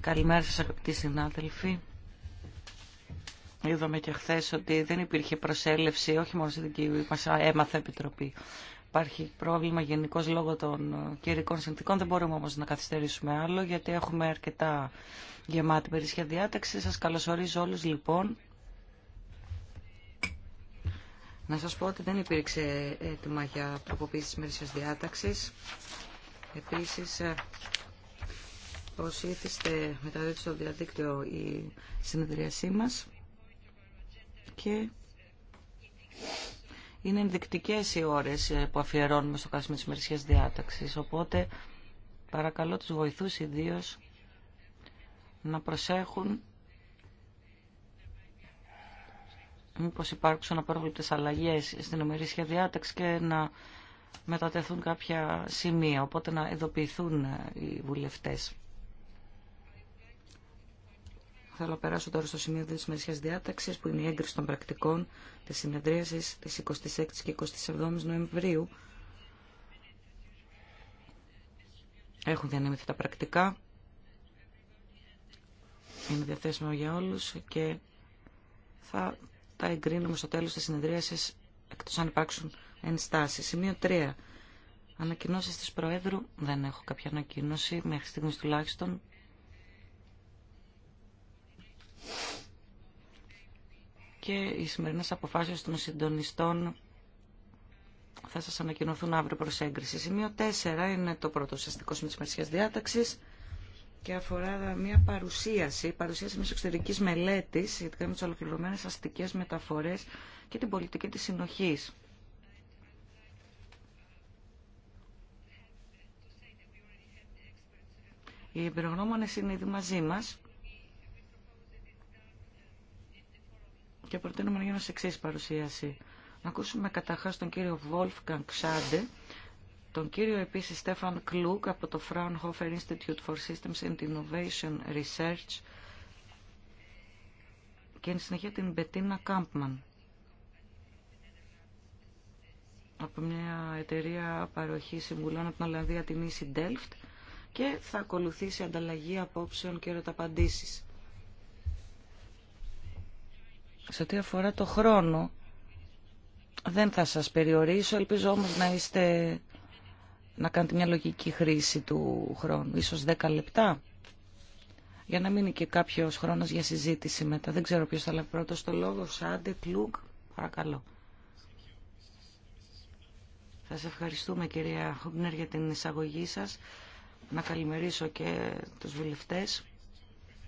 Καλημέρα σας αγαπητοί συνάδελφοι. Είδαμε και χθε ότι δεν υπήρχε προσέλευση, όχι μόνο στην δική μα έμαθα επιτροπή. Υπάρχει πρόβλημα γενικώ λόγω των ε, κυρικών συνθήκων. Δεν μπορούμε όμω να καθυστερήσουμε άλλο, γιατί έχουμε αρκετά γεμάτη περίσσια διάταξη. Σας καλωσορίζω όλου λοιπόν να σας πω ότι δεν υπήρξε έτοιμα για τροποποίηση της μερικής διάταξης. Επίσης, όσοι ε, ήθιστε μεταδίδεται στο διαδίκτυο η συνεδρίασή μας και είναι ενδεικτικές οι ώρες ε, που αφιερώνουμε στο κάθε της διάταξης, οπότε παρακαλώ τους βοηθούς ιδίως να προσέχουν μήπως υπάρξουν απρόβλεπτες αλλαγές στην ομερήσια διάταξη και να μετατεθούν κάποια σημεία, οπότε να ειδοποιηθούν ε, οι βουλευτές. Θέλω να περάσω τώρα στο σημείο της μερισιάς διάταξης, που είναι η έγκριση των πρακτικών της συνεδρίασης της 26 και 27 Νοεμβρίου. Έχουν διανέμηθει τα πρακτικά. Είναι διαθέσιμο για όλους και θα θα εγκρίνουμε στο τέλος της συνεδρίασης εκτός αν υπάρξουν ενστάσεις. Σημείο 3. Ανακοινώσεις της Προέδρου. Δεν έχω κάποια ανακοίνωση μέχρι στιγμής τουλάχιστον. Και οι σημερινές αποφάσεις των συντονιστών θα σας ανακοινωθούν αύριο προς έγκριση. Σημείο 4 είναι το πρώτο ουσιαστικό σημείο της διάταξης και αφορά μια παρουσίαση, παρουσίαση μελέτη μελετη σχετικά με τι ολοκληρωμένε αστικέ μεταφορές και την πολιτική της συνοχή. Οι εμπειρογνώμονε είναι ήδη μαζί μας και προτείνουμε να γίνει σε εξή παρουσίαση. Να ακούσουμε καταρχά τον κύριο Βόλφκαν Ξάντε, τον κύριο επίσης Στέφαν Κλουκ από το Fraunhofer Institute for Systems and Innovation Research και εν συνεχεία την Μπετίνα Κάμπμαν από μια εταιρεία παροχή συμβουλών από την Ολλανδία, την Easy Delft και θα ακολουθήσει ανταλλαγή απόψεων και ερωταπαντήσεις. Σε ό,τι αφορά το χρόνο, δεν θα σας περιορίσω, ελπίζω όμως να είστε να κάνετε μια λογική χρήση του χρόνου, ίσως 10 λεπτά, για να μείνει και κάποιος χρόνος για συζήτηση μετά. Δεν ξέρω ποιος θα λέει πρώτος το λόγο. Σάντε, Κλουγκ, παρακαλώ. Σας ευχαριστούμε κυρία Χούμπνερ για την εισαγωγή σας. Να καλημερίσω και τους βουλευτές.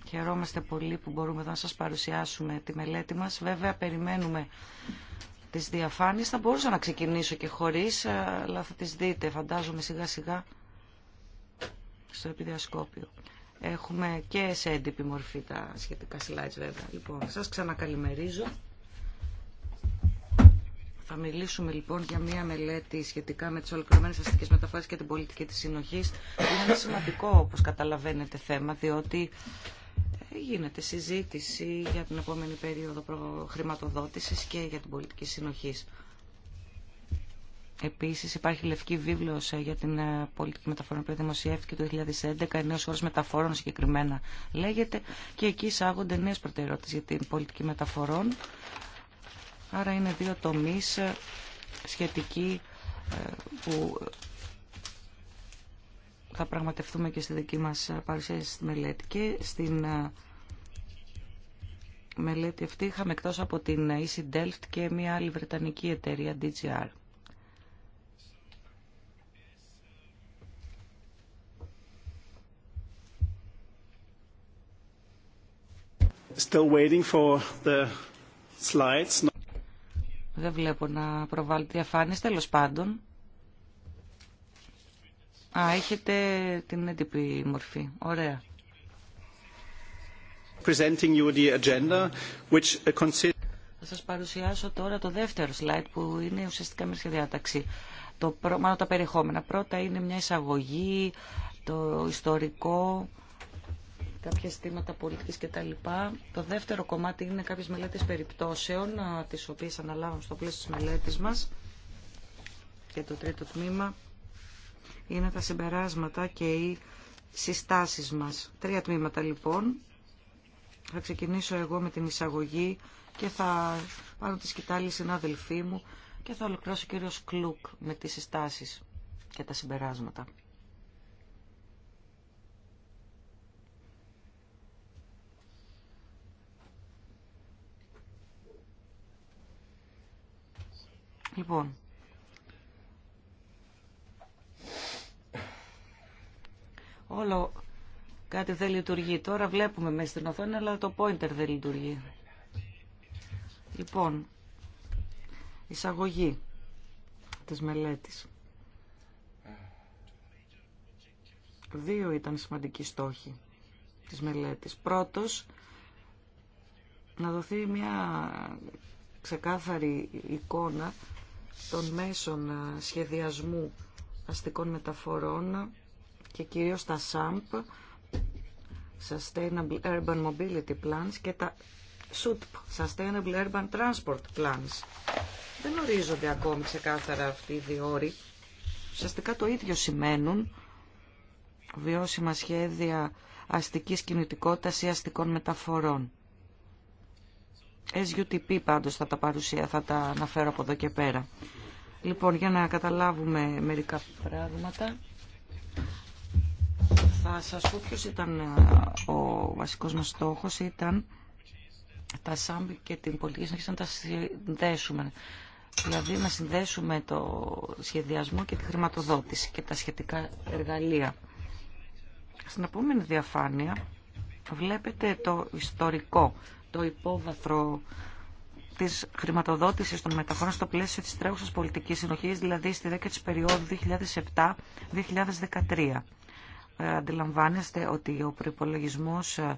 Χαιρόμαστε πολύ που μπορούμε εδώ να σας παρουσιάσουμε τη μελέτη μας. Βέβαια περιμένουμε τις διαφάνειες. Θα μπορούσα να ξεκινήσω και χωρίς, ε, αλλά θα τις δείτε, φαντάζομαι, σιγά σιγά στο επιδιασκόπιο. Έχουμε και σε έντυπη μορφή τα σχετικά slides βέβαια. Λοιπόν, σας ξανακαλημερίζω. Θα μιλήσουμε λοιπόν για μια μελέτη σχετικά με τις ολοκληρωμένες αστικές μεταφορές και την πολιτική της συνοχής. Είναι ένα σημαντικό, όπως καταλαβαίνετε, θέμα, διότι γίνεται συζήτηση για την επόμενη περίοδο χρηματοδότησης και για την πολιτική συνοχή. Επίσης υπάρχει λευκή βίβλος ε, για την ε, πολιτική μεταφορών που δημοσιεύτηκε το 2011, νέος όρος μεταφορών συγκεκριμένα λέγεται και εκεί εισάγονται νέες προτεραιότητες για την πολιτική μεταφορών. Άρα είναι δύο τομείς ε, σχετικοί που θα πραγματευτούμε και στη δική μας παρουσίαση στη μελέτη. Και στην ε, μελέτη αυτή είχαμε εκτός από την EC Delft και μια άλλη βρετανική εταιρεία DGR. Still waiting for the slides. Δεν βλέπω να προβάλλει διαφάνειες, τέλος πάντων. Α, έχετε την έντυπη μορφή. Ωραία. Presenting you the agenda, which Θα σας παρουσιάσω τώρα το δεύτερο slide που είναι ουσιαστικά μια διάταξη. Το, μάλλον τα περιεχόμενα. Πρώτα είναι μια εισαγωγή, το ιστορικό, κάποια στήματα πολιτικής κτλ. Το δεύτερο κομμάτι είναι κάποιες μελέτες περιπτώσεων, τις οποίες αναλάβαμε στο πλαίσιο της μελέτης μας. Και το τρίτο τμήμα είναι τα συμπεράσματα και οι συστάσεις μας. Τρία τμήματα λοιπόν. Θα ξεκινήσω εγώ με την εισαγωγή και θα πάρω τη σκητάλη συνάδελφή μου και θα ολοκληρώσω ο Κλουκ με τις συστάσεις και τα συμπεράσματα. Λοιπόν, Όλο κάτι δεν λειτουργεί. Τώρα βλέπουμε μέσα στην οθόνη, αλλά το pointer δεν λειτουργεί. Λοιπόν, εισαγωγή της μελέτης. Δύο ήταν σημαντικοί στόχοι της μελέτης. Πρώτος, να δοθεί μια ξεκάθαρη εικόνα των μέσων σχεδιασμού αστικών μεταφορών και κυρίως τα SAMP, Sustainable Urban Mobility Plans και τα SUTP, Sustainable Urban Transport Plans. Δεν ορίζονται ακόμη ξεκάθαρα αυτοί οι δύο όροι. Ουσιαστικά το ίδιο σημαίνουν βιώσιμα σχέδια αστικής κινητικότητας ή αστικών μεταφορών. SUTP πάντως θα τα παρουσία, θα τα αναφέρω από εδώ και πέρα. Λοιπόν, για να καταλάβουμε μερικά πράγματα. Θα σας πω ποιος ήταν ε, ο βασικός μας στόχος. Ήταν τα ΣΑΜΠΙ και την πολιτική συνοχή να τα συνδέσουμε. Δηλαδή να συνδέσουμε το σχεδιασμό και τη χρηματοδότηση και τα σχετικά εργαλεία. Στην επόμενη διαφάνεια βλέπετε το ιστορικό, το υπόβαθρο της χρηματοδότησης των μεταφορών στο πλαίσιο της τρέχουσας πολιτικής συνοχής, δηλαδή στη δέκα περίοδου 2007-2013. Ε, αντιλαμβάνεστε ότι ο προπολογισμό ε,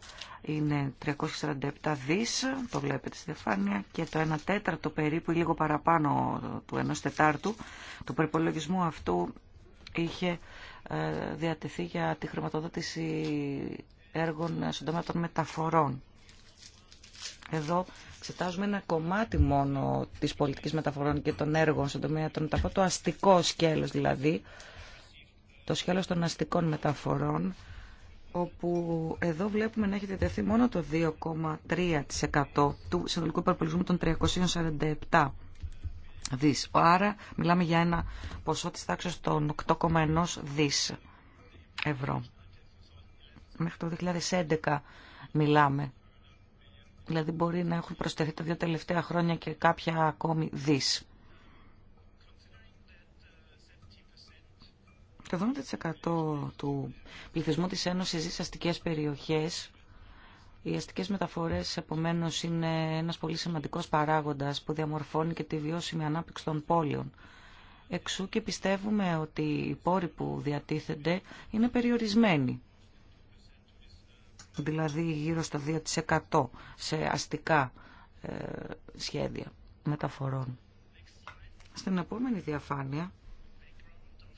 είναι 347 δις, το βλέπετε στη διαφάνεια, και το 1 τέταρτο περίπου, λίγο παραπάνω του 1 τετάρτου, του προπολογισμού αυτού είχε ε, διατεθεί για τη χρηματοδότηση έργων στον τομέα των μεταφορών. Εδώ εξετάζουμε ένα κομμάτι μόνο της πολιτικής μεταφορών και των έργων στον τομέα των μεταφορών, το αστικό σκέλος δηλαδή, το σχέλος των αστικών μεταφορών, όπου εδώ βλέπουμε να έχει τεθεί μόνο το 2,3% του συνολικού υπερπολισμού των 347 δις. Άρα μιλάμε για ένα ποσό της τάξης των 8,1 δις ευρώ. Μέχρι το 2011 μιλάμε. Δηλαδή μπορεί να έχουν προσθεθεί τα δύο τελευταία χρόνια και κάποια ακόμη δις. Το 70% του πληθυσμού της Ένωσης ζει σε αστικές περιοχές. Οι αστικές μεταφορές, επομένως, είναι ένας πολύ σημαντικός παράγοντας που διαμορφώνει και τη βιώσιμη ανάπτυξη των πόλεων. Εξού και πιστεύουμε ότι οι πόροι που διατίθενται είναι περιορισμένοι. Δηλαδή γύρω στο 2% σε αστικά ε, σχέδια μεταφορών. Στην επόμενη διαφάνεια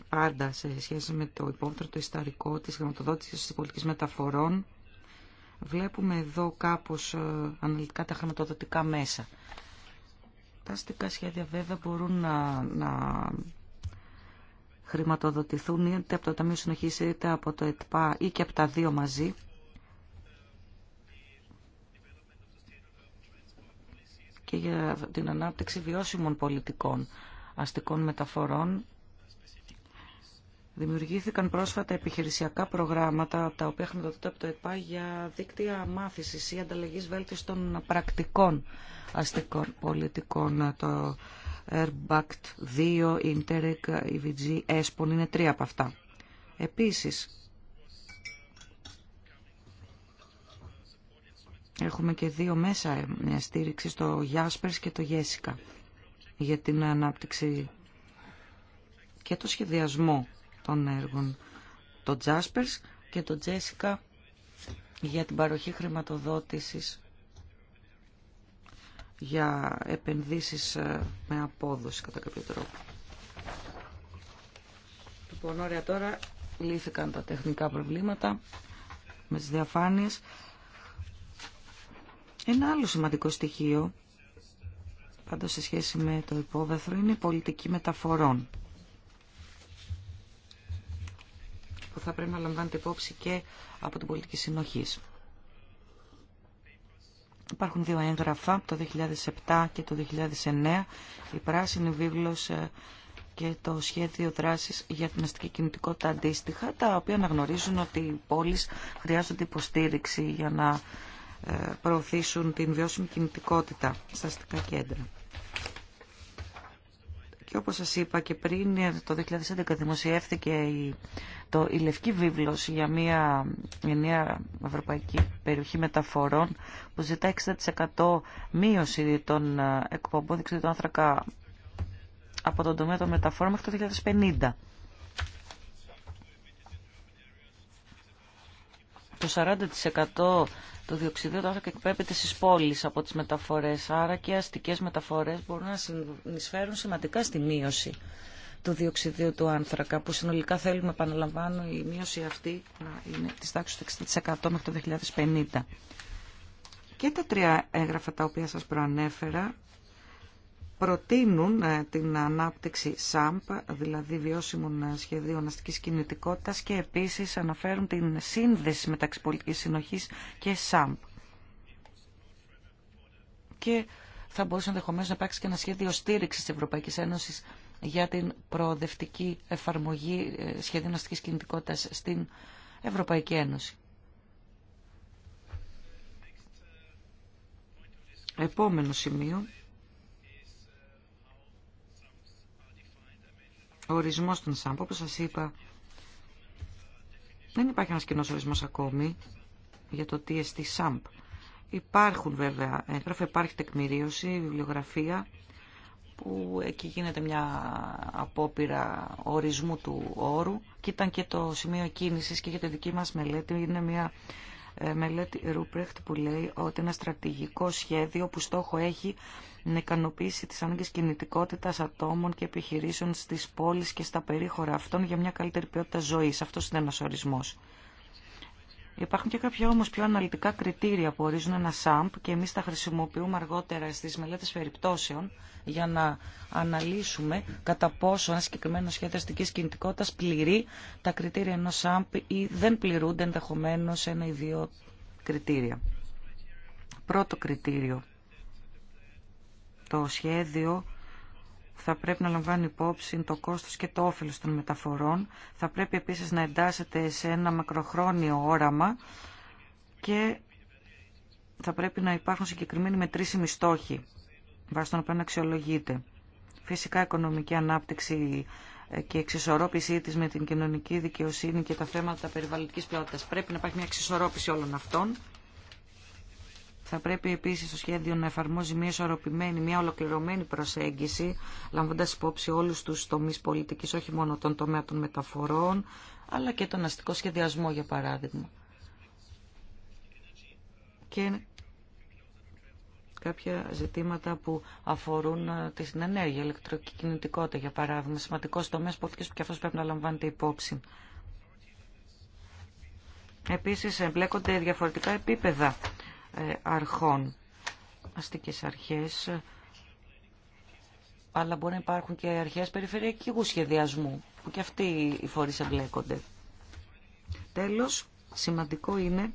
πάντα σε σχέση με το υπόβαθρο το ιστορικό της χρηματοδότησης της πολιτικής μεταφορών. Βλέπουμε εδώ κάπως ε, αναλυτικά τα χρηματοδοτικά μέσα. Τα αστικά σχέδια βέβαια μπορούν να, να χρηματοδοτηθούν είτε από το Ταμείο Συνοχής είτε από το ΕΤΠΑ ή και από τα δύο μαζί. και για την ανάπτυξη βιώσιμων πολιτικών αστικών μεταφορών Δημιουργήθηκαν πρόσφατα επιχειρησιακά προγράμματα, τα οποία χρηματοδοτούνται από το ΕΠΑ για δίκτυα μάθηση ή ανταλλαγής βέλτιστων πρακτικών αστικών πολιτικών. Το Airbact 2, Interreg, EVG, ESPON είναι τρία από αυτά. Επίση, έχουμε και δύο μέσα μια στήριξη, το Jaspers και το Γέσικα, για την ανάπτυξη και το σχεδιασμό των έργων. Το Τζάσπερς και το Τζέσικα για την παροχή χρηματοδότησης για επενδύσεις ε, με απόδοση κατά κάποιο τρόπο. Λοιπόν, ωραία τώρα λύθηκαν τα τεχνικά προβλήματα με τις διαφάνειες. Ένα άλλο σημαντικό στοιχείο, πάντως σε σχέση με το υπόβαθρο, είναι η πολιτική μεταφορών. που θα πρέπει να λαμβάνεται υπόψη και από την πολιτική συνοχή. Υπάρχουν δύο έγγραφα, το 2007 και το 2009, η πράσινη βίβλος ε, και το σχέδιο δράσης για την αστική κινητικότητα αντίστοιχα, τα οποία αναγνωρίζουν ότι οι πόλεις χρειάζονται υποστήριξη για να ε, προωθήσουν την βιώσιμη κινητικότητα στα αστικά κέντρα. Και όπως σας είπα και πριν, το 2011 δημοσιεύθηκε το, η Λευκή Βίβλος για μια ενιαία ευρωπαϊκή περιοχή μεταφορών που ζητά 60% μείωση των ε, εκπομπών άνθρακα από τον τομέα των μεταφορών μέχρι το 2050. το 40% του διοξιδίου του άνθρακα εκπέμπεται στις πόλεις από τις μεταφορές. Άρα και αστικές μεταφορές μπορούν να συνεισφέρουν σημαντικά στη μείωση του διοξιδίου του άνθρακα, που συνολικά θέλουμε, επαναλαμβάνω, η μείωση αυτή να είναι της τάξης του 60% μέχρι το 2050. Και τα τρία έγγραφα τα οποία σας προανέφερα προτείνουν ε, την ανάπτυξη ΣΑΜΠ, δηλαδή βιώσιμων ε, σχεδίων αστική κινητικότητα και επίσης αναφέρουν την σύνδεση μεταξύ πολιτική συνοχής και ΣΑΜΠ. Και θα μπορούσε ενδεχομένω να υπάρξει και ένα σχέδιο στήριξη τη Ευρωπαϊκή Ένωση για την προοδευτική εφαρμογή ε, σχεδίων αστική κινητικότητα στην Ευρωπαϊκή Ένωση. Επόμενο σημείο ορισμός των ΣΑΜΠ, όπως σας είπα, δεν υπάρχει ένας κοινός ορισμός ακόμη για το TST ΣΑΜΠ. Υπάρχουν βέβαια έγγραφα, υπάρχει τεκμηρίωση, βιβλιογραφία, που εκεί γίνεται μια απόπειρα ορισμού του όρου και ήταν και το σημείο κίνησης και για τη δική μας μελέτη είναι μια ε, μελέτη Ρούπρεχτ που λέει ότι ένα στρατηγικό σχέδιο που στόχο έχει να ικανοποιήσει τις ανάγκες κινητικότητας ατόμων και επιχειρήσεων στις πόλεις και στα περίχωρα αυτών για μια καλύτερη ποιότητα ζωής. Αυτός είναι ένας ορισμός. Υπάρχουν και κάποια όμως πιο αναλυτικά κριτήρια που ορίζουν ένα ΣΑΜΠ και εμείς τα χρησιμοποιούμε αργότερα στις μελέτες περιπτώσεων για να αναλύσουμε κατά πόσο ένα συγκεκριμένο σχέδιο αστική κινητικότητας πληρεί τα κριτήρια ενός ΣΑΜΠ ή δεν πληρούνται ενδεχομένω ένα ή δύο κριτήρια. Πρώτο κριτήριο. Το σχέδιο θα πρέπει να λαμβάνει υπόψη το κόστος και το όφελος των μεταφορών. Θα πρέπει επίσης να εντάσσεται σε ένα μακροχρόνιο όραμα και θα πρέπει να υπάρχουν συγκεκριμένοι μετρήσιμοι στόχοι βάσει των οποίων να αξιολογείται. Φυσικά οικονομική ανάπτυξη ε, και εξισορρόπησή της με την κοινωνική δικαιοσύνη και τα θέματα περιβαλλοντικής ποιότητας. Πρέπει να υπάρχει μια εξισορρόπηση όλων αυτών θα πρέπει επίσης το σχέδιο να εφαρμόζει μια ισορροπημένη, μια ολοκληρωμένη προσέγγιση, λαμβάνοντας υπόψη όλους τους τομείς πολιτική, όχι μόνο τον τομέα των μεταφορών, αλλά και τον αστικό σχεδιασμό, για παράδειγμα. Και κάποια ζητήματα που αφορούν ε, την ενέργεια, ηλεκτροκινητικότητα, για παράδειγμα, σημαντικό τομέα πολιτική που και αυτό πρέπει να λαμβάνεται υπόψη. Επίσης εμπλέκονται διαφορετικά επίπεδα ε, αρχών, αστικές αρχές, αλλά μπορεί να υπάρχουν και αρχές περιφερειακού σχεδιασμού, που και αυτοί οι φορείς εμπλέκονται. Τέλος, σημαντικό είναι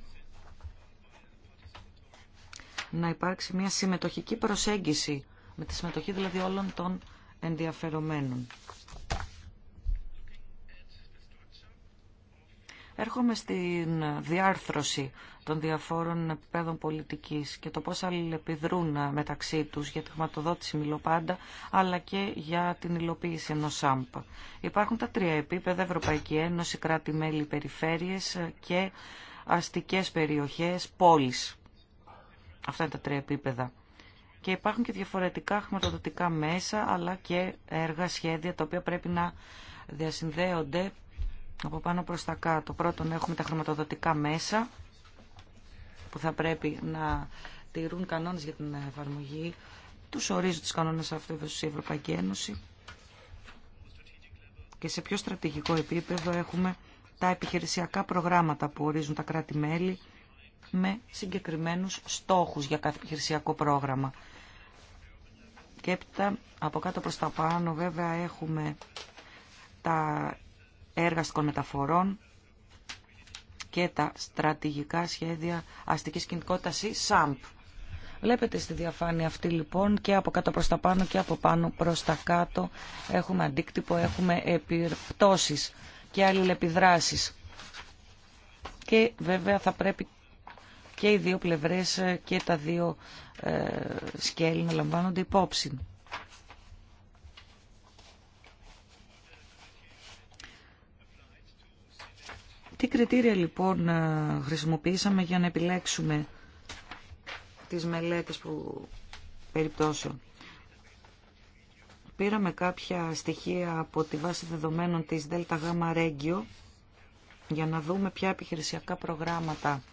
να υπάρξει μια συμμετοχική προσέγγιση, με τη συμμετοχή δηλαδή όλων των ενδιαφερομένων. Έρχομαι στην διάρθρωση των διαφόρων επιπέδων πολιτικής και το πώς αλληλεπιδρούν μεταξύ τους για τη χρηματοδότηση μιλοπάντα, αλλά και για την υλοποίηση ενός ΣΑΜΠ. Υπάρχουν τα τρία επίπεδα, Ευρωπαϊκή Ένωση, κράτη-μέλη, περιφέρειες και αστικές περιοχές, πόλεις. Αυτά είναι τα τρία επίπεδα. Και υπάρχουν και διαφορετικά χρηματοδοτικά μέσα, αλλά και έργα, σχέδια, τα οποία πρέπει να διασυνδέονται από πάνω προς τα κάτω. Πρώτον έχουμε τα χρηματοδοτικά μέσα, που θα πρέπει να τηρούν κανόνες για την εφαρμογή. Τους ορίζει τις κανόνες αυτούς στην Ευρωπαϊκή Ένωση. Και σε πιο στρατηγικό επίπεδο έχουμε τα επιχειρησιακά προγράμματα που ορίζουν τα κράτη-μέλη με συγκεκριμένους στόχους για κάθε επιχειρησιακό πρόγραμμα. Και έπειτα από κάτω προς τα πάνω βέβαια έχουμε τα έργα μεταφορών, και τα στρατηγικά σχέδια αστικής κινητικότητας ή ΣΑΜΠ. Βλέπετε στη διαφάνεια αυτή λοιπόν και από κάτω προς τα πάνω και από πάνω προς τα κάτω έχουμε αντίκτυπο, έχουμε επιπτώσεις και αλληλεπιδράσεις. Και βέβαια θα πρέπει και οι δύο πλευρές και τα δύο ε, σκέλη να λαμβάνονται υπόψη. Τι κριτήρια λοιπόν ε, χρησιμοποιήσαμε για να επιλέξουμε τις μελέτες που περιπτώσεων. Πήραμε κάποια στοιχεία από τη βάση δεδομένων της ΔΓ ΡΕΓΚΙΟ για να δούμε ποια επιχειρησιακά προγράμματα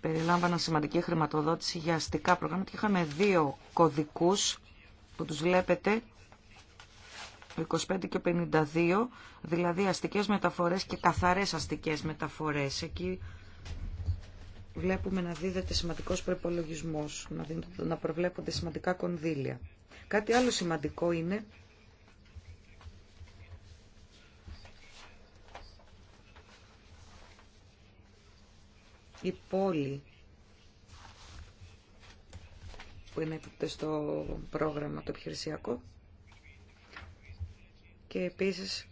περιλάμβαναν σημαντική χρηματοδότηση για αστικά προγράμματα και είχαμε δύο κωδικούς που τους βλέπετε 25 και 52, δηλαδή αστικές μεταφορές και καθαρές αστικές μεταφορές. Εκεί βλέπουμε να δίδεται σημαντικός προϋπολογισμός, να, να προβλέπονται σημαντικά κονδύλια. Κάτι άλλο σημαντικό είναι η πόλη που είναι στο πρόγραμμα το επιχειρησιακό και επίσης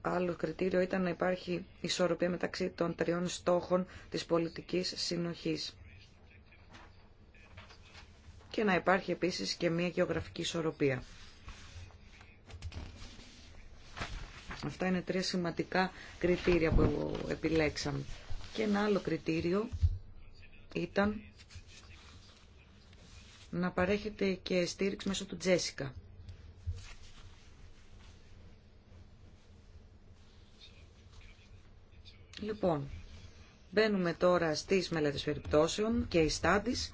άλλο κριτήριο ήταν να υπάρχει ισορροπία μεταξύ των τριών στόχων της πολιτικής συνοχής. Και να υπάρχει επίσης και μια γεωγραφική ισορροπία. Αυτά είναι τρία σημαντικά κριτήρια που επιλέξαμε. Και ένα άλλο κριτήριο ήταν να παρέχεται και στήριξη μέσω του Τζέσικα. Λοιπόν, μπαίνουμε τώρα στις μελέτες περιπτώσεων και οι στάντις.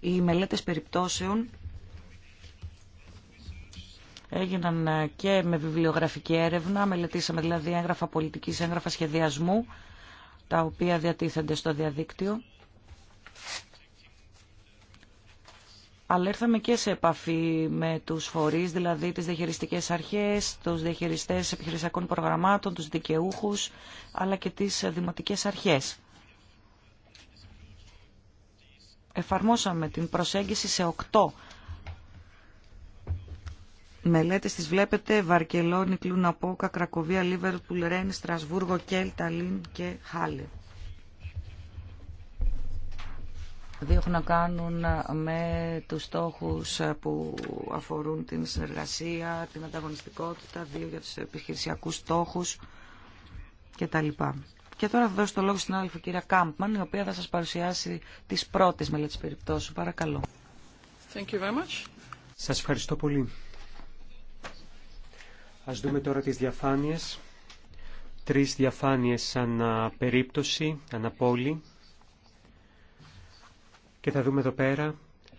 Οι μελέτες περιπτώσεων έγιναν ε, και με βιβλιογραφική έρευνα, μελετήσαμε δηλαδή έγγραφα πολιτικής, έγγραφα σχεδιασμού, τα οποία διατίθενται στο διαδίκτυο αλλά ήρθαμε και σε επαφή με τους φορείς, δηλαδή τις διαχειριστικές αρχές, τους διαχειριστές επιχειρησιακών προγραμμάτων, τους δικαιούχους, αλλά και τις δημοτικές αρχές. Εφαρμόσαμε την προσέγγιση σε οκτώ μελέτες. Τις βλέπετε Βαρκελόνη, Κλούνα Πόκα, Κρακοβία, Λίβερπουλ, Ρέν, Στρασβούργο, Κέλ, Ταλίν και Χάλε. Δύο έχουν να κάνουν με τους στόχους που αφορούν την συνεργασία, την ανταγωνιστικότητα, δύο για τους επιχειρησιακούς στόχους κτλ. Και τώρα θα δώσω το λόγο στην άλλη κυρία Κάμπμαν, η οποία θα σας παρουσιάσει τις πρώτες μελέτες περιπτώσεων. Παρακαλώ. Thank you very much. Σας ευχαριστώ πολύ. Ας δούμε τώρα τις διαφάνειες. Τρεις διαφάνειες ανά περίπτωση, και θα δούμε εδώ πέρα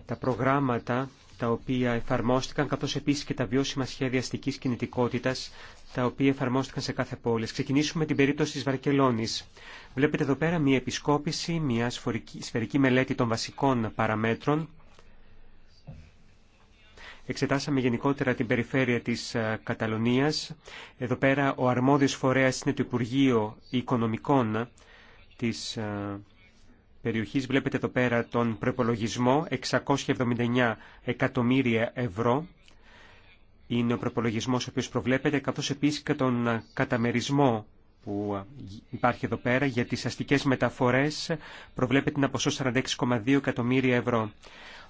τα προγράμματα τα οποία εφαρμόστηκαν, καθώς επίσης και τα βιώσιμα σχέδια αστικής κινητικότητας, τα οποία εφαρμόστηκαν σε κάθε πόλη. Ξεκινήσουμε με την περίπτωση της Βαρκελόνης. Βλέπετε εδώ πέρα μία επισκόπηση, μία σφαιρική μελέτη των βασικών παραμέτρων. Εξετάσαμε γενικότερα την περιφέρεια της ε, Καταλωνίας. Εδώ πέρα ο αρμόδιος φορέας είναι το Υπουργείο Οικονομικών της ε, περιοχής. Βλέπετε εδώ πέρα τον προπολογισμό 679 εκατομμύρια ευρώ. Είναι ο προπολογισμό ο οποίος προβλέπεται, καθώς επίσης και τον καταμερισμό που υπάρχει εδώ πέρα για τις αστικές μεταφορές προβλέπεται ένα ποσό 46,2 εκατομμύρια ευρώ.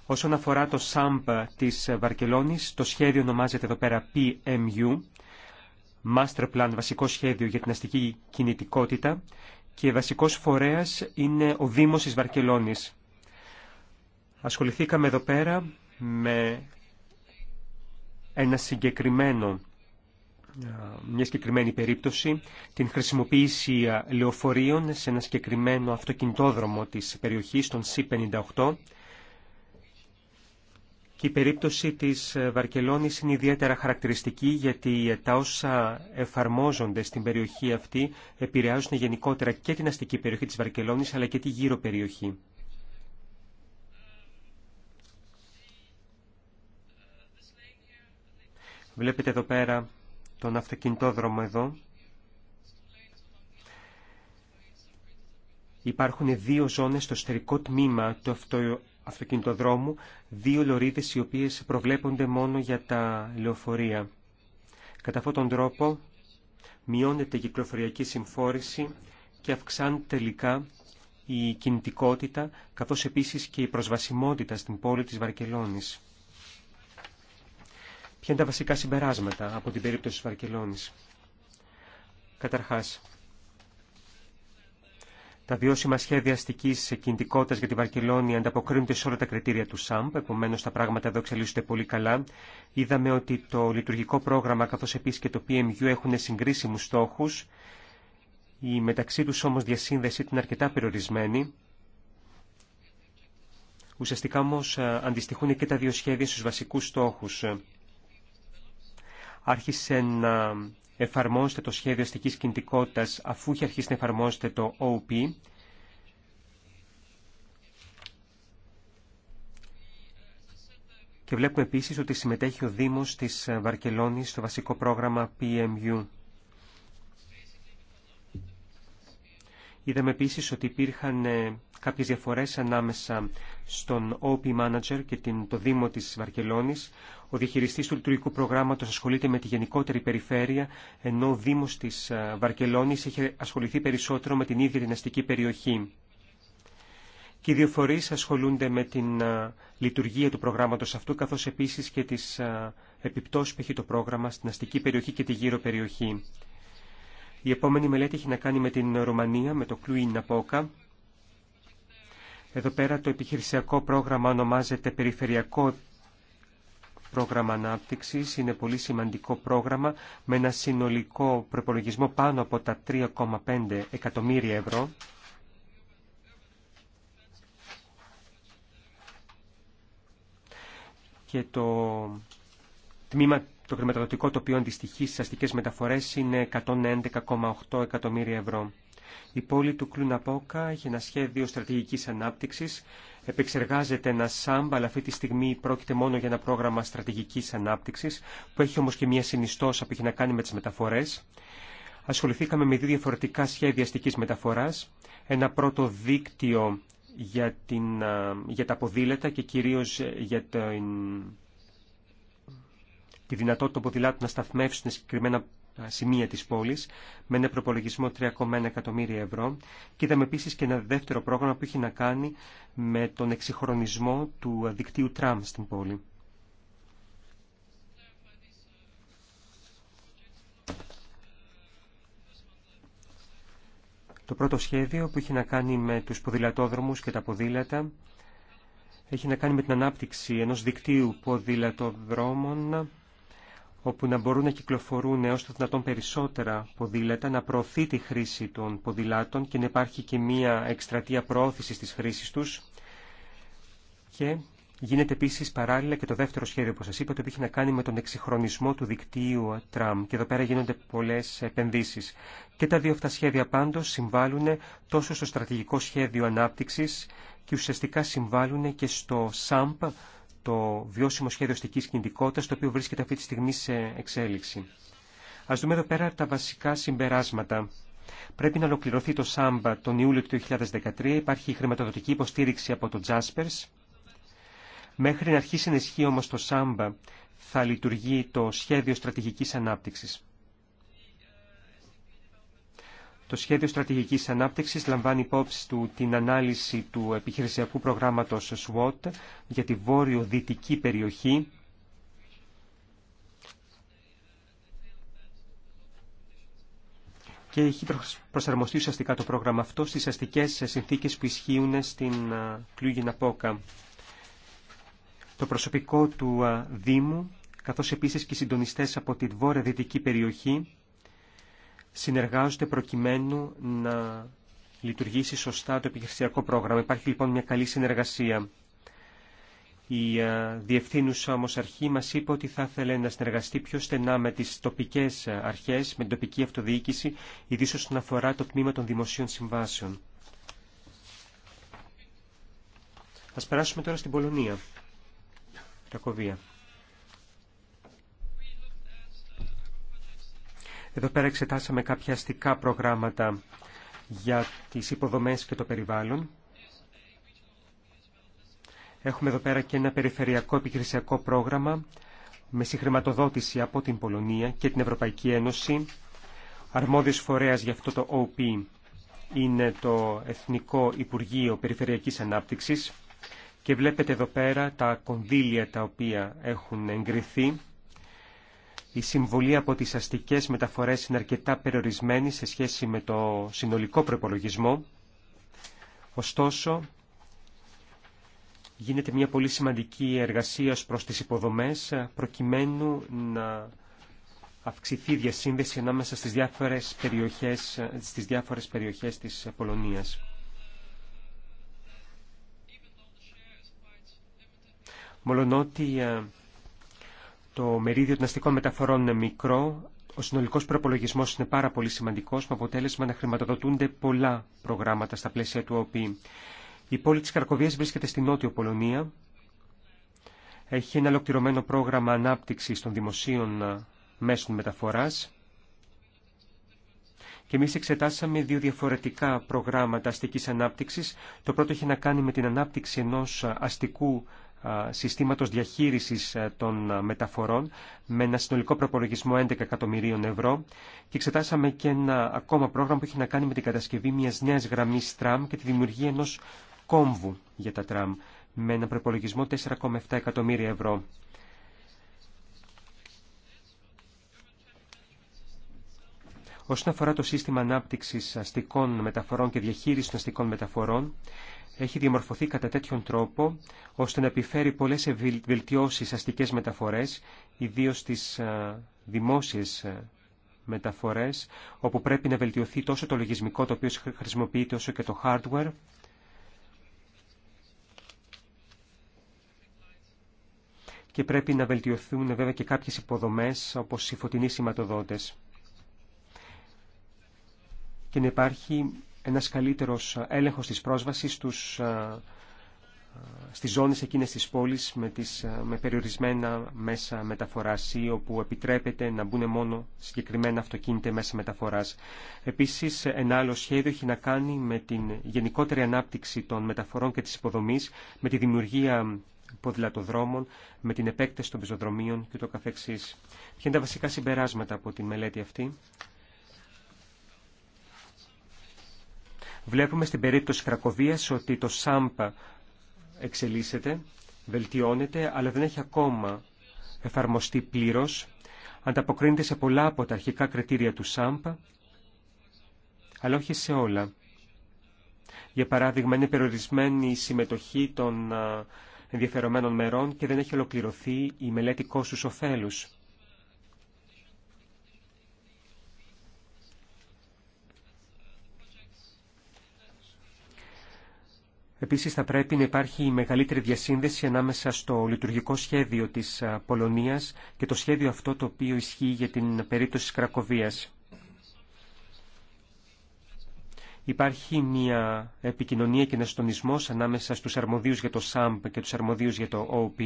Όσον αφορά το ΣΑΜΠ της Βαρκελόνης, το σχέδιο ονομάζεται εδώ πέρα PMU, Master Plan, βασικό σχέδιο για την αστική κινητικότητα και βασικός φορέας είναι ο Δήμος της Βαρκελόνης. Ασχοληθήκαμε εδώ πέρα με ένα συγκεκριμένο μια συγκεκριμένη περίπτωση, την χρησιμοποίηση λεωφορείων σε ένα συγκεκριμένο αυτοκινητόδρομο της περιοχής, τον C58, η περίπτωση της ε, Βαρκελόνης είναι ιδιαίτερα χαρακτηριστική γιατί τα όσα εφαρμόζονται στην περιοχή αυτή επηρεάζουν γενικότερα και την αστική περιοχή της Βαρκελόνης αλλά και τη γύρω περιοχή. Βλέπετε εδώ πέρα τον αυτοκινητόδρομο εδώ. Υπάρχουν δύο ζώνες στο στερικό τμήμα του αυτοκινητοδρόμου δύο λωρίδες οι οποίες προβλέπονται μόνο για τα λεωφορεία. Κατά αυτόν τον τρόπο μειώνεται η κυκλοφοριακή συμφόρηση και αυξάνεται τελικά η κινητικότητα καθώς επίσης και η προσβασιμότητα στην πόλη της Βαρκελόνης. Ποια είναι τα βασικά συμπεράσματα από την περίπτωση της Βαρκελόνης. Καταρχάς, τα βιώσιμα σχέδια αστική κινητικότητα για τη Βαρκελόνη ανταποκρίνονται σε όλα τα κριτήρια του ΣΑΜΠ, επομένω τα πράγματα εδώ εξελίσσονται πολύ καλά. Είδαμε ότι το λειτουργικό πρόγραμμα καθώ επίση και το PMU έχουν συγκρίσιμου στόχου. Η μεταξύ του όμω διασύνδεση ήταν αρκετά περιορισμένη. Ουσιαστικά όμω ε, αντιστοιχούν και τα δύο σχέδια στου βασικού στόχου. Άρχισε να Εφαρμόστε το σχέδιο αστικής κινητικότητας αφού έχει αρχίσει να εφαρμόζεται το OP. Και βλέπουμε επίσης ότι συμμετέχει ο Δήμος της Βαρκελόνης στο βασικό πρόγραμμα PMU. Είδαμε επίσης ότι υπήρχαν ε, κάποιες διαφορές ανάμεσα στον OP Manager και την, το Δήμο της Βαρκελόνης. Ο διαχειριστής του λειτουργικού προγράμματος ασχολείται με τη γενικότερη περιφέρεια, ενώ ο Δήμος της ε, Βαρκελόνης έχει ασχοληθεί περισσότερο με την ίδια την αστική περιοχή. Και οι δύο φορείς ασχολούνται με την ε, λειτουργία του προγράμματος αυτού, καθώς επίσης και τις ε, επιπτώσεις που έχει το πρόγραμμα στην αστική περιοχή και τη γύρω περιοχή. Η επόμενη μελέτη έχει να κάνει με την Ρουμανία, με το Κλουίν Ναπόκα. Εδώ πέρα το επιχειρησιακό πρόγραμμα ονομάζεται Περιφερειακό Πρόγραμμα Ανάπτυξη. Είναι πολύ σημαντικό πρόγραμμα με ένα συνολικό προπολογισμό πάνω από τα 3,5 εκατομμύρια ευρώ. Και το τμήμα το χρηματοδοτικό το οποίο αντιστοιχεί στι αστικέ μεταφορέ είναι 111,8 εκατομμύρια ευρώ. Η πόλη του Κλουναπόκα έχει ένα σχέδιο στρατηγικής ανάπτυξης. Επεξεργάζεται ένα ΣΑΜΠ, αλλά αυτή τη στιγμή πρόκειται μόνο για ένα πρόγραμμα στρατηγικής ανάπτυξης, που έχει όμως και μια συνιστόσα που έχει να κάνει με τις μεταφορές. Ασχοληθήκαμε με δύο διαφορετικά σχέδια αστικής μεταφοράς. Ένα πρώτο δίκτυο για, την, για τα ποδήλατα και κυρίως για την, τη δυνατότητα των ποδηλάτων να σταθμεύσουν συγκεκριμένα σημεία της πόλης με ένα προπολογισμό 3,1 εκατομμύρια ευρώ και είδαμε επίσης και ένα δεύτερο πρόγραμμα που έχει να κάνει με τον εξυγχρονισμό του δικτύου τραμ στην πόλη. Το πρώτο σχέδιο που έχει να κάνει με τους ποδηλατόδρομους και τα ποδήλατα έχει να κάνει με την ανάπτυξη ενός δικτύου ποδηλατοδρόμων όπου να μπορούν να κυκλοφορούν έως το δυνατόν περισσότερα ποδήλατα, να προωθεί τη χρήση των ποδηλάτων και να υπάρχει και μία εκστρατεία προώθησης της χρήσης τους. Και γίνεται επίσης παράλληλα και το δεύτερο σχέδιο που σας είπα, το οποίο έχει να κάνει με τον εξυγχρονισμό του δικτύου τραμ. Και εδώ πέρα γίνονται πολλές επενδύσεις. Και τα δύο αυτά σχέδια πάντως συμβάλλουν τόσο στο στρατηγικό σχέδιο ανάπτυξης και ουσιαστικά συμβάλλουν και στο ΣΑΜΠ, το βιώσιμο σχέδιο στική κινητικότητας, το οποίο βρίσκεται αυτή τη στιγμή σε εξέλιξη. Ας δούμε εδώ πέρα τα βασικά συμπεράσματα. Πρέπει να ολοκληρωθεί το ΣΑΜΠΑ τον Ιούλιο του 2013. Υπάρχει χρηματοδοτική υποστήριξη από το Τζάσπερς. Μέχρι να αρχίσει να ισχύει όμως το ΣΑΜΠΑ θα λειτουργεί το σχέδιο στρατηγικής ανάπτυξης. Το σχέδιο στρατηγικής ανάπτυξης λαμβάνει υπόψη του την ανάλυση του επιχειρησιακού προγράμματος SWOT για τη βόρειο-δυτική περιοχή και έχει προσαρμοστεί ουσιαστικά το πρόγραμμα αυτό στις αστικές συνθήκες που ισχύουν στην Κλούγινα Πόκα. Το προσωπικό του Δήμου, καθώς επίσης και οι συντονιστές από τη βόρεια-δυτική περιοχή, συνεργάζονται προκειμένου να λειτουργήσει σωστά το επιχειρησιακό πρόγραμμα. Υπάρχει λοιπόν μια καλή συνεργασία. Η διευθύνουσα όμω αρχή μα είπε ότι θα ήθελε να συνεργαστεί πιο στενά με τι τοπικέ αρχέ, με την τοπική αυτοδιοίκηση, ιδίω όσον αφορά το τμήμα των δημοσίων συμβάσεων. Α περάσουμε τώρα στην Πολωνία. Κρακοβία. Εδώ πέρα εξετάσαμε κάποια αστικά προγράμματα για τις υποδομές και το περιβάλλον. Έχουμε εδώ πέρα και ένα περιφερειακό επιχειρησιακό πρόγραμμα με συγχρηματοδότηση από την Πολωνία και την Ευρωπαϊκή Ένωση. Αρμόδιος φορέας για αυτό το OP είναι το Εθνικό Υπουργείο Περιφερειακής Ανάπτυξης και βλέπετε εδώ πέρα τα κονδύλια τα οποία έχουν εγκριθεί η συμβολή από τις αστικές μεταφορές είναι αρκετά περιορισμένη σε σχέση με το συνολικό προπολογισμό. Ωστόσο, γίνεται μια πολύ σημαντική εργασία προς τις υποδομές προκειμένου να αυξηθεί η διασύνδεση ανάμεσα στις διάφορες περιοχές, στις διάφορες περιοχές της Πολωνίας. Μολονότι ε, το μερίδιο των αστικών μεταφορών είναι μικρό, ο συνολικό προπολογισμό είναι πάρα πολύ σημαντικό, με αποτέλεσμα να χρηματοδοτούνται πολλά προγράμματα στα πλαίσια του ΟΠΗ. Η πόλη τη Καρκοβία βρίσκεται στην Νότιο Πολωνία. Έχει ένα ολοκληρωμένο πρόγραμμα ανάπτυξη των δημοσίων ε, μέσων μεταφορά. Και εμεί εξετάσαμε δύο διαφορετικά προγράμματα αστική ανάπτυξη. Το πρώτο έχει να κάνει με την ανάπτυξη ενό ε, αστικού συστήματος διαχείρισης των μεταφορών με ένα συνολικό προπολογισμό 11 εκατομμυρίων ευρώ και εξετάσαμε και ένα ακόμα πρόγραμμα που έχει να κάνει με την κατασκευή μιας νέας γραμμής τραμ και τη δημιουργία ενός κόμβου για τα τραμ με ένα προπολογισμό 4,7 εκατομμύρια ευρώ. Όσον αφορά το σύστημα ανάπτυξης αστικών μεταφορών και διαχείρισης των αστικών μεταφορών, έχει διαμορφωθεί κατά τέτοιον τρόπο ώστε να επιφέρει πολλές βελτιώσεις αστικές μεταφορές, ιδίως στις δημόσιες μεταφορές, όπου πρέπει να βελτιωθεί τόσο το λογισμικό το οποίο χρησιμοποιείται όσο και το hardware. Και πρέπει να βελτιωθούν ε, βέβαια και κάποιες υποδομές όπως οι φωτεινοί σηματοδότες. Και να υπάρχει ένας καλύτερος έλεγχος της πρόσβασης στους, ε, ε, στις ζώνες εκείνες της πόλης με, τις, ε, με περιορισμένα μέσα μεταφοράς ή όπου επιτρέπεται να μπουν μόνο συγκεκριμένα αυτοκίνητα μέσα μεταφοράς. Επίσης, ένα άλλο σχέδιο έχει να κάνει με την γενικότερη ανάπτυξη των μεταφορών και της υποδομής, με τη δημιουργία ποδηλατοδρόμων, με την επέκταση των πεζοδρομίων και το καθεξής. Ποια είναι τα βασικά συμπεράσματα από τη μελέτη αυτή. Βλέπουμε στην περίπτωση Κρακοβίας ότι το ΣΑΜΠΑ εξελίσσεται, βελτιώνεται, αλλά δεν έχει ακόμα εφαρμοστεί πλήρως. Ανταποκρίνεται σε πολλά από τα αρχικά κριτήρια του ΣΑΜΠΑ, αλλά όχι σε όλα. Για παράδειγμα, είναι περιορισμένη η συμμετοχή των ενδιαφερομένων μερών και δεν έχει ολοκληρωθεί η μελέτη Επίσης θα πρέπει να υπάρχει μεγαλύτερη διασύνδεση ανάμεσα στο λειτουργικό σχέδιο της Πολωνίας και το σχέδιο αυτό το οποίο ισχύει για την περίπτωση της Κρακοβίας. Υπάρχει μια επικοινωνία και ένα τονισμός ανάμεσα στους αρμοδίους για το ΣΑΜΠ και τους αρμοδίους για το ΟΟΠ.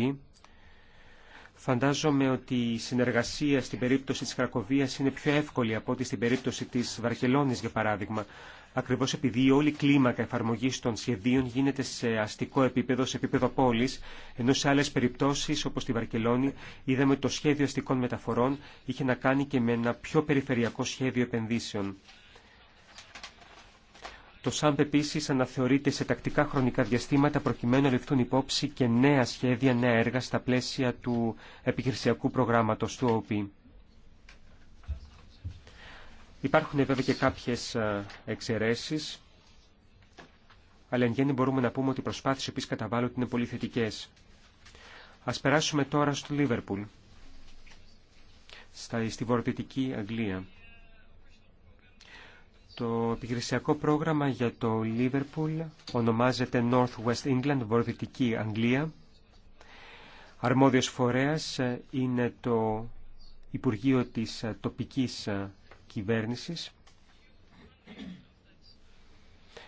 Φαντάζομαι ότι η συνεργασία στην περίπτωση της Κρακοβίας είναι πιο εύκολη από ό,τι στην περίπτωση της Βαρκελόνης, για παράδειγμα ακριβώς επειδή όλη η κλίμακα εφαρμογής των σχεδίων γίνεται σε αστικό επίπεδο, σε επίπεδο πόλης, ενώ σε άλλες περιπτώσεις, όπως στη Βαρκελόνη, είδαμε ότι το σχέδιο αστικών μεταφορών είχε να κάνει και με ένα πιο περιφερειακό σχέδιο επενδύσεων. Το ΣΑΜΠ επίση αναθεωρείται σε τακτικά χρονικά διαστήματα προκειμένου να ληφθούν υπόψη και νέα σχέδια, νέα έργα στα πλαίσια του επιχειρησιακού προγράμματος του ΟΠΗ. Υπάρχουν βέβαια και κάποιες ε, εξαιρέσεις, αλλά εν γέννη μπορούμε να πούμε ότι οι προσπάθειες που καταβάλλονται είναι πολύ θετικέ. Ας περάσουμε τώρα στο Λίβερπουλ, στη βορειοδυτική Αγγλία. Το επιχειρησιακό πρόγραμμα για το Λίβερπουλ ονομάζεται North West England, βορειοδυτική Αγγλία. Αρμόδιος φορέας ε, είναι το Υπουργείο της ε, τοπικής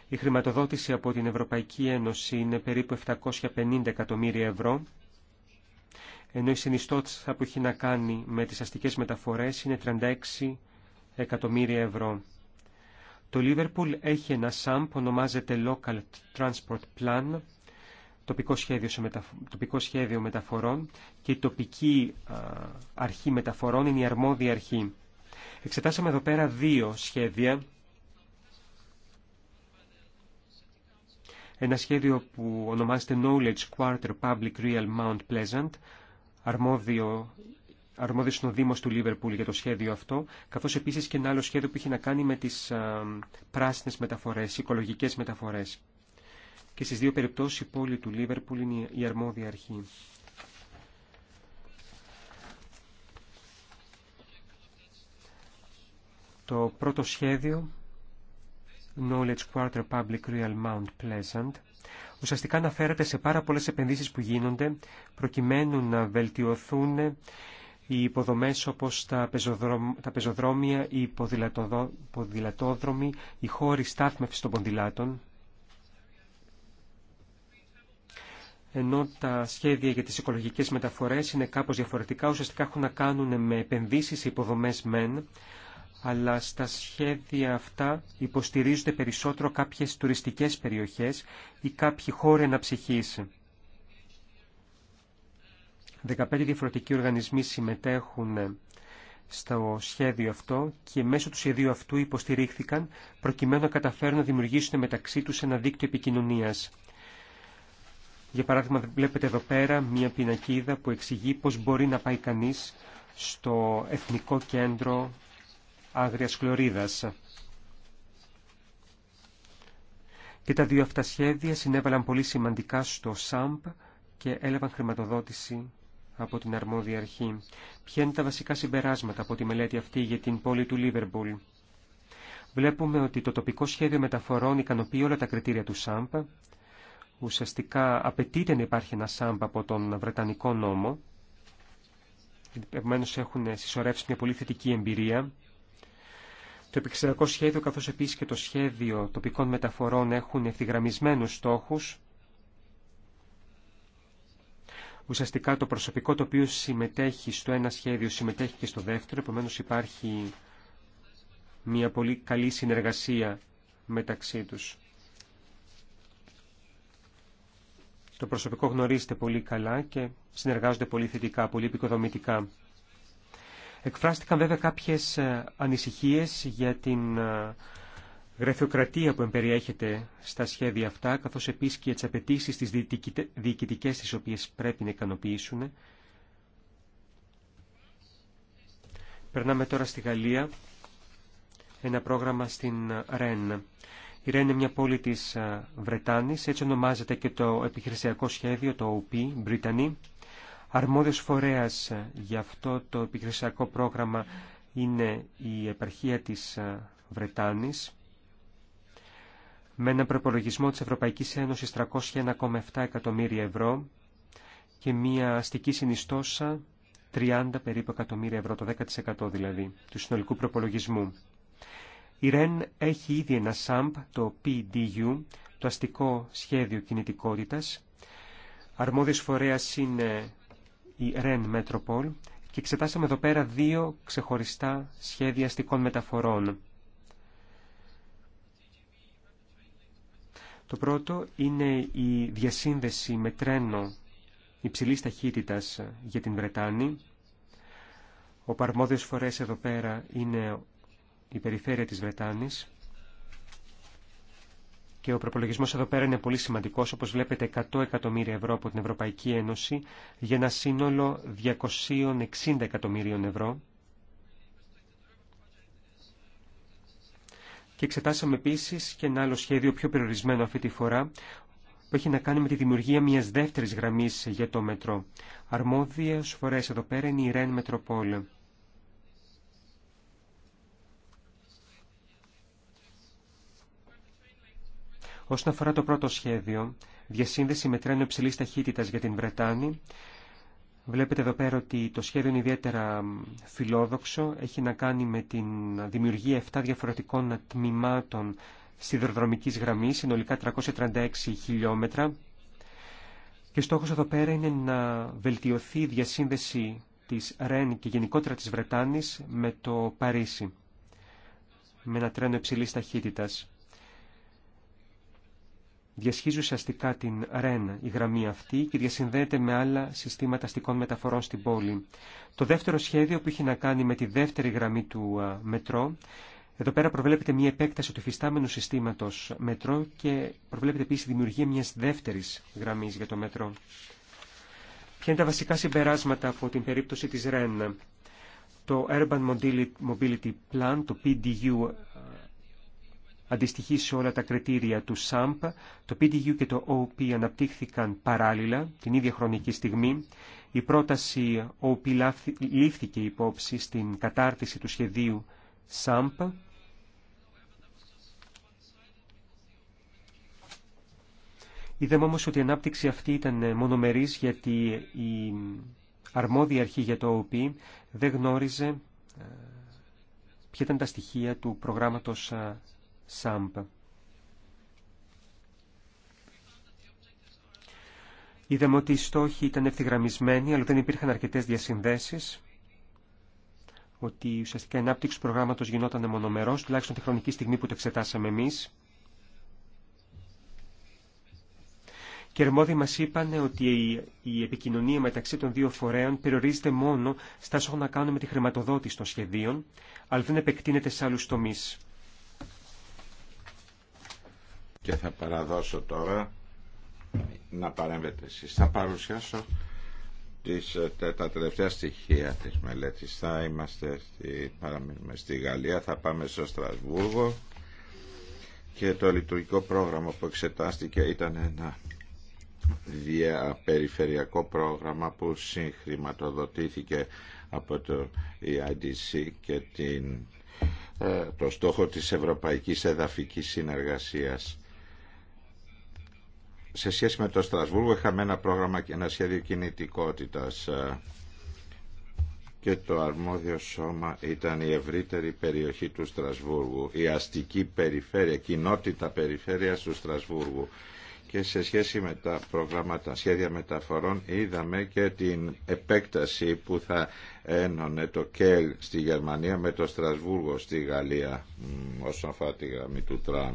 η χρηματοδότηση από την Ευρωπαϊκή Ένωση είναι περίπου 750 εκατομμύρια ευρώ, ενώ η συνιστότητα που έχει να κάνει με τις αστικές μεταφορές είναι 36 εκατομμύρια ευρώ. Το Λίβερπουλ έχει ένα ΣΑΜ που ονομάζεται Local Transport Plan, τοπικό σχέδιο, τοπικό σχέδιο μεταφορών και η τοπική αρχή μεταφορών είναι η αρμόδια αρχή. Εξετάσαμε εδώ πέρα δύο σχέδια. Ένα σχέδιο που ονομάζεται Knowledge Quarter Public Real Mount Pleasant, αρμόδιο αρμόδιος είναι Δήμος του Λίβερπουλ για το σχέδιο αυτό, καθώς επίσης και ένα άλλο σχέδιο που είχε να κάνει με τις πράσινε πράσινες μεταφορές, οικολογικές μεταφορές. Και στις δύο περιπτώσεις η πόλη του Λίβερπουλ είναι η αρμόδια αρχή. Το πρώτο σχέδιο, Knowledge Quarter Public Real Mount Pleasant, ουσιαστικά αναφέρεται σε πάρα πολλές επενδύσεις που γίνονται προκειμένου να βελτιωθούν οι υποδομές όπως τα, πεζοδρόμια, οι ποδηλατόδρομοι, οι χώροι στάθμευσης των ποδηλάτων, ενώ τα σχέδια για τις οικολογικές μεταφορές είναι κάπως διαφορετικά, ουσιαστικά έχουν να κάνουν με επενδύσεις σε υποδομές μεν, αλλά στα σχέδια αυτά υποστηρίζονται περισσότερο κάποιες τουριστικές περιοχές ή κάποιοι χώροι αναψυχής. 15 διαφορετικοί οργανισμοί συμμετέχουν στο σχέδιο αυτό και μέσω του σχεδίου αυτού υποστηρίχθηκαν προκειμένου να καταφέρουν να δημιουργήσουν μεταξύ τους ένα δίκτυο επικοινωνίας. Για παράδειγμα βλέπετε εδώ πέρα μία πινακίδα που εξηγεί πώς μπορεί να πάει κανείς στο Εθνικό Κέντρο άγριας χλωρίδας. Και τα δύο αυτά σχέδια συνέβαλαν πολύ σημαντικά στο ΣΑΜΠ και έλαβαν χρηματοδότηση από την αρμόδια αρχή. Ποια είναι τα βασικά συμπεράσματα από τη μελέτη αυτή για την πόλη του Λίβερμπουλ. Βλέπουμε ότι το τοπικό σχέδιο μεταφορών ικανοποιεί όλα τα κριτήρια του ΣΑΜΠ. Ουσιαστικά απαιτείται να υπάρχει ένα ΣΑΜΠ από τον Βρετανικό νόμο. Επομένω έχουν συσσωρεύσει μια πολύ θετική εμπειρία. Το επεξεργακό σχέδιο καθώς επίσης και το σχέδιο τοπικών μεταφορών έχουν ευθυγραμμισμένους στόχους. Ουσιαστικά το προσωπικό το οποίο συμμετέχει στο ένα σχέδιο συμμετέχει και στο δεύτερο, επομένως υπάρχει μια πολύ καλή συνεργασία μεταξύ τους. Το προσωπικό γνωρίζετε πολύ καλά και συνεργάζονται πολύ θετικά, πολύ επικοδομητικά. Εκφράστηκαν βέβαια κάποιες ε, ανησυχίες για την ε, γραφειοκρατία που εμπεριέχεται στα σχέδια αυτά, καθώς επίσης και τις απαιτήσει τις διοικητικές τις οποίες πρέπει να ικανοποιήσουν. Περνάμε τώρα στη Γαλλία, ένα πρόγραμμα στην ΡΕΝ. Η ΡΕΝ είναι μια πόλη της ε, Βρετάνης, έτσι ονομάζεται και το επιχειρησιακό σχέδιο, το OP, Brittany αρμόδιος φορέας για αυτό το επιχειρησιακό πρόγραμμα είναι η επαρχία της ε, Βρετάνης με έναν προπολογισμό της Ευρωπαϊκής Ένωσης 301,7 εκατομμύρια ευρώ και μια αστική συνιστόσα 30 περίπου εκατομμύρια ευρώ, το 10% δηλαδή, του συνολικού προπολογισμού. Η ΡΕΝ έχει ήδη ένα ΣΑΜΠ, το PDU, το αστικό σχέδιο κινητικότητας. Αρμόδιος φορέας είναι η ΡΕΝ Μέτροπολ και εξετάσαμε εδώ πέρα δύο ξεχωριστά σχέδια αστικών μεταφορών. Το πρώτο είναι η διασύνδεση με τρένο υψηλής ταχύτητας για την Βρετάνη. Ο παρμόδιος φορέας εδώ πέρα είναι η περιφέρεια της Βρετάνης και ο προπολογισμό εδώ πέρα είναι πολύ σημαντικό, όπω βλέπετε 100 εκατομμύρια ευρώ από την Ευρωπαϊκή Ένωση για ένα σύνολο 260 εκατομμύριων ευρώ. Και εξετάσαμε επίση και ένα άλλο σχέδιο πιο περιορισμένο αυτή τη φορά, που έχει να κάνει με τη δημιουργία μια δεύτερη γραμμή για το μετρό. Αρμόδιε φορέ εδώ πέρα είναι η ΡΕΝ Μετροπόλ. Όσον αφορά το πρώτο σχέδιο, διασύνδεση με τρένο υψηλή ταχύτητα για την Βρετάνη, Βλέπετε εδώ πέρα ότι το σχέδιο είναι ιδιαίτερα φιλόδοξο. Έχει να κάνει με την δημιουργία 7 διαφορετικών τμήματων σιδηροδρομικής γραμμής, συνολικά 336 χιλιόμετρα. Και στόχος εδώ πέρα είναι να βελτιωθεί η διασύνδεση της ΡΕΝ και γενικότερα της Βρετάνης με το Παρίσι, με ένα τρένο υψηλής ταχύτητας διασχίζει ουσιαστικά την REN η γραμμή αυτή, και διασυνδέεται με άλλα συστήματα αστικών μεταφορών στην πόλη. Το δεύτερο σχέδιο που είχε να κάνει με τη δεύτερη γραμμή του μετρό, εδώ πέρα προβλέπεται μια επέκταση του φυστάμενου συστήματος μετρό και προβλέπεται επίσης η δημιουργία μιας δεύτερης γραμμής για το μετρό. Ποια είναι τα βασικά συμπεράσματα από την περίπτωση της REN. Το Urban Mobility Plan, το PDU αντιστοιχεί σε όλα τα κριτήρια του ΣΑΜΠ. Το PDU και το OP αναπτύχθηκαν παράλληλα την ίδια χρονική στιγμή. Η πρόταση OP λήφθηκε υπόψη στην κατάρτιση του σχεδίου ΣΑΜΠ. Είδαμε όμως ότι η ανάπτυξη αυτή ήταν μονομερής γιατί η αρμόδια αρχή για το OP δεν γνώριζε ε, ποια ήταν τα στοιχεία του προγράμματος ε, ΣΑΜΠ. Είδαμε ότι οι στόχοι ήταν ευθυγραμμισμένοι, αλλά δεν υπήρχαν αρκετές διασυνδέσεις, ότι ουσιαστικά η ανάπτυξη του προγράμματος γινόταν μονομερός, τουλάχιστον τη χρονική στιγμή που το εξετάσαμε εμείς. Και αρμόδιοι μας είπαν ότι η επικοινωνία μεταξύ των δύο φορέων περιορίζεται μόνο στα όσα να κάνουμε τη χρηματοδότηση των σχεδίων, αλλά δεν επεκτείνεται σε άλλους τομείς και θα παραδώσω τώρα να παρέμβετε εσείς. Θα παρουσιάσω τις, ε, τα τελευταία στοιχεία της μελέτης. Θα είμαστε στη, παραμείνουμε στη Γαλλία, θα πάμε στο Στρασβούργο και το λειτουργικό πρόγραμμα που εξετάστηκε ήταν ένα διαπεριφερειακό πρόγραμμα που συγχρηματοδοτήθηκε από το EIDC και την, ε, το στόχο της Ευρωπαϊκής Εδαφικής Συνεργασίας σε σχέση με το Στρασβούργο είχαμε ένα πρόγραμμα και ένα σχέδιο κινητικότητας ε, και το αρμόδιο σώμα ήταν η ευρύτερη περιοχή του Στρασβούργου, η αστική περιφέρεια, κοινότητα περιφέρεια του Στρασβούργου. Και σε σχέση με τα προγράμματα, σχέδια μεταφορών, είδαμε και την επέκταση που θα ένωνε το ΚΕΛ στη Γερμανία με το Στρασβούργο στη Γαλλία, όσον αφορά τη γραμμή του Τραμ.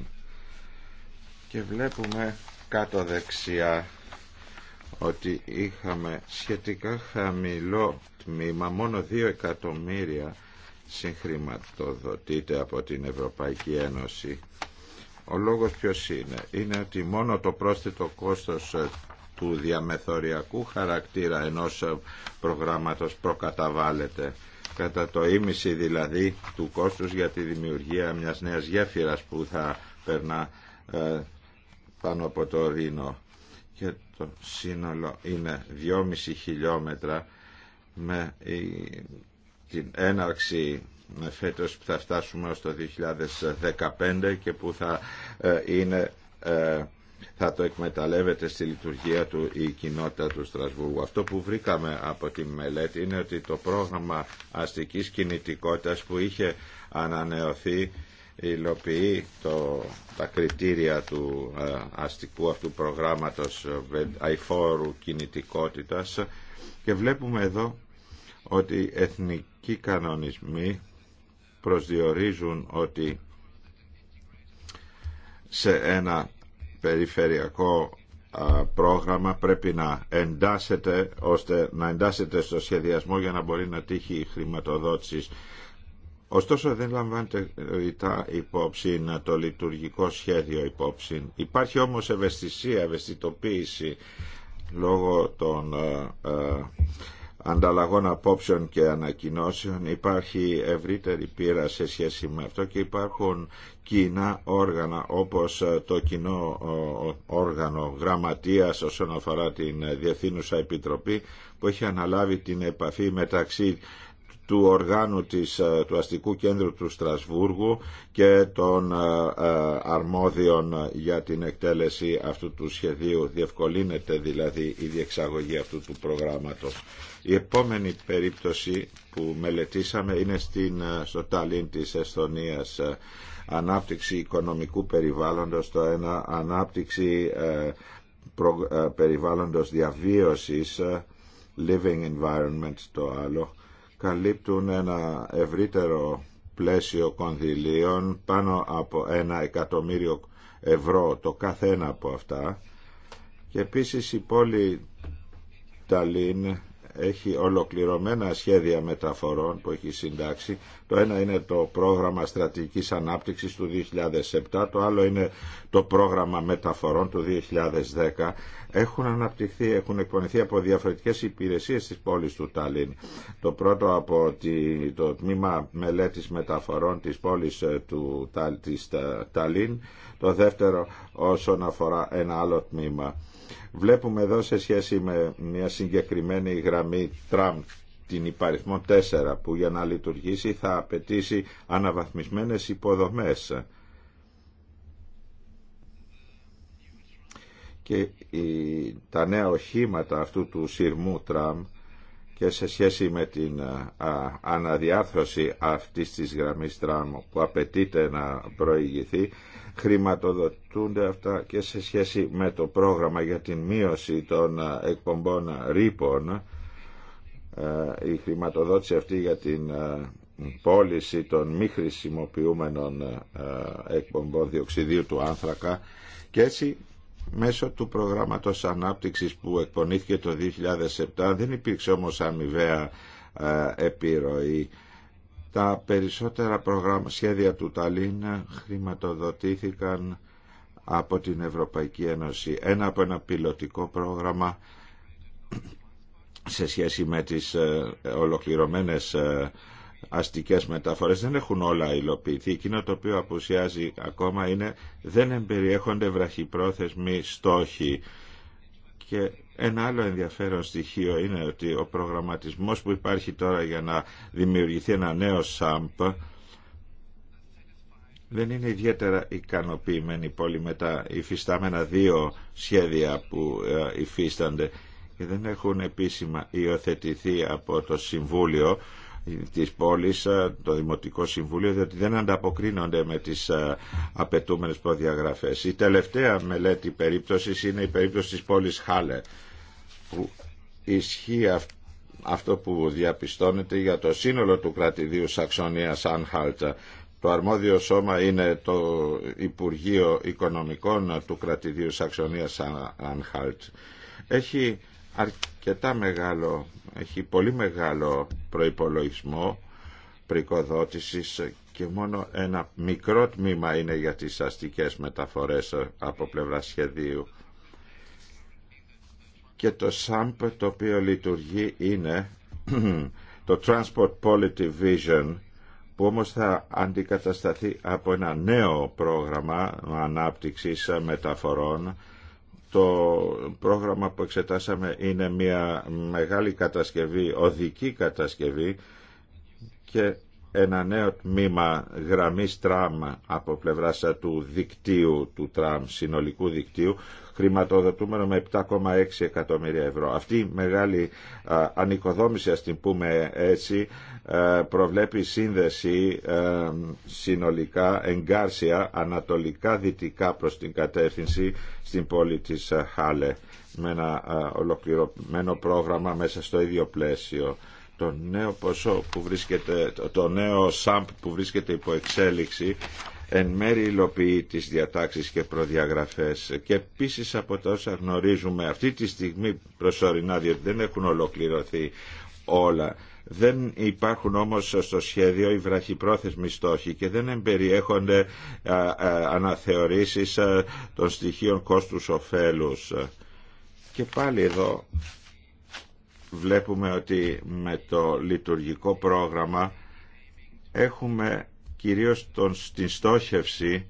Και βλέπουμε κάτω δεξιά ότι είχαμε σχετικά χαμηλό τμήμα, μόνο 2 εκατομμύρια συγχρηματοδοτείται από την Ευρωπαϊκή Ένωση. Ο λόγος ποιος είναι, είναι ότι μόνο το πρόσθετο κόστος του διαμεθοριακού χαρακτήρα ενός προγράμματος προκαταβάλλεται κατά το ίμιση δηλαδή του κόστους για τη δημιουργία μιας νέας γέφυρας που θα περνά ε, πάνω από το Ρήνο και το σύνολο είναι 2,5 χιλιόμετρα με την έναρξη φέτος που θα φτάσουμε ως το 2015 και που θα ε, είναι ε, θα το εκμεταλλεύεται στη λειτουργία του η κοινότητα του Στρασβούργου. Αυτό που βρήκαμε από τη μελέτη είναι ότι το πρόγραμμα αστικής κινητικότητας που είχε ανανεωθεί υλοποιεί το, τα κριτήρια του ε, αστικού αυτού προγράμματος ε, αηφόρου κινητικότητας και βλέπουμε εδώ ότι οι εθνικοί κανονισμοί προσδιορίζουν ότι σε ένα περιφερειακό πρόγραμμα πρέπει να εντάσσεται ώστε να εντάσσεται στο σχεδιασμό για να μπορεί να τύχει η χρηματοδότηση Ωστόσο δεν λαμβάνεται ρητά ε, υπόψη να το λειτουργικό σχέδιο υπόψη. Υπάρχει όμως ευαισθησία, ευαισθητοποίηση λόγω των ε, ε, ανταλλαγών απόψεων και ανακοινώσεων υπάρχει ευρύτερη πείρα σε σχέση με αυτό και υπάρχουν κοινά όργανα όπως το κοινό όργανο γραμματείας όσον αφορά την Διευθύνουσα Επιτροπή που έχει αναλάβει την επαφή μεταξύ του οργάνου της, ε, του αστικού κέντρου του Στρασβούργου και των ε, ε, αρμόδιων για την εκτέλεση αυτού του σχεδίου. Διευκολύνεται δηλαδή η διεξαγωγή αυτού του προγράμματος. Η επόμενη περίπτωση που μελετήσαμε είναι στην, στο Ταλίν της Εσθονίας ανάπτυξη οικονομικού περιβάλλοντος, το ένα ανάπτυξη προ, περιβάλλοντος διαβίωσης living environment το άλλο καλύπτουν ένα ευρύτερο πλαίσιο κονδυλίων πάνω από ένα εκατομμύριο ευρώ το καθένα από αυτά και επίσης η πόλη Ταλίν έχει ολοκληρωμένα σχέδια μεταφορών που έχει συντάξει. Το ένα είναι το πρόγραμμα στρατηγικής ανάπτυξης του 2007, το άλλο είναι το πρόγραμμα μεταφορών του 2010. Έχουν αναπτυχθεί, έχουν εκπονηθεί από διαφορετικές υπηρεσίες της πόλης του Ταλίν. Το πρώτο από το τμήμα μελέτης μεταφορών της πόλης ε, του, της Ταλίν, το δεύτερο όσον αφορά ένα άλλο τμήμα Βλέπουμε εδώ σε σχέση με μια συγκεκριμένη γραμμή τραμ την υπαριθμό 4 που για να λειτουργήσει θα απαιτήσει αναβαθμισμένες υποδομές. Και τα νέα οχήματα αυτού του σειρμού τραμ και σε σχέση με την αναδιάρθρωση αυτής της γραμμής τράμου που απαιτείται να προηγηθεί χρηματοδοτούνται αυτά και σε σχέση με το πρόγραμμα για την μείωση των εκπομπών ρήπων η χρηματοδότηση αυτή για την πώληση των μη χρησιμοποιούμενων εκπομπών διοξιδίου του άνθρακα και έτσι Μέσω του προγράμματος ανάπτυξης που εκπονήθηκε το 2007 δεν υπήρξε όμως αμοιβαία ε, επιρροή. Τα περισσότερα προγράμματα, σχέδια του Ταλίν χρηματοδοτήθηκαν από την Ευρωπαϊκή Ένωση. Ένα από ένα πιλωτικό πρόγραμμα σε σχέση με τις ε, ολοκληρωμένες ε, αστικές μεταφορές δεν έχουν όλα υλοποιηθεί. Εκείνο το οποίο απουσιάζει ακόμα είναι δεν εμπεριέχονται βραχυπρόθεσμοι στόχοι. Και ένα άλλο ενδιαφέρον στοιχείο είναι ότι ο προγραμματισμός που υπάρχει τώρα για να δημιουργηθεί ένα νέο ΣΑΜΠ δεν είναι ιδιαίτερα ικανοποιημένοι πολύ με τα υφιστάμενα δύο σχέδια που ε, υφίστανται και δεν έχουν επίσημα υιοθετηθεί από το Συμβούλιο της πόλης, ε, το Δημοτικό Συμβούλιο, διότι δεν ανταποκρίνονται με τις ε, απαιτούμενες προδιαγραφές. Η τελευταία μελέτη περίπτωση είναι η περίπτωση της πόλης Χάλε, που ισχύει αυτό που διαπιστώνεται για το σύνολο του κρατηδίου Σαξονίας Ανχάλτ. Το αρμόδιο σώμα είναι το Υπουργείο Οικονομικών του κρατηδίου Σαξονίας Ανχάλτ. Έχει αρκετά μεγάλο, έχει πολύ μεγάλο προϋπολογισμό πρικοδότησης και μόνο ένα μικρό τμήμα είναι για τις αστικές μεταφορές από πλευρά σχεδίου. Και το ΣΑΜΠ το οποίο λειτουργεί είναι το Transport Policy Vision που όμως θα αντικατασταθεί από ένα νέο πρόγραμμα ανάπτυξης μεταφορών το πρόγραμμα που εξετάσαμε είναι μια μεγάλη κατασκευή, οδική κατασκευή και ένα νέο τμήμα γραμμής τραμ από πλευράς του δικτύου του τραμ, συνολικού δικτύου χρηματοδοτούμενο με 7,6 εκατομμύρια ευρώ. Αυτή η μεγάλη ανοικοδόμηση, ας την πούμε έτσι, προβλέπει σύνδεση συνολικά εγκάρσια ανατολικά δυτικά προς την κατεύθυνση στην πόλη της Χάλε με ένα ολοκληρωμένο πρόγραμμα μέσα στο ίδιο πλαίσιο το νέο ποσό που βρίσκεται, το νέο ΣΑΜΠ που βρίσκεται υπό εξέλιξη εν μέρη υλοποιεί τις διατάξεις και προδιαγραφές και επίσης από τα όσα γνωρίζουμε αυτή τη στιγμή προσωρινά διότι δεν έχουν ολοκληρωθεί όλα. Δεν υπάρχουν όμως στο σχέδιο οι βραχυπρόθεσμοι στόχοι και δεν εμπεριέχονται αναθεωρήσεις των στοιχείων κόστους κόστους-οφέλους. Και πάλι εδώ βλέπουμε ότι με το λειτουργικό πρόγραμμα έχουμε κυρίως τον, στην στόχευση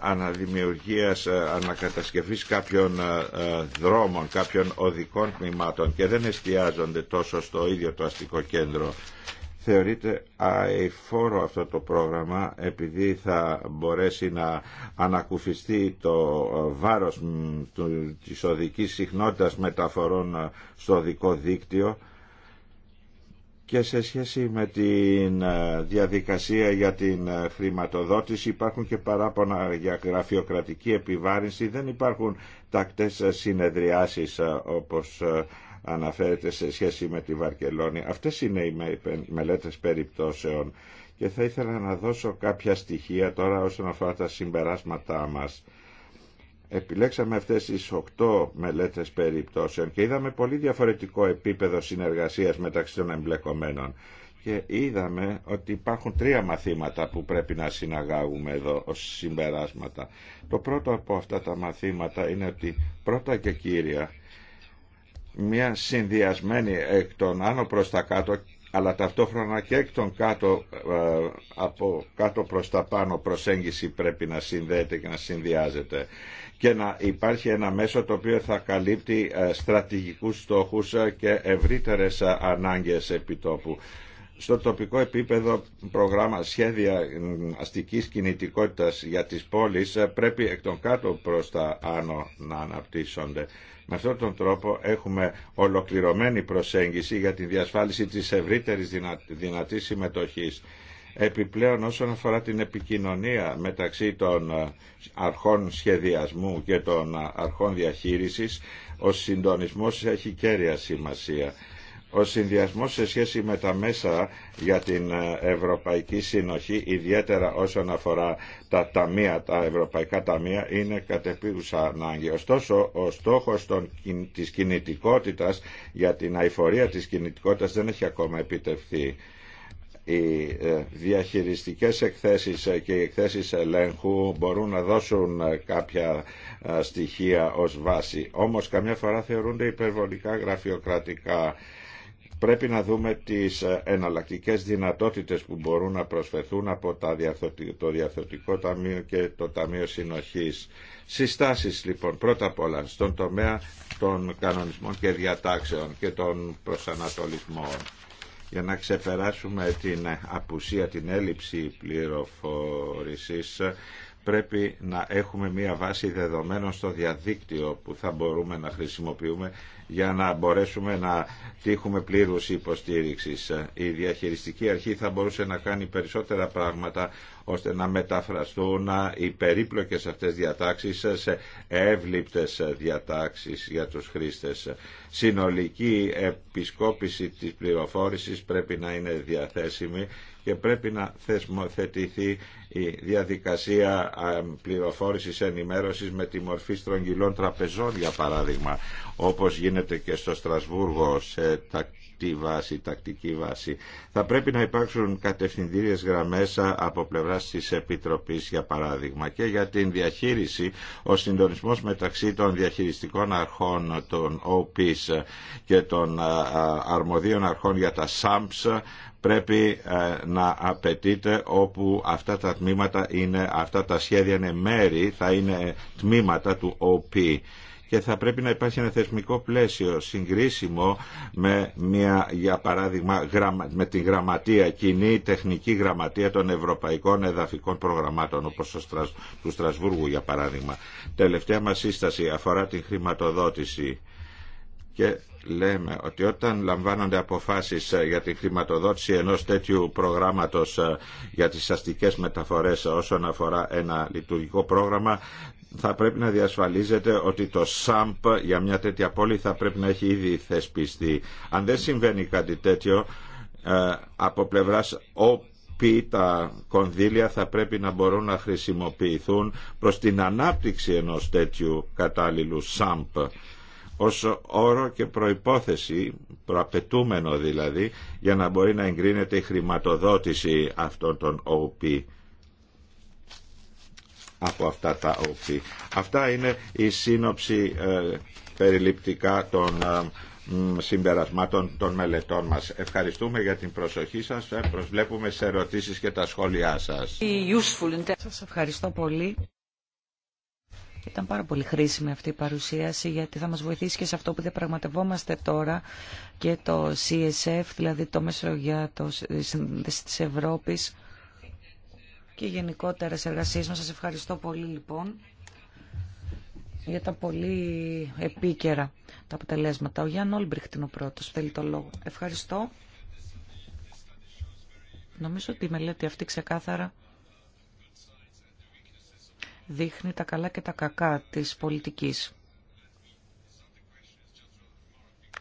αναδημιουργίας, ανακατασκευής κάποιων δρόμων, κάποιων οδικών τμήματων και δεν εστιάζονται τόσο στο ίδιο το αστικό κέντρο. Θεωρείται αηφόρο αυτό το πρόγραμμα επειδή θα μπορέσει να ανακουφιστεί το βάρος της οδικής συχνότητας μεταφορών στο οδικό δίκτυο και σε σχέση με την ε, διαδικασία για την ε, χρηματοδότηση υπάρχουν και παράπονα για γραφειοκρατική επιβάρυνση. Δεν υπάρχουν τακτές ε, συνεδριάσεις όπως αναφέρεται σε σχέση με τη Βαρκελόνη. Αυτές είναι οι μελέτες περιπτώσεων και θα ήθελα να δώσω κάποια στοιχεία τώρα όσον αφορά τα συμπεράσματά μας επιλέξαμε αυτές τις 8 μελέτες περιπτώσεων και είδαμε πολύ διαφορετικό επίπεδο συνεργασίας μεταξύ των εμπλεκομένων και είδαμε ότι υπάρχουν τρία μαθήματα που πρέπει να συναγάγουμε εδώ ως συμπεράσματα. Το πρώτο από αυτά τα μαθήματα είναι ότι πρώτα και κύρια μια συνδυασμένη εκ των άνω προς τα κάτω αλλά ταυτόχρονα και εκ των κάτω, ε, από κάτω προς τα πάνω προσέγγιση πρέπει να συνδέεται και να συνδυάζεται και να υπάρχει ένα μέσο το οποίο θα καλύπτει ε, στρατηγικούς στόχους ε, και ευρύτερες ε, ανάγκες επιτόπου στο τοπικό επίπεδο προγράμμα σχέδια αστικής κινητικότητας για τις πόλεις πρέπει εκ των κάτω προς τα άνω να αναπτύσσονται. Με αυτόν τον τρόπο έχουμε ολοκληρωμένη προσέγγιση για τη διασφάλιση της ευρύτερης δυνατής συμμετοχής. Επιπλέον όσον αφορά την επικοινωνία μεταξύ των ε, αρχών σχεδιασμού και των ε, αρχών διαχείρισης, ο συντονισμός έχει κέρια σημασία. Ο συνδυασμός σε σχέση με τα μέσα για την ε, Ευρωπαϊκή Συνοχή, ιδιαίτερα όσον αφορά τα ταμεία, τα ευρωπαϊκά ταμεία, είναι κατεπίγουσα ανάγκη. Ωστόσο, ο στόχος των, της κινητικότητας για την αηφορία της κινητικότητας δεν έχει ακόμα επιτευχθεί οι ε, διαχειριστικές εκθέσεις ε, και οι εκθέσεις ελέγχου μπορούν να δώσουν ε, κάποια στοιχεία ως βάση. Όμως καμιά φορά θεωρούνται υπερβολικά γραφειοκρατικά. Πρέπει να δούμε τις εναλλακτικές δυνατότητες που μπορούν να προσφεθούν από τα το Διαθωτικό Ταμείο και το Ταμείο Συνοχής. Συστάσεις λοιπόν πρώτα απ' όλα στον τομέα των κανονισμών και διατάξεων και των προσανατολισμών για να ξεπεράσουμε την απουσία, την έλλειψη πληροφόρησης πρέπει να έχουμε μια βάση δεδομένων στο διαδίκτυο που θα μπορούμε να χρησιμοποιούμε για να μπορέσουμε να τύχουμε πλήρους υποστήριξης. Η διαχειριστική αρχή θα μπορούσε να κάνει περισσότερα πράγματα ώστε να μεταφραστούν οι περίπλοκες αυτές διατάξεις σε εύληπτες διατάξεις για τους χρήστες. Συνολική επισκόπηση της πληροφόρησης πρέπει να είναι διαθέσιμη και πρέπει να θεσμοθετηθεί η διαδικασία πληροφόρησης ενημέρωσης με τη μορφή στρογγυλών τραπεζών για παράδειγμα όπως γίνεται και στο Στρασβούργο σε τακτική βάση, τακτική βάση. Θα πρέπει να υπάρξουν κατευθυντήριες γραμμές από πλευράς της Επιτροπής για παράδειγμα και για την διαχείριση ο συντονισμός μεταξύ των διαχειριστικών αρχών των OPs και των αρμοδίων αρχών για τα SAMPS πρέπει ε, να απαιτείται όπου αυτά τα τμήματα είναι, αυτά τα σχέδια είναι μέρη, θα είναι τμήματα του OP και θα πρέπει να υπάρχει ένα θεσμικό πλαίσιο συγκρίσιμο με μια, για παράδειγμα, με την γραμματεία, κοινή τεχνική γραμματεία των Ευρωπαϊκών Εδαφικών Προγραμμάτων, όπως το του Στρασβούργου, για παράδειγμα. Τελευταία μας σύσταση αφορά την χρηματοδότηση και λέμε ότι όταν λαμβάνονται αποφάσεις ε, για τη χρηματοδότηση ενός τέτοιου προγράμματος ε, για τις αστικές μεταφορές όσον αφορά ένα λειτουργικό πρόγραμμα θα πρέπει να διασφαλίζεται ότι το ΣΑΜΠ για μια τέτοια πόλη θα πρέπει να έχει ήδη θεσπιστεί. Αν δεν συμβαίνει κάτι τέτοιο ε, από πλευράς ποι τα κονδύλια θα πρέπει να μπορούν να χρησιμοποιηθούν προς την ανάπτυξη ενός τέτοιου κατάλληλου ΣΑΜΠ ως όρο και προϋπόθεση, προαπαιτούμενο δηλαδή, για να μπορεί να εγκρίνεται η χρηματοδότηση αυτών των OP από αυτά τα OP. Αυτά είναι η σύνοψη ε, περιληπτικά των ε, συμπερασμάτων των μελετών μας. Ευχαριστούμε για την προσοχή σας. Ε, προσβλέπουμε σε ερωτήσεις και τα σχόλιά σας. Σας ευχαριστώ πολύ. Ήταν πάρα πολύ χρήσιμη αυτή η παρουσίαση γιατί θα μας βοηθήσει και σε αυτό που διαπραγματευόμαστε τώρα και το CSF, δηλαδή το Μέσο για το Σύνδεση της Ευρώπης και γενικότερα σε εργασίες μας. Σας ευχαριστώ πολύ λοιπόν για τα πολύ επίκαιρα τα αποτελέσματα. Ο Γιάνν Όλμπριχτ είναι ο πρώτος, θέλει το λόγο. Ευχαριστώ. Νομίζω ότι η μελέτη αυτή ξεκάθαρα δείχνει τα καλά και τα κακά της πολιτικής.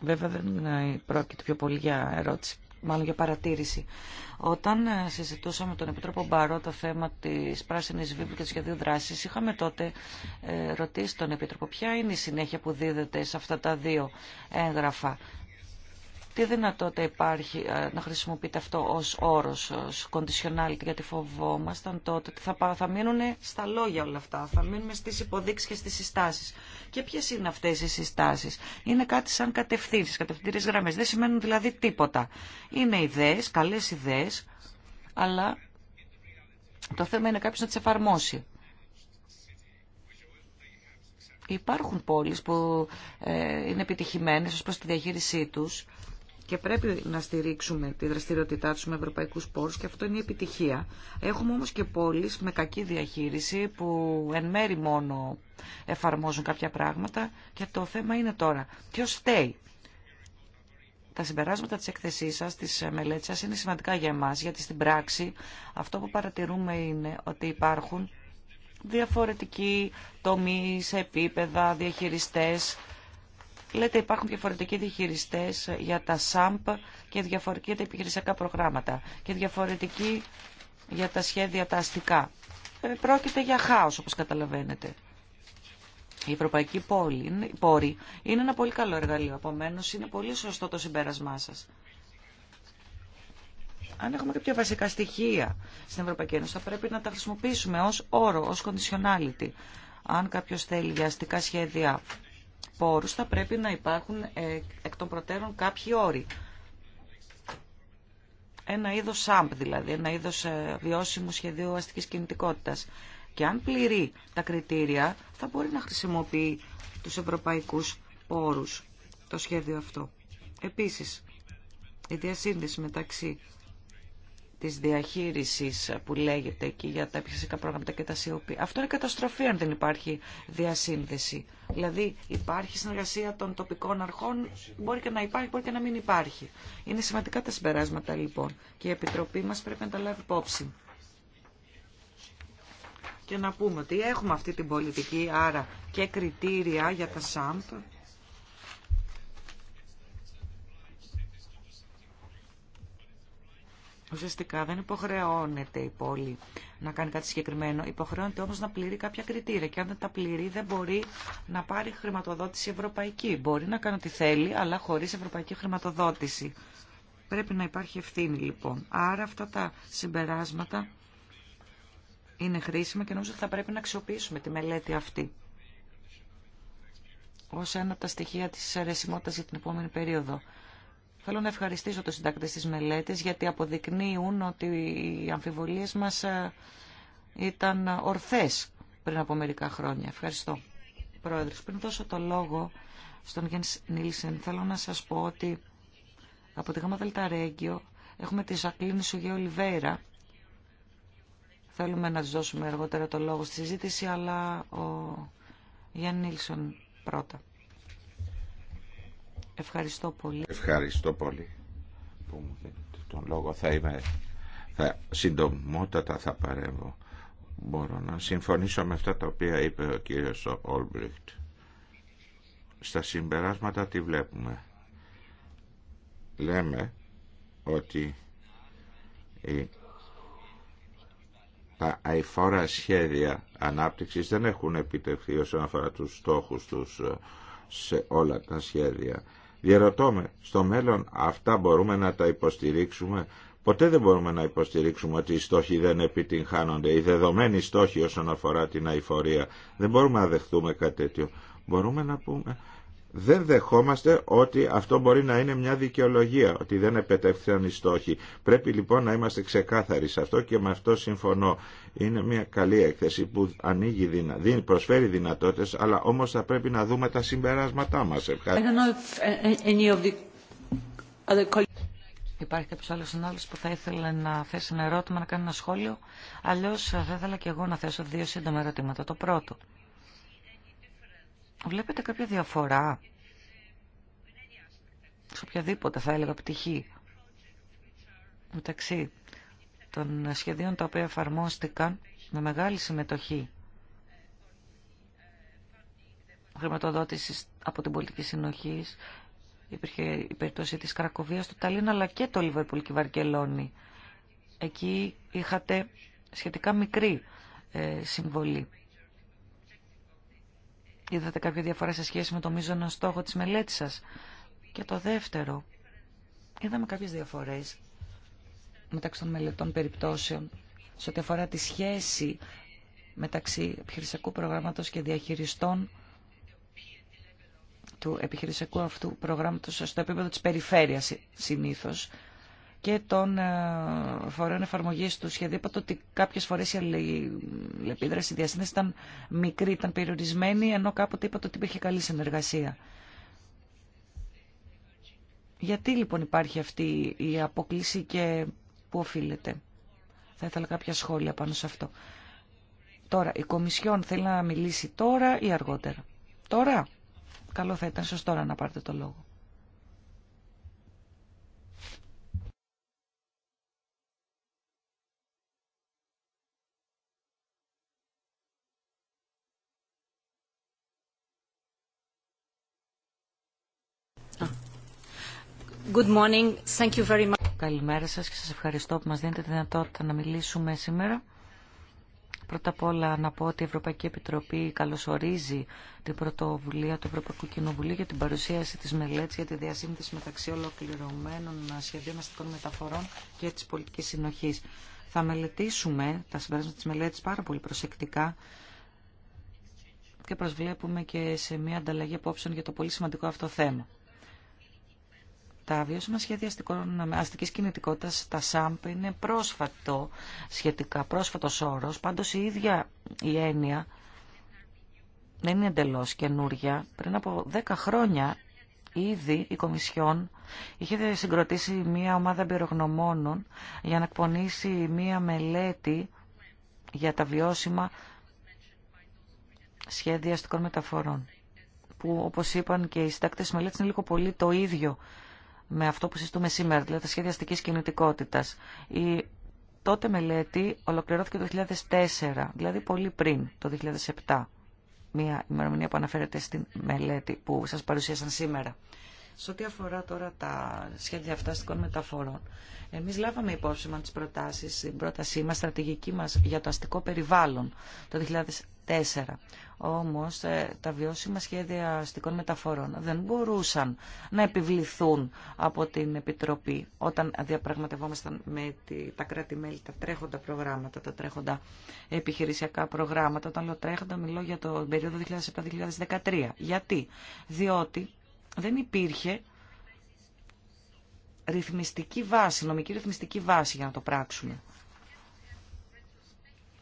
Βέβαια δεν ε, πρόκειται πιο πολύ για ερώτηση, μάλλον για παρατήρηση. Όταν ε, συζητούσαμε τον Επιτρόπο Μπαρό το θέμα της Πράσινης Βίβλου και του Σχεδίου Δράσης, είχαμε τότε ε, ρωτήσει τον Επιτρόπο ποια είναι η συνέχεια που δίδεται σε αυτά τα δύο έγγραφα. Τι δυνατότητα υπάρχει ε, να χρησιμοποιείται αυτό ως όρος, ως conditionality, γιατί φοβόμασταν τότε ότι θα, θα μείνουν στα λόγια όλα αυτά, θα μείνουμε στις υποδείξεις και στις συστάσεις. Και ποιε είναι αυτές οι συστάσεις. Είναι κάτι σαν κατευθύνσεις, κατευθύνσεις γραμμές. Δεν σημαίνουν δηλαδή τίποτα. Είναι ιδέες, καλές ιδέες, αλλά το θέμα είναι κάποιο να τις εφαρμόσει. Υπάρχουν πόλεις που ε, είναι επιτυχημένες ως προς τη διαχείρισή τους και πρέπει να στηρίξουμε τη δραστηριότητά του με ευρωπαϊκούς πόρου και αυτό είναι η επιτυχία. Έχουμε όμως και πόλεις με κακή διαχείριση που εν μέρη μόνο εφαρμόζουν κάποια πράγματα και το θέμα είναι τώρα Ποιο φταίει. Τα συμπεράσματα της εκθεσής σας, της μελέτης σας είναι σημαντικά για εμάς γιατί στην πράξη αυτό που παρατηρούμε είναι ότι υπάρχουν διαφορετικοί τομείς, επίπεδα, διαχειριστές Λέτε υπάρχουν διαφορετικοί διχειριστέ για τα ΣΑΜΠ και διαφορετικοί για τα επιχειρησιακά προγράμματα και διαφορετικοί για τα σχέδια τα αστικά. Ε, πρόκειται για χάος όπως καταλαβαίνετε. Η Ευρωπαϊκή Πόλη, Πόρη, είναι ένα πολύ καλό εργαλείο. Επομένω, είναι πολύ σωστό το συμπέρασμά σα. Αν έχουμε κάποια βασικά στοιχεία στην Ευρωπαϊκή Ένωση, θα πρέπει να τα χρησιμοποιήσουμε ω όρο, ω conditionality. Αν κάποιο θέλει για αστικά σχέδια πόρους θα πρέπει να υπάρχουν ε, εκ των προτέρων κάποιοι όροι. Ένα είδος SAMP δηλαδή, ένα είδος ε, βιώσιμου σχεδίου αστικής κινητικότητας. Και αν πληρεί τα κριτήρια θα μπορεί να χρησιμοποιεί τους ευρωπαϊκούς πόρους το σχέδιο αυτό. Επίσης, η διασύνδεση μεταξύ της διαχείρισης που λέγεται εκεί για τα επιχειρησιακά πρόγραμματα και τα COP. Αυτό είναι καταστροφή αν δεν υπάρχει διασύνδεση. Δηλαδή υπάρχει συνεργασία των τοπικών αρχών, μπορεί και να υπάρχει, μπορεί και να μην υπάρχει. Είναι σημαντικά τα συμπεράσματα λοιπόν και η Επιτροπή μας πρέπει να τα λάβει υπόψη. Και να πούμε ότι έχουμε αυτή την πολιτική, άρα και κριτήρια για τα ΣΑΜΠ, Ουσιαστικά δεν υποχρεώνεται η πόλη να κάνει κάτι συγκεκριμένο. Υποχρεώνεται όμως να πληρεί κάποια κριτήρια και αν δεν τα πληρεί δεν μπορεί να πάρει χρηματοδότηση ευρωπαϊκή. Μπορεί να κάνει ό,τι θέλει αλλά χωρίς ευρωπαϊκή χρηματοδότηση. Πρέπει να υπάρχει ευθύνη λοιπόν. Άρα αυτά τα συμπεράσματα είναι χρήσιμα και νομίζω ότι θα πρέπει να αξιοποιήσουμε τη μελέτη αυτή ως ένα από τα στοιχεία της αρεσιμότητας για την επόμενη περίοδο. Θέλω να ευχαριστήσω τους συντάκτες της μελέτης γιατί αποδεικνύουν ότι οι αμφιβολίες μας ε, ήταν ορθές πριν από μερικά χρόνια. Ευχαριστώ. Πρόεδρος, πριν δώσω το λόγο στον Γιάννη Νίλσεν, θέλω να σας πω ότι από τη ΓΑΜΑ Δελταρέγγιο έχουμε τη Ζακλίνη Σουγέ Ολιβέηρα. Θέλουμε να της δώσουμε αργότερα το λόγο στη συζήτηση, αλλά ο Γιάννη Νίλσεν πρώτα. Ευχαριστώ πολύ. Ευχαριστώ πολύ που μου δίνετε τον λόγο. Θα είμαι θα, συντομότατα θα παρέμβω. Μπορώ να συμφωνήσω με αυτά τα οποία είπε ο κύριος Όλμπριχτ. Στα συμπεράσματα τι βλέπουμε. Λέμε ότι η τα αηφόρα σχέδια ανάπτυξης δεν έχουν επιτευχθεί όσον αφορά τους στόχους τους ε, σε όλα τα σχέδια. Διαρωτώ στο μέλλον αυτά μπορούμε να τα υποστηρίξουμε. Ποτέ δεν μπορούμε να υποστηρίξουμε ότι οι στόχοι δεν επιτυγχάνονται. Οι δεδομένοι στόχοι όσον αφορά την αηφορία. Δεν μπορούμε να δεχτούμε κάτι τέτοιο. Μπορούμε να πούμε δεν δεχόμαστε ότι αυτό μπορεί να είναι μια δικαιολογία, ότι δεν επετεύχθηκαν οι στόχοι. Πρέπει λοιπόν να είμαστε ξεκάθαροι σε αυτό και με αυτό συμφωνώ. Είναι μια καλή έκθεση που ανοίγει, προσφέρει δυνατότητες, αλλά όμως θα πρέπει να δούμε τα συμπεράσματά μας. Uh, uh, Υπάρχει κάποιο άλλο συνάδελφο που θα ήθελε να θέσει ένα ερώτημα, να κάνει ένα σχόλιο. Αλλιώ ε, θα ήθελα και εγώ να θέσω δύο σύντομα ερωτήματα. Το πρώτο. Βλέπετε κάποια διαφορά σε οποιαδήποτε θα έλεγα πτυχή μεταξύ των σχεδίων τα οποία εφαρμόστηκαν με μεγάλη συμμετοχή χρηματοδότηση από την πολιτική συνοχή. Υπήρχε η περίπτωση της Κρακοβίας, του Ταλίνα, αλλά και το Λιβερπούλ και Βαρκελόνη. Εκεί είχατε σχετικά μικρή ε, συμβολή. Είδατε κάποια διαφορά σε σχέση με το μείζονο στόχο της μελέτης σας. Και το δεύτερο, είδαμε κάποιες διαφορές μεταξύ των μελετών περιπτώσεων σε ό,τι αφορά τη σχέση μεταξύ επιχειρησιακού προγράμματος και διαχειριστών του επιχειρησιακού αυτού προγράμματος στο επίπεδο της περιφέρειας συνήθως και των ε, φορέων εφαρμογή του σχεδίου. Είπατε ότι κάποιε φορέ η αλληλεπίδραση η διασύνδεση ήταν μικρή, ήταν περιορισμένη, ενώ κάποτε είπατε ότι υπήρχε καλή συνεργασία. Γιατί λοιπόν υπάρχει αυτή η αποκλήση και πού οφείλεται. Θα ήθελα κάποια σχόλια πάνω σε αυτό. Τώρα, η Κομισιόν θέλει να μιλήσει τώρα ή αργότερα. Τώρα. Καλό θα ήταν, σωστό να πάρετε το λόγο. Καλημέρα σας και σας ευχαριστώ που μας δίνετε τη δυνατότητα να μιλήσουμε σήμερα. Πρώτα απ' όλα να πω ότι η Ευρωπαϊκή Επιτροπή καλωσορίζει την πρωτοβουλία του Ευρωπαϊκού Κοινοβουλίου για την παρουσίαση της μελέτης για τη διασύνδεση μεταξύ ολοκληρωμένων σχεδίων αστικών μεταφορών και της πολιτικής συνοχής. Θα μελετήσουμε τα συμπεράσματα της μελέτης πάρα πολύ προσεκτικά και προσβλέπουμε και σε μια ανταλλαγή απόψεων για το πολύ σημαντικό αυτό θέμα. Τα βιώσιμα σχέδια αστικής κινητικότητας, τα ΣΑΜΠ, είναι πρόσφατο, σχετικά πρόσφατος όρος. Πάντως η ίδια η έννοια δεν είναι εντελώς καινούρια. Πριν από 10 χρόνια ήδη η Κομισιόν είχε συγκροτήσει μια ομάδα εμπειρογνωμόνων για να εκπονήσει μια μελέτη για τα βιώσιμα σχέδια αστικών μεταφορών που όπως είπαν και οι συντάκτες μελέτης είναι λίγο πολύ το ίδιο με αυτό που συζητούμε σήμερα, δηλαδή τα σχέδια αστικής κινητικότητας. Η τότε μελέτη ολοκληρώθηκε το 2004, δηλαδή πολύ πριν το 2007. Μία ημερομηνία που αναφέρεται στην μελέτη που σας παρουσίασαν σήμερα. Σε ό,τι αφορά τώρα τα σχέδια αυταστικών μεταφορών, εμεί λάβαμε υπόψη μα τι προτάσει, την πρότασή μα, στρατηγική μα για το αστικό περιβάλλον το 2004. Όμω ε, τα βιώσιμα σχέδια αστικών μεταφορών δεν μπορούσαν να επιβληθούν από την Επιτροπή όταν διαπραγματευόμασταν με τα κράτη-μέλη τα τρέχοντα προγράμματα, τα τρέχοντα επιχειρησιακά προγράμματα. Όταν λέω τρέχοντα, μιλώ για το περίοδο 2007-2013. Γιατί? Διότι δεν υπήρχε ρυθμιστική βάση, νομική ρυθμιστική βάση για να το πράξουμε.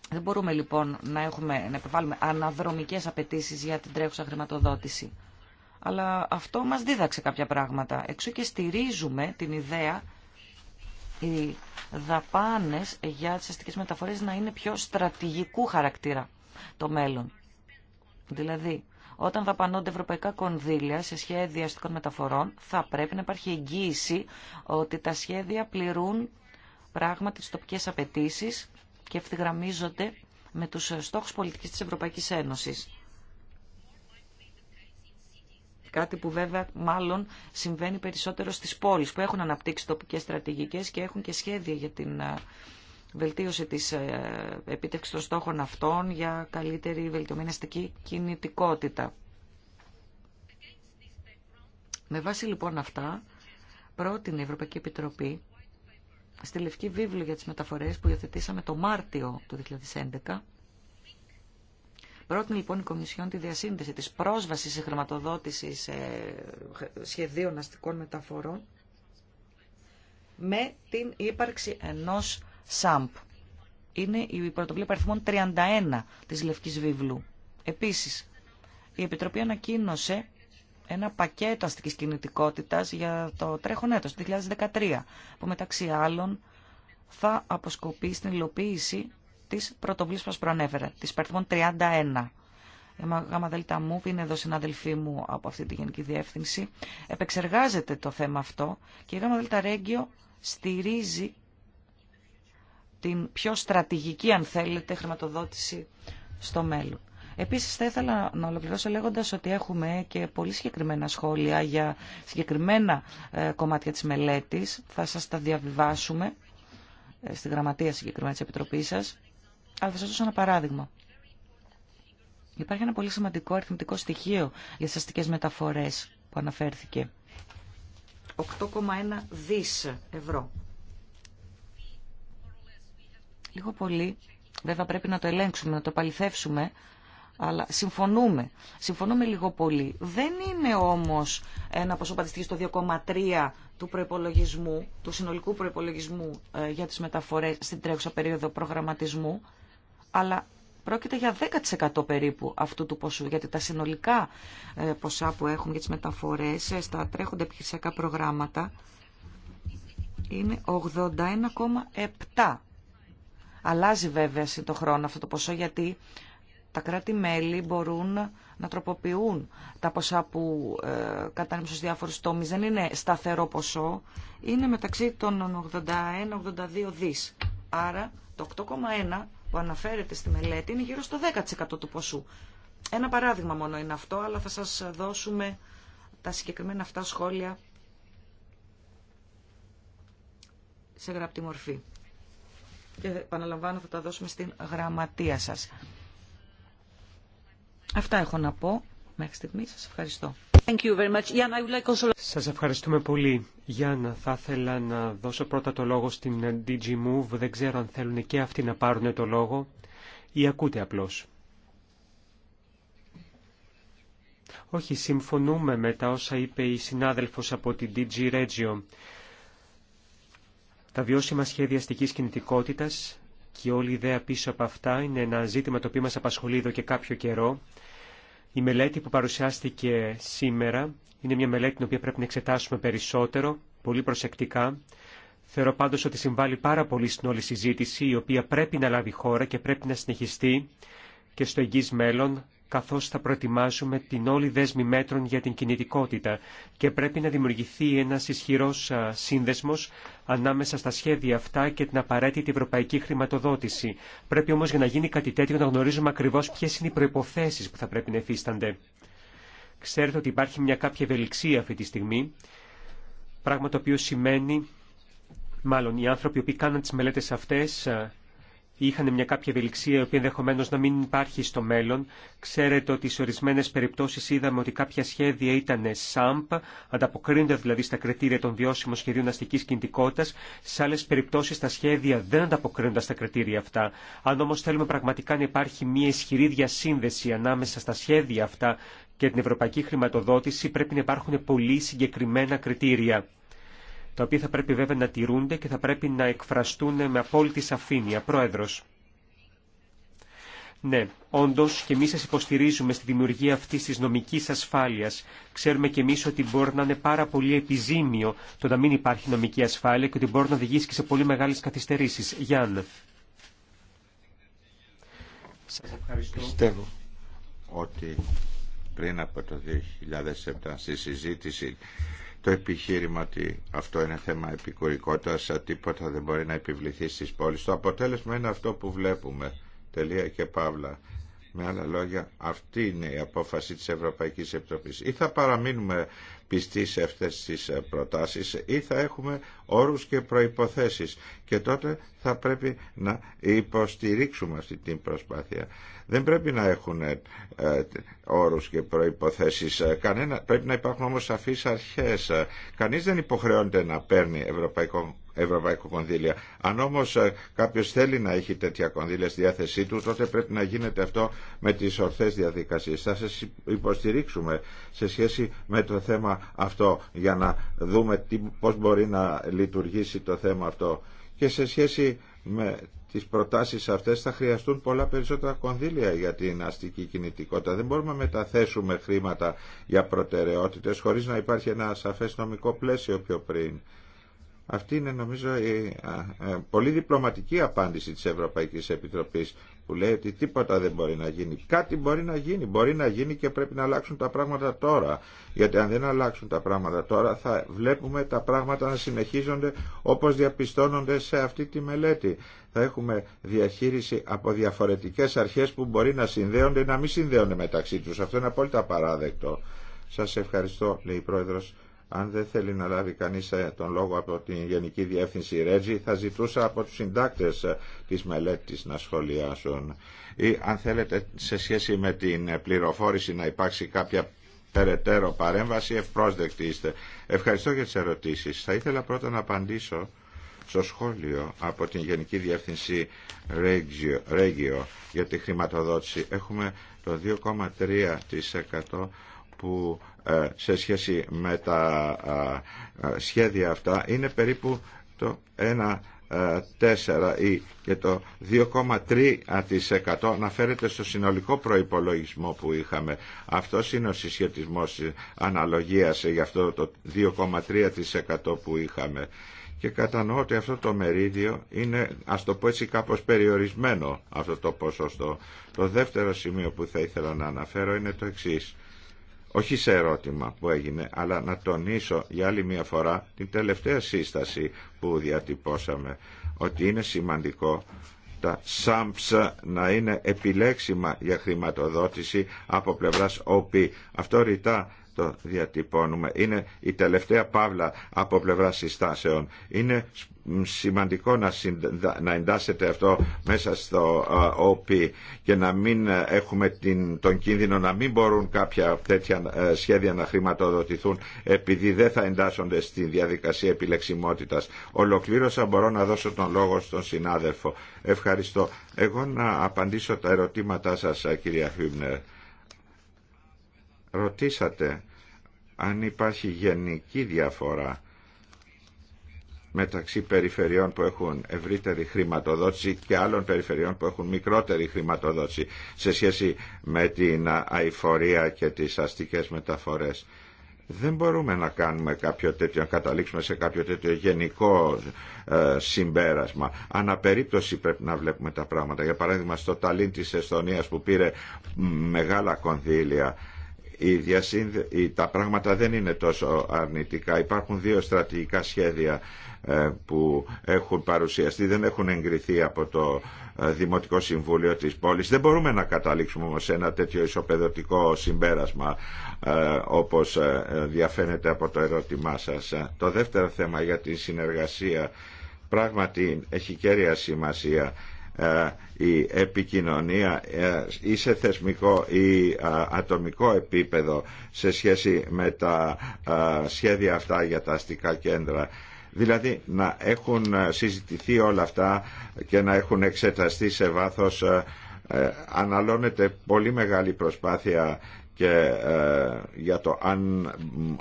Δεν μπορούμε λοιπόν να, έχουμε, να επιβάλλουμε αναδρομικές απαιτήσει για την τρέχουσα χρηματοδότηση. Αλλά αυτό μας δίδαξε κάποια πράγματα. Εξού και στηρίζουμε την ιδέα οι δαπάνες για τις αστικές μεταφορές να είναι πιο στρατηγικού χαρακτήρα το μέλλον. Δηλαδή, όταν δαπανώνται ευρωπαϊκά κονδύλια σε σχέδια αστικών μεταφορών, θα πρέπει να υπάρχει εγγύηση ότι τα σχέδια πληρούν πράγματι τι τοπικέ απαιτήσει και ευθυγραμμίζονται με τους στόχους πολιτική της Ευρωπαϊκής Ένωσης. Κάτι που βέβαια μάλλον συμβαίνει περισσότερο στις πόλεις που έχουν αναπτύξει τοπικές στρατηγικές και έχουν και σχέδια για την βελτίωση της ε, επίτευξης των στόχων αυτών για καλύτερη βελτιωμένη αστική κινητικότητα. Με βάση λοιπόν αυτά, πρότεινε η Ευρωπαϊκή Επιτροπή στη Λευκή Βίβλο για τις Μεταφορές που υιοθετήσαμε το Μάρτιο του 2011, Πρότεινε λοιπόν η Κομισιόν τη διασύνδεση της πρόσβασης σε χρηματοδότηση σε σχεδίων αστικών μεταφορών με την ύπαρξη ενός ΣΑΜΠ. Είναι η πρωτοβουλία παριθμών 31 της Λευκής Βίβλου. Επίσης, η Επιτροπή ανακοίνωσε ένα πακέτο αστικής κινητικότητας για το τρέχον έτος, το 2013, που μεταξύ άλλων θα αποσκοπεί στην υλοποίηση της πρωτοβουλίας που σας προανέφερα, της παριθμών 31. Γάμα Δελτα Μουβ είναι εδώ συνάδελφή μου από αυτή τη Γενική Διεύθυνση. Επεξεργάζεται το θέμα αυτό και η Γάμα στηρίζει την πιο στρατηγική, αν θέλετε, χρηματοδότηση στο μέλλον. Επίσης θα ήθελα να ολοκληρώσω λέγοντας ότι έχουμε και πολύ συγκεκριμένα σχόλια για συγκεκριμένα ε, κομμάτια της μελέτης. Θα σα τα διαβιβάσουμε ε, στη γραμματεία συγκεκριμένα της Επιτροπής σας. Αλλά θα σα δώσω ένα παράδειγμα. Υπάρχει ένα πολύ σημαντικό αριθμητικό στοιχείο για τι αστικέ μεταφορές που αναφέρθηκε. 8,1 δι ευρώ Λίγο πολύ, βέβαια πρέπει να το ελέγξουμε, να το παληθεύσουμε, αλλά συμφωνούμε. Συμφωνούμε λίγο πολύ. Δεν είναι όμως ένα ποσό παντιστική στο 2,3 του προϋπολογισμού, του συνολικού προϋπολογισμού ε, για τις μεταφορές στην τρέχουσα περίοδο προγραμματισμού, αλλά πρόκειται για 10% περίπου αυτού του ποσού, γιατί τα συνολικά ε, ποσά που έχουμε για τις μεταφορές ε, στα τρέχοντα επιχειρησιακά προγράμματα είναι 81,7 Αλλάζει βέβαια το χρόνο αυτό το ποσό γιατί τα κράτη-μέλη μπορούν να τροποποιούν τα ποσά που ε, κατανέμουν στους διάφορους τόμεις. Δεν είναι σταθερό ποσό, είναι μεταξύ των 81-82 δις. Άρα το 8,1 που αναφέρεται στη μελέτη είναι γύρω στο 10% του ποσού. Ένα παράδειγμα μόνο είναι αυτό, αλλά θα σας δώσουμε τα συγκεκριμένα αυτά σχόλια σε γραπτή μορφή και επαναλαμβάνω θα τα δώσουμε στην γραμματεία σας. Αυτά έχω να πω μέχρι στιγμή. Σας ευχαριστώ. Thank you very much. I would like also... Σας ευχαριστούμε πολύ. Γιάννα, θα ήθελα να δώσω πρώτα το λόγο στην DG Move. Δεν ξέρω αν θέλουν και αυτοί να πάρουν το λόγο ή ακούτε απλώς. Όχι, συμφωνούμε με τα όσα είπε η συνάδελφος από την DG Regio. Τα βιώσιμα σχέδια αστικής κινητικότητας και όλη η ιδέα πίσω από αυτά είναι ένα ζήτημα το οποίο μας απασχολεί εδώ και κάποιο καιρό. Η μελέτη που παρουσιάστηκε σήμερα είναι μια μελέτη την οποία πρέπει να εξετάσουμε περισσότερο, πολύ προσεκτικά. Θεωρώ πάντως ότι συμβάλλει πάρα πολύ στην όλη συζήτηση, η οποία πρέπει να λάβει χώρα και πρέπει να συνεχιστεί και στο εγγύς μέλλον καθώς θα προετοιμάζουμε την όλη δέσμη μέτρων για την κινητικότητα και πρέπει να δημιουργηθεί ένας ισχυρός σύνδεσμος ανάμεσα στα σχέδια αυτά και την απαραίτητη ευρωπαϊκή χρηματοδότηση. Πρέπει όμως για να γίνει κάτι τέτοιο να γνωρίζουμε ακριβώς ποιες είναι οι προϋποθέσεις που θα πρέπει να εφίστανται. Ξέρετε ότι υπάρχει μια κάποια ευελιξία αυτή τη στιγμή, πράγμα το οποίο σημαίνει Μάλλον οι άνθρωποι που κάναν τις μελέτες αυτές είχαν μια κάποια ευελιξία η οποία ενδεχομένω να μην υπάρχει στο μέλλον. Ξέρετε ότι σε ορισμένε περιπτώσει είδαμε ότι κάποια σχέδια ήταν SAMP, ανταποκρίνονται δηλαδή στα κριτήρια των βιώσιμων σχεδίων αστική κινητικότητα. Σε άλλε περιπτώσει τα σχέδια δεν ανταποκρίνονται στα κριτήρια αυτά. Αν όμω θέλουμε πραγματικά να υπάρχει μια ισχυρή διασύνδεση ανάμεσα στα σχέδια αυτά και την ευρωπαϊκή χρηματοδότηση, πρέπει να υπάρχουν πολύ συγκεκριμένα κριτήρια τα οποία θα πρέπει βέβαια να τηρούνται και θα πρέπει να εκφραστούν με απόλυτη σαφήνεια. Πρόεδρος. Ναι, όντω και εμεί σα υποστηρίζουμε στη δημιουργία αυτή τη νομική ασφάλεια. Ξέρουμε και εμεί ότι μπορεί να είναι πάρα πολύ επιζήμιο το να μην υπάρχει νομική ασφάλεια και ότι μπορεί να οδηγήσει και σε πολύ μεγάλε καθυστερήσει. Γιάννη. Σα ευχαριστώ. Πιστεύω ότι πριν από το 2007 στη συζήτηση το επιχείρημα ότι αυτό είναι θέμα επικουρικότητας, τίποτα δεν μπορεί να επιβληθεί στις πόλεις. Το αποτέλεσμα είναι αυτό που βλέπουμε. Τελεία και παύλα. Με άλλα λόγια, αυτή είναι η απόφαση της Ευρωπαϊκής Επιτροπής. Ή θα παραμείνουμε πιστεί σε αυτές τις ε, προτάσεις ή θα έχουμε όρους και προϋποθέσεις και τότε θα πρέπει να υποστηρίξουμε αυτή την προσπάθεια. Δεν πρέπει να έχουν ε, ε όρους και προϋποθέσεις. Ε, κανένα, πρέπει να υπάρχουν όμως σαφείς αρχές. Κανείς δεν υποχρεώνεται να παίρνει ευρωπαϊκό ευρωπαϊκό κονδύλια. Αν όμω ε, κάποιο θέλει να έχει τέτοια κονδύλια στη διάθεσή του, τότε πρέπει να γίνεται αυτό με τι ορθές διαδικασίε. Θα σα υποστηρίξουμε σε σχέση με το θέμα αυτό για να δούμε πώ μπορεί να λειτουργήσει το θέμα αυτό. Και σε σχέση με τι προτάσει αυτέ θα χρειαστούν πολλά περισσότερα κονδύλια για την αστική κινητικότητα. Δεν μπορούμε να μεταθέσουμε χρήματα για προτεραιότητε, χωρί να υπάρχει ένα σαφέ νομικό πλαίσιο πιο πριν. Αυτή είναι νομίζω η πολύ διπλωματική απάντηση της Ευρωπαϊκής Επιτροπής που λέει ότι τίποτα δεν μπορεί να γίνει. Κάτι μπορεί να γίνει. Μπορεί να γίνει και πρέπει να αλλάξουν τα πράγματα τώρα. Γιατί αν δεν αλλάξουν τα πράγματα τώρα θα βλέπουμε τα πράγματα να συνεχίζονται όπως διαπιστώνονται σε αυτή τη μελέτη. Θα έχουμε διαχείριση από διαφορετικές αρχές που μπορεί να συνδέονται ή να μην συνδέονται μεταξύ τους. Αυτό είναι απόλυτα παράδεκτο. Σας ευχαριστώ, λέει η Πρόεδρος αν δεν θέλει να λάβει κανείς ε, τον λόγο από την Γενική Διεύθυνση Ρέτζη, θα ζητούσα από τους συντάκτες ε, της μελέτης να σχολιάσουν. Ή αν θέλετε σε σχέση με την πληροφόρηση να υπάρξει κάποια περαιτέρω παρέμβαση, ευπρόσδεκτη είστε. Ευχαριστώ για τις ερωτήσεις. Θα ήθελα πρώτα να απαντήσω στο σχόλιο από την Γενική Διεύθυνση Ρέγγιο για τη χρηματοδότηση. Έχουμε το 2,3% που ε, σε σχέση με τα ε, ε, σχέδια αυτά είναι περίπου το 1,4% ή και το 2,3% αναφέρεται στο συνολικό προϋπολογισμό που είχαμε. Αυτό είναι ο συσχετισμός αναλογίας για αυτό το 2,3% που είχαμε. Και κατανοώ ότι αυτό το μερίδιο είναι, ας το πω έτσι, κάπως περιορισμένο αυτό το ποσοστό. Το δεύτερο σημείο που θα ήθελα να αναφέρω είναι το εξής όχι σε ερώτημα που έγινε, αλλά να τονίσω για άλλη μια φορά την τελευταία σύσταση που διατυπώσαμε, ότι είναι σημαντικό τα ΣΑΜΠΣ να είναι επιλέξιμα για χρηματοδότηση από πλευράς ΟΠΗ. Αυτό ρητά το διατυπώνουμε. Είναι η τελευταία παύλα από πλευρά συστάσεων. Είναι σημαντικό να, να εντάσσεται αυτό μέσα στο ΟΠΗ και να μην έχουμε την, τον κίνδυνο να μην μπορούν κάποια τέτοια ε, σχέδια να χρηματοδοτηθούν επειδή δεν θα εντάσσονται στη διαδικασία επιλεξιμότητας. Ολοκλήρωσα μπορώ να δώσω τον λόγο στον συνάδελφο. Ευχαριστώ. Εγώ να απαντήσω τα ερωτήματά σας κυρία Χρύμνερ. Ρωτήσατε αν υπάρχει γενική διαφορά μεταξύ περιφερειών που έχουν ευρύτερη χρηματοδότηση και άλλων περιφερειών που έχουν μικρότερη χρηματοδότηση σε σχέση με την αηφορία και τις αστικές μεταφορές. Δεν μπορούμε να κάνουμε κάποιο τέτοιο, να καταλήξουμε σε κάποιο τέτοιο γενικό ε, συμπέρασμα. Αναπερίπτωση πρέπει να βλέπουμε τα πράγματα. Για παράδειγμα, στο Ταλίν της Εστονίας που πήρε μεγάλα κονδύλια, η τα πράγματα δεν είναι τόσο αρνητικά. Υπάρχουν δύο στρατηγικά σχέδια ε, που έχουν παρουσιαστεί, δεν έχουν εγκριθεί από το ε, Δημοτικό Συμβούλιο της πόλης. Δεν μπορούμε να καταλήξουμε όμως σε ένα τέτοιο ισοπεδωτικό συμπέρασμα ε, όπως διαφαίνεται από το ερώτημά σας. Το δεύτερο θέμα για τη συνεργασία πράγματι έχει κέρια σημασία η επικοινωνία ή σε θεσμικό ή ατομικό επίπεδο σε σχέση με τα σχέδια αυτά για τα αστικά κέντρα. Δηλαδή να έχουν ε, συζητηθεί όλα αυτά και να έχουν εξεταστεί σε βάθος ε, ε, αναλώνεται πολύ μεγάλη προσπάθεια και για το αν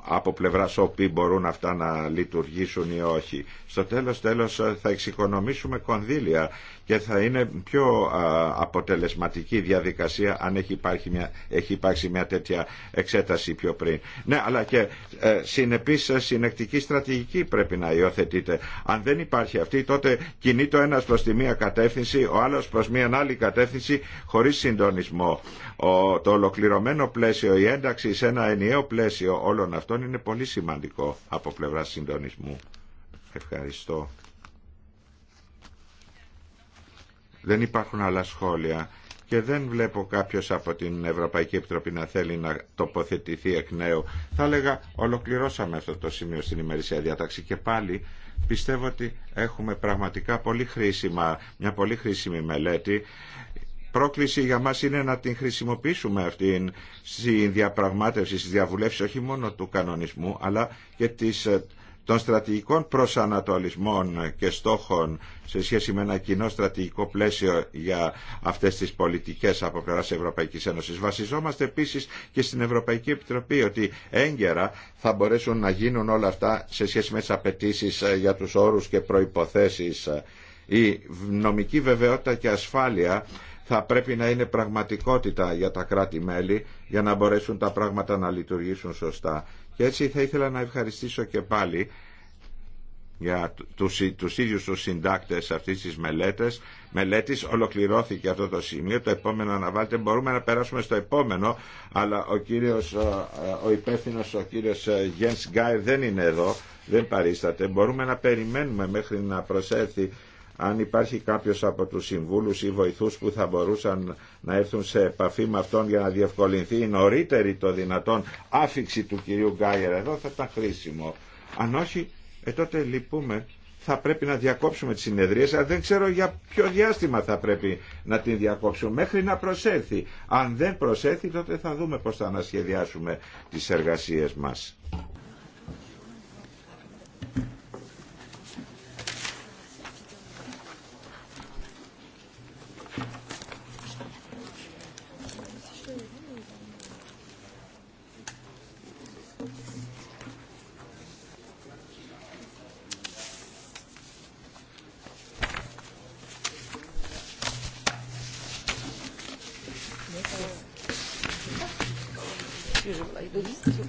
από πλευρά σοπή μπορούν αυτά να λειτουργήσουν ή όχι. Στο τέλος τέλος θα εξοικονομήσουμε κονδύλια και θα είναι πιο αποτελεσματική διαδικασία αν έχει, υπάρχει μια, έχει υπάρξει μια τέτοια εξέταση πιο πριν. Ναι, αλλά και ε, συνεπής ε, συνεκτική στρατηγική πρέπει να υιοθετείτε. Αν δεν υπάρχει αυτή, τότε κινεί το ένας προς τη μία κατεύθυνση, ο άλλος προς μία άλλη κατεύθυνση χωρίς συντονισμό. το ολοκληρωμένο πλαίσιο, η ένταξη σε ένα ενιαίο πλαίσιο όλων αυτών είναι πολύ σημαντικό από πλευρά συντονισμού. Ευχαριστώ. Δεν υπάρχουν άλλα σχόλια και δεν βλέπω κάποιος από την Ευρωπαϊκή Επιτροπή να θέλει να τοποθετηθεί εκ νέου. Θα έλεγα ολοκληρώσαμε αυτό το σημείο στην ημερησία διάταξη και πάλι πιστεύω ότι έχουμε πραγματικά πολύ χρήσιμα, μια πολύ χρήσιμη μελέτη πρόκληση για μας είναι να την χρησιμοποιήσουμε αυτήν στη διαπραγμάτευση, στη διαβουλεύση όχι μόνο του κανονισμού αλλά και της ε, των στρατηγικών προσανατολισμών και στόχων σε σχέση με ένα κοινό στρατηγικό πλαίσιο για αυτές τις πολιτικές από πλευράς Ευρωπαϊκής Ένωσης. Βασιζόμαστε επίσης και στην Ευρωπαϊκή Επιτροπή ότι έγκαιρα θα μπορέσουν να γίνουν όλα αυτά σε σχέση με τις απαιτήσει ε, για τους όρους και προϋποθέσεις. Η νομική βεβαιότητα και ασφάλεια θα πρέπει να είναι πραγματικότητα για τα κράτη-μέλη για να μπορέσουν τα πράγματα να λειτουργήσουν σωστά. Και έτσι θα ήθελα να ευχαριστήσω και πάλι για τους, τους ίδιους τους συντάκτες αυτής της μελέτης, Μελέτης ολοκληρώθηκε αυτό το σημείο, το επόμενο αναβάλλεται. Μπορούμε να περάσουμε στο επόμενο, αλλά ο, κύριος, ο υπεύθυνος, ο κύριος ε, Γιένς Γκάιρ δεν είναι εδώ, δεν παρίσταται. Μπορούμε να περιμένουμε μέχρι να προσέλθει αν υπάρχει κάποιος από τους συμβούλους ή βοηθούς που θα μπορούσαν να έρθουν σε επαφή με αυτόν για να διευκολυνθεί η νωρίτερη το δυνατόν άφηξη του κυρίου Γκάιερ εδώ θα ήταν χρήσιμο. Αν όχι, ε, τότε λυπούμε. Θα πρέπει να διακόψουμε τις συνεδρίες, αλλά δεν ξέρω για ποιο διάστημα θα πρέπει να την διακόψουμε, μέχρι να προσέλθει. Αν δεν προσέλθει, τότε θα δούμε πώς θα ανασχεδιάσουμε τις εργασίες μας. Τι είναι αυτά; είναι είναι είναι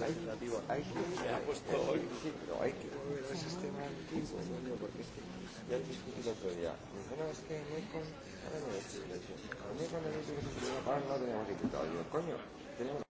είναι είναι είναι είναι είναι Sí, pero hay que volver sistema antiguo, tenemos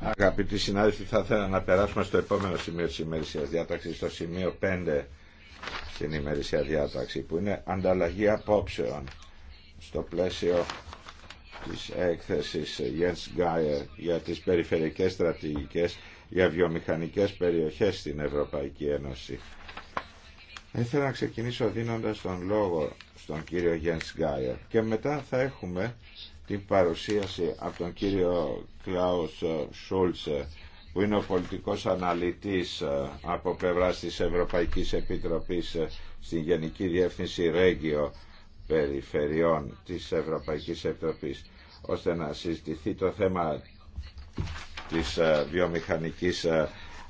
Αγαπητοί συνάδελφοι, θα ήθελα να περάσουμε στο επόμενο σημείο της ημερησίας διάταξης, στο σημείο 5 στην ημερησία διάταξη, που είναι ανταλλαγή απόψεων στο πλαίσιο της έκθεσης Jens Geier για τις περιφερειακές στρατηγικές για βιομηχανικές περιοχές στην Ευρωπαϊκή Ένωση. Ήθελα να ξεκινήσω δίνοντας τον λόγο στον κύριο Jens Geier και μετά θα έχουμε την παρουσίαση από τον κύριο Κλάους Σούλτς που είναι ο πολιτικός αναλυτής ε, από πλευρά της Ευρωπαϊκής Επιτροπής ε, στην Γενική Διεύθυνση Ρέγγιο Περιφερειών της Ευρωπαϊκής Επιτροπής ώστε να συζητηθεί το θέμα της ε, βιομηχανικής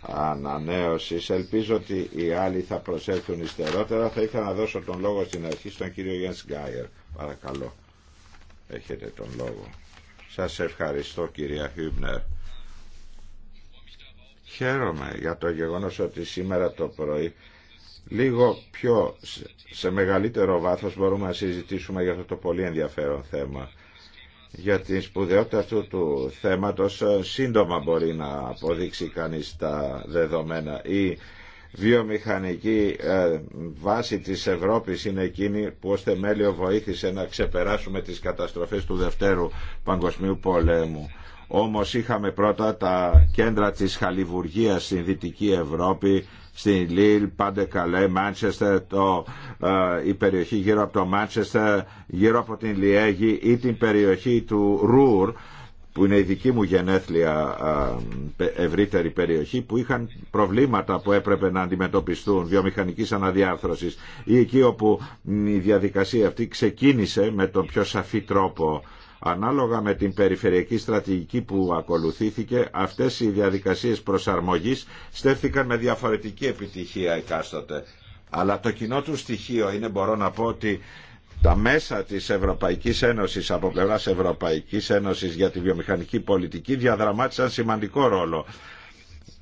ανανέωσης. Ελπίζω ότι οι άλλοι θα προσέλθουν υστερότερα. Θα ήθελα να δώσω τον λόγο στην αρχή στον κύριο Γιάννη Γκάιερ. Παρακαλώ. Έχετε τον λόγο. Σας ευχαριστώ κυρία Χιμπνερ. Χαίρομαι για το γεγονός ότι σήμερα το πρωί λίγο πιο σε μεγαλύτερο βάθος μπορούμε να συζητήσουμε για αυτό το πολύ ενδιαφέρον θέμα. Για την σπουδαιότητα αυτού του θέματος ε, σύντομα μπορεί να αποδείξει κανείς τα δεδομένα ή βιομηχανική ε, βάση της Ευρώπης είναι εκείνη που ως θεμέλιο βοήθησε να ξεπεράσουμε τις καταστροφές του Δευτέρου Παγκοσμίου Πολέμου. Όμως είχαμε πρώτα τα κέντρα της χαλιβουργίας στην Δυτική Ευρώπη, στην Λίλ, Πάντε Καλέ, Μάντσεστερ, ε, η περιοχή γύρω από το Μάντσεστερ, γύρω από την Λιέγη ή την περιοχή του Ρούρ, που είναι η δική μου γενέθλια ευρύτερη περιοχή που είχαν προβλήματα που έπρεπε να αντιμετωπιστούν βιομηχανικής αναδιάρθρωσης ή εκεί όπου η διαδικασία αυτή ξεκίνησε με τον πιο σαφή τρόπο ανάλογα με την περιφερειακή στρατηγική που ακολουθήθηκε αυτές οι διαδικασίες προσαρμογής στέφθηκαν με διαφορετική επιτυχία εκάστοτε αλλά το κοινό του στοιχείο είναι μπορώ να πω ότι τα μέσα της Ευρωπαϊκής Ένωσης από πλευράς Ευρωπαϊκής Ένωσης για τη βιομηχανική πολιτική διαδραμάτισαν σημαντικό ρόλο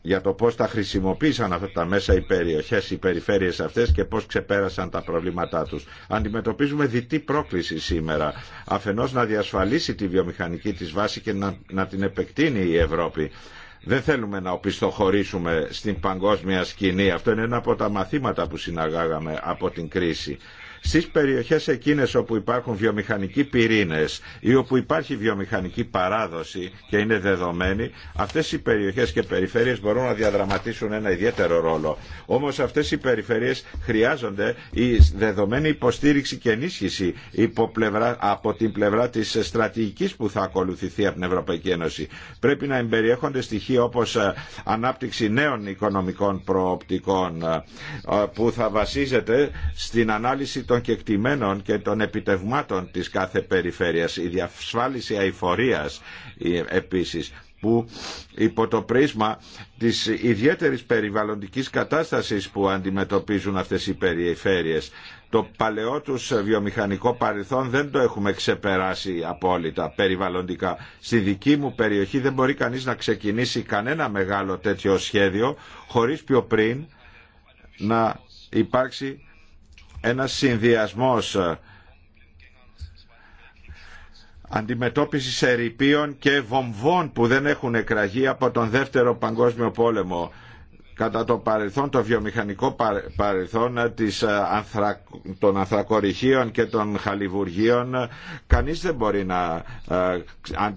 για το πώς τα χρησιμοποίησαν αυτά τα μέσα οι περιοχές, οι περιφέρειες αυτές και πώς ξεπέρασαν τα προβλήματά τους. Αντιμετωπίζουμε διτή πρόκληση σήμερα. Αφενός να διασφαλίσει τη βιομηχανική της βάση και να, να την επεκτείνει η Ευρώπη. Δεν θέλουμε να οπισθοχωρήσουμε στην παγκόσμια σκηνή. Αυτό είναι ένα από τα μαθήματα που συναγάγαμε από την κρίση στις περιοχές εκείνες όπου υπάρχουν βιομηχανικοί πυρήνες ή όπου υπάρχει βιομηχανική παράδοση και είναι δεδομένη, αυτές οι περιοχές και περιφέρειες μπορούν να διαδραματίσουν ένα ιδιαίτερο ρόλο. Όμως αυτές οι περιφέρειες χρειάζονται η δεδομένη υποστήριξη και ενίσχυση από την πλευρά της στρατηγικής που θα ακολουθηθεί από την Ευρωπαϊκή Ένωση. Πρέπει να εμπεριέχονται στοιχεία όπως ε, ανάπτυξη νέων οικονομικών προοπτικών ε, ε, που θα βασίζεται στην ανάλυση των κεκτημένων και των επιτευγμάτων της κάθε περιφέρειας, η διασφάλιση αηφορίας επίσης που υπό το πρίσμα της ιδιαίτερης περιβαλλοντικής κατάστασης που αντιμετωπίζουν αυτές οι περιφέρειες το παλαιό τους βιομηχανικό παρελθόν δεν το έχουμε ξεπεράσει απόλυτα περιβαλλοντικά. Στη δική μου περιοχή δεν μπορεί κανείς να ξεκινήσει κανένα μεγάλο τέτοιο σχέδιο χωρίς πιο πριν να υπάρξει ένας συνδυασμός ε, αντιμετώπισης ερειπίων και βομβών που δεν έχουν εκραγεί από τον Δεύτερο Παγκόσμιο Πόλεμο κατά το παρελθόν, το βιομηχανικό παρελθόν ε, της, ε, των ανθρακοριχείων και των χαλιβουργείων ε, κανείς δεν μπορεί να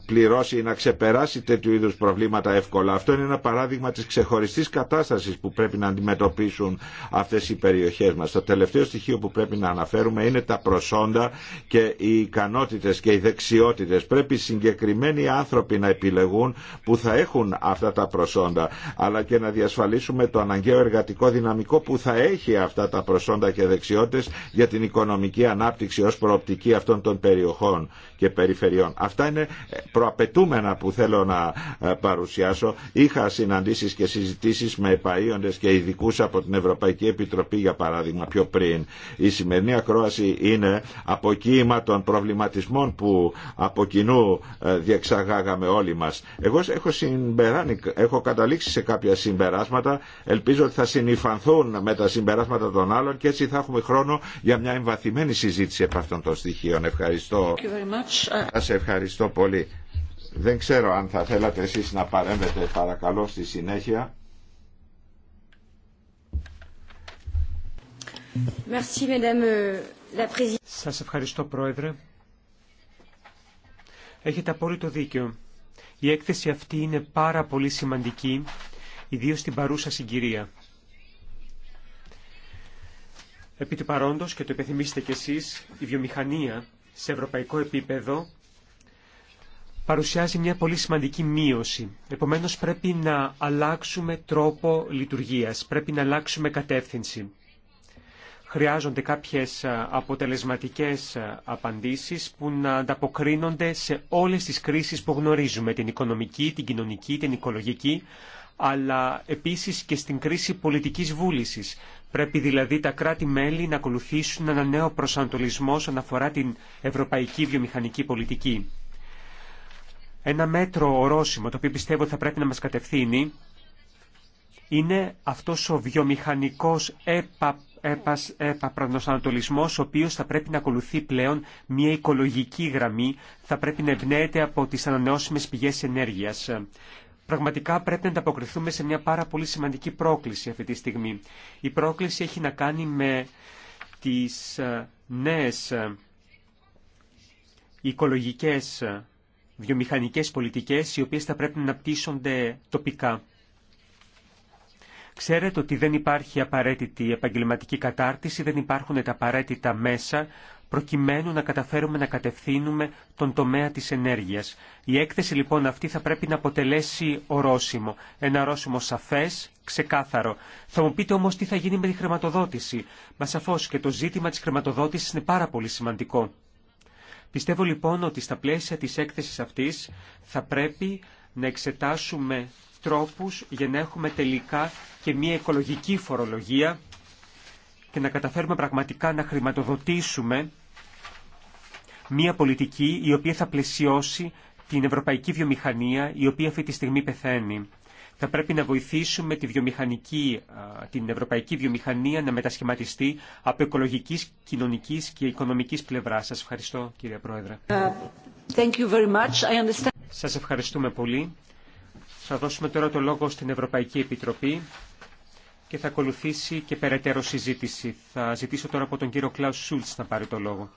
πληρώσει ή να ξεπεράσει τέτοιου είδους προβλήματα εύκολα. Αυτό είναι ένα παράδειγμα της ξεχωριστής κατάστασης που πρέπει να αντιμετωπίσουν αυτές οι περιοχές μας. Το τελευταίο στοιχείο που πρέπει να αναφέρουμε είναι τα προσόντα και οι ικανότητες και οι δεξιότητες. Πρέπει συγκεκριμένοι άνθρωποι να επιλεγούν που θα έχουν αυτά τα προσόντα αλλά και να διασφαλίσουν με το αναγκαίο εργατικό δυναμικό που θα έχει αυτά τα προσόντα και δεξιότητες για την οικονομική ανάπτυξη ως προοπτική αυτών των περιοχών και περιφερειών. Αυτά είναι προαπαιτούμενα που θέλω να ε, παρουσιάσω. Είχα συναντήσεις και συζητήσεις με επαΐοντες και ειδικού από την Ευρωπαϊκή Επιτροπή για παράδειγμα πιο πριν. Η σημερινή ακρόαση είναι αποκοίημα των προβληματισμών που από κοινού ε, διεξαγάγαμε όλοι μας. Εγώ έχω, έχω καταλήξει σε κάποια συμπεράσματα Ελπίζω ότι θα συνειφανθούν με τα συμπεράσματα των άλλων και έτσι θα έχουμε χρόνο για μια εμβαθυμένη συζήτηση επ' αυτών των στοιχείων. Ευχαριστώ. Uh, Σας ευχαριστώ πολύ. Δεν ξέρω αν θα θέλατε εσείς να παρέμβετε παρακαλώ στη συνέχεια. Euh, Σας ευχαριστώ Πρόεδρε. Έχετε απόλυτο δίκιο. Η έκθεση αυτή είναι πάρα πολύ σημαντική ιδίως στην παρούσα συγκυρία. Επί του παρόντος, και το επιθυμήσετε κι εσείς, η βιομηχανία σε ευρωπαϊκό επίπεδο παρουσιάζει μια πολύ σημαντική μείωση. Επομένως πρέπει να αλλάξουμε τρόπο λειτουργίας, πρέπει να αλλάξουμε κατεύθυνση. Χρειάζονται κάποιες αποτελεσματικές απαντήσεις που να ανταποκρίνονται σε όλες τις κρίσεις που γνωρίζουμε, την οικονομική, την κοινωνική, την οικολογική, αλλά επίσης και στην κρίση πολιτικής βούλησης. Πρέπει δηλαδή τα κράτη-μέλη να ακολουθήσουν ένα νέο προσανατολισμό όσον αφορά την ευρωπαϊκή βιομηχανική πολιτική. Ένα μέτρο ορόσημο, το οποίο πιστεύω θα πρέπει να μας κατευθύνει, είναι αυτός ο βιομηχανικός έπα, ο οποίος θα πρέπει να ακολουθεί πλέον μια οικολογική γραμμή, θα πρέπει να ευνέεται από τις ανανεώσιμες πηγές ενέργειας. Πραγματικά πρέπει να ανταποκριθούμε σε μια πάρα πολύ σημαντική πρόκληση αυτή τη στιγμή. Η πρόκληση έχει να κάνει με τις ε, νέες ε, οικολογικές ε, βιομηχανικές πολιτικές οι οποίες θα πρέπει να αναπτύσσονται τοπικά. Ξέρετε ότι δεν υπάρχει απαραίτητη επαγγελματική κατάρτιση, δεν υπάρχουν τα απαραίτητα μέσα προκειμένου να καταφέρουμε να κατευθύνουμε τον τομέα της ενέργειας. Η έκθεση λοιπόν αυτή θα πρέπει να αποτελέσει ορόσημο, ένα ορόσημο σαφές, ξεκάθαρο. Θα μου πείτε όμως τι θα γίνει με τη χρηματοδότηση. Μα σαφώ και το ζήτημα της χρηματοδότησης είναι πάρα πολύ σημαντικό. Πιστεύω λοιπόν ότι στα πλαίσια της έκθεσης αυτής θα πρέπει να εξετάσουμε τρόπους για να έχουμε τελικά και μια οικολογική φορολογία και να καταφέρουμε πραγματικά να χρηματοδοτήσουμε Μία πολιτική η οποία θα πλαισιώσει την ευρωπαϊκή βιομηχανία η οποία αυτή τη στιγμή πεθαίνει. Θα πρέπει να βοηθήσουμε τη βιομηχανική, την ευρωπαϊκή βιομηχανία να μετασχηματιστεί από οικολογική, κοινωνική και οικονομική πλευρά. Σα ευχαριστώ, κύριε Πρόεδρε. Ε, thank you Σας ευχαριστούμε πολύ. Θα δώσουμε τώρα το λόγο στην Ευρωπαϊκή Επιτροπή και θα ακολουθήσει και περαιτέρω συζήτηση. Θα ζητήσω τώρα από τον κύριο Κλάου Σούλτ να πάρει το λόγο.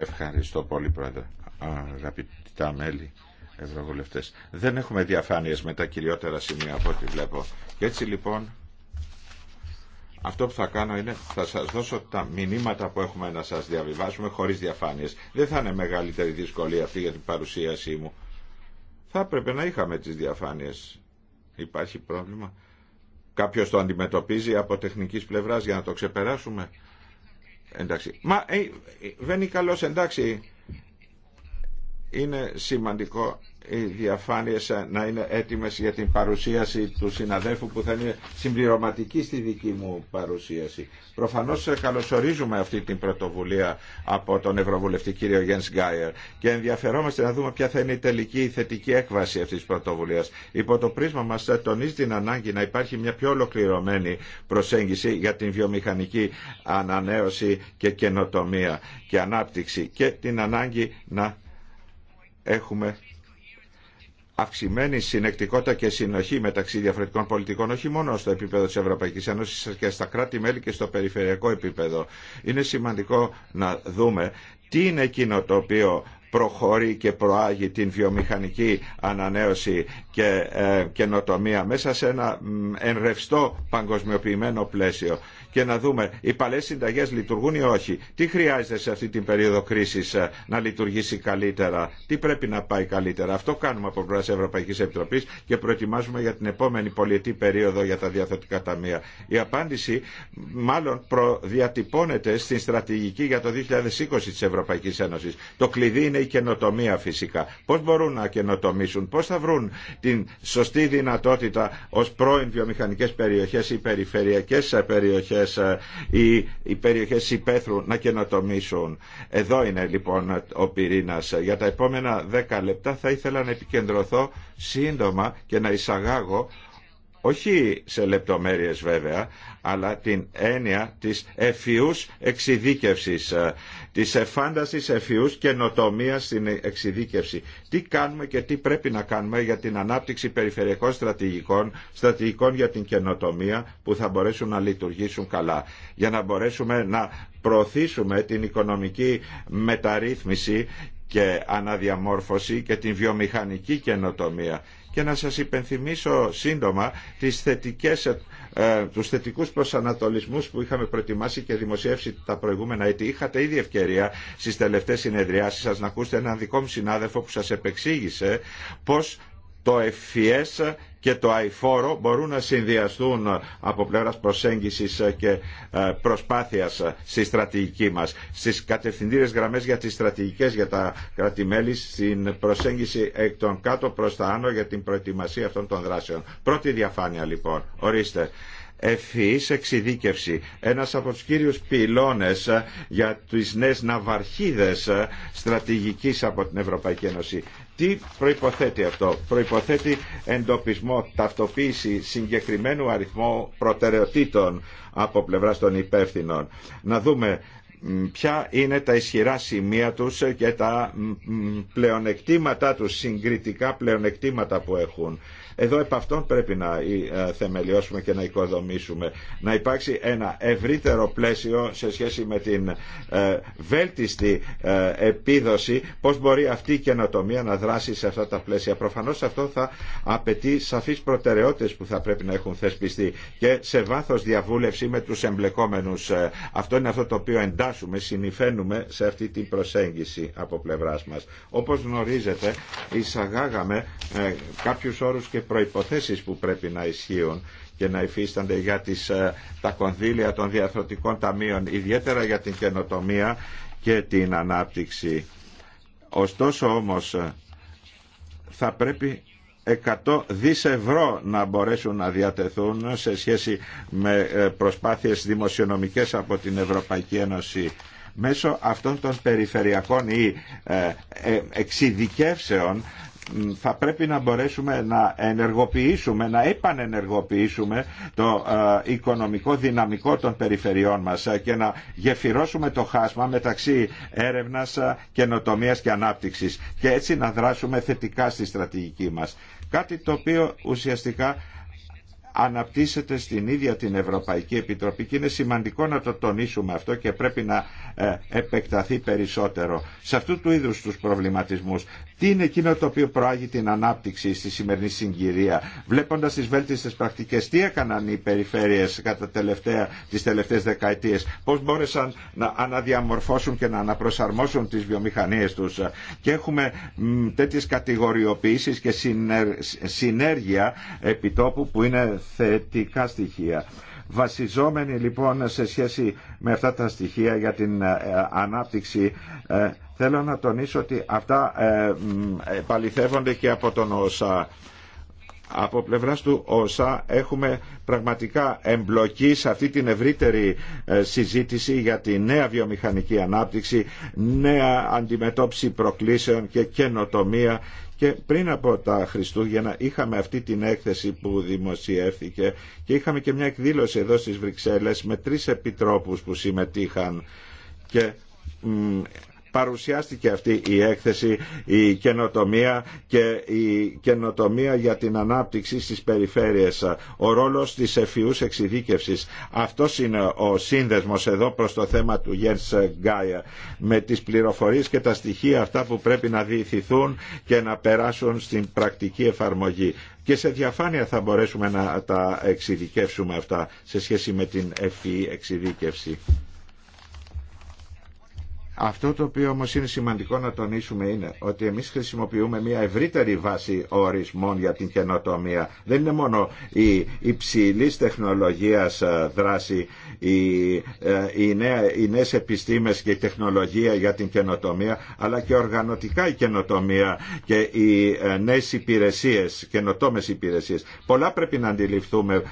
Ευχαριστώ πολύ, Πρόεδρε. Αγαπητά μέλη, ευρωβουλευτές. Δεν έχουμε διαφάνειες με τα κυριότερα σημεία από ό,τι βλέπω. Και έτσι λοιπόν, αυτό που θα κάνω είναι θα σας δώσω τα μηνύματα που έχουμε να σας διαβιβάσουμε χωρίς διαφάνειες. Δεν θα είναι μεγαλύτερη δυσκολία αυτή για την παρουσίασή μου. Θα έπρεπε να είχαμε τις διαφάνειες. Υπάρχει πρόβλημα. Κάποιος το αντιμετωπίζει από τεχνικής πλευράς για να το ξεπεράσουμε εντάξει. Μα ε, ε, βαίνει καλός εντάξει. Είναι σημαντικό οι διαφάνειες να είναι έτοιμες για την παρουσίαση του συναδέλφου που θα είναι συμπληρωματική στη δική μου παρουσίαση. Προφανώς ε, καλωσορίζουμε αυτή την πρωτοβουλία από τον Ευρωβουλευτή κύριο Γιάννη Γκάιερ και ενδιαφερόμαστε να δούμε ποια θα είναι η τελική η θετική έκβαση αυτής της πρωτοβουλίας. Υπό το πρίσμα μας ε, τονίζει την ανάγκη να υπάρχει μια πιο ολοκληρωμένη προσέγγιση για την βιομηχανική ανανέωση και καινοτομία και ανάπτυξη και την ανάγκη να έχουμε αυξημένη συνεκτικότητα και συνοχή μεταξύ διαφορετικών πολιτικών, όχι μόνο στο επίπεδο της Ευρωπαϊκής Ένωσης αλλά και στα κράτη-μέλη και στο περιφερειακό επίπεδο. Είναι σημαντικό να δούμε τι είναι εκείνο το οποίο προχωρεί και προάγει την βιομηχανική ανανέωση και ε, καινοτομία μέσα σε ένα ενρευστό παγκοσμιοποιημένο πλαίσιο και να δούμε οι παλέ συνταγέ λειτουργούν ή όχι. Τι χρειάζεται σε αυτή την περίοδο κρίση ε, να λειτουργήσει καλύτερα, τι πρέπει να πάει καλύτερα. Αυτό κάνουμε από πλευρά Ευρωπαϊκή Επιτροπή και προετοιμάζουμε για την επόμενη πολιετή περίοδο για τα διαθωτικά ταμεία. Η απάντηση μάλλον προδιατυπώνεται στην στρατηγική για το 2020 τη Ευρωπαϊκή Ένωση. Το κλειδί είναι η καινοτομία φυσικά. Πώ μπορούν να καινοτομήσουν, πώ θα βρουν την σωστή δυνατότητα ω πρώην βιομηχανικέ περιοχέ ή περιφερειακέ περιοχέ περιοχές ε, οι περιοχές υπαίθρου να καινοτομήσουν. Εδώ είναι λοιπόν ο πυρήνας. Για τα επόμενα δέκα λεπτά θα ήθελα να επικεντρωθώ σύντομα και να εισαγάγω όχι σε λεπτομέρειες βέβαια, αλλά την έννοια της εφιούς εξειδίκευσης Τη εφάνταση εφιούς καινοτομία στην εξειδίκευση. Τι κάνουμε και τι πρέπει να κάνουμε για την ανάπτυξη περιφερειακών στρατηγικών, στρατηγικών για την καινοτομία που θα μπορέσουν να λειτουργήσουν καλά. Για να μπορέσουμε να προωθήσουμε την οικονομική μεταρρύθμιση και αναδιαμόρφωση και την βιομηχανική καινοτομία και να σας υπενθυμίσω σύντομα τις θετικές ε, τους θετικούς προσανατολισμούς που είχαμε προετοιμάσει και δημοσιεύσει τα προηγούμενα έτη. Είχατε ήδη ευκαιρία στις τελευταίες συνεδριάσεις σας να ακούσετε έναν δικό μου συνάδελφο που σας επεξήγησε πώς το FES και το ΑΙΦΟΡΟ μπορούν να συνδυαστούν από πλευράς προσέγγισης και ε, προσπάθειας στη στρατηγική μας. Στις κατευθυντήρες γραμμές για τις στρατηγικές για τα κράτη-μέλη, στην προσέγγιση εκ των κάτω προς τα άνω για την προετοιμασία αυτών των δράσεων. Πρώτη διαφάνεια λοιπόν. Ορίστε ευφυής εξειδίκευση. Ένας από τους κύριους πυλώνες ε, για τις νέες ναυαρχίδες ε, στρατηγικής από την Ευρωπαϊκή Ένωση. Τι προϋποθέτει αυτό. Προϋποθέτει εντοπισμό, ταυτοποίηση συγκεκριμένου αριθμού προτεραιοτήτων από πλευράς των υπεύθυνων. Να δούμε ποια είναι τα ισχυρά σημεία τους και τα πλεονεκτήματά τους, συγκριτικά πλεονεκτήματα που έχουν. Εδώ επ' αυτόν πρέπει να ε, θεμελιώσουμε και να οικοδομήσουμε. Να υπάρξει ένα ευρύτερο πλαίσιο σε σχέση με την ε, βέλτιστη ε, επίδοση, πώς μπορεί αυτή η καινοτομία να δράσει σε αυτά τα πλαίσια. Προφανώς αυτό θα απαιτεί σαφείς προτεραιότητες που θα πρέπει να έχουν θεσπιστεί και σε βάθος διαβούλευση με τους εμπλεκόμενους. Αυτό είναι αυτό το οποίο εντάσσουμε, συνηφαίνουμε σε αυτή την προσέγγιση από πλευράς μας. Όπως γνωρίζετε, εισαγάγαμε κάποιους όρους και προϋποθέσεις που πρέπει να ισχύουν και να υφίστανται για τις, ε, τα κονδύλια των διαθροτικών ταμείων, ιδιαίτερα για την καινοτομία και την ανάπτυξη. Ωστόσο όμως ε, θα πρέπει 100 δις ευρώ να μπορέσουν να διατεθούν σε σχέση με ε, προσπάθειες δημοσιονομικές από την Ευρωπαϊκή Ένωση μέσω αυτών των περιφερειακών ή εξειδικεύσεων θα πρέπει να μπορέσουμε να ενεργοποιήσουμε, να επανενεργοποιήσουμε το ε, οικονομικό δυναμικό των περιφερειών μας ε, και να γεφυρώσουμε το χάσμα μεταξύ έρευνας, ε, καινοτομίας και ανάπτυξης και έτσι να δράσουμε θετικά στη στρατηγική μας. Κάτι το οποίο ουσιαστικά αναπτύσσεται στην ίδια την Ευρωπαϊκή Επιτροπή και είναι σημαντικό να το τονίσουμε αυτό και πρέπει να ε, επεκταθεί περισσότερο. Σε αυτού του είδους τους προβληματισμούς, τι είναι εκείνο το οποίο προάγει την ανάπτυξη στη σημερινή συγκυρία, βλέποντας τις βέλτιστες πρακτικές, τι έκαναν οι περιφέρειες κατά τελευταία, τις τελευταίες δεκαετίες, πώς μπόρεσαν να αναδιαμορφώσουν και να αναπροσαρμόσουν τις βιομηχανίες τους. Και έχουμε τέτοιες κατηγοριοποιήσεις και συνέργεια επιτόπου που είναι θετικά στοιχεία. Βασιζόμενοι λοιπόν σε σχέση με αυτά τα στοιχεία για την ε, ανάπτυξη ε, θέλω να τονίσω ότι αυτά ε, παληθεύονται και από τον ΩΣΑ από πλευράς του όσα έχουμε πραγματικά εμπλοκή σε αυτή την ευρύτερη ε, συζήτηση για τη νέα βιομηχανική ανάπτυξη, νέα αντιμετώπιση προκλήσεων και καινοτομία και πριν από τα Χριστούγεννα είχαμε αυτή την έκθεση που δημοσιεύθηκε και είχαμε και μια εκδήλωση εδώ στις Βρυξέλλες με τρεις επιτρόπους που συμμετείχαν και παρουσιάστηκε αυτή η έκθεση, η καινοτομία και η καινοτομία για την ανάπτυξη στις περιφέρειες. Ο ρόλος της εφιούς εξειδίκευσης. Αυτός είναι ο σύνδεσμος εδώ προς το θέμα του Γιέντς Γκάια με τις πληροφορίες και τα στοιχεία αυτά που πρέπει να διηθηθούν και να περάσουν στην πρακτική εφαρμογή. Και σε διαφάνεια θα μπορέσουμε να τα εξειδικεύσουμε αυτά σε σχέση με την ευφυή εξειδίκευση. Αυτό το οποίο όμως είναι σημαντικό να τονίσουμε είναι ότι εμείς χρησιμοποιούμε μια ευρύτερη βάση ορισμών για την καινοτομία. Δεν είναι μόνο η υψηλή τεχνολογίας ε, δράση, η, ε, οι νέες επιστήμες και η τεχνολογία για την καινοτομία, αλλά και οργανωτικά η καινοτομία και οι ε, νέες υπηρεσίες, καινοτόμες υπηρεσίες. Πολλά πρέπει να αντιληφθούμε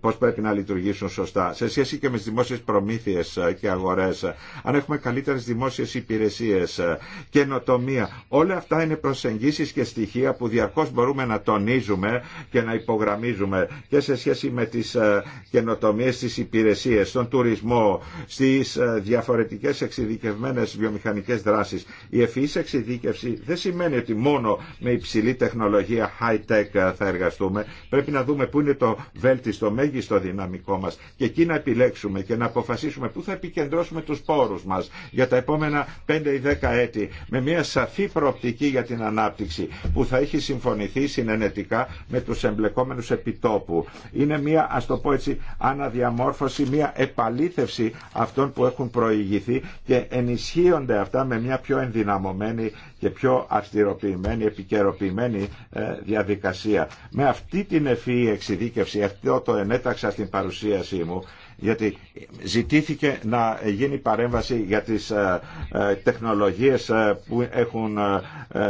πώς πρέπει να λειτουργήσουν σωστά σε σχέση και με τις δημόσιες προμήθειες και αγορές. Αν έχουμε καλύτερες δημόσιες δημόσιες υπηρεσίες, ε, καινοτομία. Όλα αυτά είναι προσεγγίσεις και στοιχεία που διαρκώς μπορούμε να τονίζουμε και να υπογραμμίζουμε και σε σχέση με τις ε, καινοτομίες στις υπηρεσίες, στον τουρισμό, στις ε, διαφορετικές εξειδικευμένες βιομηχανικές δράσεις. Η ευφυής εξειδίκευση δεν σημαίνει ότι μόνο με υψηλή τεχνολογία high-tech θα εργαστούμε. Πρέπει να δούμε πού είναι το βέλτιστο, μέγιστο δυναμικό μας και εκεί να επιλέξουμε και να αποφασίσουμε πού θα επικεντρώσουμε τους πόρους μας για τα επόμενα επόμενα 5 ή 10 έτη με μια σαφή προοπτική για την ανάπτυξη που θα έχει συμφωνηθεί συνενετικά με τους εμπλεκόμενους επιτόπου. Είναι μια, ας το πω έτσι, αναδιαμόρφωση, μια επαλήθευση αυτών που έχουν προηγηθεί και ενισχύονται αυτά με μια πιο ενδυναμωμένη και πιο αυστηροποιημένη, επικαιροποιημένη ε, διαδικασία. Με αυτή την ευφυή εξειδίκευση, αυτό το ενέταξα στην παρουσίασή μου, γιατί ζητήθηκε να γίνει παρέμβαση για τις ε, ε, τεχνολογίες ε, που έχουν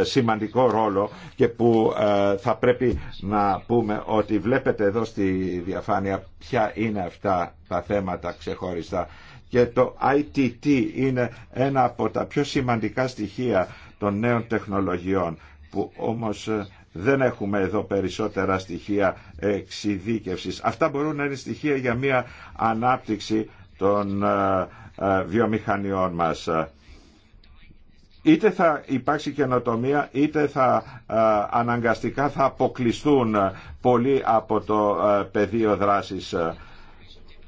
σημαντικό ρόλο και που θα πρέπει να πούμε ότι βλέπετε εδώ στη διαφάνεια ποια είναι αυτά τα θέματα ξεχωριστά. Και το ITT είναι ένα από τα πιο σημαντικά στοιχεία των νέων τεχνολογιών που όμως δεν έχουμε εδώ περισσότερα στοιχεία εξειδίκευσης. Αυτά μπορούν να είναι στοιχεία για μια ανάπτυξη των ε, ε, βιομηχανιών μας. Είτε θα υπάρξει καινοτομία, είτε θα ε, αναγκαστικά θα αποκλειστούν πολλοί από το πεδίο δράσης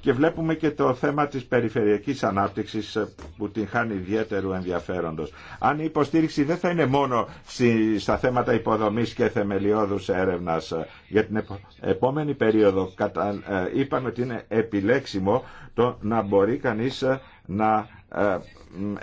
και βλέπουμε και το θέμα της περιφερειακής ανάπτυξης ε, που την χάνει ιδιαίτερου ενδιαφέροντος. Αν η υποστήριξη δεν θα είναι μόνο στα θέματα υποδομής και θεμελιώδους έρευνας ε, για την επόμενη περίοδο ε, είπαμε ότι είναι επιλέξιμο το να μπορεί κανείς να ε,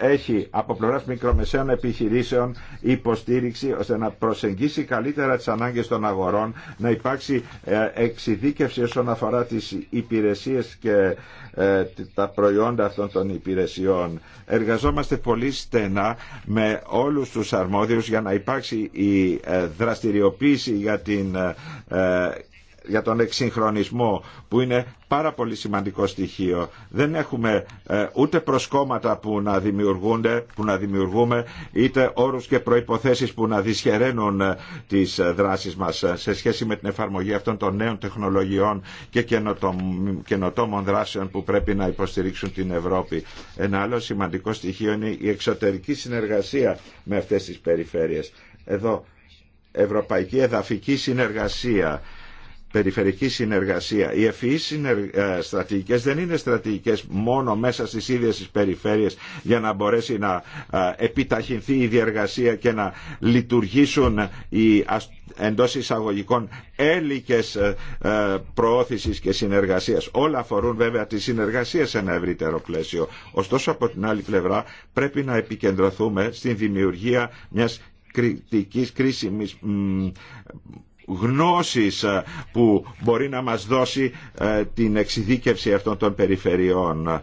έχει από πλευρά μικρομεσαίων επιχειρήσεων υποστήριξη ώστε να προσεγγίσει καλύτερα τι ανάγκε των αγορών, να υπάρξει ε, εξειδίκευση όσον αφορά τι υπηρεσίε και ε, τα προϊόντα αυτών των υπηρεσιών. Εργαζόμαστε πολύ στενά με όλους τους αρμόδιου για να υπάρξει η δραστηριοποίηση για την για τον εξυγχρονισμό που είναι πάρα πολύ σημαντικό στοιχείο. Δεν έχουμε ε, ούτε προσκόμματα που να δημιουργούνται, που να δημιουργούμε, είτε όρους και προϋποθέσεις που να δυσχεραίνουν ε, τις ε, δράσεις μας σε σχέση με την εφαρμογή αυτών των νέων τεχνολογιών και καινοτόμων δράσεων που πρέπει να υποστηρίξουν την Ευρώπη. Ένα άλλο σημαντικό στοιχείο είναι η εξωτερική συνεργασία με αυτές τις περιφέρειες. Εδώ, ευρωπαϊκή εδαφική συνεργασία περιφερική συνεργασία. Οι ευφυείς ε, στρατηγικές δεν είναι στρατηγικές μόνο μέσα στις ίδιες τις περιφέρειες για να μπορέσει να ε, επιταχυνθεί η διεργασία και να λειτουργήσουν οι εντός εισαγωγικών έλικες ε, προώθησης και συνεργασίας. Όλα αφορούν βέβαια τη συνεργασία σε ένα ευρύτερο πλαίσιο. Ωστόσο από την άλλη πλευρά πρέπει να επικεντρωθούμε στην δημιουργία μιας κριτικής κρίσιμης γνώσης ε, που μπορεί να μας δώσει ε, την εξειδίκευση αυτών των περιφερειών.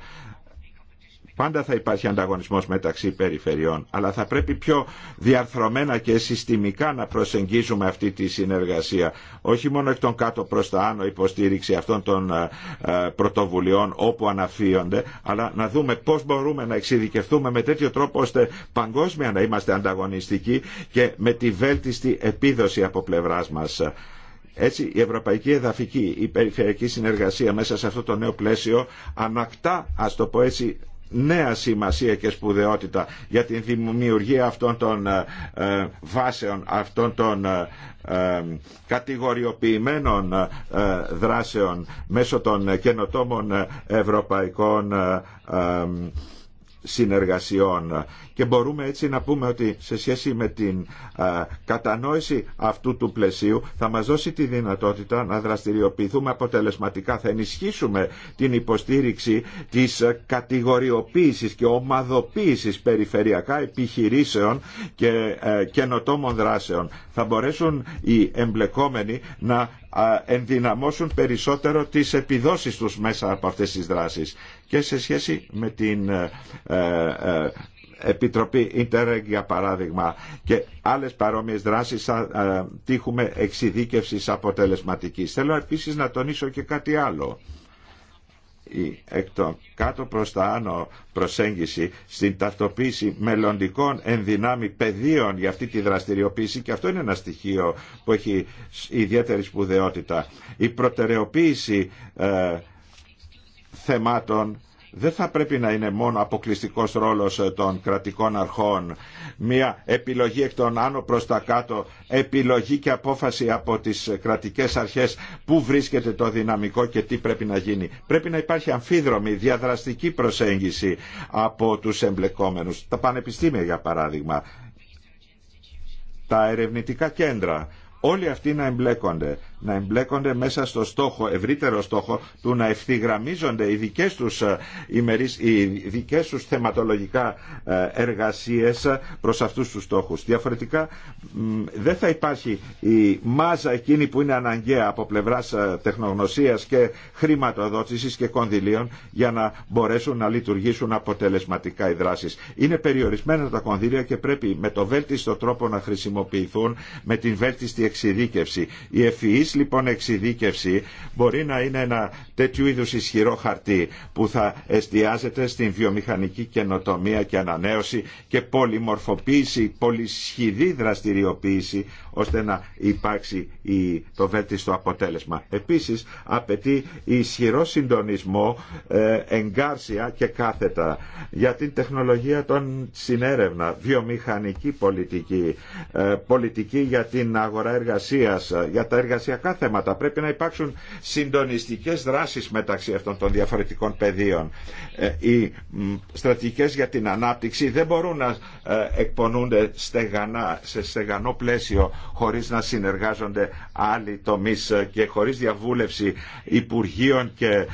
Πάντα θα υπάρχει ανταγωνισμός μεταξύ περιφερειών, αλλά θα πρέπει πιο διαρθρωμένα και συστημικά να προσεγγίζουμε αυτή τη συνεργασία. Όχι μόνο εκ των κάτω προς τα άνω υποστήριξη αυτών των ε, ε, πρωτοβουλειών όπου αναφύονται, αλλά να δούμε πώς μπορούμε να εξειδικευτούμε με τέτοιο τρόπο ώστε παγκόσμια να είμαστε ανταγωνιστικοί και με τη βέλτιστη επίδοση από πλευράς μας. Έτσι η ευρωπαϊκή εδαφική, η περιφερειακή συνεργασία μέσα σε αυτό το νέο πλαίσιο ανακτά, α το πω έτσι, νέα σημασία και σπουδαιότητα για την δημιουργία αυτών των ε, ε, βάσεων, αυτών των ε, κατηγοριοποιημένων δράσεων μέσω των καινοτόμων ευρωπαϊκών συνεργασιών και μπορούμε έτσι να πούμε ότι σε σχέση με την κατανόηση αυτού του πλαισίου θα μας δώσει τη δυνατότητα να δραστηριοποιηθούμε αποτελεσματικά θα ενισχύσουμε την υποστήριξη της κατηγοριοποίησης και ομαδοποίησης περιφερειακά επιχειρήσεων και ε, καινοτόμων δράσεων θα μπορέσουν οι εμπλεκόμενοι να ενδυναμώσουν περισσότερο τις επιδόσεις τους μέσα από αυτές τις δράσεις και σε σχέση με την ε, ε, ε, Επιτροπή Ιντερεγ για παράδειγμα και άλλες παρόμοιες δράσεις θα τύχουμε εξειδίκευσης αποτελεσματικής. Θέλω επίσης να τονίσω και κάτι άλλο η εκ των κάτω προς τα άνω προσέγγιση στην ταυτοποίηση μελλοντικών ενδυνάμει πεδίων για αυτή τη δραστηριοποίηση και αυτό είναι ένα στοιχείο που έχει ιδιαίτερη σπουδαιότητα. Η προτεραιοποίηση ε, θεμάτων δεν θα πρέπει να είναι μόνο αποκλειστικός ρόλος ε, των κρατικών αρχών, μια επιλογή εκ των άνω προς τα κάτω, επιλογή και απόφαση από τις κρατικές αρχές που βρίσκεται το δυναμικό και τι πρέπει να γίνει. Πρέπει να υπάρχει αμφίδρομη, διαδραστική προσέγγιση από τους εμπλεκόμενους. Τα πανεπιστήμια για παράδειγμα, τα ερευνητικά κέντρα όλοι αυτοί να εμπλέκονται. Να εμπλέκονται μέσα στο στόχο, ευρύτερο στόχο του να ευθυγραμμίζονται οι δικές τους, ε, οι δικές τους θεματολογικά ε, εργασίες ε, προς αυτούς τους στόχους. Διαφορετικά δεν θα υπάρχει η μάζα εκείνη που είναι αναγκαία από πλευράς τεχνογνωσίας και χρηματοδότησης και κονδυλίων για να μπορέσουν να λειτουργήσουν αποτελεσματικά οι δράσεις. Είναι περιορισμένα τα κονδύλια και πρέπει με το βέλτιστο τρόπο να χρησιμοποιηθούν με την βέλτιστη η ευφυή λοιπόν εξειδίκευση μπορεί να είναι ένα τέτοιου είδου ισχυρό χαρτί που θα εστιάζεται στην βιομηχανική καινοτομία και ανανέωση και πολυμορφοποίηση, πολυσχηδή δραστηριοποίηση ώστε να υπάρξει το βέλτιστο αποτέλεσμα. Επίσης απαιτεί ισχυρό συντονισμό ε, εγκάρσια και κάθετα για την τεχνολογία των συνέρευνα, βιομηχανική πολιτική, ε, πολιτική για την αγορά ε, για τα εργασιακά θέματα. Πρέπει να υπάρξουν συντονιστικές δράσεις μεταξύ αυτών των διαφορετικών πεδίων. Ε, οι στρατηγικές για την ανάπτυξη δεν μπορούν να ε, εκπονούνται στεγανά, σε στεγανό πλαίσιο χωρίς να συνεργάζονται άλλοι τομείς και χωρίς διαβούλευση Υπουργείων και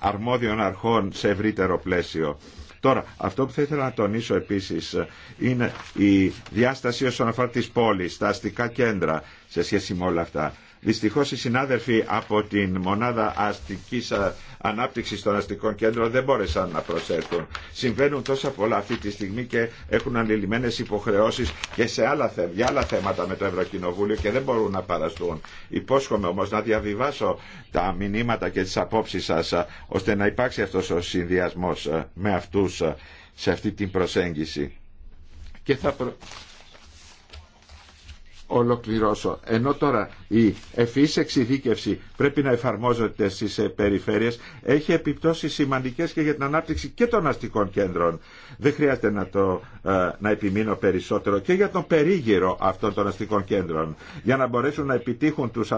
αρμόδιων αρχών σε ευρύτερο πλαίσιο. Τώρα, αυτό που θα ήθελα να τονίσω επίσης είναι η διάσταση όσον αφορά τις πόλεις, τα αστικά κέντρα σε σχέση με όλα αυτά. Δυστυχώς οι συνάδελφοι από την Μονάδα Αστικής Ανάπτυξης των Αστικών Κέντρων δεν μπόρεσαν να προσέλθουν. Συμβαίνουν τόσα πολλά αυτή τη στιγμή και έχουν ανελημμένες υποχρεώσεις και σε άλλα, για άλλα θέματα με το Ευρωκοινοβούλιο και δεν μπορούν να παραστούν. Υπόσχομαι όμως να διαβιβάσω τα μηνύματα και τις απόψεις σας ώστε να υπάρξει αυτός ο συνδυασμός με αυτούς σε αυτή την προσέγγιση. Και θα, ολοκληρώσω. Ενώ τώρα η ευφύης εξειδίκευση πρέπει να εφαρμόζεται στις ε, περιφέρειες έχει επιπτώσεις σημαντικές και για την ανάπτυξη και των αστικών κέντρων. Δεν χρειάζεται να, το, ε, να επιμείνω περισσότερο και για τον περίγυρο αυτών των αστικών κέντρων. Για να μπορέσουν να επιτύχουν τους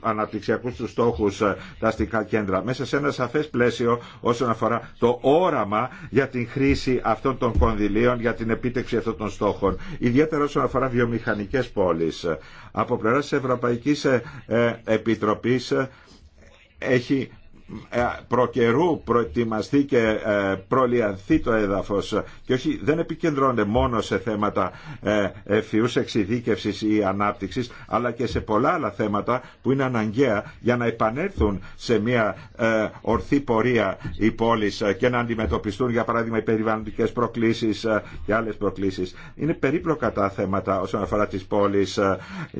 αναπτυξιακούς, του τους στόχους ε, τα αστικά κέντρα μέσα σε ένα σαφές πλαίσιο όσον αφορά το όραμα για την χρήση αυτών των κονδυλίων για την επίτευξη αυτών των στόχων. Ιδιαίτερα όσον αφορά βιομηχανικές από πλευρά της Ευρωπαϊκής ε, ε, Επιτροπής ε, έχει ε, προκαιρού προετοιμαστεί και ε, προλιανθεί το έδαφος και όχι, δεν επικεντρώνεται μόνο σε θέματα ευφυούς εξειδίκευσης ή ανάπτυξης αλλά και σε πολλά άλλα θέματα που είναι αναγκαία για να επανέλθουν σε μια ε, ορθή πορεία οι πόλεις και να αντιμετωπιστούν για παράδειγμα οι περιβαλλοντικές προκλήσεις και άλλες προκλήσεις. Είναι περίπλοκα τα θέματα όσον αφορά τις πόλεις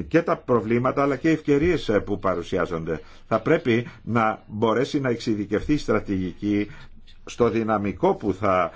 και τα προβλήματα αλλά και οι ευκαιρίες που παρουσιάζονται. Θα πρέπει να μπορέσει να εξειδικευτεί στρατηγική στο δυναμικό που θα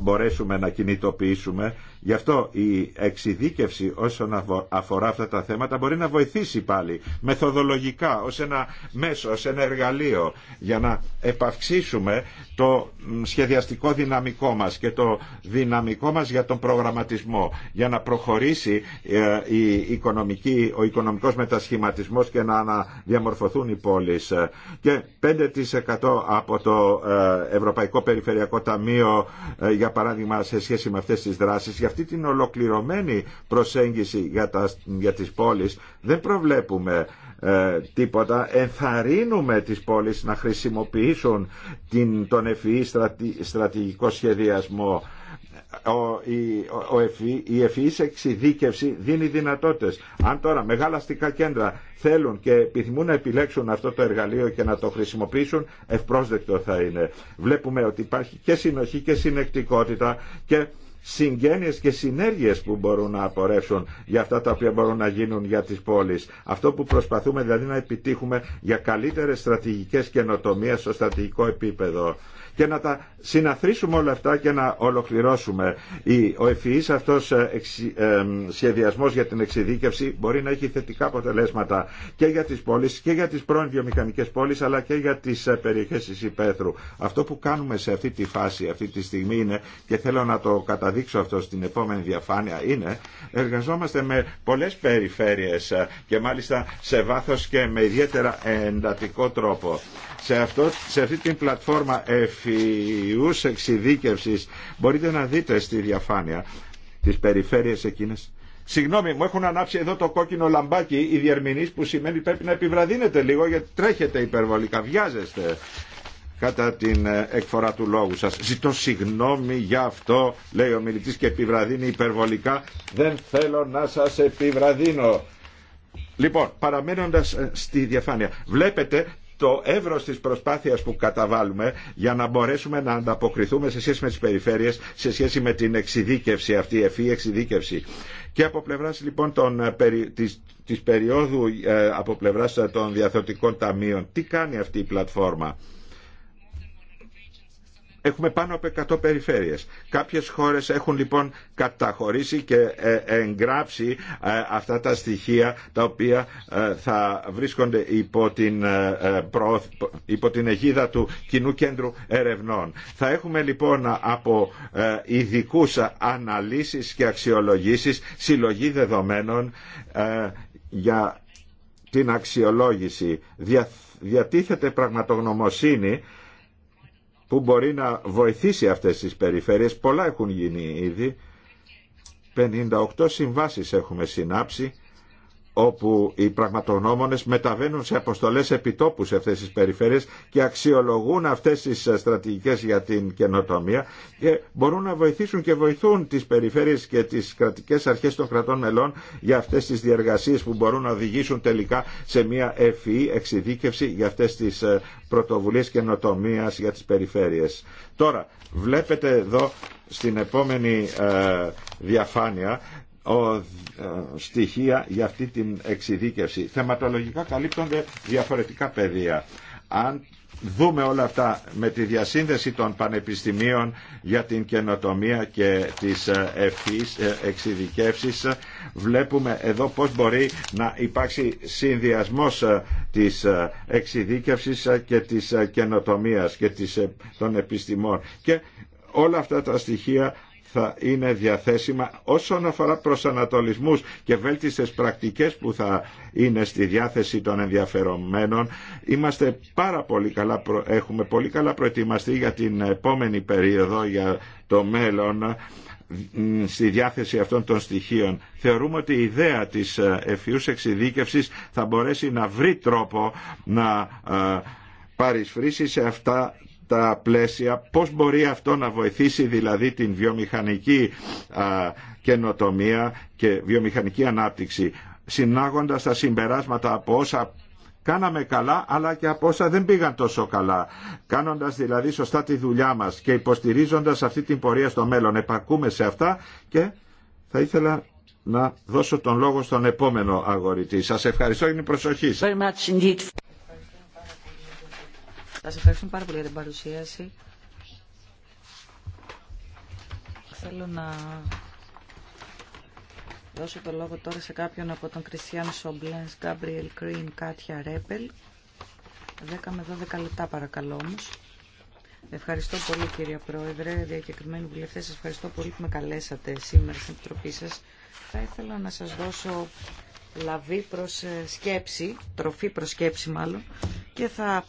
μπορέσουμε να κινητοποιήσουμε Γι' αυτό η εξειδίκευση όσον αφορά αυτά τα θέματα μπορεί να βοηθήσει πάλι μεθοδολογικά ως ένα μέσο, ως ένα εργαλείο για να επαυξήσουμε το σχεδιαστικό δυναμικό μας και το δυναμικό μας για τον προγραμματισμό για να προχωρήσει ε, η οικονομική, ο οικονομικός μετασχηματισμός και να αναδιαμορφωθούν οι πόλεις και 5% από το ε, Ευρωπαϊκό Περιφερειακό Ταμείο ε, για παράδειγμα σε σχέση με αυτές τις δράσεις αυτή την ολοκληρωμένη προσέγγιση για, τα, για τις πόλεις δεν προβλέπουμε ε, τίποτα. Ενθαρρύνουμε τις πόλεις να χρησιμοποιήσουν την, τον ευφυή e στρατηγικό σχεδιασμό ο, η, ο, e, η e εξειδίκευση δίνει δυνατότητες. Αν τώρα μεγάλα αστικά κέντρα θέλουν και επιθυμούν να επιλέξουν αυτό το εργαλείο και να το χρησιμοποιήσουν, ευπρόσδεκτο θα είναι. Βλέπουμε ότι υπάρχει και συνοχή και συνεκτικότητα και συγγένειες και συνέργειες που μπορούν να απορρέψουν για αυτά τα οποία μπορούν να γίνουν για τις πόλεις. Αυτό που προσπαθούμε δηλαδή να επιτύχουμε για καλύτερες στρατηγικές καινοτομίες στο στρατηγικό επίπεδο και να τα συναθρήσουμε όλα αυτά και να ολοκληρώσουμε. Ο ευφυής αυτός ε, ε, σχεδιασμός για την εξειδίκευση μπορεί να έχει θετικά αποτελέσματα και για τις πόλεις και για τις πρώην βιομηχανικές πόλεις αλλά και για τις ε, περιοχές της υπαίθρου. Αυτό που κάνουμε σε αυτή τη φάση, αυτή τη στιγμή είναι και θέλω να το καταδείξω αυτό στην επόμενη διαφάνεια είναι εργαζόμαστε με πολλές περιφέρειες και μάλιστα σε βάθος και με ιδιαίτερα εντατικό τρόπο. Σε, αυτό, σε αυτή την πλατφόρμα F ευφυούς εξειδίκευσης. Μπορείτε να δείτε στη διαφάνεια τις περιφέρειες εκείνες. Συγγνώμη, μου έχουν ανάψει εδώ το κόκκινο λαμπάκι οι διερμηνείς που σημαίνει πρέπει να επιβραδύνετε λίγο γιατί τρέχετε υπερβολικά, βιάζεστε κατά την ε, εκφορά του λόγου σας. Ζητώ συγγνώμη για αυτό, λέει ο μιλητής και επιβραδύνει υπερβολικά. Δεν θέλω να σας επιβραδύνω. Λοιπόν, παραμένοντας ε, στη διαφάνεια, βλέπετε το εύρος της προσπάθειας που καταβάλουμε για να μπορέσουμε να ανταποκριθούμε σε σχέση με τις περιφέρειες, σε σχέση με την εξειδίκευση αυτή, ευφύη εξειδίκευση. Και από πλευράς λοιπόν των, της, της περίοδου, ε, από πλευράς ε, των διαθωτικών ταμείων, τι κάνει αυτή η πλατφόρμα. Έχουμε πάνω από 100 περιφέρειες. Κάποιες χώρες έχουν λοιπόν καταχωρήσει και ε, εγγράψει ε, αυτά τα στοιχεία τα οποία ε, θα βρίσκονται υπό την, υπό την αιγίδα του Κοινού Κέντρου Ερευνών. Θα έχουμε λοιπόν από ειδικού αναλύσεις και αξιολογήσεις συλλογή δεδομένων για την αξιολόγηση. Διατίθεται πραγματογνωμοσύνη που μπορεί να βοηθήσει αυτές τις περιφέρειες. Πολλά έχουν γίνει ήδη. 58 συμβάσεις έχουμε συνάψει όπου οι πραγματογνώμονες μεταβαίνουν σε αποστολές επιτόπου σε αυτές τις περιφέρειες και αξιολογούν αυτές τις στρατηγικές για την καινοτομία και μπορούν να βοηθήσουν και βοηθούν τις περιφέρειες και τις κρατικές αρχές των κρατών μελών για αυτές τις διεργασίες που μπορούν να οδηγήσουν τελικά σε μια ευφυή εξειδίκευση για αυτές τις ε, πρωτοβουλίες καινοτομία για τις περιφέρειες. Τώρα, βλέπετε εδώ στην επόμενη ε, διαφάνεια ε, στοιχεία για αυτή την εξειδίκευση. Θεματολογικά καλύπτονται διαφορετικά πεδία. Αν δούμε όλα αυτά με τη διασύνδεση των πανεπιστημίων για την καινοτομία και τις ε, ευθύς ε, εξειδικεύσεις βλέπουμε εδώ πώς μπορεί να υπάρξει συνδυασμός της εξειδίκευσης και της καινοτομίας και των επιστημών και όλα αυτά τα στοιχεία θα είναι διαθέσιμα όσον αφορά προσανατολισμούς και βέλτιστες πρακτικές που θα είναι στη διάθεση των ενδιαφερομένων. Είμαστε πάρα πολύ καλά, έχουμε πολύ καλά προετοιμαστεί για την επόμενη περίοδο, για το μέλλον στη διάθεση αυτών των στοιχείων. Θεωρούμε ότι η ιδέα της ε, ευφυούς εξειδίκευσης θα μπορέσει να βρει τρόπο να ε, παρισφρήσει σε αυτά τα πλαίσια, πώς μπορεί αυτό να βοηθήσει δηλαδή την βιομηχανική καινοτομία και βιομηχανική ανάπτυξη, συνάγοντας τα συμπεράσματα από όσα κάναμε καλά αλλά και από όσα δεν πήγαν τόσο καλά. Κάνοντας δηλαδή σωστά τη δουλειά μας και υποστηρίζοντας αυτή την πορεία στο μέλλον. Επακούμε σε αυτά και θα ήθελα να δώσω τον λόγο στον επόμενο αγορητή. Σας ευχαριστώ για την προσοχή σας. Θα Σας ευχαριστούμε πάρα πολύ για την παρουσίαση. Θέλω να δώσω το λόγο τώρα σε κάποιον από τον Κριστιαν Σομπλένς, Γκάμπριελ Κρίν, Κάτια Ρέπελ. 10 με 12 λεπτά παρακαλώ όμως. Ευχαριστώ πολύ κύριε Πρόεδρε, διακεκριμένοι βουλευτέ, σας ευχαριστώ πολύ που με καλέσατε σήμερα στην Επιτροπή σας. Θα ήθελα να σας δώσω λαβή προς ε, σκέψη, τροφή προς σκέψη μάλλον, και θα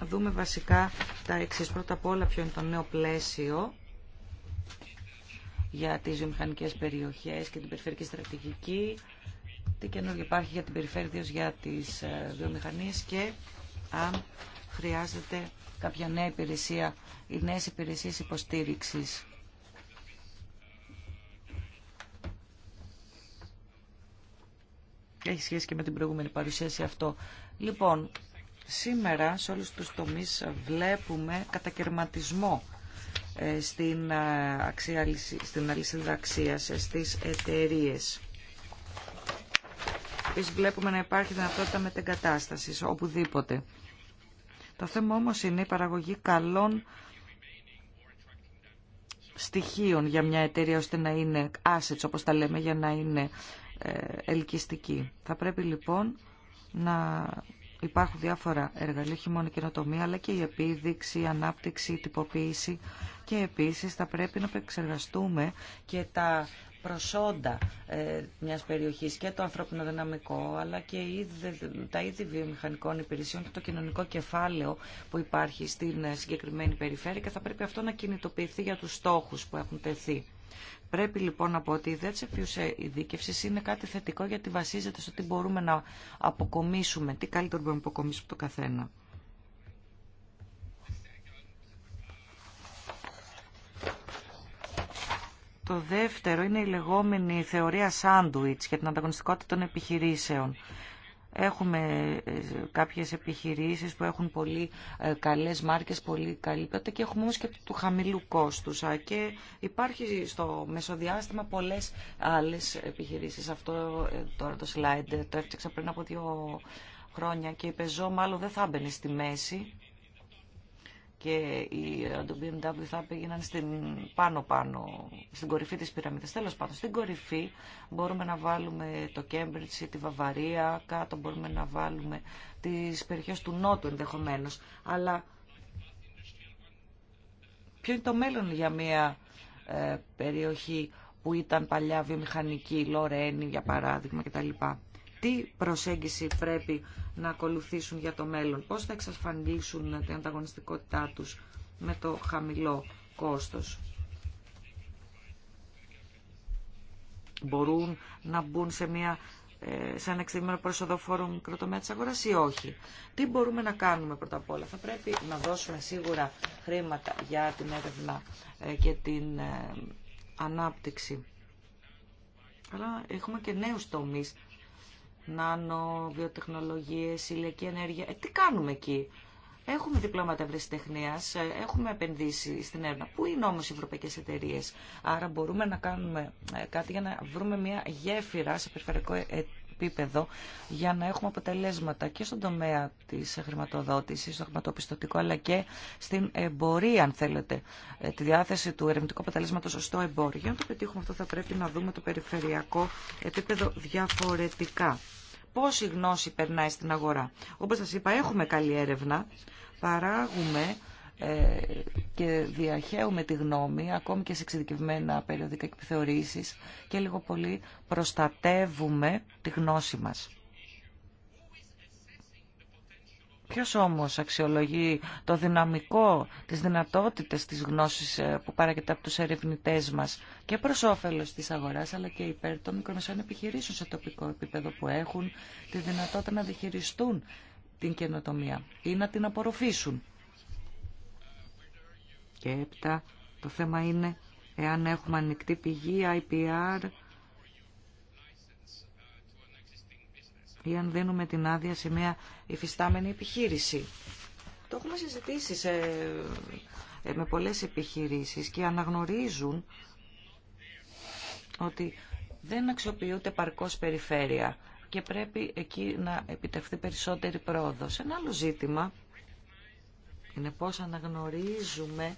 να δούμε βασικά τα εξή. Πρώτα απ' όλα ποιο είναι το νέο πλαίσιο για τις βιομηχανικέ περιοχές και την περιφερειακή στρατηγική, τι καινούργιο υπάρχει για την περιφέρεια, για τις ε, βιομηχανίες και αν χρειάζεται κάποια νέα υπηρεσία ή νέες υπηρεσίες υποστήριξης. Έχει σχέση και με την προηγούμενη παρουσίαση αυτό. Λοιπόν, Σήμερα σε όλους τους τομείς βλέπουμε κατακαιρματισμό ε, στην, ε, αξία, στην αλυσίδα αξίας ε, στις εταιρείες. Επίσης βλέπουμε να υπάρχει δυνατότητα μετεγκατάστασης οπουδήποτε. Το θέμα όμως είναι η παραγωγή καλών στοιχείων για μια εταιρεία ώστε να είναι assets όπως τα λέμε για να είναι ελκυστική. Θα πρέπει λοιπόν να Υπάρχουν διάφορα εργαλεία, όχι μόνο καινοτομία, αλλά και η επίδειξη, η ανάπτυξη, η τυποποίηση. Και επίσης θα πρέπει να επεξεργαστούμε και τα προσόντα ε, μιας περιοχής και το ανθρώπινο δυναμικό αλλά και τα είδη βιομηχανικών υπηρεσιών και το κοινωνικό κεφάλαιο που υπάρχει στην συγκεκριμένη περιφέρεια και θα πρέπει αυτό να κινητοποιηθεί για τους στόχους που έχουν τεθεί. Πρέπει λοιπόν να πω ότι η ιδέα τη ειδίκευση είναι κάτι θετικό γιατί βασίζεται στο τι μπορούμε να αποκομίσουμε, τι καλύτερο μπορούμε να αποκομίσουμε το καθένα. Το δεύτερο είναι η λεγόμενη θεωρία σάντουιτς για την ανταγωνιστικότητα των επιχειρήσεων. Έχουμε ε, κάποιες επιχειρήσεις που έχουν πολύ ε, καλές μάρκες, πολύ καλή ποιότητα και έχουμε όμως και του χαμηλού κόστους. Και υπάρχει στο μεσοδιάστημα πολλές άλλες επιχειρήσεις. Αυτό ε, τώρα το slide το έφτιαξα πριν από δύο χρόνια και η πεζό μάλλον δεν θα μπαινε στη μέση και το BMW θα πήγαιναν στην πάνω-πάνω, στην κορυφή της πυραμίδας. Τέλος πάντων, στην κορυφή μπορούμε να βάλουμε το Cambridge, τη Βαβαρία, κάτω μπορούμε να βάλουμε τις περιοχές του Νότου ενδεχομένως. Αλλά ποιο είναι το μέλλον για μια ε, περιοχή που ήταν παλιά βιομηχανική, Λορένη για παράδειγμα κτλ τι προσέγγιση πρέπει να ακολουθήσουν για το μέλλον, πώς θα εξασφαλίσουν την ανταγωνιστικότητά τους με το χαμηλό κόστος. Μπορούν να μπουν σε μια ε, σε ένα εξαιρετικό προσοδοφόρο μικροτομέα της αγοράς ή όχι. Τι μπορούμε να κάνουμε πρώτα απ' όλα. Θα πρέπει να δώσουμε σίγουρα χρήματα για την έρευνα ε, και την ε, ανάπτυξη. Αλλά έχουμε και νέους τομείς νάνο, βιοτεχνολογίε, ηλιακή ενέργεια. Ε, τι κάνουμε εκεί. Έχουμε διπλώματα ευρεσιτεχνία, ε, έχουμε επενδύσει στην έρευνα. Πού είναι όμω οι ευρωπαϊκέ εταιρείε. Άρα μπορούμε να κάνουμε ε, κάτι για να βρούμε μια γέφυρα σε περιφερειακό ε, επίπεδο για να έχουμε αποτελέσματα και στον τομέα τη χρηματοδότηση, στο χρηματοπιστωτικό, αλλά και στην εμπορία, αν θέλετε. Τη διάθεση του ερευνητικού αποτελέσματο στο εμπόριο. Για να το πετύχουμε αυτό, θα πρέπει να δούμε το περιφερειακό επίπεδο διαφορετικά πώς η γνώση περνάει στην αγορά. Όπως σας είπα, έχουμε καλή έρευνα, παράγουμε ε, και διαχέουμε τη γνώμη, ακόμη και σε εξειδικευμένα περιοδικά επιθεωρήσεις και λίγο πολύ προστατεύουμε τη γνώση μας. Ποιος όμως αξιολογεί το δυναμικό, τις δυνατότητες της γνώσης ε, που παράγεται από τους ερευνητές μας και προς όφελος της αγοράς αλλά και υπέρ των μικρομεσαίων επιχειρήσεων σε τοπικό επίπεδο που έχουν τη δυνατότητα να διχειριστούν την καινοτομία ή να την απορροφήσουν. Και έπειτα το θέμα είναι εάν έχουμε ανοιχτή πηγή IPR ή αν δίνουμε την άδεια σε μια υφιστάμενη επιχείρηση. Το έχουμε συζητήσει σε, ε, με πολλές επιχειρήσεις και αναγνωρίζουν ότι δεν αξιοποιούνται παρκώς περιφέρεια και πρέπει εκεί να επιτευχθεί περισσότερη πρόοδος. Ένα άλλο ζήτημα είναι πώς αναγνωρίζουμε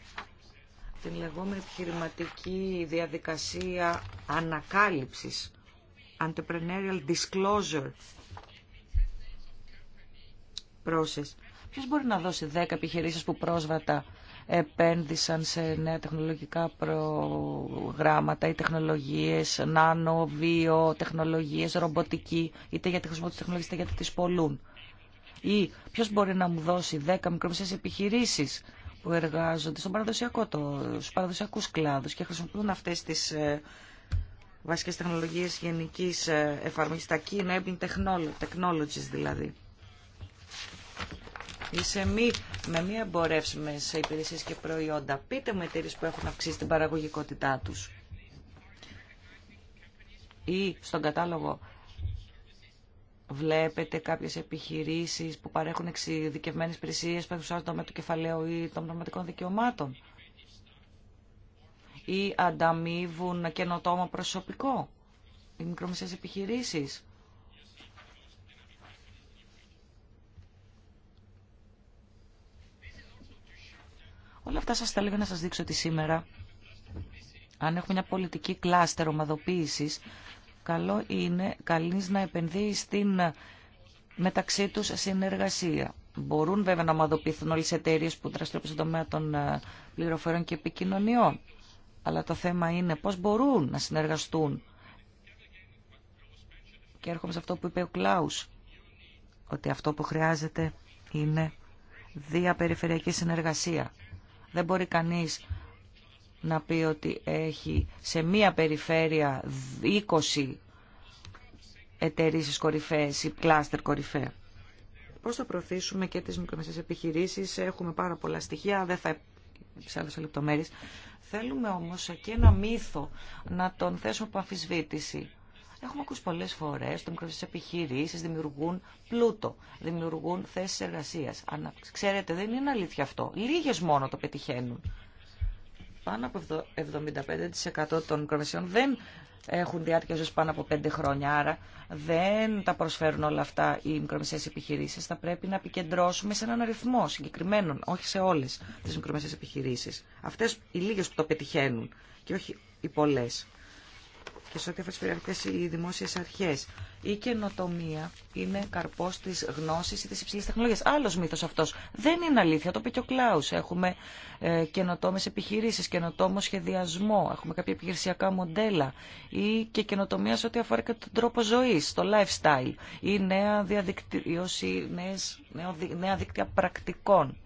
την λεγόμενη επιχειρηματική διαδικασία ανακάλυψης, entrepreneurial disclosure Ποιο Ποιος μπορεί να δώσει 10 επιχειρήσεις που πρόσβατα επένδυσαν σε νέα τεχνολογικά προγράμματα ή τεχνολογίες, νάνο, βίο, τεχνολογίες, ρομποτική, είτε για τη χρησιμοποίηση τεχνολογίας, είτε γιατί τις πολλούν. Ή ποιος μπορεί να μου δώσει 10 μικρομεσαίες επιχειρήσεις που εργάζονται στον παραδοσιακό, το, στους παραδοσιακούς κλάδους και χρησιμοποιούν αυτές τις ε, βασικές τεχνολογίες γενικής ε, εφαρμογής, τα key enabling technologies δηλαδή ή σε μη, με μη εμπορεύσιμε υπηρεσίε και προϊόντα. Πείτε μου εταιρείε που έχουν αυξήσει την παραγωγικότητά του. Ή στον κατάλογο βλέπετε κάποιες επιχειρήσεις που παρέχουν εξειδικευμένες υπηρεσίες που έχουν με του κεφαλαίου ή των πραγματικών δικαιωμάτων ή ανταμείβουν καινοτόμο προσωπικό οι μικρομεσαίες επιχειρήσεις Όλα αυτά σας τα να σας δείξω ότι σήμερα, αν έχουμε μια πολιτική κλάστερ ομαδοποίησης, καλό είναι καλής να επενδύει στην μεταξύ τους συνεργασία. Μπορούν βέβαια να ομαδοποιηθούν όλες οι εταιρείε που δραστηριοποιούν στον τομέα των ε, πληροφοριών και επικοινωνιών. Αλλά το θέμα είναι πώς μπορούν να συνεργαστούν. Και έρχομαι σε αυτό που είπε ο Κλάους, ότι αυτό που χρειάζεται είναι διαπεριφερειακή συνεργασία. Δεν μπορεί κανείς να πει ότι έχει σε μία περιφέρεια 20 εταιρείε κορυφαίες ή κλάστερ κορυφαία. Πώς θα προωθήσουμε και τις μικρομεσαίες επιχειρήσεις, έχουμε πάρα πολλά στοιχεία, δεν θα σε άλλες λεπτομέρειες. Θέλουμε όμως και ένα μύθο να τον θέσουμε από αμφισβήτηση. Έχουμε ακούσει πολλέ φορέ ότι οι μικρομεσαίε επιχειρήσει δημιουργούν πλούτο, δημιουργούν θέσει εργασία. Ξέρετε, δεν είναι αλήθεια αυτό. Λίγε μόνο το πετυχαίνουν. Πάνω από 75% των μικρομεσαίων δεν έχουν διάρκεια ζωή πάνω από 5 χρόνια, άρα δεν τα προσφέρουν όλα αυτά οι μικρομεσαίε επιχειρήσει. Θα πρέπει να επικεντρώσουμε σε έναν αριθμό συγκεκριμένων, όχι σε όλε τι μικρομεσαίε επιχειρήσει. Αυτέ οι λίγε που το πετυχαίνουν και όχι οι πολλέ και σε ό,τι αφορά οι δημόσιε αρχέ. Η καινοτομία είναι καρπό τη γνώση ή τη υψηλή τεχνολογία. Άλλο μύθο αυτό. Δεν είναι αλήθεια, το είπε και ο Κλάου. Έχουμε ε, καινοτόμε επιχειρήσει, καινοτόμο σχεδιασμό, έχουμε κάποια επιχειρησιακά μοντέλα ή και καινοτομία σε ό,τι αφορά και τον τρόπο ζωή, το lifestyle ή νέα διαδικτυ... νέα δίκτυα πρακτικών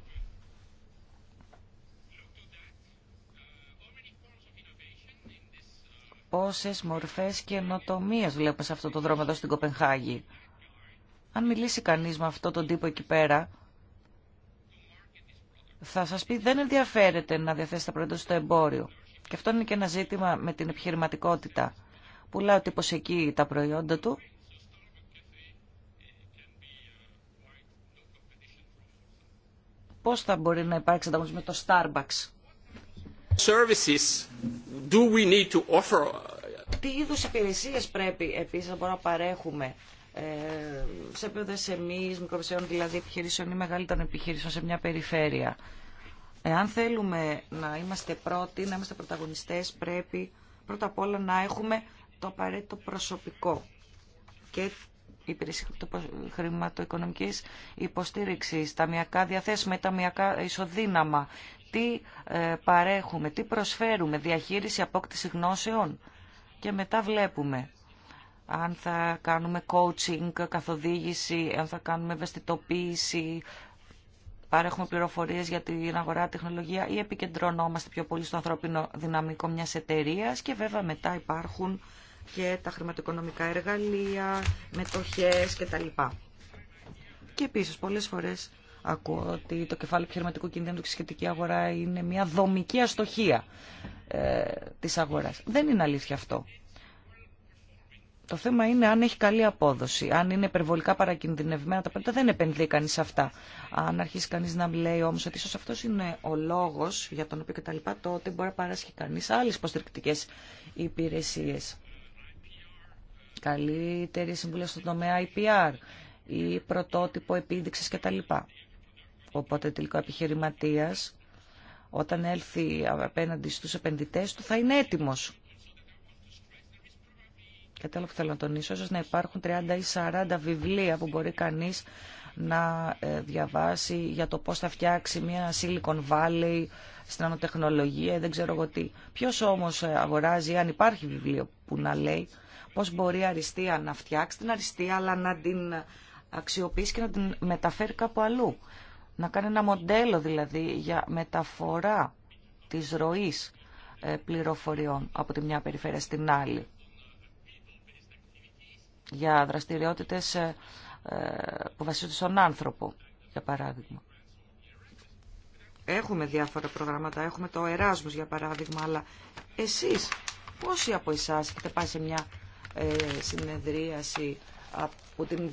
πόσες μορφές καινοτομία βλέπουμε σε αυτό το δρόμο εδώ στην Κοπενχάγη. Αν μιλήσει κανείς με αυτόν τον τύπο εκεί πέρα, θα σας πει δεν ενδιαφέρεται να διαθέσει τα προϊόντα στο εμπόριο. Και αυτό είναι και ένα ζήτημα με την επιχειρηματικότητα. Πουλάω τύπος εκεί τα προϊόντα του πώς θα μπορεί να υπάρξει ανταγωνισμό με το Starbucks τι είδους υπηρεσίες πρέπει επίσης να μπορούμε να παρέχουμε ε, σε επίπεδο εμείς, μικροπιστήριων, δηλαδή επιχειρήσεων ή μεγαλύτερων επιχειρήσεων σε μια περιφέρεια. Εάν θέλουμε να είμαστε πρώτοι, να είμαστε πρωταγωνιστές, πρέπει πρώτα απ' όλα να έχουμε το απαραίτητο προσωπικό και υπηρεσία χρηματοοικονομικής υποστήριξης, ταμιακά διαθέσιμα ή ταμιακά ισοδύναμα, τι ε, παρέχουμε, τι προσφέρουμε, διαχείριση, απόκτηση γνώσεων και μετά βλέπουμε αν θα κάνουμε coaching, καθοδήγηση, αν θα κάνουμε ευαισθητοποίηση, παρέχουμε πληροφορίες για την αγορά τεχνολογία ή επικεντρωνόμαστε πιο πολύ στο ανθρώπινο δυναμικό μιας εταιρεία και βέβαια μετά υπάρχουν και τα χρηματοοικονομικά εργαλεία, μετοχές κτλ. Και επίσης πολλές φορές Ακούω ότι το κεφάλαιο επιχειρηματικού κινδύνου του σχετική αγορά είναι μια δομική αστοχία ε, της αγοράς. Δεν είναι αλήθεια αυτό. Το θέμα είναι αν έχει καλή απόδοση, αν είναι υπερβολικά παρακινδυνευμένα τα πράγματα, δεν επενδύει κανεί σε αυτά. Αν αρχίσει κανεί να λέει όμω ότι ίσω αυτό είναι ο λόγο για τον οποίο κτλ., τότε μπορεί να παράσχει κανεί άλλε υποστηρικτικέ υπηρεσίε. Καλύτερη συμβουλή στον τομέα IPR ή πρωτότυπο επίδειξη κτλ. Οπότε ο τελικό επιχειρηματίας όταν έλθει απέναντι στους επενδυτές του θα είναι έτοιμος. Και τέλος που θέλω να τονίσω, ίσως να υπάρχουν 30 ή 40 βιβλία που μπορεί κανείς να ε, διαβάσει για το πώς θα φτιάξει μια Silicon Valley στην ανοτεχνολογία, δεν ξέρω εγώ τι. Ποιος όμως ε, αγοράζει, αν υπάρχει βιβλίο που να λέει, πώς μπορεί η αριστεία να φτιάξει την αριστεία, αλλά να την αξιοποιήσει και να την μεταφέρει κάπου αλλού να κάνει ένα μοντέλο δηλαδή για μεταφορά της ροής ε, πληροφοριών από τη μια περιφέρεια στην άλλη για δραστηριότητες ε, ε, που βασίζονται στον άνθρωπο, για παράδειγμα. Έχουμε διάφορα προγράμματα, έχουμε το Εράσμος για παράδειγμα, αλλά εσείς πόσοι από εσάς έχετε πάει σε μια συνεδρίαση που την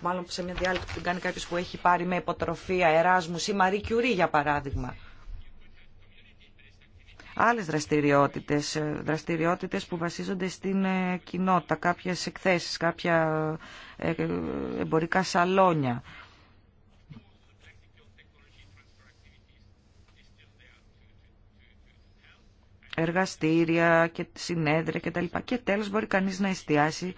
μάλλον σε μια διάλειμμα που την κάνει κάποιος που έχει πάρει με υποτροφία Εράσμους ή Μαρή Κιουρί για παράδειγμα. Άλλες δραστηριότητες, ε, δραστηριότητες που βασίζονται στην ε, κοινότητα, κάποιες εκθέσεις, κάποια ε, εμπορικά σαλόνια. εργαστήρια και συνέδρια κτλ. Και τέλος μπορεί κανείς να εστιάσει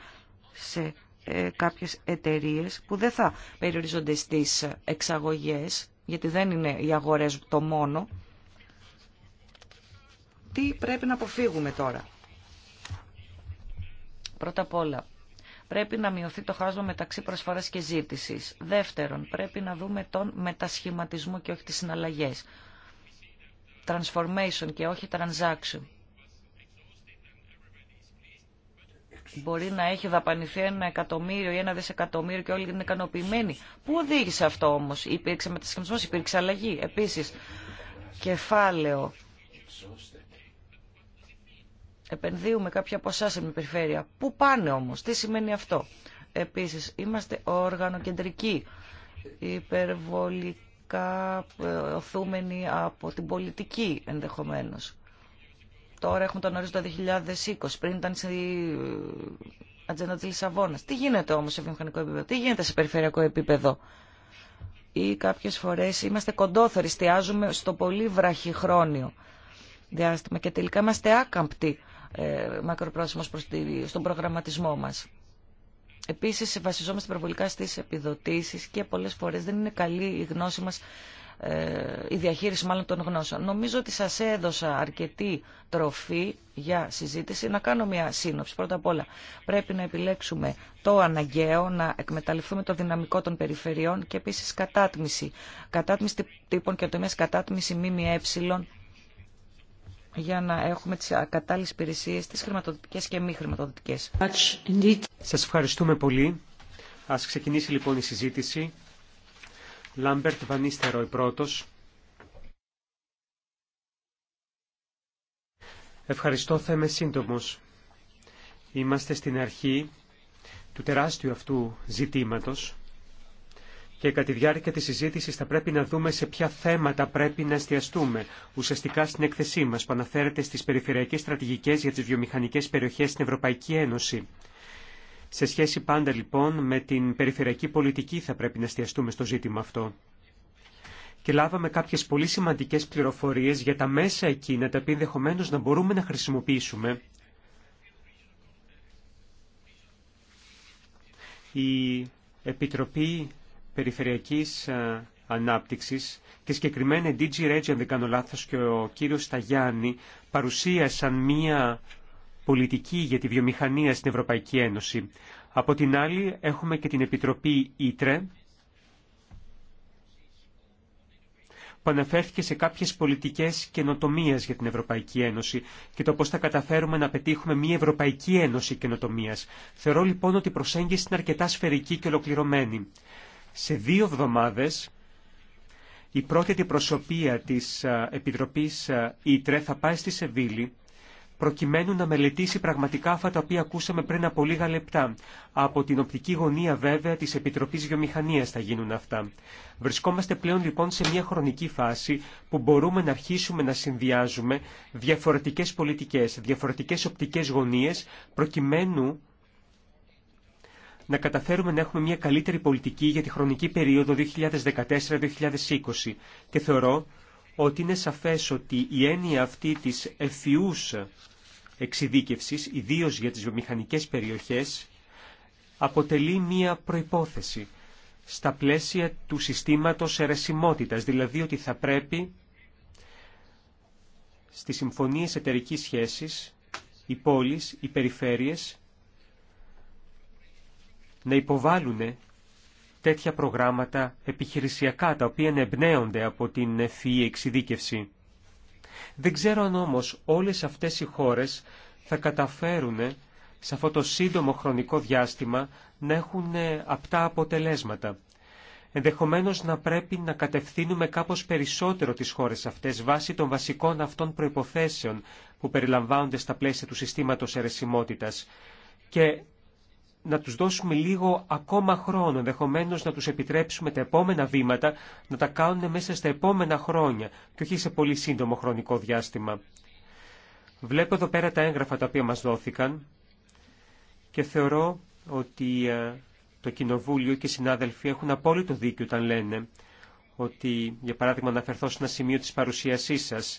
σε ε, κάποιες εταιρίες που δεν θα περιορίζονται στις εξαγωγές, γιατί δεν είναι οι αγορές το μόνο. Τι πρέπει να αποφύγουμε τώρα. Πρώτα απ' όλα, πρέπει να μειωθεί το χάσμα μεταξύ προσφοράς και ζήτησης. Δεύτερον, πρέπει να δούμε τον μετασχηματισμό και όχι τις συναλλαγές. Transformation και όχι transaction. Μπορεί να έχει δαπανηθεί ένα εκατομμύριο ή ένα δισεκατομμύριο και όλοι είναι ικανοποιημένοι. Πού οδήγησε αυτό όμω, υπήρξε μετασχηματισμό, υπήρξε αλλαγή. Επίση, κεφάλαιο. Επενδύουμε κάποια από εσά σε μια περιφέρεια. Πού πάνε όμω, τι σημαίνει αυτό. Επίση, είμαστε οργανοκεντρικοί. Υπερβολικά ε, οθούμενοι από την πολιτική ενδεχομένω. Τώρα έχουμε τον ορίζοντα 2020, πριν ήταν στην ε, ατζέντα τη Λισαβόνα. Τι γίνεται όμω σε βιομηχανικό επίπεδο, τι γίνεται σε περιφερειακό επίπεδο. Ή κάποιε φορέ είμαστε κοντόθεροι, εστιάζουμε στο πολύ βραχυχρόνιο διάστημα και τελικά είμαστε άκαμπτοι ε, στον προγραμματισμό μας. επιση βασιζόμαστε προβολικά στι επιδοτησει και πολλε φορε δεν είναι καλή η γνώση μα ε, η διαχείριση μάλλον των γνώσεων. Νομίζω ότι σας έδωσα αρκετή τροφή για συζήτηση. Να κάνω μια σύνοψη. Πρώτα απ' όλα πρέπει να επιλέξουμε το αναγκαίο, να εκμεταλλευτούμε το δυναμικό των περιφερειών και επίσης κατάτμιση. Κατάτμιση τύπων και κατάτμιση ΜΜΕ για να έχουμε τις κατάλληλες υπηρεσίε, τις χρηματοδοτικές και μη χρηματοδοτικές. Σας ευχαριστούμε πολύ. Ας ξεκινήσει λοιπόν η συζήτηση. Λάμπερτ η πρώτος. Ευχαριστώ, θα σύντομος. Είμαστε στην αρχή του τεράστιου αυτού ζητήματος και κατά τη διάρκεια της συζήτησης θα πρέπει να δούμε σε ποια θέματα πρέπει να εστιαστούμε ουσιαστικά στην έκθεσή μας που αναφέρεται στις περιφερειακές στρατηγικές για τις βιομηχανικές περιοχές στην Ευρωπαϊκή Ένωση. Σε σχέση πάντα λοιπόν με την περιφερειακή πολιτική θα πρέπει να εστιαστούμε στο ζήτημα αυτό. Και λάβαμε κάποιες πολύ σημαντικές πληροφορίες για τα μέσα εκείνα τα οποία ενδεχομένω να μπορούμε να χρησιμοποιήσουμε. Η Επιτροπή Περιφερειακής ε, Ανάπτυξης και συγκεκριμένα DG Region αν δεν κάνω λάθος, και ο κύριος Σταγιάννη παρουσίασαν μία πολιτική για τη βιομηχανία στην Ευρωπαϊκή Ένωση. Από την άλλη έχουμε και την Επιτροπή Ήτρε που αναφέρθηκε σε κάποιες πολιτικές καινοτομίας για την Ευρωπαϊκή Ένωση και το πώς θα καταφέρουμε να πετύχουμε μια Ευρωπαϊκή Ένωση καινοτομίας. Θεωρώ λοιπόν ότι η προσέγγιση είναι αρκετά σφαιρική και ολοκληρωμένη. Σε δύο εβδομάδες η πρώτη αντιπροσωπεία της ε, Επιτροπής ε, Ήτρε θα πάει στη Σεβίλη προκειμένου να μελετήσει πραγματικά αυτά τα οποία ακούσαμε πριν από λίγα λεπτά. Από την οπτική γωνία βέβαια της Επιτροπής Γεωμηχανίας θα γίνουν αυτά. Βρισκόμαστε πλέον λοιπόν σε μια χρονική φάση που μπορούμε να αρχίσουμε να συνδυάζουμε διαφορετικές πολιτικές, διαφορετικές οπτικές γωνίες προκειμένου να καταφέρουμε να έχουμε μια καλύτερη πολιτική για τη χρονική περίοδο 2014-2020 και θεωρώ ότι είναι σαφές ότι η έννοια αυτή της ευφυούς εξειδίκευσης, ιδίως για τις βιομηχανικές περιοχές, αποτελεί μία προϋπόθεση στα πλαίσια του συστήματος αιρεσιμότητας, δηλαδή ότι θα πρέπει στις συμφωνίες εταιρικής σχέσης οι πόλεις, οι περιφέρειες να υποβάλουν τέτοια προγράμματα επιχειρησιακά τα οποία εμπνέονται από την ευφυή εξειδίκευση. Δεν ξέρω αν όμως όλες αυτές οι χώρες θα καταφέρουν ε, σε αυτό το σύντομο χρονικό διάστημα να έχουν ε, απτά αποτελέσματα. Ενδεχομένως να πρέπει να κατευθύνουμε κάπως περισσότερο τις χώρες αυτές βάσει των βασικών αυτών προϋποθέσεων που περιλαμβάνονται στα πλαίσια του συστήματος αιρεσιμότητας και να τους δώσουμε λίγο ακόμα χρόνο, ενδεχομένω να τους επιτρέψουμε τα επόμενα βήματα να τα κάνουν μέσα στα επόμενα χρόνια και όχι σε πολύ σύντομο χρονικό διάστημα. Βλέπω εδώ πέρα τα έγγραφα τα οποία μας δόθηκαν και θεωρώ ότι ε, το Κοινοβούλιο και οι συνάδελφοι έχουν απόλυτο δίκιο όταν λένε ότι, για παράδειγμα, αναφερθώ σε ένα σημείο της παρουσίασής σας,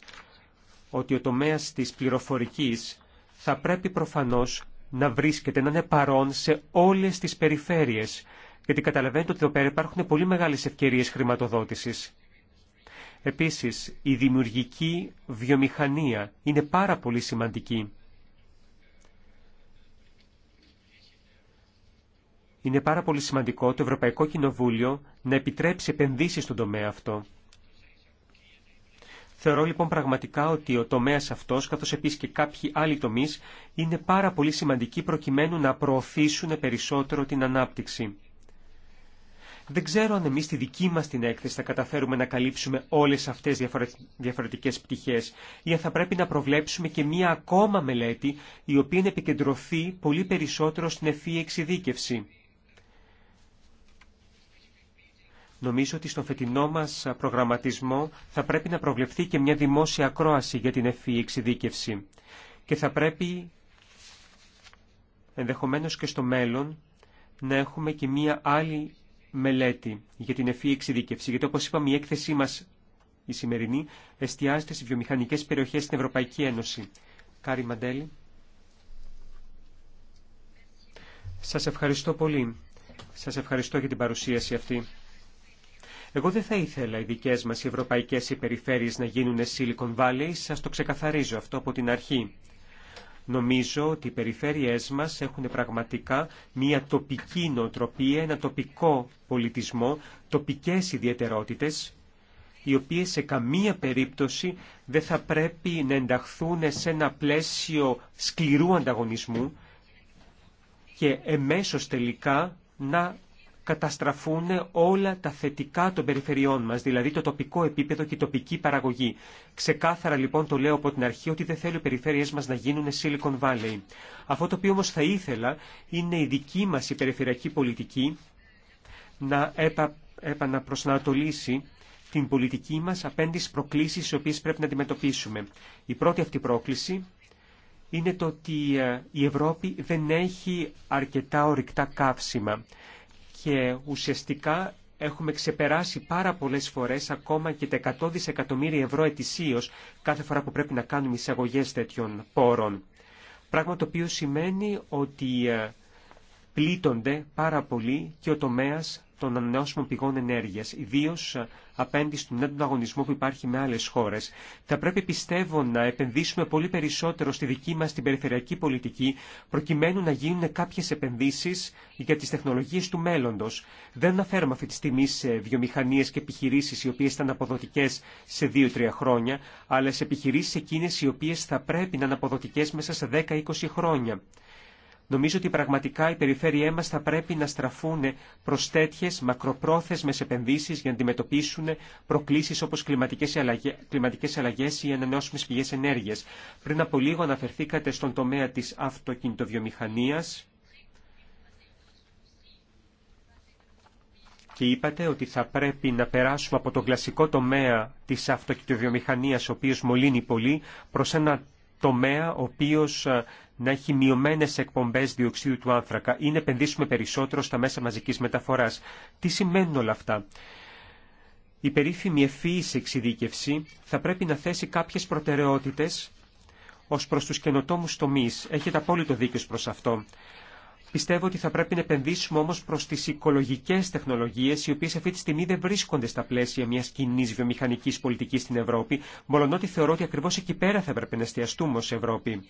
ότι ο τομέας της πληροφορικής θα πρέπει προφανώς να βρίσκεται, να είναι παρόν σε όλες τις περιφέρειες, γιατί καταλαβαίνετε ότι εδώ πέρα υπάρχουν πολύ μεγάλες ευκαιρίες χρηματοδότησης. Επίσης, η δημιουργική βιομηχανία είναι πάρα πολύ σημαντική. Είναι πάρα πολύ σημαντικό το Ευρωπαϊκό Κοινοβούλιο να επιτρέψει επενδύσεις στον τομέα αυτό. Θεωρώ λοιπόν πραγματικά ότι ο τομέας αυτός, καθώ επίσης και κάποιοι άλλοι τομείς, είναι πάρα πολύ σημαντικοί προκειμένου να προωθήσουν περισσότερο την ανάπτυξη. Δεν ξέρω αν εμείς στη δική μας την έκθεση θα καταφέρουμε να καλύψουμε όλες αυτές τις διαφορετικές πτυχές ή αν θα πρέπει να προβλέψουμε και μία ακόμα μελέτη η οποία επικεντρωθεί πολύ περισσότερο στην ευφύ εξειδίκευση. Νομίζω ότι στον φετινό μας προγραμματισμό θα πρέπει να προβλεφθεί και μια δημόσια ακρόαση για την ευφύ εξειδίκευση και θα πρέπει ενδεχομένως και στο μέλλον να έχουμε και μία άλλη μελέτη για την ευφύ εξειδίκευση. Γιατί όπως είπαμε η έκθεσή μας η σημερινή εστιάζεται στις βιομηχανικές περιοχές στην Ευρωπαϊκή Ένωση. Κάρι Μαντέλη. Σας ευχαριστώ πολύ. Σας ευχαριστώ για την παρουσίαση αυτή. Εγώ δεν θα ήθελα οι δικές μας οι ευρωπαϊκές υπεριφέρειες να γίνουν Silicon Valley, σας το ξεκαθαρίζω αυτό από την αρχή. Νομίζω ότι οι περιφέρειές μας έχουν πραγματικά μια τοπική νοοτροπία, ένα τοπικό πολιτισμό, τοπικές ιδιαιτερότητες, οι οποίες σε καμία περίπτωση δεν θα πρέπει να ενταχθούν σε ένα πλαίσιο σκληρού ανταγωνισμού και εμέσως τελικά να καταστραφούν όλα τα θετικά των περιφερειών μας, δηλαδή το τοπικό επίπεδο και η τοπική παραγωγή. Ξεκάθαρα λοιπόν το λέω από την αρχή ότι δεν θέλω οι περιφέρειές μας να γίνουν Silicon Valley. Αυτό το οποίο όμως θα ήθελα είναι η δική μας η περιφερειακή πολιτική να επα... επαναπροσανατολίσει την πολιτική μας απέντη στις προκλήσεις τις οποίες πρέπει να αντιμετωπίσουμε. Η πρώτη αυτή πρόκληση είναι το ότι ε, η Ευρώπη δεν έχει αρκετά ορυκτά καύσιμα και ουσιαστικά έχουμε ξεπεράσει πάρα πολλές φορές ακόμα και τα 100 δισεκατομμύρια ευρώ ετησίως κάθε φορά που πρέπει να κάνουμε εισαγωγές τέτοιων πόρων. Πράγμα το οποίο σημαίνει ότι ε, πλήττονται πάρα πολύ και ο τομέας των ανανεώσιμων πηγών ενέργεια, ιδίω ε, απέναντι στον έντονο αγωνισμό που υπάρχει με άλλε χώρε. Θα πρέπει, πιστεύω, να επενδύσουμε πολύ περισσότερο στη δική μα την περιφερειακή πολιτική, προκειμένου να γίνουν κάποιε επενδύσει για τι τεχνολογίε του μέλλοντο. Δεν αναφέρουμε αυτή τη στιγμή σε βιομηχανίε και επιχειρήσει οι οποίε ήταν αποδοτικέ σε δύο-τρία χρόνια, αλλά σε επιχειρήσει εκείνε οι οποίε θα πρέπει να είναι αποδοτικέ μέσα σε 10-20 χρόνια. Νομίζω ότι πραγματικά οι περιφέρειέ μας θα πρέπει να στραφούν προ τέτοιε μακροπρόθεσμε επενδύσει για να αντιμετωπίσουν προκλήσει όπω κλιματικέ αλλαγέ ή ανανεώσιμε πηγέ ενέργεια. Πριν από λίγο αναφερθήκατε στον τομέα τη αυτοκινητοβιομηχανίας και είπατε ότι θα πρέπει να περάσουμε από τον κλασικό τομέα τη αυτοκινητοβιομηχανίας, ο οποίο μολύνει πολύ, προς ένα τομέα ο οποίος να έχει μειωμένε εκπομπέ διοξιδίου του άνθρακα ή να επενδύσουμε περισσότερο στα μέσα μαζική μεταφορά. Τι σημαίνουν όλα αυτά. Η περίφημη ευφύης εξειδίκευση θα πρέπει να θέσει σημαινουν ολα αυτα η περιφημη ευφυηση εξειδικευση θα πρεπει να θεσει καποιε προτεραιοτητε ω προ του καινοτόμου τομεί, Έχετε απόλυτο δίκιο προ αυτό. Πιστεύω ότι θα πρέπει να επενδύσουμε όμω προ τι οικολογικέ τεχνολογίε, οι οποίε αυτή τη στιγμή δεν βρίσκονται στα πλαίσια μια κοινή βιομηχανική πολιτική στην Ευρώπη, μόλον ότι θεωρώ ότι ακριβώ εκεί πέρα θα πρέπει να εστιαστούμε ω Ευρώπη.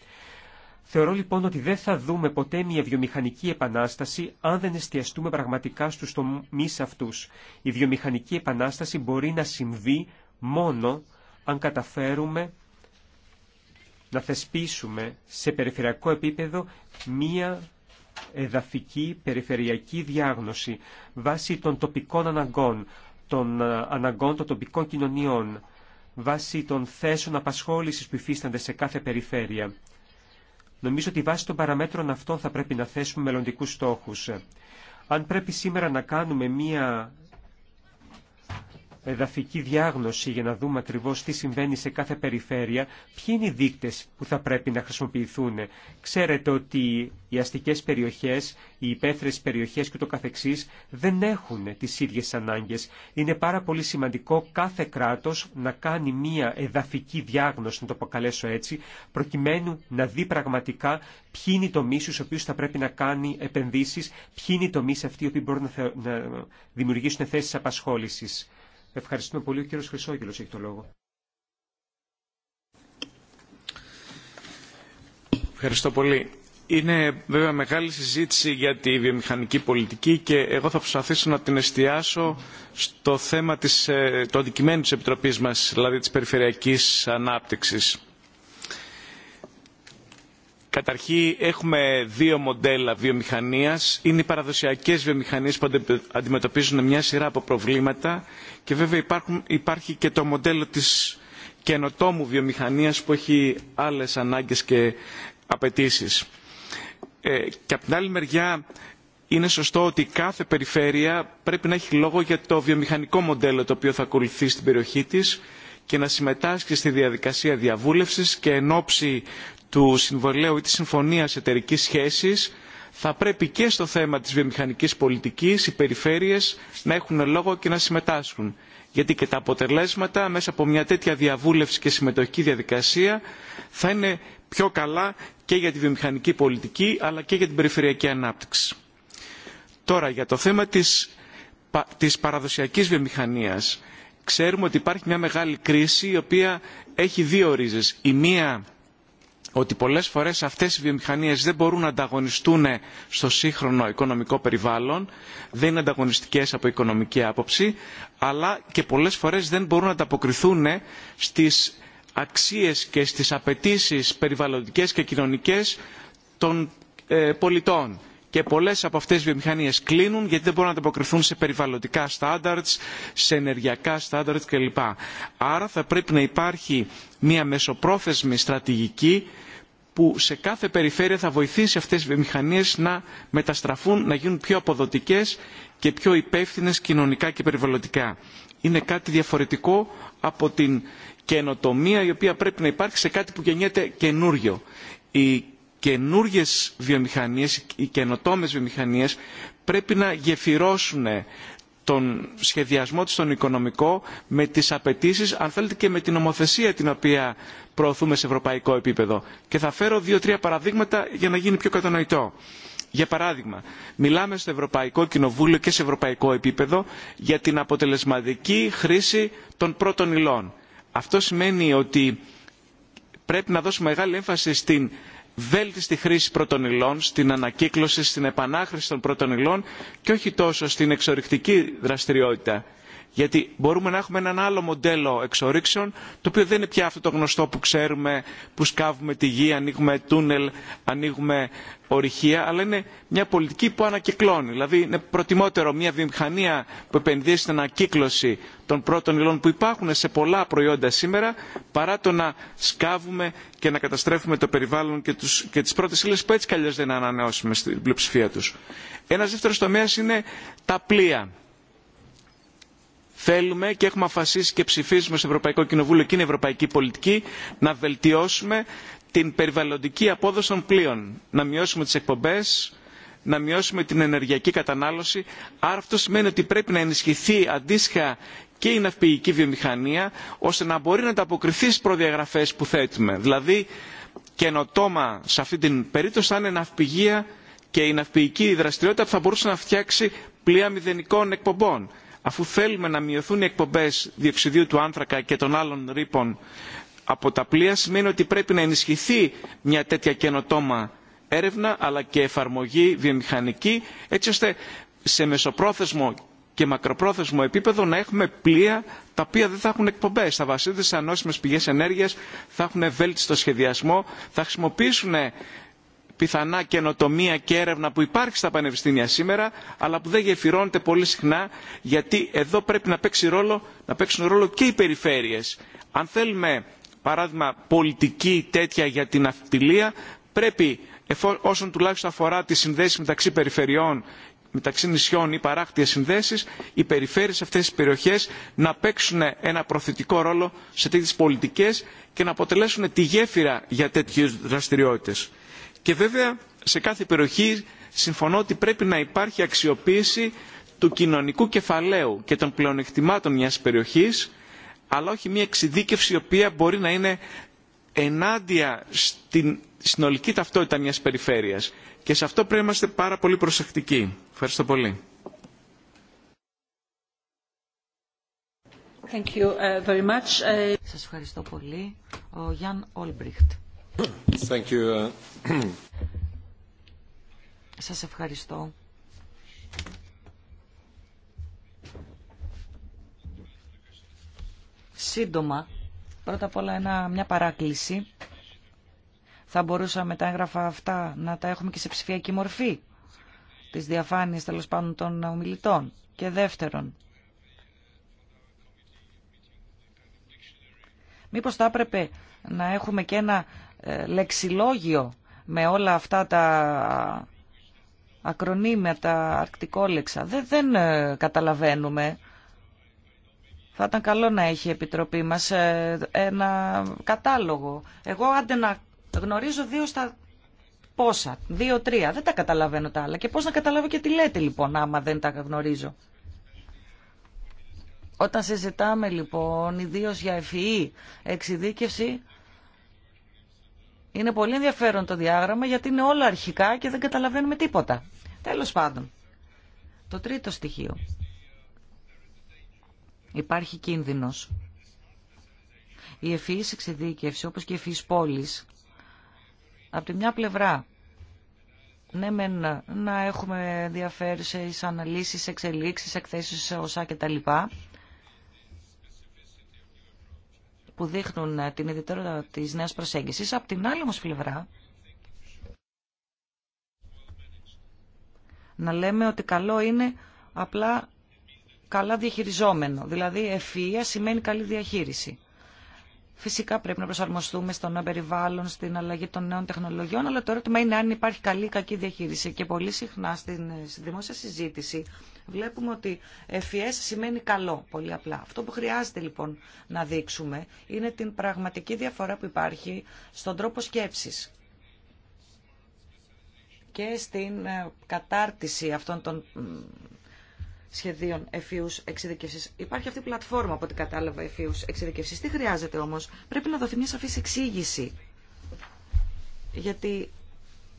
Θεωρώ λοιπόν ότι δεν θα δούμε ποτέ μια βιομηχανική επανάσταση αν δεν εστιαστούμε πραγματικά στους τομείς αυτούς. Η βιομηχανική επανάσταση μπορεί να συμβεί μόνο αν καταφέρουμε να θεσπίσουμε σε περιφερειακό επίπεδο μία εδαφική περιφερειακή διάγνωση βάσει των τοπικών αναγκών, των ε, αναγκών των τοπικών κοινωνιών, βάσει των θέσεων απασχόλησης που υφίστανται σε κάθε περιφέρεια. Νομίζω ότι βάσει των παραμέτρων αυτών θα πρέπει να θέσουμε μελλοντικού στόχους. Αν πρέπει σήμερα να κάνουμε μία εδαφική διάγνωση για να δούμε ακριβώς τι συμβαίνει σε κάθε περιφέρεια, ποιοι είναι οι δείκτες που θα πρέπει να χρησιμοποιηθούν. Ξέρετε ότι οι αστικές περιοχές, οι υπαίθρες περιοχές και το καθεξής δεν έχουν τις ίδιες ανάγκες. Είναι πάρα πολύ σημαντικό κάθε κράτος να κάνει μία εδαφική διάγνωση, να το αποκαλέσω έτσι, προκειμένου να δει πραγματικά ποιοι είναι οι τομείς στους οποίους θα πρέπει να κάνει επενδύσεις, ποιοι είναι οι τομείς αυτοί οι οποίοι μπορούν να δημιουργήσουν θέσεις απασχόλησης. Ευχαριστούμε πολύ. Ο κύριος Χρυσόγελος έχει το λόγο. Ευχαριστώ πολύ. Είναι βέβαια μεγάλη συζήτηση για τη βιομηχανική πολιτική και εγώ θα προσπαθήσω να την εστιάσω στο θέμα της, ε, το αντικειμένου της Επιτροπής μας, δηλαδή της Περιφερειακής Ανάπτυξης Καταρχήν έχουμε δύο μοντέλα βιομηχανίας. Είναι οι παραδοσιακές βιομηχανίες που αντιμετωπίζουν μια σειρά από προβλήματα και βέβαια υπάρχει και το μοντέλο της καινοτόμου βιομηχανίας που έχει άλλες ανάγκες και απαιτήσει. Ε, και από την άλλη μεριά είναι σωστό ότι κάθε περιφέρεια πρέπει να έχει λόγο για το βιομηχανικό μοντέλο το οποίο θα ακολουθεί στην περιοχή της και να συμμετάσχει στη διαδικασία διαβούλευσης και εν ώψη του συμβολέου ή της συμφωνίας εταιρικής σχέσης θα πρέπει και στο θέμα της βιομηχανικής πολιτικής οι περιφέρειες να έχουν λόγο και να συμμετάσχουν. Γιατί και τα αποτελέσματα μέσα από μια τέτοια διαβούλευση και συμμετοχική διαδικασία θα είναι πιο καλά και για τη βιομηχανική πολιτική αλλά και για την περιφερειακή ανάπτυξη. Τώρα για το θέμα της, της παραδοσιακής βιομηχανίας. Ξέρουμε ότι υπάρχει μια μεγάλη κρίση η οποία έχει δύο ρίζες. Η μία ότι πολλές φορές αυτές οι βιομηχανίες δεν μπορούν να ανταγωνιστούν στο σύγχρονο οικονομικό περιβάλλον, δεν είναι ανταγωνιστικές από οικονομική άποψη, αλλά και πολλές φορές δεν μπορούν να ανταποκριθούν στις αξίες και στις απαιτήσει περιβαλλοντικές και κοινωνικές των ε, πολιτών και πολλές από αυτές τις βιομηχανίες κλείνουν γιατί δεν μπορούν να ανταποκριθούν σε περιβαλλοντικά στάνταρτς, σε ενεργειακά στάνταρτς κλπ. Άρα θα πρέπει να υπάρχει μια μεσοπρόθεσμη στρατηγική που σε κάθε περιφέρεια θα βοηθήσει αυτές τις βιομηχανίες να μεταστραφούν, να γίνουν πιο αποδοτικές και πιο υπεύθυνε κοινωνικά και περιβαλλοντικά. Είναι κάτι διαφορετικό από την καινοτομία η οποία πρέπει να υπάρχει σε κάτι που γεννιέται καινούριο. Οι καινούριε βιομηχανίες, οι καινοτόμε βιομηχανίες πρέπει να γεφυρώσουν τον σχεδιασμό της τον οικονομικό με τις απαιτήσεις αν θέλετε και με την νομοθεσία την οποία προωθούμε σε ευρωπαϊκό επίπεδο. Και θα φέρω δύο-τρία παραδείγματα για να γίνει πιο κατανοητό. Για παράδειγμα, μιλάμε στο Ευρωπαϊκό Κοινοβούλιο και σε ευρωπαϊκό επίπεδο για την αποτελεσματική χρήση των πρώτων υλών. Αυτό σημαίνει ότι πρέπει να δώσουμε μεγάλη έμφαση στην βέλτιστη χρήση πρώτων υλών στην ανακύκλωση στην επανάχρηση των πρώτων υλών και όχι τόσο στην εξορυκτική δραστηριότητα γιατί μπορούμε να έχουμε έναν άλλο μοντέλο εξορίξεων το οποίο δεν είναι πια αυτό το γνωστό που ξέρουμε που σκάβουμε τη γη, ανοίγουμε τούνελ, ανοίγουμε ορυχεία αλλά είναι μια πολιτική που ανακυκλώνει. Δηλαδή είναι προτιμότερο μια βιομηχανία που επενδύει στην ανακύκλωση των πρώτων υλών που υπάρχουν σε πολλά προϊόντα σήμερα παρά το να σκάβουμε και να καταστρέφουμε το περιβάλλον και, τους, τις πρώτες ύλες που έτσι καλλιώς δεν ανανεώσουμε στην πλειοψηφία τους. Ένας δεύτερος τομέας είναι τα πλοία θέλουμε και έχουμε αποφασίσει και ψηφίζουμε στο ευρωπαϊκό κοινοβούλιο και είναι ευρωπαϊκή πολιτική να βελτιώσουμε την περιβαλλοντική απόδοση των πλοίων να μειώσουμε τις εκπομπές να μειώσουμε την ενεργειακή κατανάλωση άρα αυτό σημαίνει ότι πρέπει να ενισχυθεί αντίστοιχα και η ναυπηγική βιομηχανία ώστε να μπορεί να ανταποκριθεί στις προδιαγραφές που θέτουμε. δηλαδή καινοτόμα σε αυτή την περίπτωση θα είναι ναυπηγία και η ναυπηγική δραστηριότητα που θα μπορούσε να φτιάξει πλοία μηδενικών εκπομπών αφού θέλουμε να μειωθούν οι εκπομπές διοξιδίου του άνθρακα και των άλλων ρήπων από τα πλοία σημαίνει ότι πρέπει να ενισχυθεί μια τέτοια καινοτόμα έρευνα αλλά και εφαρμογή βιομηχανική έτσι ώστε σε μεσοπρόθεσμο και μακροπρόθεσμο επίπεδο να έχουμε πλοία τα οποία δεν θα έχουν εκπομπές, θα βασίζονται σε ανώσιμε πηγέ ενέργεια, θα έχουν ευέλτιστο σχεδιασμό, θα χρησιμοποιήσουν πιθανά καινοτομία και έρευνα που υπάρχει στα πανεπιστήμια σήμερα αλλά που δεν γεφυρώνεται πολύ συχνά γιατί εδώ πρέπει να, παίξει ρόλο, παίξουν ρόλο και οι περιφέρειες. Αν θέλουμε παράδειγμα πολιτική τέτοια για την αυτιλία πρέπει όσον τουλάχιστον αφορά τις συνδέσεις μεταξύ περιφερειών μεταξύ νησιών ή παράκτιες συνδέσεις οι περιφέρειες σε αυτές τις περιοχές να παίξουν ένα προθετικό ρόλο σε τέτοιες πολιτικές και να αποτελέσουν τη γέφυρα για τέτοιες δραστηριότητες. Και βέβαια σε κάθε περιοχή συμφωνώ ότι πρέπει να υπάρχει αξιοποίηση του κοινωνικού κεφαλαίου και των πλεονεκτημάτων μιας περιοχής, αλλά όχι μια εξειδίκευση η οποία μπορεί να είναι ενάντια στην συνολική ταυτότητα μιας περιφέρειας. Και σε αυτό πρέπει να είμαστε πάρα πολύ προσεκτικοί. Ευχαριστώ πολύ. Thank uh, Uh, Σας ευχαριστώ. Σύντομα, πρώτα απ' όλα ένα, μια παράκληση. Θα μπορούσαμε τα έγγραφα αυτά να τα έχουμε και σε ψηφιακή μορφή της διαφάνειας τέλο πάντων των ομιλητών. Και δεύτερον, μήπως θα έπρεπε να έχουμε και ένα ε, λεξιλόγιο με όλα αυτά τα ακρονίμια, τα αρκτικόλεξα. Δεν, δεν καταλαβαίνουμε. Θα ήταν καλό να έχει η Επιτροπή μας ε, ένα κατάλογο. Εγώ άντε να γνωρίζω δύο στα πόσα, δύο, τρία. Δεν τα καταλαβαίνω τα άλλα. Και πώς να καταλάβω και τι λέτε λοιπόν άμα δεν τα γνωρίζω. Όταν συζητάμε λοιπόν ιδίω για ευφυή e, εξειδίκευση, είναι πολύ ενδιαφέρον το διάγραμμα γιατί είναι όλα αρχικά και δεν καταλαβαίνουμε τίποτα. Τέλος πάντων, το τρίτο στοιχείο. Υπάρχει κίνδυνος. Η ευφυής εξειδίκευση όπως και η ευφυής πόλης από τη μια πλευρά ναι μεν να έχουμε ενδιαφέρουσες αναλύσεις, εξελίξεις, εκθέσεις, οσά λοιπά... που δείχνουν ε, την ιδιαιτερότητα της νέας προσέγγισης. Από την άλλη όμω πλευρά, να λέμε ότι καλό είναι απλά καλά διαχειριζόμενο. Δηλαδή ευφυα σημαίνει καλή διαχείριση. Φυσικά πρέπει να προσαρμοστούμε στο νέο περιβάλλον, στην αλλαγή των νέων τεχνολογιών, αλλά το ερώτημα είναι αν υπάρχει καλή ή κακή διαχείριση. Και πολύ συχνά στην, στη δημόσια συζήτηση βλέπουμε ότι FES σημαίνει καλό, πολύ απλά. Αυτό που χρειάζεται λοιπόν να δείξουμε είναι την πραγματική διαφορά που υπάρχει στον τρόπο σκέψης και στην ε, κατάρτιση αυτών των σχεδίων εφίους εξειδικευσή. Υπάρχει αυτή η πλατφόρμα από την κατάλαβα εφίους εξειδικευσή. Τι χρειάζεται όμω, πρέπει να δοθεί μια σαφή εξήγηση. Γιατί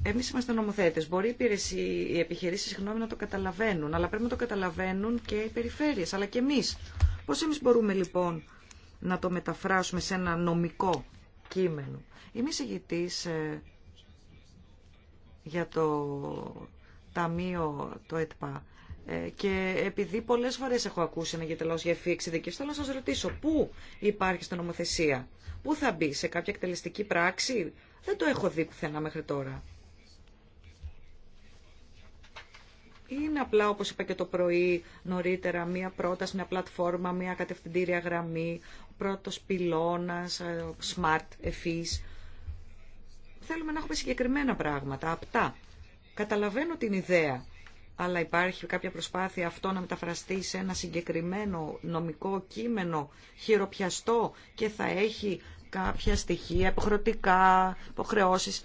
εμεί είμαστε νομοθέτε. Μπορεί οι, οι επιχειρήσει συγγνώμη, να το καταλαβαίνουν, αλλά πρέπει να το καταλαβαίνουν και οι περιφέρειε, αλλά και εμεί. Πώ εμεί μπορούμε λοιπόν να το μεταφράσουμε σε ένα νομικό κείμενο. Είμαι εισηγητή ε, για το Ταμείο, το ΕΤΠΑ. Ε, και επειδή πολλές φορές έχω ακούσει ένα λόγος για θέλω να σας ρωτήσω, πού υπάρχει στην νομοθεσία, πού θα μπει, σε κάποια εκτελεστική πράξη, δεν το έχω δει πουθενά μέχρι τώρα. Είναι απλά, όπως είπα και το πρωί νωρίτερα, μία πρόταση, μία πλατφόρμα, μία κατευθυντήρια γραμμή, ο πρώτος πυλώνας, ε, smart, εφής. Θέλουμε να έχουμε συγκεκριμένα πράγματα, απτά. Καταλαβαίνω την ιδέα αλλά υπάρχει κάποια προσπάθεια αυτό να μεταφραστεί σε ένα συγκεκριμένο νομικό κείμενο χειροπιαστό και θα έχει κάποια στοιχεία υποχρεωτικά, υποχρεώσει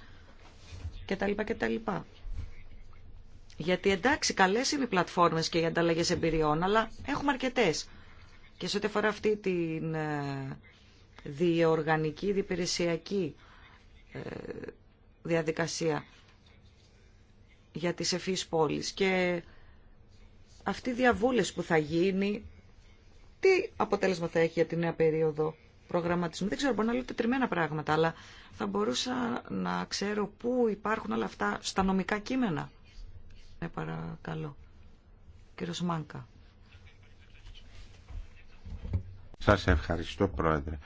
κτλ. κτλ. Γιατί εντάξει καλέ είναι οι πλατφόρμες και οι ανταλλαγέ εμπειριών, αλλά έχουμε αρκετέ Και σε ό,τι αφορά αυτή την ε, διοργανική, διπηρεσιακή ε, διαδικασία για τις ευφύς πόλεις και αυτή η διαβούλευση που θα γίνει, τι αποτέλεσμα θα έχει για τη νέα περίοδο προγραμματισμού. Δεν ξέρω, μπορεί να λέω τετριμένα πράγματα, αλλά θα μπορούσα να ξέρω πού υπάρχουν όλα αυτά στα νομικά κείμενα. Ναι, παρακαλώ. Κύριος Μάνκα. Σας ευχαριστώ, Πρόεδρε.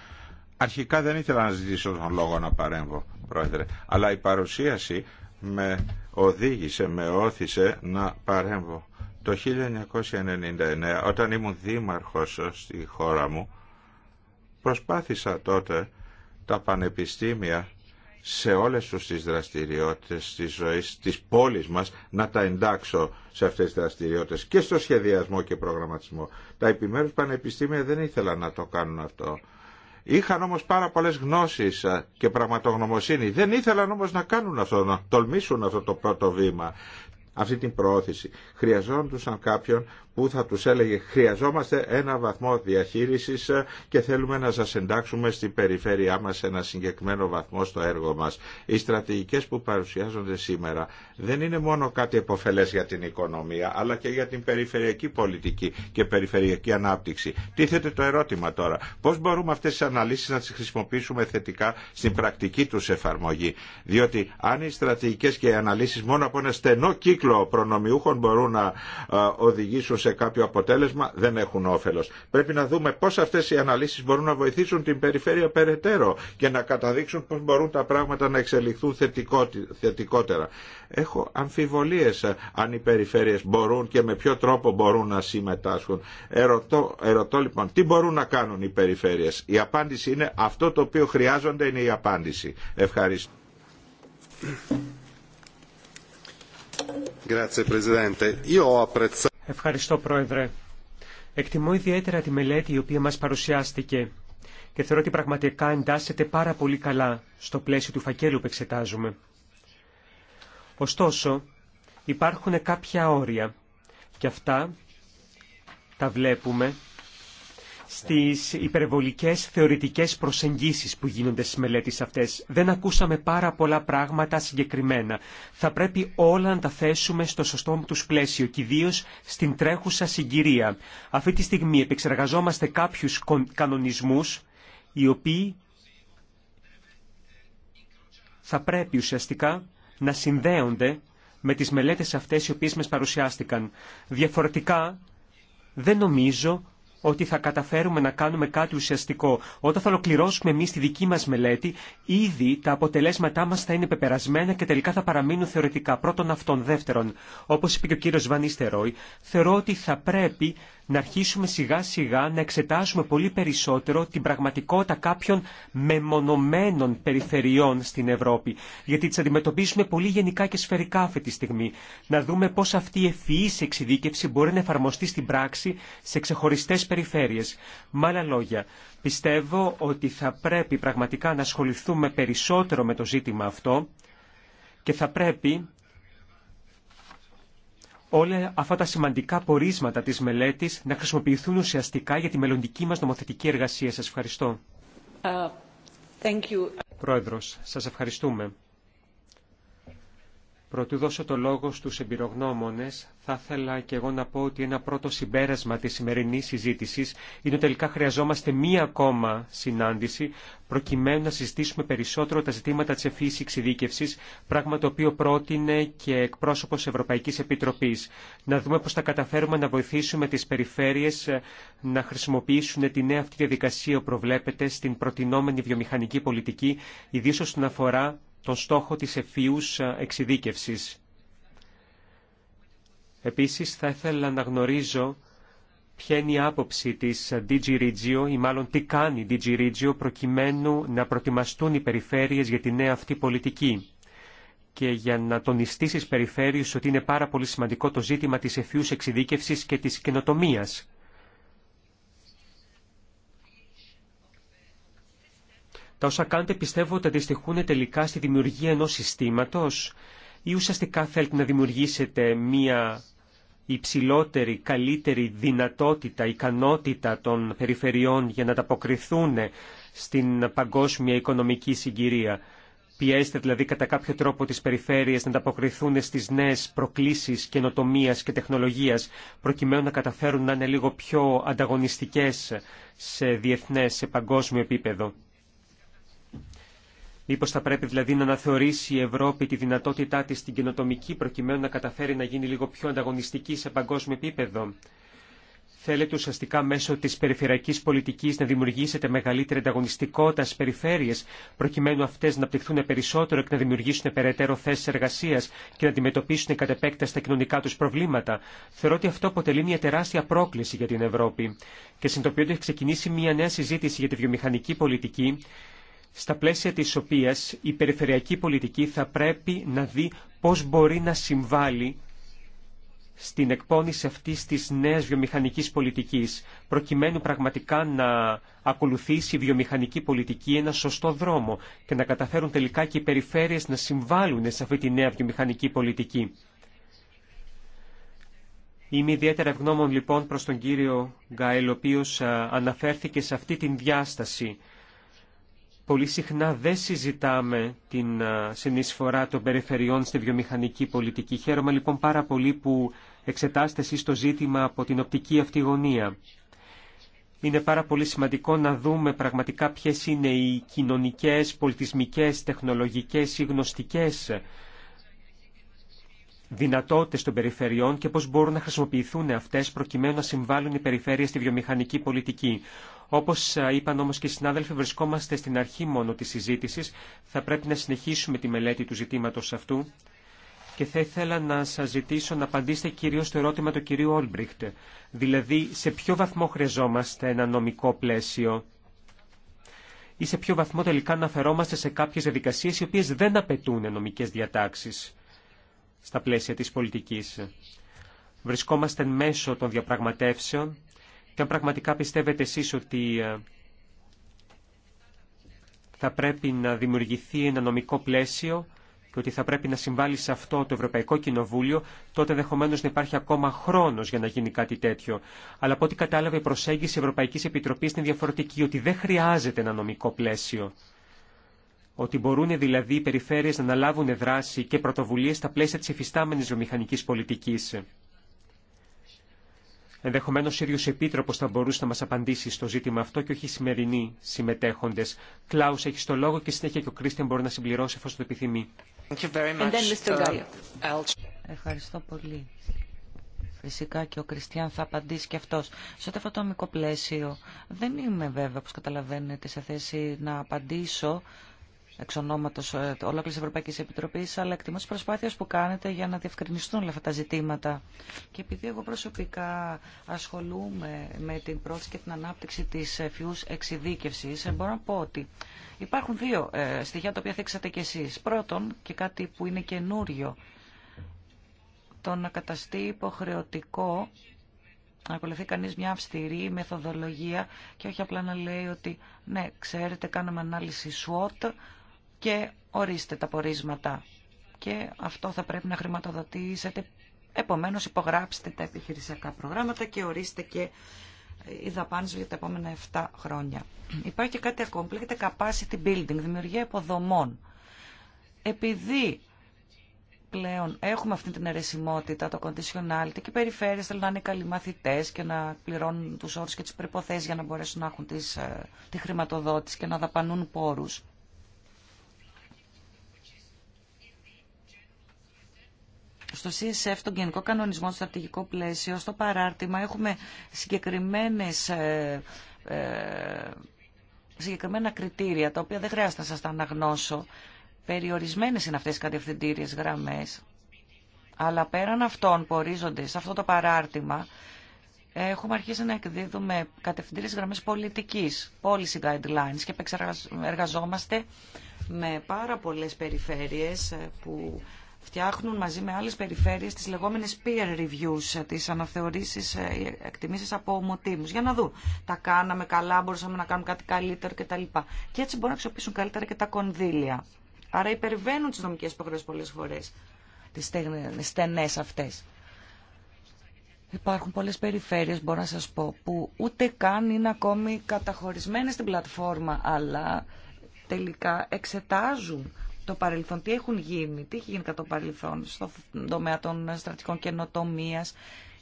Αρχικά δεν ήθελα να ζητήσω τον λόγο να παρέμβω, Πρόεδρε, αλλά η παρουσίαση με οδήγησε, με όθησε να παρέμβω. Το 1999, όταν ήμουν δήμαρχος στη χώρα μου, προσπάθησα τότε τα πανεπιστήμια σε όλες τους τις δραστηριότητες της ζωής της πόλης μας να τα εντάξω σε αυτές τις δραστηριότητες και στο σχεδιασμό και προγραμματισμό. Τα επιμέρους πανεπιστήμια δεν ήθελαν να το κάνουν αυτό. Είχαν όμως πάρα πολλές γνώσεις ε, και πραγματογνωμοσύνη. Δεν ήθελαν όμως να κάνουν αυτό, να τολμήσουν αυτό το πρώτο βήμα, αυτή την προώθηση. Χρειαζόντουσαν κάποιον που θα τους έλεγε χρειαζόμαστε ένα βαθμό διαχείρισης και θέλουμε να σας εντάξουμε στην περιφέρειά μας ένα συγκεκριμένο βαθμό στο έργο μας. Οι στρατηγικές που παρουσιάζονται σήμερα δεν είναι μόνο κάτι εποφελές για την οικονομία αλλά και για την περιφερειακή πολιτική και περιφερειακή ανάπτυξη. Τίθεται το ερώτημα τώρα. Πώς μπορούμε αυτές τις αναλύσεις να τις χρησιμοποιήσουμε θετικά στην πρακτική τους εφαρμογή. Διότι αν οι στρατηγικές και οι αναλύσεις μόνο από ένα στενό κύκλο προνομιούχων μπορούν να ε, οδηγήσουν σε κάποιο αποτέλεσμα δεν έχουν όφελο. Πρέπει να δούμε πώ αυτέ οι αναλύσει μπορούν να βοηθήσουν την περιφέρεια περαιτέρω και να καταδείξουν πώ μπορούν τα πράγματα να εξελιχθούν θετικότερα. Έχω αμφιβολίε αν οι περιφέρειε μπορούν και με ποιο τρόπο μπορούν να συμμετάσχουν. Ερωτώ, ερωτώ λοιπόν τι μπορούν να κάνουν οι περιφέρειε. Η απάντηση είναι αυτό το οποίο χρειάζονται είναι η απάντηση. Ευχαριστώ. Grazie Presidente. Io ho apprezzato Ευχαριστώ, Πρόεδρε. Εκτιμώ ιδιαίτερα τη μελέτη η οποία μας παρουσιάστηκε και θεωρώ ότι πραγματικά εντάσσεται πάρα πολύ καλά στο πλαίσιο του φακέλου που εξετάζουμε. Ωστόσο, υπάρχουν κάποια όρια και αυτά τα βλέπουμε στις υπερβολικές θεωρητικές προσεγγίσεις που γίνονται στις μελέτες αυτές. Δεν ακούσαμε πάρα πολλά πράγματα συγκεκριμένα. Θα πρέπει όλα να τα θέσουμε στο σωστό τους πλαίσιο και ιδίω στην τρέχουσα συγκυρία. Αυτή τη στιγμή επεξεργαζόμαστε κάποιους κανονισμούς οι οποίοι θα πρέπει ουσιαστικά να συνδέονται με τις μελέτες αυτές οι οποίες μας παρουσιάστηκαν. Διαφορετικά, δεν νομίζω ότι θα καταφέρουμε να κάνουμε κάτι ουσιαστικό. Όταν θα ολοκληρώσουμε εμεί τη δική μα μελέτη, ήδη τα αποτελέσματά μα θα είναι πεπερασμένα και τελικά θα παραμείνουν θεωρητικά. Πρώτον αυτόν. Δεύτερον, όπω είπε και ο κύριο Βανίστερόι, θεωρώ ότι θα πρέπει να αρχίσουμε σιγά σιγά να εξετάσουμε πολύ περισσότερο την πραγματικότητα κάποιων μεμονωμένων περιφερειών στην Ευρώπη, γιατί τι αντιμετωπίζουμε πολύ γενικά και σφαιρικά αυτή τη στιγμή. Να δούμε πώς αυτή η ευφυή εξειδίκευση μπορεί να εφαρμοστεί στην πράξη σε ξεχωριστέ περιφέρειες. Με άλλα λόγια, πιστεύω ότι θα πρέπει πραγματικά να ασχοληθούμε περισσότερο με το ζήτημα αυτό και θα πρέπει όλα αυτά τα σημαντικά πορίσματα της μελέτης να χρησιμοποιηθούν ουσιαστικά για τη μελλοντική μας νομοθετική εργασία. Σας ευχαριστώ. Ε, thank you. Πρόεδρος, σας ευχαριστούμε. Πρωτού δώσω το λόγο στους εμπειρογνώμονες, θα ήθελα και εγώ να πω ότι ένα πρώτο συμπέρασμα της σημερινής συζήτησης είναι ότι τελικά χρειαζόμαστε μία ακόμα συνάντηση προκειμένου να συζητήσουμε περισσότερο τα ζητήματα της ευφύης εξειδίκευσης, πράγμα το οποίο πρότεινε και εκπρόσωπος Ευρωπαϊκής Επιτροπής. Να δούμε πώς θα καταφέρουμε να βοηθήσουμε τις περιφέρειες ε, να χρησιμοποιήσουν τη νέα αυτή διαδικασία που προβλέπεται στην προτινόμενη βιομηχανική πολιτική, ιδίως όσον αφορά τον στόχο της ευφύους ε, εξειδίκευσης. Επίσης θα ήθελα να γνωρίζω ποια είναι η άποψη της DG Regio ή μάλλον τι κάνει η DG Regio προκειμένου να προετοιμαστούν οι περιφέρειες για τη νέα αυτή πολιτική και για να τονιστεί στις περιφέρειες ότι είναι πάρα πολύ σημαντικό το ζήτημα της ευφύους εξειδίκευσης και της καινοτομίας. Τα όσα κάνετε πιστεύω ότι αντιστοιχούν τελικά στη δημιουργία ενός συστήματος ή ουσιαστικά θέλετε να δημιουργήσετε μία υψηλότερη, καλύτερη δυνατότητα, ικανότητα των περιφερειών για να ανταποκριθούν στην παγκόσμια οικονομική συγκυρία. Πιέστε δηλαδή κατά κάποιο τρόπο τις περιφέρειες να ανταποκριθούν στις νέες προκλήσεις καινοτομία και τεχνολογίας προκειμένου να καταφέρουν να είναι λίγο πιο ανταγωνιστικές σε διεθνές, σε παγκόσμιο επίπεδο. Μήπως θα πρέπει δηλαδή να αναθεωρήσει η Ευρώπη τη δυνατότητά της στην καινοτομική προκειμένου να καταφέρει να γίνει λίγο πιο ανταγωνιστική σε παγκόσμιο επίπεδο. Θέλετε ουσιαστικά μέσω της περιφερειακής πολιτικής να δημιουργήσετε μεγαλύτερη ανταγωνιστικότητα στις περιφέρειες, προκειμένου αυτές να απτυχθούν περισσότερο και να δημιουργήσουν περαιτέρω θέσεις εργασίας και να αντιμετωπίσουν κατ' επέκταση τα κοινωνικά τους προβλήματα. Θεωρώ ότι αυτό αποτελεί μια τεράστια πρόκληση για την Ευρώπη. Και συνειδητοποιώ ότι έχει ξεκινήσει μια νέα συζήτηση για τη βιομηχανική πολιτική, στα πλαίσια της οποίας η περιφερειακή πολιτική θα πρέπει να δει πώς μπορεί να συμβάλλει στην εκπόνηση αυτής της νέας βιομηχανικής πολιτικής, προκειμένου πραγματικά να ακολουθήσει η βιομηχανική πολιτική ένα σωστό δρόμο και να καταφέρουν τελικά και οι περιφέρειες να συμβάλλουν σε αυτή τη νέα βιομηχανική πολιτική. Είμαι ιδιαίτερα ευγνώμων λοιπόν προς τον κύριο Γκάιλ, ο οποίος αναφέρθηκε σε αυτή την διάσταση πολύ συχνά δεν συζητάμε την συνεισφορά των περιφερειών στη βιομηχανική πολιτική. Χαίρομαι λοιπόν πάρα πολύ που εξετάστε εσείς το ζήτημα από την οπτική αυτή γωνία. Είναι πάρα πολύ σημαντικό να δούμε πραγματικά ποιες είναι οι κοινωνικές, πολιτισμικές, τεχνολογικές ή γνωστικές δυνατότητες των περιφερειών και πώς μπορούν να χρησιμοποιηθούν αυτές προκειμένου να συμβάλλουν οι περιφέρειες στη βιομηχανική πολιτική. Όπως είπαν όμως και οι συνάδελφοι, βρισκόμαστε στην αρχή μόνο της συζήτησης. Θα πρέπει να συνεχίσουμε τη μελέτη του ζητήματος αυτού. Και θα ήθελα να σας ζητήσω να απαντήσετε κυρίως στο ερώτημα του κυρίου Όλμπριχτ. Δηλαδή, σε ποιο βαθμό χρειαζόμαστε ένα νομικό πλαίσιο ή σε ποιο βαθμό τελικά αναφερόμαστε σε κάποιες διαδικασίε οι οποίες δεν απαιτούν νομικές διατάξεις στα πλαίσια της πολιτικής. Βρισκόμαστε μέσω των διαπραγματεύσεων και αν πραγματικά πιστεύετε εσείς ότι ε, θα πρέπει να δημιουργηθεί ένα νομικό πλαίσιο και ότι θα πρέπει να συμβάλλει σε αυτό το Ευρωπαϊκό Κοινοβούλιο, τότε ενδεχομένω να υπάρχει ακόμα χρόνο για να γίνει κάτι τέτοιο. Αλλά από ό,τι κατάλαβε η προσέγγιση Ευρωπαϊκή Επιτροπή είναι διαφορετική, ότι δεν χρειάζεται ένα νομικό πλαίσιο. Ότι μπορούν δηλαδή οι περιφέρειε να αναλάβουν δράση και πρωτοβουλίε στα πλαίσια τη εφιστάμενη βιομηχανική πολιτική. Ενδεχομένω ο ίδιο επίτροπο θα μπορούσε να μα απαντήσει στο ζήτημα αυτό και όχι οι σημερινοί συμμετέχοντε. Κλάου, έχει το λόγο και συνέχεια και ο Κρίστιαν μπορεί να συμπληρώσει εφόσον το επιθυμεί. Uh, Ευχαριστώ πολύ. Φυσικά και ο Κριστιαν θα απαντήσει και αυτό. Σε αυτό το αμικό πλαίσιο δεν είμαι βέβαια, όπω καταλαβαίνετε, σε θέση να απαντήσω εξ ονόματο ε, ολόκληρη Ευρωπαϊκή Επιτροπή, αλλά εκτιμώ τι προσπάθειε που κάνετε για να διευκρινιστούν όλα αυτά τα ζητήματα. Και επειδή εγώ προσωπικά ασχολούμαι με την πρόθεση και την ανάπτυξη τη ε, φιού εξειδίκευση, ε, μπορώ να πω ότι υπάρχουν δύο στοιχεία τα οποία θέξατε κι εσεί. Πρώτον, και κάτι που είναι καινούριο, το να καταστεί υποχρεωτικό να ακολουθεί κανείς μια αυστηρή μεθοδολογία και όχι απλά να λέει ότι ναι, ξέρετε, κάναμε ανάλυση SWOT, και ορίστε τα πορίσματα. Και αυτό θα πρέπει να χρηματοδοτήσετε. Επομένως υπογράψτε τα επιχειρησιακά προγράμματα και ορίστε και οι δαπάνε για τα επόμενα 7 χρόνια. Υπάρχει και κάτι που λέγεται capacity building, δημιουργία υποδομών. Επειδή πλέον έχουμε αυτή την αιρεσιμότητα, το conditionality και οι περιφέρειες θέλουν να είναι καλοί μαθητές και να πληρώνουν τους όρους και τις προϋποθέσεις για να μπορέσουν να έχουν τις, ε, τη χρηματοδότηση και να δαπανούν πόρους. στο CSF, τον Γενικό Κανονισμό, στο Στρατηγικό Πλαίσιο, στο παράρτημα, έχουμε συγκεκριμένες ε, ε, συγκεκριμένα κριτήρια, τα οποία δεν χρειάζεται να σας τα αναγνώσω. Περιορισμένες είναι αυτές οι κατευθυντήριες γραμμές, αλλά πέραν αυτών που ορίζονται σε αυτό το παράρτημα, έχουμε αρχίσει να εκδίδουμε κατευθυντήριες γραμμές πολιτικής, policy guidelines και εργαζόμαστε με πάρα πολλές περιφέρειες ε, που φτιάχνουν μαζί με άλλες περιφέρειες τις λεγόμενες peer reviews, ε, τις αναθεωρήσεις, ε, εκτιμήσεις από ομοτήμους. Για να δουν, τα κάναμε καλά, μπορούσαμε να κάνουμε κάτι καλύτερο κτλ. Και έτσι μπορούν να αξιοποιήσουν καλύτερα και τα κονδύλια. Άρα υπερβαίνουν τις νομικές υποχρεώσεις πολλές φορές, τις στενές αυτές. Υπάρχουν πολλές περιφέρειες, μπορώ να σας πω, που ούτε καν είναι ακόμη καταχωρισμένες στην πλατφόρμα, αλλά τελικά εξετάζουν το παρελθόν, τι έχουν γίνει, τι έχει γίνει κατά το παρελθόν στον τομέα των στρατικών καινοτομία.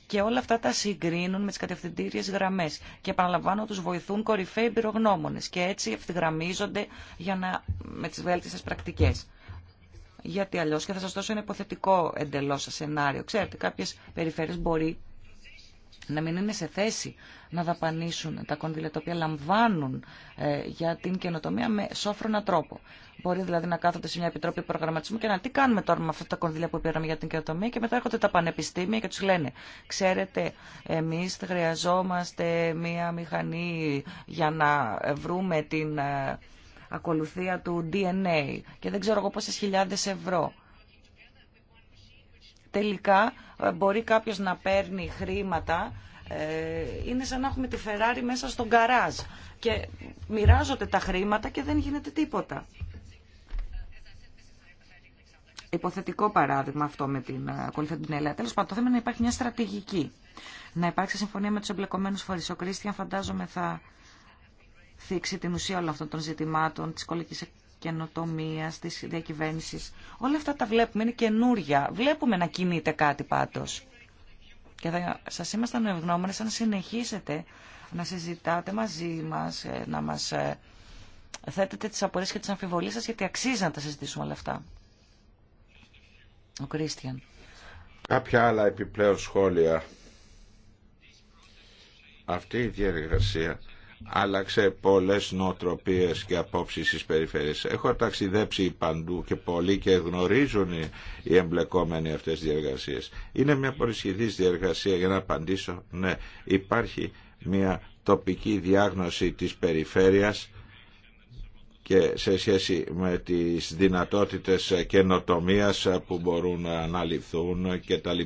Και όλα αυτά τα συγκρίνουν με τι κατευθυντήριε γραμμέ. Και επαναλαμβάνω, του βοηθούν κορυφαίοι εμπειρογνώμονε. Και έτσι ευθυγραμμίζονται για να, με τι βέλτιστε πρακτικέ. Γιατί αλλιώ, και θα σα δώσω ένα υποθετικό εντελώ σενάριο. Ξέρετε, κάποιε περιφέρειε μπορεί να μην είναι σε θέση να δαπανίσουν τα κονδύλια τα οποία λαμβάνουν ε, για την καινοτομία με σόφρονα τρόπο. Μπορεί δηλαδή να κάθονται σε μια επιτροπή προγραμματισμού και να τι κάνουμε τώρα με αυτά τα κονδύλια που πήραμε για την καινοτομία και μετά έρχονται τα πανεπιστήμια και του λένε Ξέρετε, εμεί χρειαζόμαστε μια μηχανή για να βρούμε την ε, ακολουθία του DNA και δεν ξέρω εγώ πόσε χιλιάδε ευρώ τελικά ε, μπορεί κάποιος να παίρνει χρήματα ε, είναι σαν να έχουμε τη Φεράρι μέσα στον Καράζ. και μοιράζονται τα χρήματα και δεν γίνεται τίποτα. Υποθετικό παράδειγμα αυτό με την Ελλάδα. Τέλο πάντων, το θέμα είναι να υπάρχει μια στρατηγική. Να υπάρξει συμφωνία με του εμπλεκομένου φορεί. Ο Κρίστιαν, φαντάζομαι, θα θίξει την ουσία όλων αυτών των ζητημάτων τη κολλική καινοτομία, τη διακυβέρνηση. Όλα αυτά τα βλέπουμε, είναι καινούρια. Βλέπουμε να κινείται κάτι πάντω. Και θα σα ήμασταν ευγνώμονε αν συνεχίσετε να συζητάτε μαζί μα, ε, να μα ε, θέτετε τι απορίε και τι αμφιβολίε σα, γιατί αξίζει να τα συζητήσουμε όλα αυτά. Ο Κρίστιαν. Κάποια άλλα επιπλέον σχόλια. Αυτή η διαδικασία άλλαξε πολλές νοοτροπίες και απόψεις στις περιφέρειες. Έχω ταξιδέψει παντού και πολλοί και γνωρίζουν οι εμπλεκόμενοι αυτές τις διεργασίες. Είναι μια πολυσχηδή διεργασία για να απαντήσω. Ναι, υπάρχει μια τοπική διάγνωση της περιφέρειας και σε σχέση με τις δυνατότητες καινοτομία που μπορούν να αναλυθούν κτλ.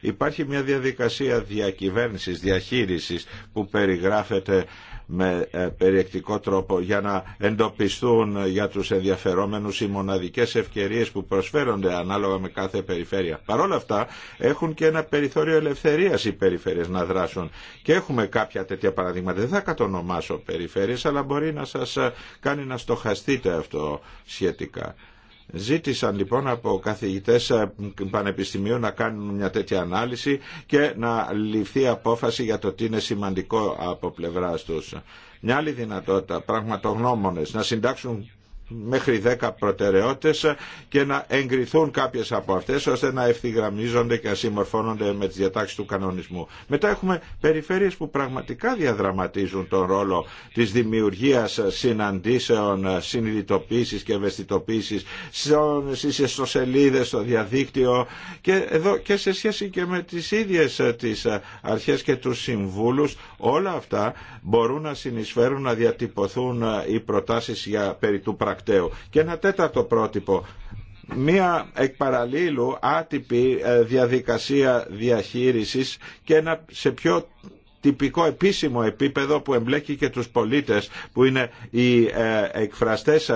Υπάρχει μια διαδικασία διακυβέρνησης, διαχείρισης που περιγράφεται με ε, περιεκτικό τρόπο για να εντοπιστούν για τους ενδιαφερόμενους οι μοναδικές ευκαιρίες που προσφέρονται ανάλογα με κάθε περιφέρεια. Παρ' όλα αυτά έχουν και ένα περιθώριο ελευθερίας οι περιφέρειες να δράσουν και έχουμε κάποια τέτοια παραδείγματα. Δεν θα κατονομάσω περιφέρειες αλλά μπορεί να σας ε, κάνει να στοχαστείτε αυτό σχετικά. Ζήτησαν λοιπόν από καθηγητές ε, πανεπιστημίου να κάνουν μια τέτοια ανάλυση και να ληφθεί απόφαση για το τι είναι σημαντικό από πλευράς τους. Μια άλλη δυνατότητα, πραγματογνώμονες, να συντάξουν μέχρι 10 προτεραιότητες και να εγκριθούν κάποιες από αυτές ώστε να ευθυγραμμίζονται και να συμμορφώνονται με τις διατάξεις του κανονισμού. Μετά έχουμε περιφέρειες που πραγματικά διαδραματίζουν τον ρόλο της δημιουργίας συναντήσεων, συνειδητοποίησης και ευαισθητοποίησης στις ιστοσελίδες, στο διαδίκτυο και εδώ και σε σχέση και με τις ίδιες ε, τις ε, αρχές και τους συμβούλους Όλα αυτά μπορούν να συνεισφέρουν να διατυπωθούν ε, οι προτάσεις για περί του πρακτέου. Και ένα τέταρτο πρότυπο μία εκ παραλίλου άτυπη ε, διαδικασία διαχείρισης και ένα σε πιο τυπικό επίσημο επίπεδο που εμπλέκει και τους πολίτες που είναι οι ε, εκφραστές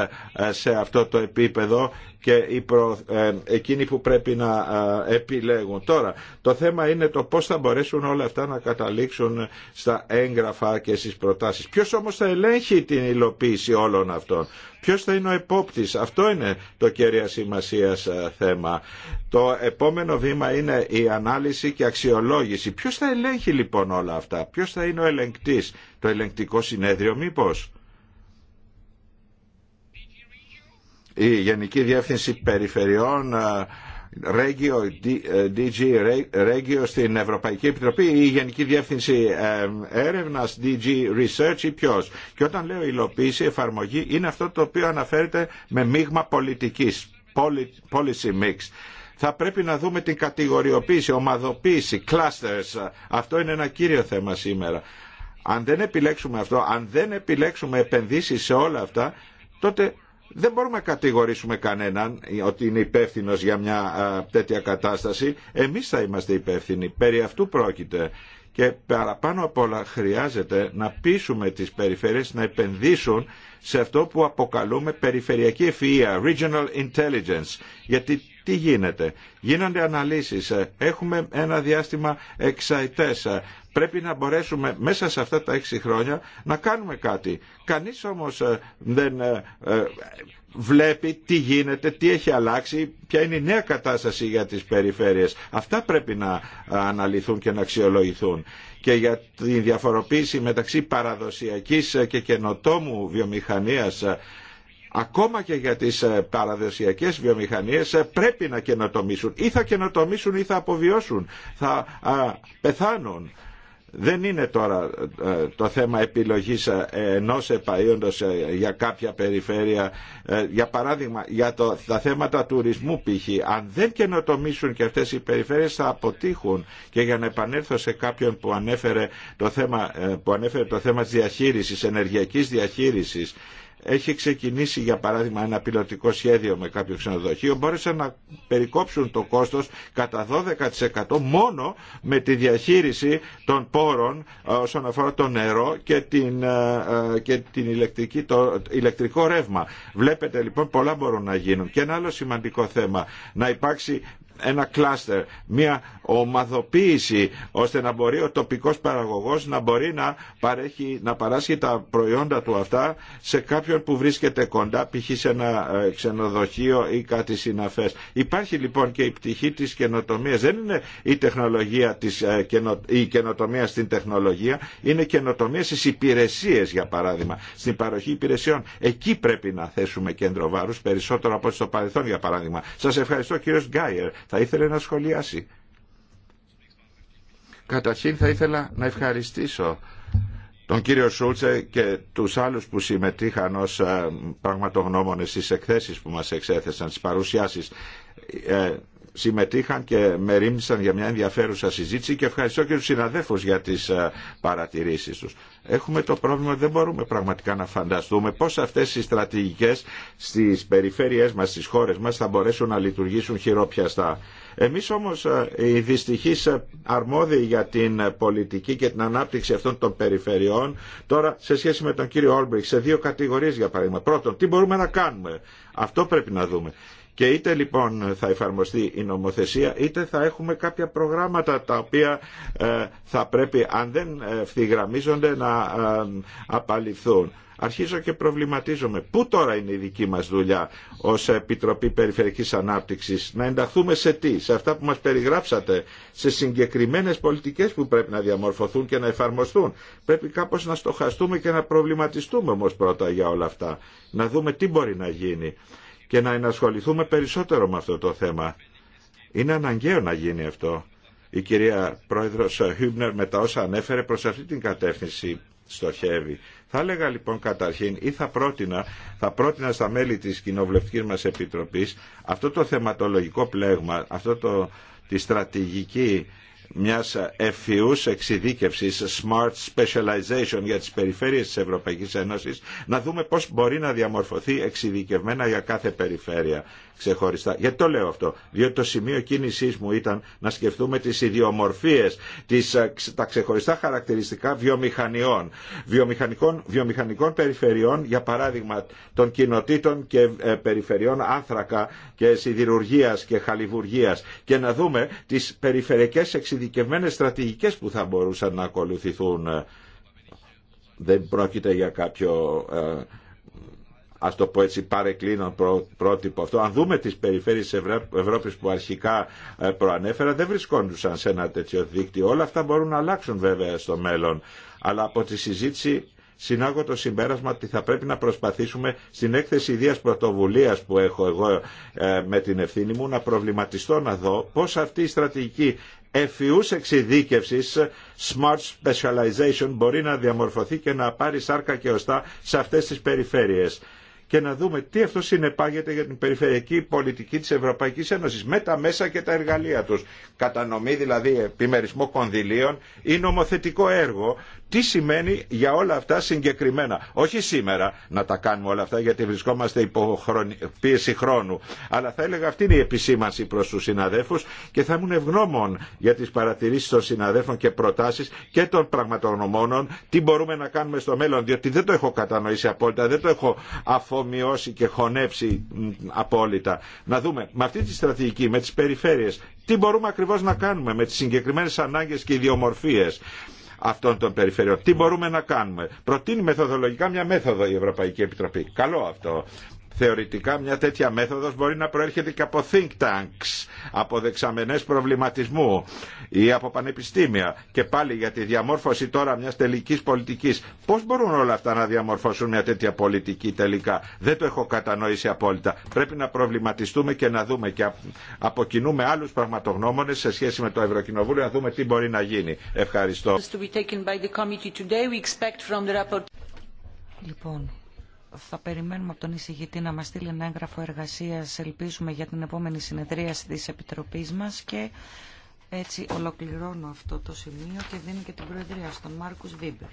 σε αυτό το επίπεδο και οι προ... Ε, εκείνοι που πρέπει να ε, επιλέγουν. Τώρα, το θέμα είναι το πώς θα μπορέσουν όλα αυτά να καταλήξουν στα έγγραφα και στις προτάσεις. Ποιος όμως θα ελέγχει την υλοποίηση όλων αυτών. Ποιος θα είναι ο επόπτης. Αυτό είναι το κέρια σημασία ε, θέμα. Το επόμενο βήμα είναι η ανάλυση και αξιολόγηση. Ποιος θα ελέγχει λοιπόν όλα αυτά. Ποιος θα είναι ο ελεγκτής. Το ελεγκτικό συνέδριο μήπως. η Γενική Διεύθυνση Περιφερειών ε, Regio, DG ε, Regio στην Ευρωπαϊκή Επιτροπή ή η Γενική Διεύθυνση ε, Έρευνας DG Research ή ποιος. Και όταν λέω υλοποίηση, εφαρμογή είναι αυτό το οποίο αναφέρεται με μείγμα πολιτικής, policy mix θα πρέπει να δούμε την κατηγοριοποίηση, ομαδοποίηση, clusters. Αυτό είναι ένα κύριο θέμα σήμερα. Αν δεν επιλέξουμε αυτό, αν δεν επιλέξουμε επενδύσεις σε όλα αυτά, τότε δεν μπορούμε να κατηγορήσουμε κανέναν ότι είναι υπεύθυνο για μια τέτοια κατάσταση. Εμείς θα είμαστε υπεύθυνοι. Περί αυτού πρόκειται. Και παραπάνω απ' όλα χρειάζεται να πείσουμε τις περιφέρειες να επενδύσουν σε αυτό που αποκαλούμε περιφερειακή ευφυΐα, regional intelligence, γιατί τι γίνεται. Γίνονται αναλύσεις, ε, έχουμε ένα διάστημα εξαετές. Ε, πρέπει να μπορέσουμε μέσα σε αυτά τα έξι χρόνια να κάνουμε κάτι. Κανείς όμως ε, δεν βλέπει τι γίνεται, τι έχει αλλάξει, ποια είναι η νέα κατάσταση για τις περιφέρειες. Αυτά πρέπει να αναλυθούν και να αξιολογηθούν και για τη διαφοροποίηση μεταξύ παραδοσιακής και καινοτόμου βιομηχανίας ακόμα και για τις ε, παραδοσιακές βιομηχανίες ε, πρέπει να καινοτομήσουν. Ή θα καινοτομήσουν ή θα αποβιώσουν, θα πεθάνουν. Δεν είναι τώρα ε, το θέμα επιλογής ενός επαΐοντος για κάποια περιφέρεια. Για παράδειγμα, για το, τα θέματα τουρισμού π.χ. Αν δεν καινοτομήσουν και αυτές οι περιφέρειες θα αποτύχουν. Και για να επανέλθω σε κάποιον που ανέφερε το θέμα, που ανέφερε το θέμα της διαχείρισης, ενεργειακής διαχείρισης έχει ξεκινήσει για παράδειγμα ένα πιλωτικό σχέδιο με κάποιο ξενοδοχείο μπόρεσαν να περικόψουν το κόστος κατά 12% μόνο με τη διαχείριση των πόρων ε, όσον αφορά το νερό και, την, ε, ε, και την ηλεκτρική, το ηλεκτρικό ρεύμα. Βλέπετε λοιπόν πολλά μπορούν να γίνουν. Και ένα άλλο σημαντικό θέμα να υπάρξει ένα κλάστερ, μια ομαδοποίηση ώστε να μπορεί ο τοπικός παραγωγός να μπορεί να, παρέχει, να παράσχει τα προϊόντα του αυτά σε κάποιον που βρίσκεται κοντά π.χ. σε ένα ε, ξενοδοχείο ή κάτι συναφές. Υπάρχει λοιπόν και η πτυχή της καινοτομίας. Δεν είναι η, τεχνολογία της, ε, η καινοτομία στην τεχνολογία, είναι καινοτομία στις υπηρεσίες για παράδειγμα, στην παροχή υπηρεσιών. Εκεί πρέπει να θέσουμε κέντρο βάρους περισσότερο από στο παρελθόν για παράδειγμα. Σας ευχαριστώ κύριος Γκάιερ θα ήθελε να σχολιάσει. Καταρχήν θα ήθελα να ευχαριστήσω τον κύριο Σούλτσε και τους άλλους που συμμετείχαν ως ε, πραγματογνώμονες στις εκθέσεις που μας εξέθεσαν, στις παρουσιάσεις. Ε, συμμετείχαν και με ρίμνησαν για μια ενδιαφέρουσα συζήτηση και ευχαριστώ και τους συναδέφους για τις ε, παρατηρήσεις τους. Έχουμε το πρόβλημα, δεν μπορούμε πραγματικά να φανταστούμε πώς αυτές οι στρατηγικές στις περιφέρειές μας, στις χώρες μας θα μπορέσουν να λειτουργήσουν χειρόπιαστα. Εμείς όμως ε, οι δυστυχείς ε, αρμόδιοι για την πολιτική και την ανάπτυξη αυτών των περιφερειών τώρα σε σχέση με τον κύριο Όλμπριχ σε δύο κατηγορίες για παράδειγμα. Πρώτον, τι μπορούμε να κάνουμε. Αυτό πρέπει να δούμε. Και είτε λοιπόν θα εφαρμοστεί η νομοθεσία, είτε θα έχουμε κάποια προγράμματα τα οποία ε, θα πρέπει, αν δεν ευθυγραμμίζονται, να ε, απαλληφθούν. Αρχίζω και προβληματίζομαι. Πού τώρα είναι η δική μας δουλειά ως Επιτροπή Περιφερειακής Ανάπτυξης. Να ενταχθούμε σε τι, σε αυτά που μας περιγράψατε, σε συγκεκριμένες πολιτικές που πρέπει να διαμορφωθούν και να εφαρμοστούν. Πρέπει κάπως να στοχαστούμε και να προβληματιστούμε όμως πρώτα για όλα αυτά. Να δούμε τι μπορεί να γίνει και να ενασχοληθούμε περισσότερο με αυτό το θέμα. Είναι αναγκαίο να γίνει αυτό. Η κυρία Πρόεδρος Χούμπνερ με τα όσα ανέφερε προς αυτή την κατεύθυνση στοχεύει. Θα έλεγα λοιπόν καταρχήν ή θα πρότεινα, θα πρότεινα στα μέλη της κοινοβουλευτική μας επιτροπής αυτό το θεματολογικό πλέγμα, αυτό το, τη στρατηγική μιας ευφυούς εξειδίκευσης smart specialization για τις περιφέρειες της Ευρωπαϊκής Ένωσης να δούμε πώς μπορεί να διαμορφωθεί εξειδικευμένα για κάθε περιφέρεια ξεχωριστά. Γιατί το λέω αυτό. Διότι το σημείο κίνησής μου ήταν να σκεφτούμε τις ιδιομορφίες, ε, τα ξεχωριστά χαρακτηριστικά βιομηχανιών, βιομηχανικών, βιομηχανικών περιφερειών, για παράδειγμα των κοινοτήτων και ε, περιφερειών άνθρακα και σιδηρουργίας και χαλιβουργίας και να δούμε τις περιφερειακές εξειδικεύσεις εξειδικευμένες στρατηγικές που θα μπορούσαν να ακολουθηθούν. Δεν πρόκειται για κάποιο ε, ας το πω έτσι παρεκκλίνον πρότυπο αυτό. Αν δούμε τις περιφέρειες Ευρώπης που αρχικά ε, προανέφερα δεν βρισκόντουσαν σε ένα τέτοιο δίκτυο. Όλα αυτά μπορούν να αλλάξουν βέβαια στο μέλλον. Αλλά από τη συζήτηση συνάγω το συμπέρασμα ότι θα πρέπει να προσπαθήσουμε στην έκθεση ιδίας πρωτοβουλίας που έχω εγώ ε, με την ευθύνη μου να προβληματιστώ να δω πώς αυτή η στρατηγική ευφυούς εξειδίκευσης smart specialization μπορεί να διαμορφωθεί και να πάρει σάρκα και οστά σε αυτές τις περιφέρειες και να δούμε τι αυτό συνεπάγεται για την περιφερειακή πολιτική της Ευρωπαϊκής Ένωσης με τα μέσα και τα εργαλεία τους. Κατανομή δηλαδή επιμερισμό κονδυλίων ή νομοθετικό έργο τι σημαίνει για όλα αυτά συγκεκριμένα. Όχι σήμερα να τα κάνουμε όλα αυτά γιατί βρισκόμαστε υπό πίεση χρόνου. Αλλά θα έλεγα αυτή είναι η επισήμανση προ του συναδέφους και θα ήμουν ευγνώμων για τι παρατηρήσει των συναδέφων και προτάσει και των πραγματογνωμόνων τι μπορούμε να κάνουμε στο μέλλον διότι δεν το έχω κατανοήσει απόλυτα, δεν το έχω αφομοιώσει και χωνέψει απόλυτα. Να δούμε με αυτή τη στρατηγική, με τι περιφέρειες, τι μπορούμε ακριβώ να κάνουμε με τι συγκεκριμένε ανάγκε και ιδιομορφίε αυτών των περιφερειών. Τι μπορούμε να κάνουμε. Προτείνει μεθοδολογικά μια μέθοδο η Ευρωπαϊκή Επιτροπή. Καλό αυτό. Θεωρητικά μια τέτοια μέθοδος μπορεί να προέρχεται και από think tanks, από δεξαμενές προβληματισμού ή από πανεπιστήμια και πάλι για τη διαμόρφωση τώρα μιας τελικής πολιτικής. Πώς μπορούν όλα αυτά να διαμορφώσουν μια τέτοια πολιτική τελικά. Δεν το έχω κατανοήσει απόλυτα. Πρέπει να προβληματιστούμε και να δούμε και αποκινούμε άλλους πραγματογνώμονες σε σχέση με το Ευρωκοινοβούλιο να δούμε τι μπορεί να γίνει. Ευχαριστώ. Θα περιμένουμε από τον εισηγητή να μας στείλει ένα έγγραφο εργασίας, ελπίζουμε για την επόμενη συνεδρίαση της Επιτροπής μας και έτσι ολοκληρώνω αυτό το σημείο και δίνω και την Προεδρία στον Μάρκους Βίμπερ.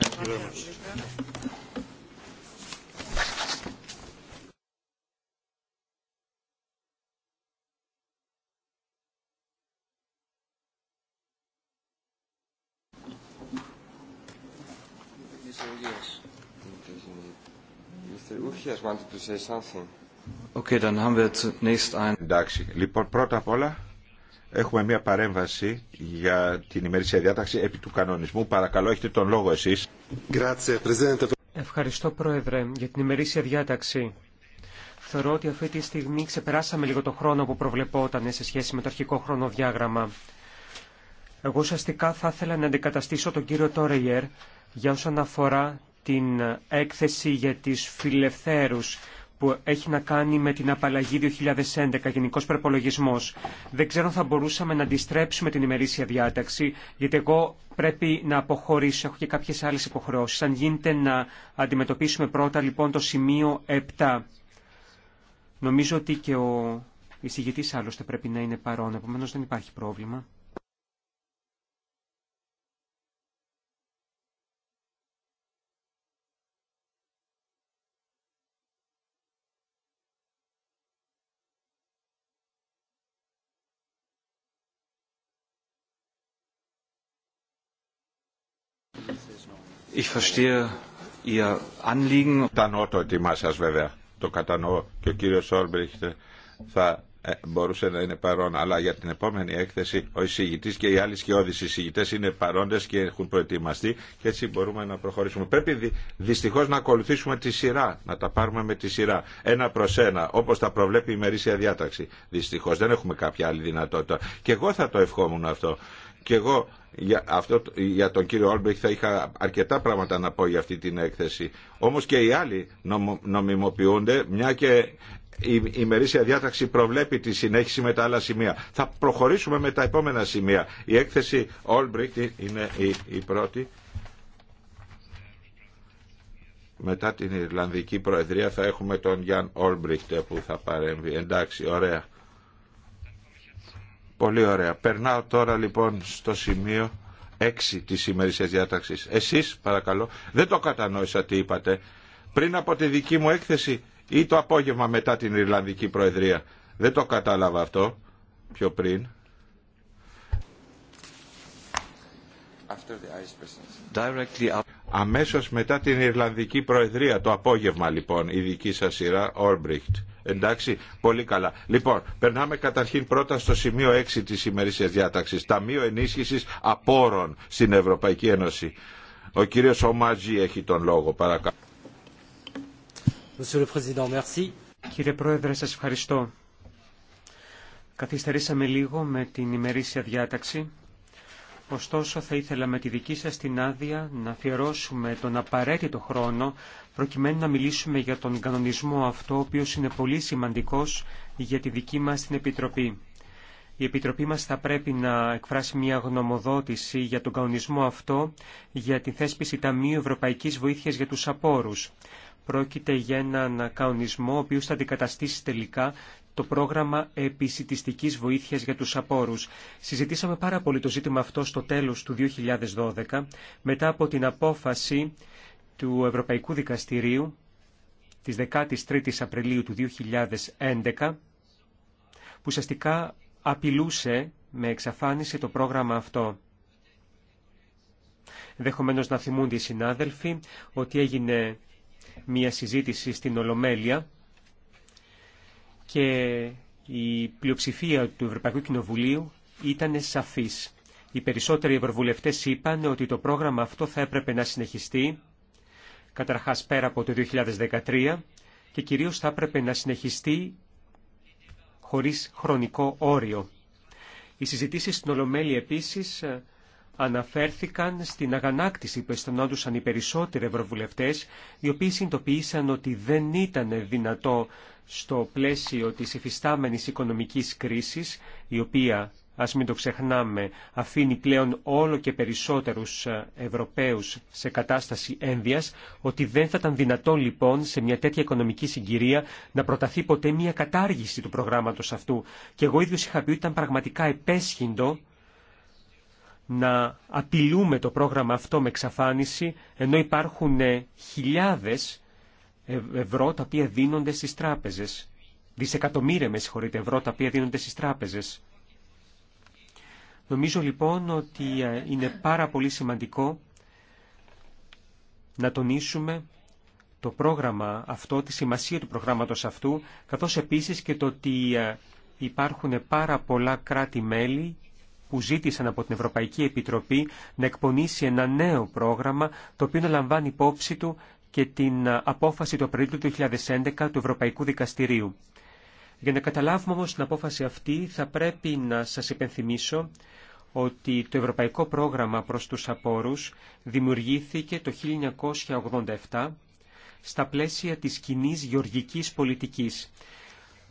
Thank you very much. Okay, dann haben wir then... Εντάξει, λοιπόν πρώτα απ' όλα Έχουμε μια παρέμβαση για την ημερήσια διάταξη επί του κανονισμού. Παρακαλώ, έχετε τον λόγο εσείς. Ευχαριστώ, Πρόεδρε, για την ημερήσια διάταξη. Θεωρώ ότι αυτή τη στιγμή ξεπεράσαμε λίγο το χρόνο που προβλεπόταν σε σχέση με το αρχικό χρονοδιάγραμμα. Εγώ ουσιαστικά θα ήθελα να αντικαταστήσω τον κύριο Τόρεγερ για όσον αφορά την έκθεση για τις φιλευθέρους που έχει να κάνει με την απαλλαγή 2011, γενικό προπολογισμό. Δεν ξέρω αν θα μπορούσαμε να αντιστρέψουμε την ημερήσια διάταξη, γιατί εγώ πρέπει να αποχωρήσω, έχω και κάποιε άλλε υποχρεώσει. Αν γίνεται να αντιμετωπίσουμε πρώτα λοιπόν το σημείο 7. Νομίζω ότι και ο εισηγητή άλλωστε πρέπει να είναι παρόν, επομένω δεν υπάρχει πρόβλημα. Ich verstehe Ihr Anliegen. Κατανοώ το ετοιμά σα βέβαια. Το κατανοώ και ο κύριο Όλμπριχτ θα ε, μπορούσε να είναι παρόν. Αλλά για την επόμενη έκθεση ο εισηγητή και οι άλλοι σκιώδει εισηγητέ είναι παρόντε και έχουν προετοιμαστεί και έτσι μπορούμε να προχωρήσουμε. Πρέπει δυστυχώ να ακολουθήσουμε τη σειρά, να τα πάρουμε με τη σειρά. Ένα προ ένα, όπω τα προβλέπει η ημερήσια διάταξη. Δυστυχώ δεν έχουμε κάποια άλλη δυνατότητα. Και εγώ θα το ευχόμουν αυτό. Και εγώ για, αυτό, για τον κύριο Όλμπριχτ θα είχα αρκετά πράγματα να πω για αυτή την έκθεση. Όμως και οι άλλοι νομιμοποιούνται, μια και η ημερήσια διάταξη προβλέπει τη συνέχιση με τα άλλα σημεία. Θα προχωρήσουμε με τα επόμενα σημεία. Η έκθεση Όλμπριχτ είναι η, η πρώτη. Μετά την Ιρλανδική Προεδρία θα έχουμε τον Γιάνν Όλμπριχτ που θα παρέμβει. Εντάξει, ωραία. Πολύ ωραία. Περνάω τώρα λοιπόν στο σημείο 6 της ημερησίας διάταξης. Εσείς παρακαλώ, δεν το κατανόησα τι είπατε. Πριν από τη δική μου έκθεση ή το απόγευμα μετά την Ιρλανδική Προεδρία. Δεν το κατάλαβα αυτό πιο πριν. Αμέσως μετά την Ιρλανδική Προεδρία, το απόγευμα λοιπόν, η δική σας σειρά, Όλμπριχτ. Εντάξει, πολύ καλά. Λοιπόν, περνάμε καταρχήν πρώτα στο σημείο 6 της ημερήσιας διάταξης, Ταμείο Ενίσχυσης Απόρων στην Ευρωπαϊκή Ένωση. Ο κύριος Ομάτζη έχει τον λόγο, παρακαλώ. Κύριε Πρόεδρε, σας ευχαριστώ. Καθυστερήσαμε λίγο με την ημερήσια διάταξη. Ωστόσο, θα ήθελα με τη δική σας την άδεια να αφιερώσουμε τον απαραίτητο χρόνο προκειμένου να μιλήσουμε για τον κανονισμό αυτό, ο οποίος είναι πολύ σημαντικός για τη δική μας την Επιτροπή. Η Επιτροπή μας θα πρέπει να εκφράσει μια γνωμοδότηση για τον κανονισμό αυτό για τη θέσπιση Ταμείου Ευρωπαϊκής Βοήθειας για τους Απόρους. Πρόκειται για έναν καονισμό ο οποίος θα αντικαταστήσει τελικά το πρόγραμμα επισητιστικής βοήθειας για τους απόρους. Συζητήσαμε πάρα πολύ το ζήτημα αυτό στο τέλος του 2012, μετά από την απόφαση του Ευρωπαϊκού Δικαστηρίου της 13ης Απριλίου του 2011, που ουσιαστικά απειλούσε με εξαφάνιση το πρόγραμμα αυτό. Ενδεχομένω να θυμούνται οι συνάδελφοι ότι έγινε μία συζήτηση στην Ολομέλεια και η πλειοψηφία του Ευρωπαϊκού Κοινοβουλίου ήταν σαφής. Οι περισσότεροι ευρωβουλευτές είπαν ότι το πρόγραμμα αυτό θα έπρεπε να συνεχιστεί, καταρχάς πέρα από το 2013, και κυρίως θα έπρεπε να συνεχιστεί χωρίς χρονικό όριο. Οι συζητήσεις στην Ολομέλεια επίσης αναφέρθηκαν στην αγανάκτηση που αισθανόντουσαν οι περισσότεροι ευρωβουλευτές, οι οποίοι συνειδητοποίησαν ότι δεν ήταν δυνατό στο πλαίσιο της υφιστάμενης οικονομικής κρίσης, η οποία, ας μην το ξεχνάμε, αφήνει πλέον όλο και περισσότερους ε, Ευρωπαίους σε κατάσταση ένδυας, ότι δεν θα ήταν δυνατό λοιπόν σε μια τέτοια οικονομική συγκυρία να προταθεί ποτέ μια κατάργηση του προγράμματος αυτού. Και εγώ ίδιος είχα πει ότι ήταν πραγματικά επέσχυντο να απειλούμε το πρόγραμμα αυτό με εξαφάνιση, ενώ υπάρχουν ε, χιλιάδες ευρώ τα οποία δίνονται στις τράπεζες. Δισεκατομμύρια, με συγχωρείτε, ευρώ τα οποία δίνονται στις τράπεζες. Νομίζω λοιπόν ότι ε, είναι πάρα πολύ σημαντικό να τονίσουμε το πρόγραμμα αυτό, τη σημασία του προγράμματος αυτού, καθώς επίσης και το ότι ε, υπάρχουν πάρα πολλά κράτη-μέλη που ζήτησαν από την Ευρωπαϊκή Επιτροπή να εκπονήσει ένα νέο πρόγραμμα το οποίο να λαμβάνει υπόψη του και την απόφαση του Απριλίου του 2011 του Ευρωπαϊκού Δικαστηρίου. Για να καταλάβουμε όμως την απόφαση αυτή θα πρέπει να σας υπενθυμίσω ότι το Ευρωπαϊκό Πρόγραμμα προς τους Απόρους δημιουργήθηκε το 1987 στα πλαίσια της κοινή γεωργικής πολιτικής.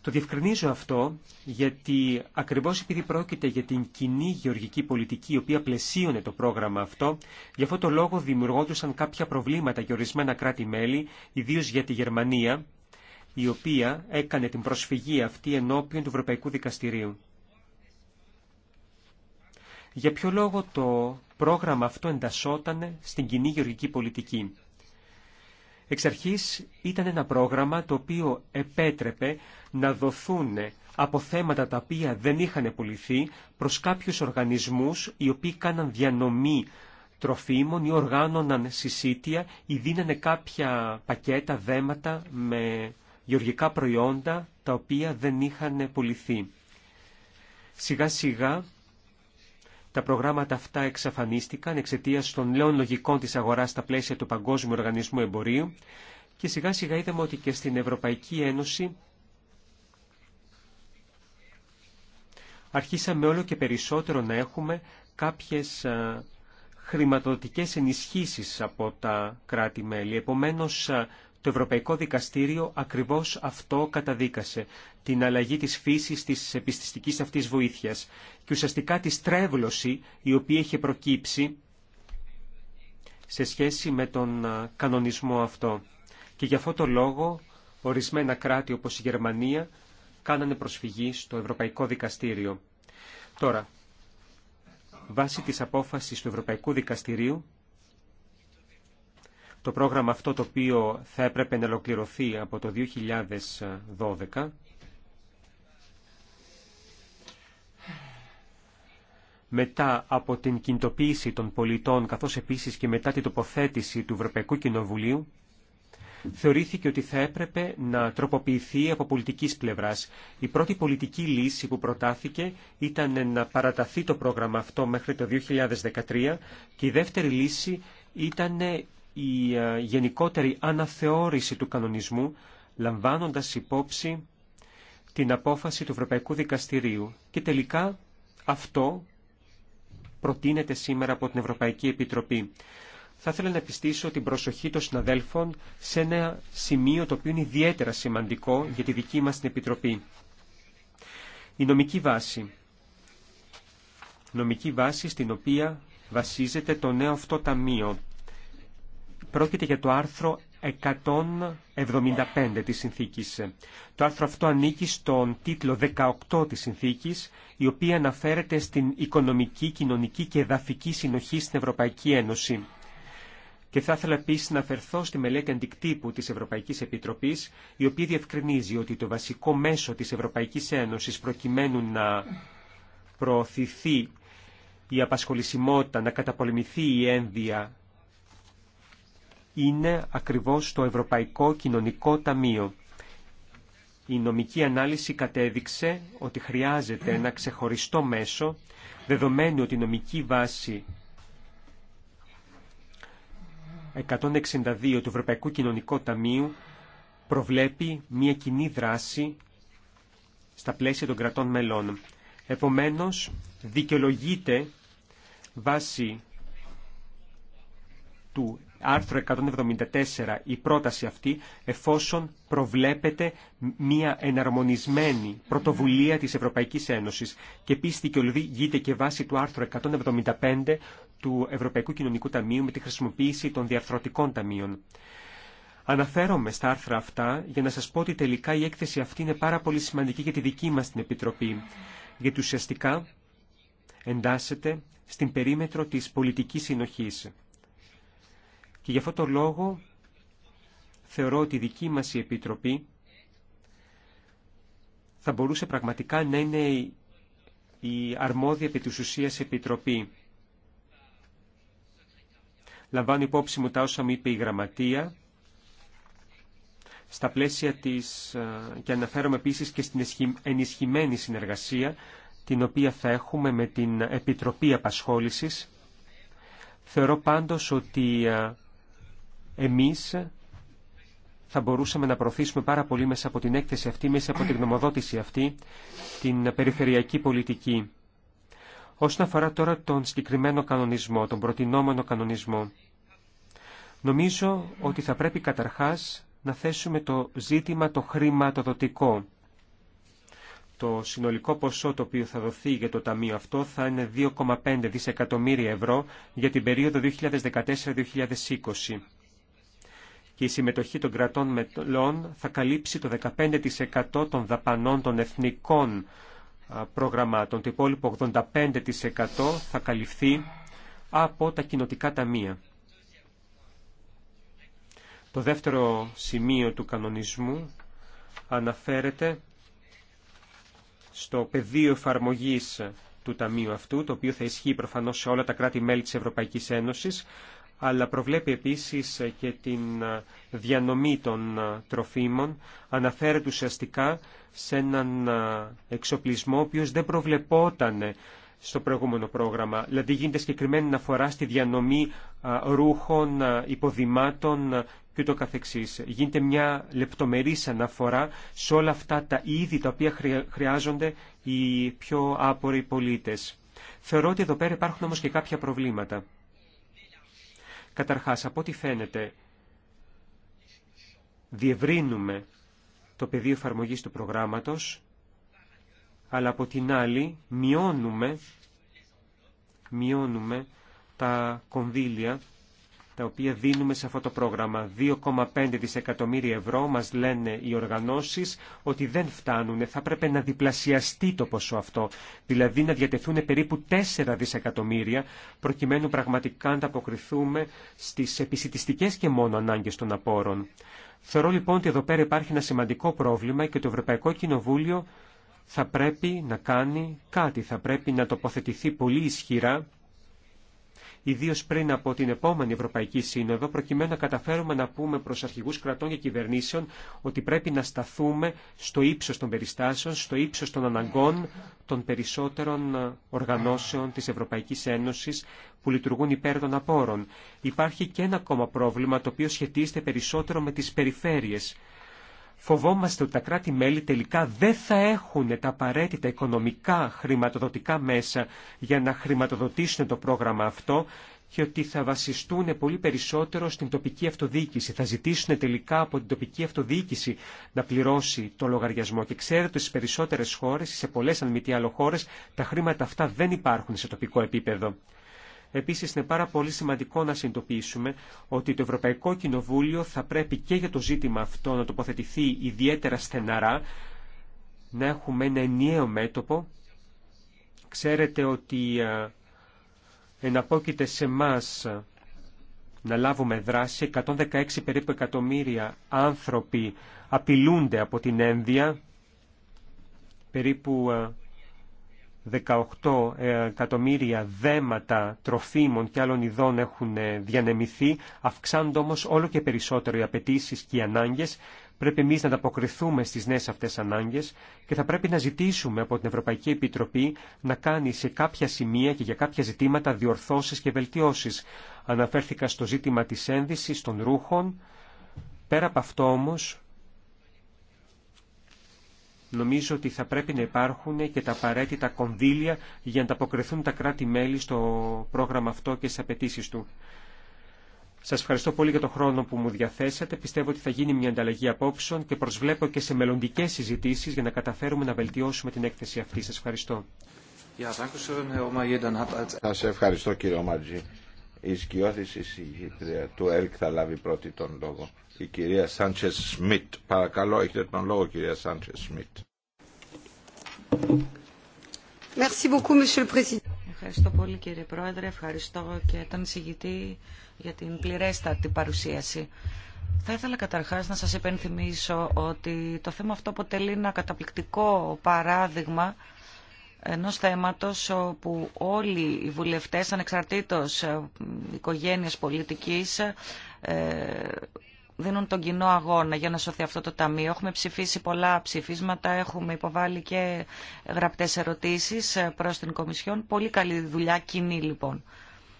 Το διευκρινίζω αυτό γιατί ακριβώς επειδή πρόκειται για την κοινή γεωργική πολιτική η οποία πλαισίωνε το πρόγραμμα αυτό, γι' αυτό το λόγο δημιουργόντουσαν κάποια προβλήματα για ορισμένα κράτη-μέλη, ιδίως για τη Γερμανία, η οποία έκανε την προσφυγή αυτή ενώπιον του Ευρωπαϊκού Δικαστηρίου. Για ποιο λόγο το πρόγραμμα αυτό εντασσόταν στην κοινή γεωργική πολιτική. Εξ αρχής ήταν ένα πρόγραμμα το οποίο επέτρεπε να δοθούν από θέματα τα οποία δεν είχαν πουληθεί προς κάποιους οργανισμούς οι οποίοι κάναν διανομή τροφίμων ή οργάνωναν συσίτια ή δίνανε κάποια πακέτα, δέματα με γεωργικά προϊόντα τα οποία δεν είχαν πουληθεί. Σιγά σιγά τα προγράμματα αυτά εξαφανίστηκαν εξαιτία των νέων λογικών τη αγορά στα πλαίσια του Παγκόσμιου Οργανισμού Εμπορίου και σιγά σιγά είδαμε ότι και στην Ευρωπαϊκή Ένωση αρχίσαμε όλο και περισσότερο να έχουμε κάποιες χρηματοδοτικές ενισχύσεις από τα κράτη-μέλη. Επομένως, το Ευρωπαϊκό Δικαστήριο ακριβώς αυτό καταδίκασε, την αλλαγή της φύσης της επιστηστικής αυτής βοήθειας και ουσιαστικά τη στρέβλωση η οποία είχε προκύψει σε σχέση με τον κανονισμό αυτό. Και για αυτό το λόγο ορισμένα κράτη όπως η Γερμανία κάνανε προσφυγή στο Ευρωπαϊκό Δικαστήριο. Τώρα, βάσει της απόφασης του Ευρωπαϊκού Δικαστηρίου, το πρόγραμμα αυτό το οποίο θα έπρεπε να ολοκληρωθεί από το 2012 μετά από την κινητοποίηση των πολιτών καθώς επίσης και μετά την τοποθέτηση του Ευρωπαϊκού Κοινοβουλίου θεωρήθηκε ότι θα έπρεπε να τροποποιηθεί από πολιτικής πλευράς. Η πρώτη πολιτική λύση που προτάθηκε ήταν να παραταθεί το πρόγραμμα αυτό μέχρι το 2013 και η δεύτερη λύση ήταν η ε, γενικότερη αναθεώρηση του κανονισμού λαμβάνοντας υπόψη την απόφαση του Ευρωπαϊκού Δικαστηρίου. Και τελικά αυτό προτείνεται σήμερα από την Ευρωπαϊκή Επιτροπή. Θα ήθελα να επιστήσω την προσοχή των συναδέλφων σε ένα σημείο το οποίο είναι ιδιαίτερα σημαντικό για τη δική μας την Επιτροπή. Η νομική βάση. Νομική βάση στην οποία βασίζεται το νέο αυτό ταμείο. Πρόκειται για το άρθρο 175 της συνθήκης. Το άρθρο αυτό ανήκει στον τίτλο 18 της συνθήκης, η οποία αναφέρεται στην οικονομική, κοινωνική και εδαφική συνοχή στην Ευρωπαϊκή Ένωση. Και θα ήθελα επίση να αφαιρθώ στη μελέτη αντικτύπου της Ευρωπαϊκής Επιτροπής, η οποία διευκρινίζει ότι το βασικό μέσο τη Ευρωπαϊκή Ένωση προκειμένου να προωθηθεί η απασχολησιμότητα, να καταπολεμηθεί η ένδυα είναι ακριβώς το Ευρωπαϊκό Κοινωνικό Ταμείο. Η νομική ανάλυση κατέδειξε ότι χρειάζεται ένα ξεχωριστό μέσο, δεδομένου ότι η νομική βάση 162 του Ευρωπαϊκού Κοινωνικού Ταμείου προβλέπει μια κοινή δράση στα πλαίσια των κρατών μελών. Επομένως, δικαιολογείται βάση του άρθρο 174 η πρόταση αυτή εφόσον προβλέπεται μια εναρμονισμένη πρωτοβουλία της Ευρωπαϊκής Ένωσης και επίσης δικαιολογείται και βάση του άρθρου 175 του Ευρωπαϊκού Κοινωνικού Ταμείου με τη χρησιμοποίηση των διαρθρωτικών ταμείων. Αναφέρομαι στα άρθρα αυτά για να σας πω ότι τελικά η έκθεση αυτή είναι πάρα πολύ σημαντική για τη δική μας την Επιτροπή, γιατί ουσιαστικά εντάσσεται στην περίμετρο της πολιτικής συνοχής. Και γι' αυτό το λόγο θεωρώ ότι η δική μας η Επιτροπή θα μπορούσε πραγματικά να είναι η αρμόδια επί της ουσίας Επιτροπή. Λαμβάνω υπόψη μου τα όσα μου είπε η Γραμματεία, στα πλαίσια της, και αναφέρομαι επίσης και στην ενισχυμένη συνεργασία, την οποία θα έχουμε με την Επιτροπή Απασχόλησης. Θεωρώ πάντως ότι εμείς θα μπορούσαμε να προωθήσουμε πάρα πολύ μέσα από την έκθεση αυτή, μέσα από την γνωμοδότηση αυτή, την περιφερειακή πολιτική. Όσον αφορά τώρα τον συγκεκριμένο κανονισμό, τον προτινόμενο κανονισμό, νομίζω ότι θα πρέπει καταρχάς να θέσουμε το ζήτημα το χρηματοδοτικό. Το συνολικό ποσό το οποίο θα δοθεί για το ταμείο αυτό θα είναι 2,5 δισεκατομμύρια ευρώ για την περίοδο 2014-2020 και η συμμετοχή των κρατών μελών θα καλύψει το 15% των δαπανών των εθνικών προγραμμάτων. Το υπόλοιπο 85% θα καλυφθεί από τα κοινοτικά ταμεία. Το δεύτερο σημείο του κανονισμού αναφέρεται στο πεδίο εφαρμογής του ταμείου αυτού, το οποίο θα ισχύει προφανώς σε όλα τα κράτη-μέλη της Ευρωπαϊκής Ένωσης, αλλά προβλέπει επίσης και την διανομή των τροφίμων. Αναφέρεται ουσιαστικά σε έναν εξοπλισμό ο οποίος δεν προβλεπόταν στο προηγούμενο πρόγραμμα. Δηλαδή γίνεται συγκεκριμένη αναφορά στη διανομή ρούχων, υποδημάτων και το καθεξής. Γίνεται μια λεπτομερής αναφορά σε όλα αυτά τα είδη τα οποία χρειάζονται οι πιο άποροι πολίτες. Θεωρώ ότι εδώ πέρα υπάρχουν όμως και κάποια προβλήματα. Καταρχάς, από ό,τι φαίνεται, διευρύνουμε το πεδίο εφαρμογής του προγράμματος, αλλά από την άλλη μειώνουμε, μειώνουμε τα κονδύλια τα οποία δίνουμε σε αυτό το πρόγραμμα. 2,5 δισεκατομμύρια ευρώ μας λένε οι οργανώσεις ότι δεν φτάνουν. Θα πρέπει να διπλασιαστεί το ποσό αυτό. Δηλαδή να διατεθούν περίπου 4 δισεκατομμύρια προκειμένου πραγματικά να αποκριθούμε στις επισητιστικές και μόνο ανάγκες των απόρων. Θεωρώ λοιπόν ότι εδώ πέρα υπάρχει ένα σημαντικό πρόβλημα και το Ευρωπαϊκό Κοινοβούλιο θα πρέπει να κάνει κάτι, θα πρέπει να τοποθετηθεί πολύ ισχυρά Ιδίω πριν από την επόμενη Ευρωπαϊκή Σύνοδο, προκειμένου να καταφέρουμε να πούμε προς αρχηγούς κρατών και κυβερνήσεων ότι πρέπει να σταθούμε στο ύψο των περιστάσεων, στο ύψο των αναγκών των περισσότερων οργανώσεων της Ευρωπαϊκής Ένωσης που λειτουργούν υπέρ των απόρων. Υπάρχει και ένα ακόμα πρόβλημα το οποίο σχετίζεται περισσότερο με τι περιφέρειες φοβόμαστε ότι τα κράτη-μέλη τελικά δεν θα έχουν τα απαραίτητα οικονομικά χρηματοδοτικά μέσα για να χρηματοδοτήσουν το πρόγραμμα αυτό και ότι θα βασιστούν πολύ περισσότερο στην τοπική αυτοδιοίκηση. Θα ζητήσουν τελικά από την τοπική αυτοδιοίκηση να πληρώσει το λογαριασμό. Και ξέρετε ότι στι περισσότερε χώρε, σε πολλέ αν μη τι άλλο χώρε, τα χρήματα αυτά δεν υπάρχουν σε τοπικό επίπεδο. Επίσης είναι πάρα πολύ σημαντικό να συνειδητοποιήσουμε ότι το Ευρωπαϊκό Κοινοβούλιο θα πρέπει και για το ζήτημα αυτό να τοποθετηθεί ιδιαίτερα στεναρά, να έχουμε ένα ενιαίο μέτωπο. Ξέρετε ότι ε, εναπόκειται σε εμά να λάβουμε δράση. 116 περίπου εκατομμύρια άνθρωποι απειλούνται από την ένδια. Περίπου ε, 18 εκατομμύρια δέματα τροφίμων και άλλων ειδών έχουν διανεμηθεί, αυξάνονται όμως όλο και περισσότερο οι απαιτήσει και οι ανάγκες. Πρέπει εμεί να ανταποκριθούμε στις νέες αυτές ανάγκες και θα πρέπει να ζητήσουμε από την Ευρωπαϊκή Επιτροπή να κάνει σε κάποια σημεία και για κάποια ζητήματα διορθώσεις και βελτιώσεις. Αναφέρθηκα στο ζήτημα της ένδυσης των ρούχων. Πέρα από αυτό όμως, νομίζω ότι θα πρέπει να υπάρχουν και τα απαραίτητα κονδύλια για να ανταποκριθούν τα κράτη-μέλη στο πρόγραμμα αυτό και στι απαιτήσει του. Σας ευχαριστώ πολύ για τον χρόνο που μου διαθέσατε. Πιστεύω ότι θα γίνει μια ανταλλαγή απόψεων και προσβλέπω και σε μελλοντικές συζητήσεις για να καταφέρουμε να βελτιώσουμε την έκθεση αυτή. Σας ευχαριστώ. Σας ευχαριστώ κύριε η σκιώθηση συγγήτρια του ΕΛΚ θα λάβει πρώτη τον λόγο. Η κυρία Σάντσες Σμιτ. Παρακαλώ, έχετε τον λόγο κυρία Σάντσες Σμιτ. Ευχαριστώ πολύ κύριε Πρόεδρε, ευχαριστώ και τον συγητή για την πληρέστατη παρουσίαση. Θα ήθελα καταρχάς να σας επενθυμίσω ότι το θέμα αυτό αποτελεί ένα καταπληκτικό παράδειγμα ενός θέματος όπου όλοι οι βουλευτές, ανεξαρτήτως ε, οικογένειας πολιτικής, ε, δίνουν τον κοινό αγώνα για να σωθεί αυτό το ταμείο. Έχουμε ψηφίσει πολλά ψηφίσματα, έχουμε υποβάλει και γραπτές ερωτήσεις ε, προς την Κομισιόν. Πολύ καλή δουλειά κοινή λοιπόν.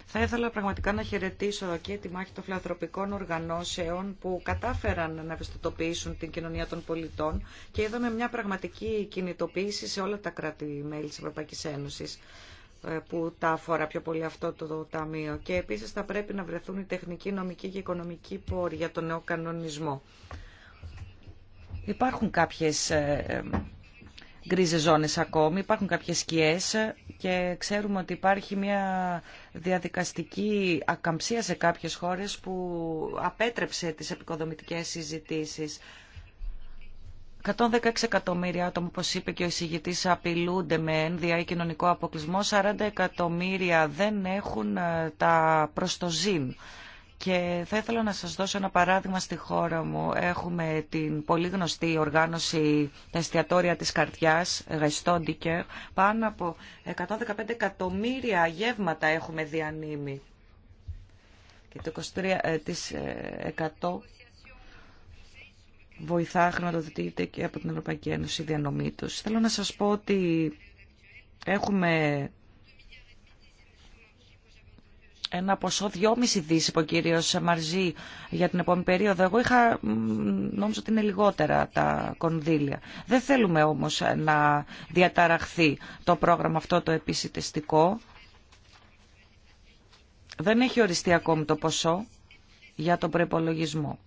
Θα ήθελα πραγματικά να χαιρετήσω και τη μάχη των φιλανθρωπικών οργανώσεων που κατάφεραν να ευαισθητοποιήσουν την κοινωνία των πολιτών και είδαμε μια πραγματική κινητοποίηση σε όλα τα κράτη-μέλη της Ευρωπαϊκής Ένωσης ε, που τα αφορά πιο πολύ αυτό το ταμείο. Και επίσης θα πρέπει να βρεθούν οι τεχνικοί, νομικοί και οικονομικοί πόροι για τον νέο κανονισμό. Υπάρχουν κάποιες ε, ε, γκρίζε ζώνες ακόμη, υπάρχουν κάποιες σκιέ και ξέρουμε ότι υπάρχει μια διαδικαστική ακαμψία σε κάποιες χώρες που απέτρεψε τις επικοδομητικέ συζητήσεις. 116 εκατομμύρια άτομα, όπως είπε και ο εισηγητή, απειλούνται με ένδια ή κοινωνικό αποκλεισμό. 40 εκατομμύρια δεν έχουν ε, τα προστοζήν και θα ήθελα να σας δώσω ένα παράδειγμα στη χώρα μου. Έχουμε την πολύ γνωστή οργάνωση τα εστιατόρια της καρδιάς, Γαϊστόντικερ. Πάνω από 115 εκατομμύρια γεύματα έχουμε διανύμει. Και το 23% ε, ε, βοηθά χρηματοδοτείται και από την Ευρωπαϊκή Ένωση διανομή τους. Θέλω να σας πω ότι έχουμε ένα ποσό 2,5 δις, είπε ο κύριος Μαρζή, για την επόμενη περίοδο. Εγώ είχα, νόμιζα ότι είναι λιγότερα τα κονδύλια. Δεν θέλουμε όμως να διαταραχθεί το πρόγραμμα αυτό το επισητιστικό. Δεν έχει οριστεί ακόμη το ποσό για τον προπολογισμό.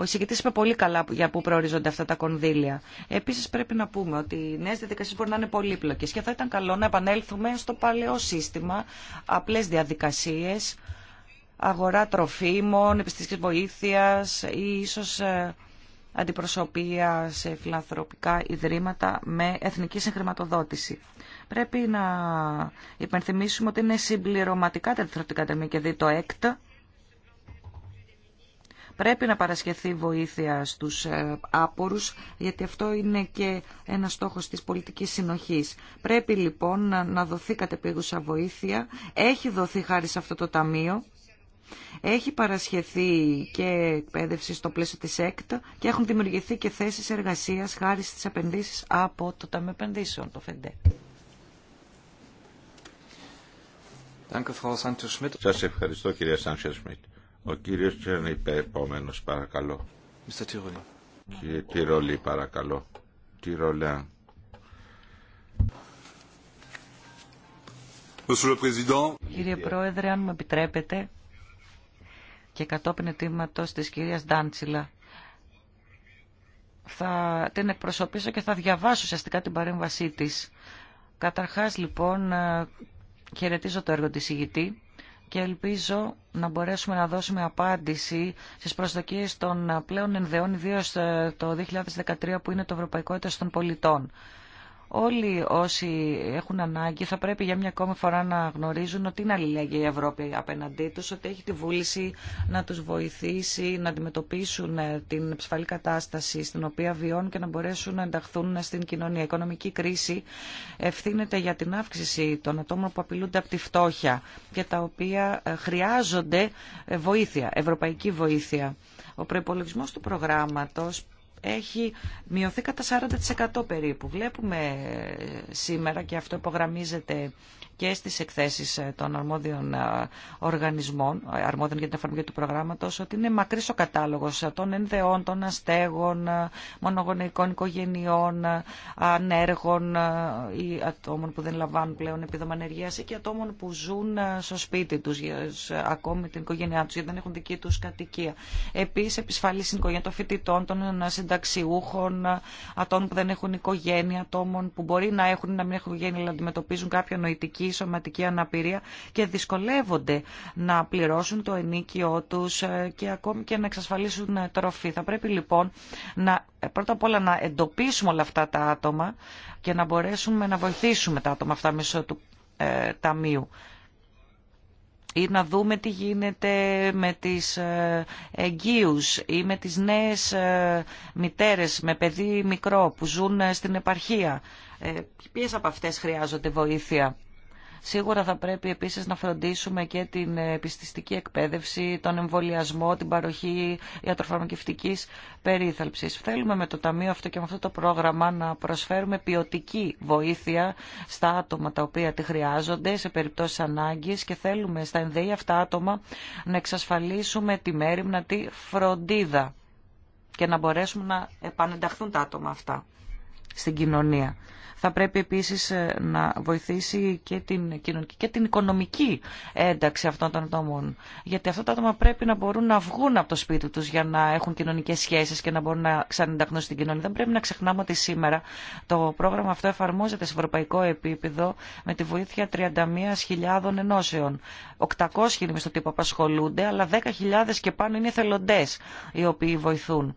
Ο εισηγητή είπε πολύ καλά για πού προορίζονται αυτά τα κονδύλια. Επίση πρέπει να πούμε ότι οι νέε διαδικασίε μπορεί να είναι πολύπλοκε και θα ήταν καλό να επανέλθουμε στο παλαιό σύστημα, απλέ διαδικασίε, αγορά τροφίμων, επιστημική βοήθεια ή ίσω ε, αντιπροσωπεία σε φιλανθρωπικά ιδρύματα με εθνική συγχρηματοδότηση. Πρέπει να υπενθυμίσουμε ότι είναι συμπληρωματικά τα διεθνωτικά ταμεία και δει το ΕΚΤΑ Πρέπει να παρασχεθεί βοήθεια στους ε, άπορους, γιατί αυτό είναι και ένα στόχος της πολιτικής συνοχής. Πρέπει λοιπόν να δοθεί κατεπίγουσα βοήθεια. Έχει δοθεί χάρη σε αυτό το ταμείο. Έχει παρασχεθεί και εκπαίδευση στο πλαίσιο της έκτα και έχουν δημιουργηθεί και θέσεις εργασίας χάρη στις επενδύσεις από το Ταμείο Επενδύσεων, το ΦΕΝΤΕ. Σας ευχαριστώ κυρία Σάντσια Σμιτ. Ο κύριος είπε επόμενος, παρακαλώ. Κύριε Τυρολή, παρακαλώ. Κύριε Πρόεδρε, αν μου επιτρέπετε, και κατόπιν ετοίματος της κυρίας Ντάντσιλα, θα την εκπροσωπήσω και θα διαβάσω ουσιαστικά την παρέμβασή της. Καταρχάς, λοιπόν, ε, χαιρετίζω το έργο της ηγητή και ελπίζω να μπορέσουμε να δώσουμε απάντηση στις προσδοκίες των πλέον ενδεών, ιδίως ε, το 2013 που είναι το Ευρωπαϊκό Έτος των Πολιτών όλοι όσοι έχουν ανάγκη θα πρέπει για μια ακόμη φορά να γνωρίζουν ότι είναι αλληλέγγυη η Ευρώπη απέναντί τους, ότι έχει τη βούληση να τους βοηθήσει, να αντιμετωπίσουν ε, την ψηφαλή κατάσταση στην οποία βιώνουν και να μπορέσουν να ενταχθούν στην κοινωνία. Η οικονομική κρίση ευθύνεται για την αύξηση των ατόμων που απειλούνται από τη φτώχεια και τα οποία ε, χρειάζονται ε, βοήθεια, ευρωπαϊκή βοήθεια. Ο προπολογισμό του προγράμματο έχει μειωθεί κατά 40% περίπου. Βλέπουμε ε, σήμερα και αυτό υπογραμμίζεται και στις εκθέσεις ε, των αρμόδιων ε, οργανισμών, αρμόδιων για την εφαρμογή του προγράμματος, ότι είναι μακρύς ο κατάλογος των ενδεών, των αστέγων, μονογονεϊκών οικογενειών, ανέργων ή ατόμων που δεν λαμβάνουν πλέον επίδομα ανεργίας ή και ατόμων που ζουν στο σπίτι τους, ακόμη την οικογένειά τους, γιατί δεν έχουν δική τους κατοικία. Επίσης, επισφαλής στην των φοιτητών, των συνταξιούχων, ατόμων που δεν έχουν οικογένεια, ατόμων που μπορεί να έχουν ή να μην έχουν οικογένεια, αλλά αντιμετωπίζουν κάποια νοητική ή σωματική αναπηρία και δυσκολεύονται να πληρώσουν το ενίκιο του ε, και ακόμη και να εξασφαλίσουν ε, τροφή. Θα πρέπει λοιπόν να, ε, πρώτα απ' όλα να εντοπίσουμε όλα αυτά τα άτομα και να μπορέσουμε να βοηθήσουμε τα άτομα αυτά μέσω του ταμείου ή να δούμε τι γίνεται με τις ε, εγγύους ή με τις νέες ε, μητέρες με παιδί μικρό που ζουν ε, στην επαρχία. Ποιες από αυτές χρειάζονται βοήθεια. Σίγουρα θα πρέπει επίσης να φροντίσουμε και την ε, επιστηστική εκπαίδευση, τον εμβολιασμό, την παροχή ιατροφαρμακευτικής περίθαλψης. Θέλουμε με το Ταμείο αυτό και με αυτό το πρόγραμμα να προσφέρουμε ποιοτική βοήθεια στα άτομα τα οποία τη χρειάζονται σε περιπτώσεις ανάγκης και θέλουμε στα ενδέη αυτά άτομα να εξασφαλίσουμε τη μέρημνα, τη φροντίδα και να μπορέσουμε να επανενταχθούν τα άτομα αυτά στην κοινωνία. Θα πρέπει επίσης ε, να βοηθήσει και την κοινωνική και την οικονομική ένταξη αυτών των ατόμων. Γιατί αυτά τα άτομα πρέπει να μπορούν να βγουν από το σπίτι τους για να έχουν κοινωνικές σχέσεις και να μπορούν να ξανενταχνούν στην κοινωνία. Δεν πρέπει να ξεχνάμε ότι σήμερα το πρόγραμμα αυτό εφαρμόζεται σε ευρωπαϊκό επίπεδο με τη βοήθεια 31.000 ενώσεων. 800 είναι στο τύπο απασχολούνται, αλλά 10.000 και πάνω είναι εθελοντές οι οποίοι βοηθούν.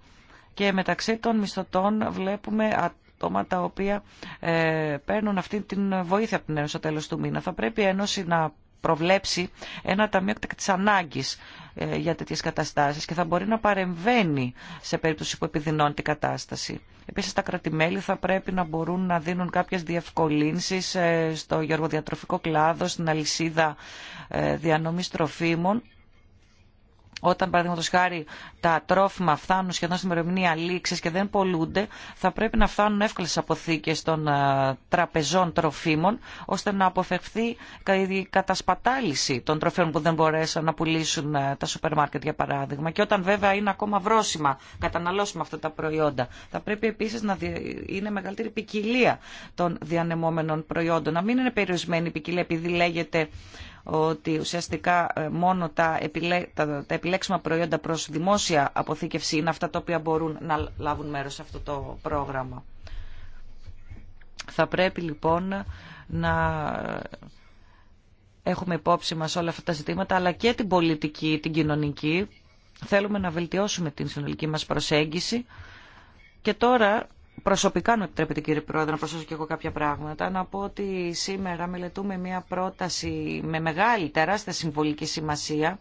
Και μεταξύ των μισθωτών βλέπουμε άτομα τα οποία ε, παίρνουν αυτή την βοήθεια από την Ένωση στο τέλος του μήνα. Θα πρέπει η Ένωση να προβλέψει ένα ταμείο εκτακτής ανάγκης ε, για τέτοιες καταστάσεις και θα μπορεί να παρεμβαίνει σε περίπτωση που επιδεινώνει την κατάσταση. Επίσης τα κρατημέλη θα πρέπει να μπορούν να δίνουν κάποιες διευκολύνσεις ε, στο γεωργοδιατροφικό κλάδο, στην αλυσίδα διανομής τροφίμων όταν, παραδείγματο χάρη, τα τρόφιμα φτάνουν σχεδόν στην ημερομηνία λήξη και δεν πολλούνται, θα πρέπει να φτάνουν εύκολε στι αποθήκε των ε, τραπεζών τροφίμων, ώστε να αποφευθεί η κατασπατάληση των τροφίμων που δεν μπορέσαν να πουλήσουν ε, τα σούπερ μάρκετ, για παράδειγμα. Και όταν βέβαια είναι ακόμα βρόσιμα καταναλώσουμε αυτά τα προϊόντα. Θα πρέπει επίση να είναι μεγαλύτερη ποικιλία των διανεμόμενων προϊόντων. Να μην είναι περιορισμένη η ποικιλία επειδή λέγεται ότι ουσιαστικά ε, μόνο τα, επιλέξιμα προϊόντα προς δημόσια αποθήκευση είναι αυτά τα οποία μπορούν να λάβουν μέρος σε αυτό το πρόγραμμα. Θα πρέπει λοιπόν να ε, έχουμε υπόψη μας όλα αυτά τα ζητήματα, αλλά και την πολιτική, την κοινωνική. Θέλουμε να βελτιώσουμε την συνολική μας προσέγγιση. Και τώρα Προσωπικά, να επιτρέπετε κύριε Πρόεδρε, να προσθέσω και εγώ κάποια πράγματα. Να πω ότι σήμερα μελετούμε μια πρόταση με μεγάλη, τεράστια συμβολική σημασία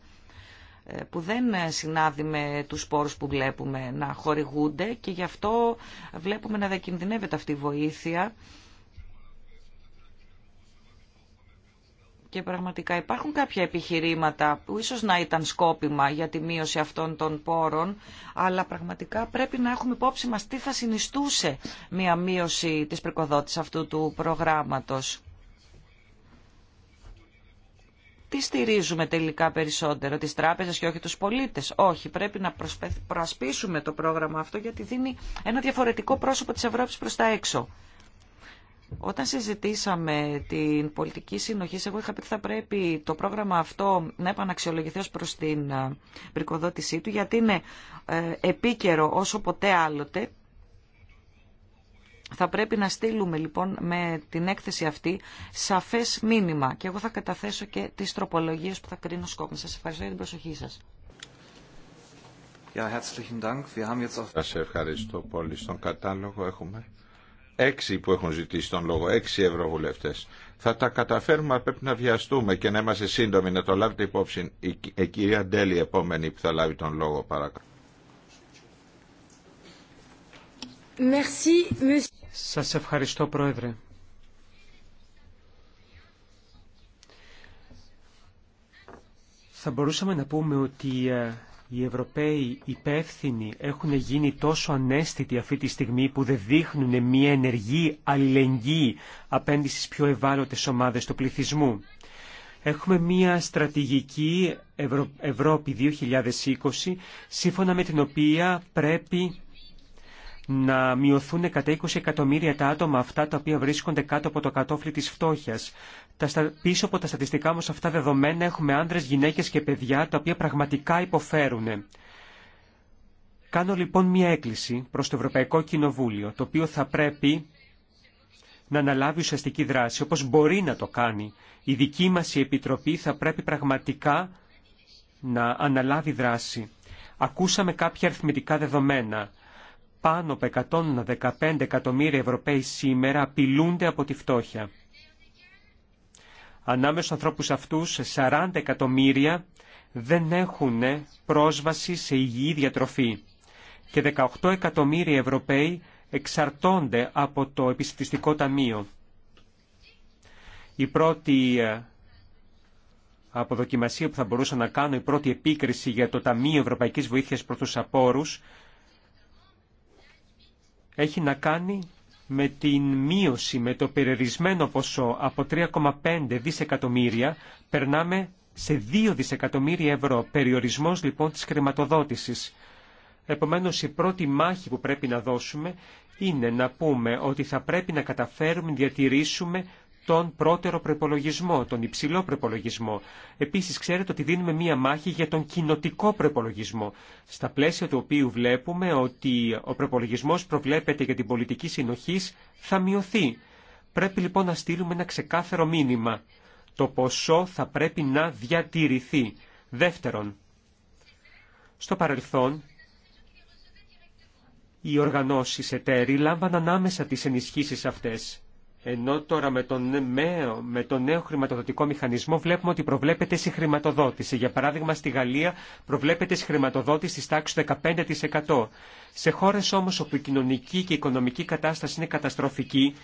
ε, που δεν συνάδει με τους πόρους που βλέπουμε να χορηγούνται και γι' αυτό βλέπουμε να διακινδυνεύεται αυτή η βοήθεια Και πραγματικά υπάρχουν κάποια επιχειρήματα που ίσως να ήταν σκόπιμα για τη μείωση αυτών των πόρων, αλλά πραγματικά πρέπει να έχουμε υπόψη μας τι θα συνιστούσε μια μείωση της πρικοδότης αυτού του προγράμματος. Τι στηρίζουμε τελικά περισσότερο, τις τράπεζες και όχι τους πολίτες. Όχι, πρέπει να προσπαθ... προασπίσουμε το πρόγραμμα αυτό γιατί δίνει ένα διαφορετικό πρόσωπο της Ευρώπης προς τα έξω. Όταν συζητήσαμε την πολιτική συνοχή, εγώ είχα πει ότι θα πρέπει το πρόγραμμα αυτό να επαναξιολογηθεί ως προς την πρικοδότησή ε, του, γιατί είναι ε, επίκαιρο όσο ποτέ άλλοτε. Θα πρέπει να στείλουμε λοιπόν με την έκθεση αυτή σαφές μήνυμα και εγώ θα καταθέσω και τις τροπολογίες που θα κρίνω σκόπιμα. Σας ευχαριστώ για την προσοχή σας. Σας ευχαριστώ πολύ. Στον κατάλογο έχουμε Έξι που έχουν ζητήσει τον λόγο, έξι ευρωβουλευτές. Θα τα καταφέρουμε, πρέπει να βιαστούμε και να είμαστε σύντομοι, να το λάβετε υπόψη. Η, η κυρία Ντέλη, επόμενη που θα λάβει τον λόγο, παρακαλώ. Σας ευχαριστώ, Πρόεδρε. Θα μπορούσαμε να πούμε ότι ε, οι Ευρωπαίοι υπεύθυνοι έχουν γίνει τόσο ανέστητοι αυτή τη στιγμή που δεν δείχνουν μια ενεργή αλληλεγγύη απέναντι πιο ευάλωτες ομάδες του πληθυσμού. Έχουμε μια στρατηγική Ευρώπη 2020, σύμφωνα με την οποία πρέπει να μειωθούν κατά 20 εκατομμύρια τα άτομα αυτά τα οποία βρίσκονται κάτω από το κατόφλι της φτώχειας. Τα, πίσω από τα στατιστικά όμως αυτά δεδομένα έχουμε άνδρες, γυναίκες και παιδιά τα οποία πραγματικά υποφέρουν. Κάνω λοιπόν μία έκκληση προς το Ευρωπαϊκό Κοινοβούλιο, το οποίο θα πρέπει να αναλάβει ουσιαστική δράση, όπως μπορεί να το κάνει. Η δική μας η Επιτροπή θα πρέπει πραγματικά να αναλάβει δράση. Ακούσαμε κάποια αριθμητικά δεδομένα πάνω από 115 εκατομμύρια Ευρωπαίοι σήμερα απειλούνται από τη φτώχεια. Ανάμεσα στους ανθρώπους αυτούς, 40 εκατομμύρια δεν έχουν πρόσβαση σε υγιή διατροφή και 18 εκατομμύρια Ευρωπαίοι εξαρτώνται από το επιστημιστικό ταμείο. Η πρώτη ε, αποδοκιμασία που θα μπορούσα να κάνω, η πρώτη επίκριση για το Ταμείο Ευρωπαϊκής Βοήθειας προς τους Απόρους έχει να κάνει με την μείωση, με το περιορισμένο ποσό από 3,5 δισεκατομμύρια, περνάμε σε 2 δισεκατομμύρια ευρώ. Περιορισμός λοιπόν της χρηματοδότησης. Επομένως η πρώτη μάχη που πρέπει να δώσουμε είναι να πούμε ότι θα πρέπει να καταφέρουμε να διατηρήσουμε τον πρώτερο προπολογισμό, τον υψηλό προπολογισμό. Επίσης ξέρετε ότι δίνουμε μία μάχη για τον κοινοτικό προπολογισμό, στα πλαίσια του οποίου βλέπουμε ότι ο προπολογισμό προβλέπεται για την πολιτική συνοχή θα μειωθεί. Πρέπει λοιπόν να στείλουμε ένα ξεκάθαρο μήνυμα. Το ποσό θα πρέπει να διατηρηθεί. Δεύτερον, στο παρελθόν οι οργανώσεις εταίροι λάμβαναν άμεσα τις ενισχύσεις αυτές. Ενώ τώρα με τον, νέο, με τον νέο χρηματοδοτικό μηχανισμό βλέπουμε ότι προβλέπεται συγχρηματοδότηση. Για παράδειγμα στη Γαλλία προβλέπεται συγχρηματοδότηση της του 15%. Σε χώρες όμως όπου η κοινωνική και η οικονομική κατάσταση είναι καταστροφική,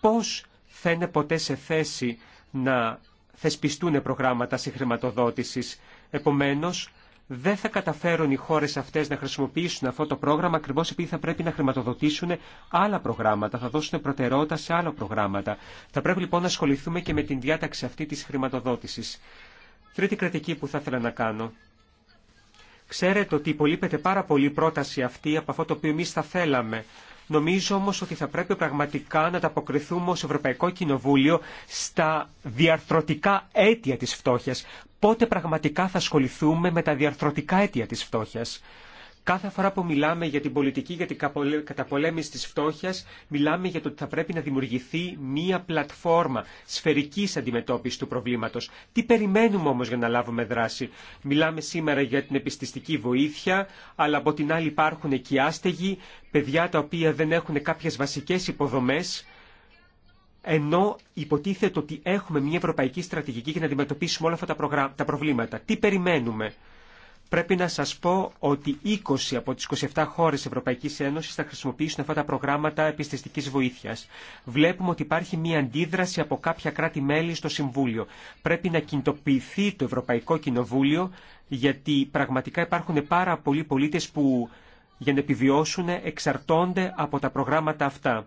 πώς θα είναι ποτέ σε θέση να θεσπιστούν προγράμματα συγχρηματοδότησης. Επομένως, δεν θα καταφέρουν οι χώρες αυτές να χρησιμοποιήσουν αυτό το πρόγραμμα ακριβώς επειδή θα πρέπει να χρηματοδοτήσουν άλλα προγράμματα, θα δώσουν προτεραιότητα σε άλλα προγράμματα. Θα πρέπει λοιπόν να ασχοληθούμε και με την διάταξη αυτή της χρηματοδότησης. Τρίτη κριτική που θα ήθελα να κάνω. Ξέρετε ότι υπολείπεται πάρα πολύ πρόταση αυτή από αυτό το οποίο εμεί θα θέλαμε. Νομίζω όμως ότι θα πρέπει πραγματικά να τα αποκριθούμε ως Ευρωπαϊκό Κοινοβούλιο στα διαρθρωτικά αίτια της φτώχειας πότε πραγματικά θα ασχοληθούμε με τα διαρθρωτικά αίτια της φτώχειας. Κάθε φορά που μιλάμε για την πολιτική για την καταπολέμηση της φτώχειας, μιλάμε για το ότι θα πρέπει να δημιουργηθεί μία πλατφόρμα σφαιρικής αντιμετώπισης του προβλήματος. Τι περιμένουμε όμως για να λάβουμε δράση. Μιλάμε σήμερα για την επιστηστική βοήθεια, αλλά από την άλλη υπάρχουν και άστεγοι, παιδιά τα οποία δεν έχουν κάποιες βασικές υποδομές, ενώ υποτίθεται ότι έχουμε μια ευρωπαϊκή στρατηγική για να αντιμετωπίσουμε όλα αυτά τα, τα προβλήματα. Τι περιμένουμε. Πρέπει να σας πω ότι 20 από τις 27 χώρες Ευρωπαϊκής Ένωσης θα χρησιμοποιήσουν αυτά τα προγράμματα επιστηστικής βοήθειας. Βλέπουμε ότι υπάρχει μια αντίδραση από κάποια κράτη-μέλη στο Συμβούλιο. Πρέπει να κινητοποιηθεί το Ευρωπαϊκό Κοινοβούλιο, γιατί πραγματικά υπάρχουν πάρα πολλοί πολίτες που για να επιβιώσουν εξαρτώνται από τα προγράμματα αυτά.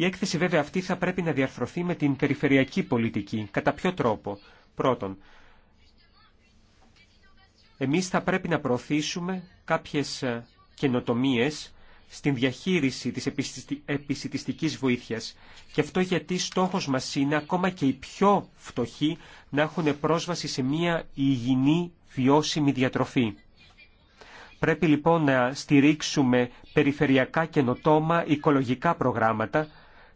Η έκθεση βέβαια αυτή θα πρέπει να διαρθρωθεί με την περιφερειακή πολιτική. Κατά ποιο τρόπο. Πρώτον, εμείς θα πρέπει να προωθήσουμε κάποιες ε, καινοτομίες στην διαχείριση της επισητιστικής βοήθειας. Και αυτό γιατί στόχος μας είναι ακόμα και οι πιο φτωχοί να έχουν πρόσβαση σε μια υγιεινή βιώσιμη διατροφή. Πρέπει λοιπόν να στηρίξουμε περιφερειακά καινοτόμα οικολογικά προγράμματα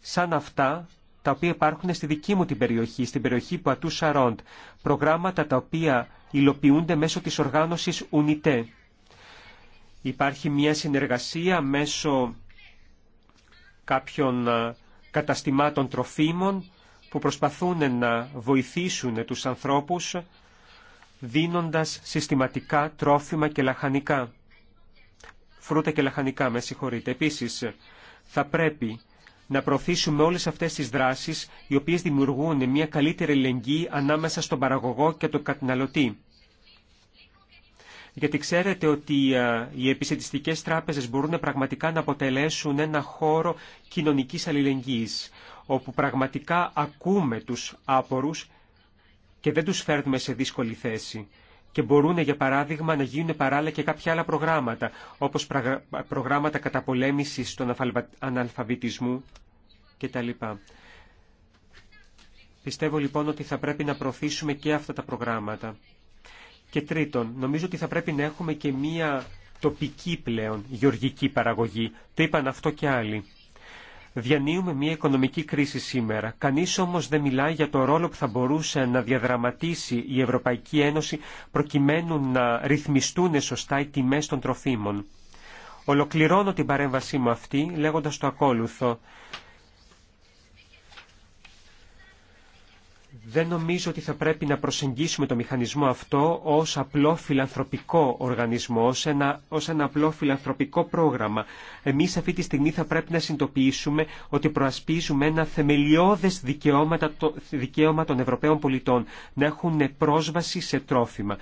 σαν αυτά τα οποία υπάρχουν στη δική μου την περιοχή, στην περιοχή του Ατού Σαρόντ, προγράμματα τα οποία υλοποιούνται μέσω της οργάνωσης UNITE. Υπάρχει μια συνεργασία μέσω κάποιων καταστημάτων τροφίμων που προσπαθούν να βοηθήσουν τους ανθρώπους δίνοντας συστηματικά τρόφιμα και λαχανικά. Φρούτα και λαχανικά, με συγχωρείτε. Επίσης, θα πρέπει να προωθήσουμε όλες αυτές τις δράσεις οι οποίες δημιουργούν μια καλύτερη ελεγγύη ανάμεσα στον παραγωγό και τον καταναλωτή. Γιατί ξέρετε ότι ε, οι επισητιστικές τράπεζες μπορούν πραγματικά να αποτελέσουν ένα χώρο κοινωνικής αλληλεγγύης, όπου πραγματικά ακούμε τους άπορους και δεν τους φέρνουμε σε δύσκολη θέση και μπορούν, για παράδειγμα, να γίνουν παράλληλα και κάποια άλλα προγράμματα, όπως προγράμματα καταπολέμησης των αναλφαβητισμού κτλ. Πιστεύω λοιπόν ότι θα πρέπει να προωθήσουμε και αυτά τα προγράμματα. Και τρίτον, νομίζω ότι θα πρέπει να έχουμε και μία τοπική πλέον γεωργική παραγωγή. Το είπαν αυτό και άλλοι. Διανύουμε μια οικονομική κρίση σήμερα. Κανεί όμως δεν μιλάει για το ρόλο που θα μπορούσε να διαδραματίσει η Ευρωπαϊκή Ένωση προκειμένου να ρυθμιστούν σωστά οι τιμές των τροφίμων. Ολοκληρώνω την παρέμβασή μου αυτή λέγοντας το ακόλουθο. δεν νομίζω ότι θα πρέπει να προσεγγίσουμε το μηχανισμό αυτό ως απλό φιλανθρωπικό οργανισμό, ως ένα, ως ένα απλό φιλανθρωπικό πρόγραμμα. Εμείς αυτή τη στιγμή θα πρέπει να συνειδητοποιήσουμε ότι προασπίζουμε ένα θεμελιώδες δικαίωμα των Ευρωπαίων πολιτών να έχουν πρόσβαση σε τρόφιμα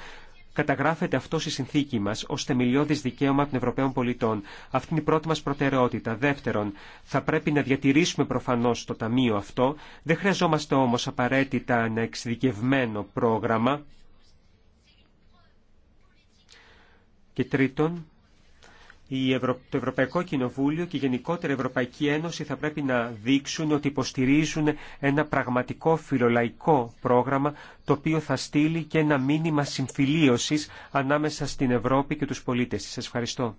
καταγράφεται αυτό στη συνθήκη μα ω θεμελιώδη δικαίωμα των Ευρωπαίων πολιτών. Αυτή είναι η πρώτη μα προτεραιότητα. Δεύτερον, θα πρέπει να διατηρήσουμε προφανώ το Ταμείο αυτό. Δεν χρειαζόμαστε όμω απαραίτητα ένα εξειδικευμένο πρόγραμμα. Και τρίτον, το Ευρωπαϊκό Κοινοβούλιο και η γενικότερα Ευρωπαϊκή Ένωση θα πρέπει να δείξουν ότι υποστηρίζουν ένα πραγματικό φιλολαϊκό πρόγραμμα το οποίο θα στείλει και ένα μήνυμα συμφιλίωσης ανάμεσα στην Ευρώπη και τους πολίτες Σας ευχαριστώ.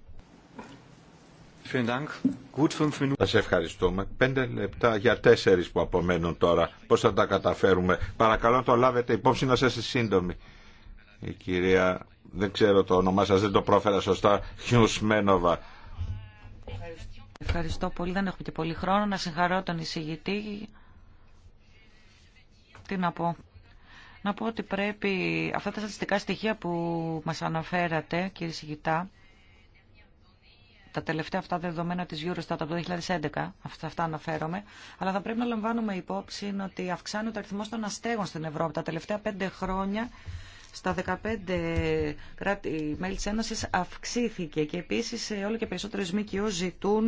Σα ευχαριστούμε. Πέντε λεπτά για τέσσερις που απομένουν τώρα. Πώς θα τα καταφέρουμε. Παρακαλώ να το λάβετε υπόψη να είστε σύντομοι. Η κυρία δεν ξέρω το όνομά σας, δεν το πρόφερα σωστά, Μένοβα. Ευχαριστώ πολύ, δεν έχουμε και πολύ χρόνο. Να συγχαρώ τον εισηγητή. Τι να πω. Να πω ότι πρέπει αυτά τα στατιστικά στοιχεία που μας αναφέρατε, κύριε Σιγητά, τα τελευταία αυτά δεδομένα της Eurostat από το 2011, αυτά, αυτά αναφέρομαι, αλλά θα πρέπει να λαμβάνουμε υπόψη ότι αυξάνει ο αριθμός των αστέγων στην Ευρώπη. Τα τελευταία πέντε χρόνια στα 15 κράτη μέλη της Ένωσης αυξήθηκε και επίσης όλο και περισσότερες ΜΚΟ ζητούν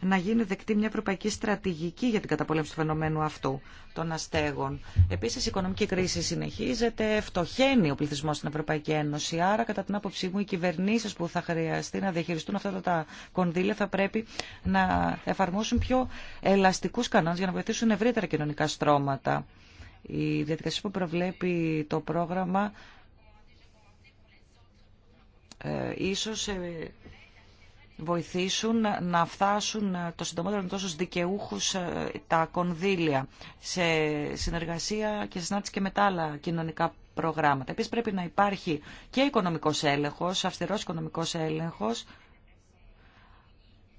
να γίνει δεκτή μια ευρωπαϊκή στρατηγική για την καταπολέμηση του φαινομένου αυτού των αστέγων. Επίσης, η οικονομική κρίση συνεχίζεται, φτωχαίνει ο πληθυσμός στην Ευρωπαϊκή Ένωση. Άρα, κατά την άποψή μου, οι κυβερνήσεις που θα χρειαστεί να διαχειριστούν αυτά τα κονδύλια θα πρέπει να εφαρμόσουν πιο ελαστικούς κανόνες για να βοηθήσουν ευρύτερα κοινωνικά στρώματα η διαδικασία που προβλέπει το πρόγραμμα ε, ίσως ε, βοηθήσουν να φτάσουν ε, το συντομότερο με τόσους δικαιούχους ε, τα κονδύλια σε συνεργασία και συνάντηση και με τα άλλα κοινωνικά προγράμματα. Επίσης πρέπει να υπάρχει και οικονομικός έλεγχος, αυστηρός οικονομικός έλεγχος,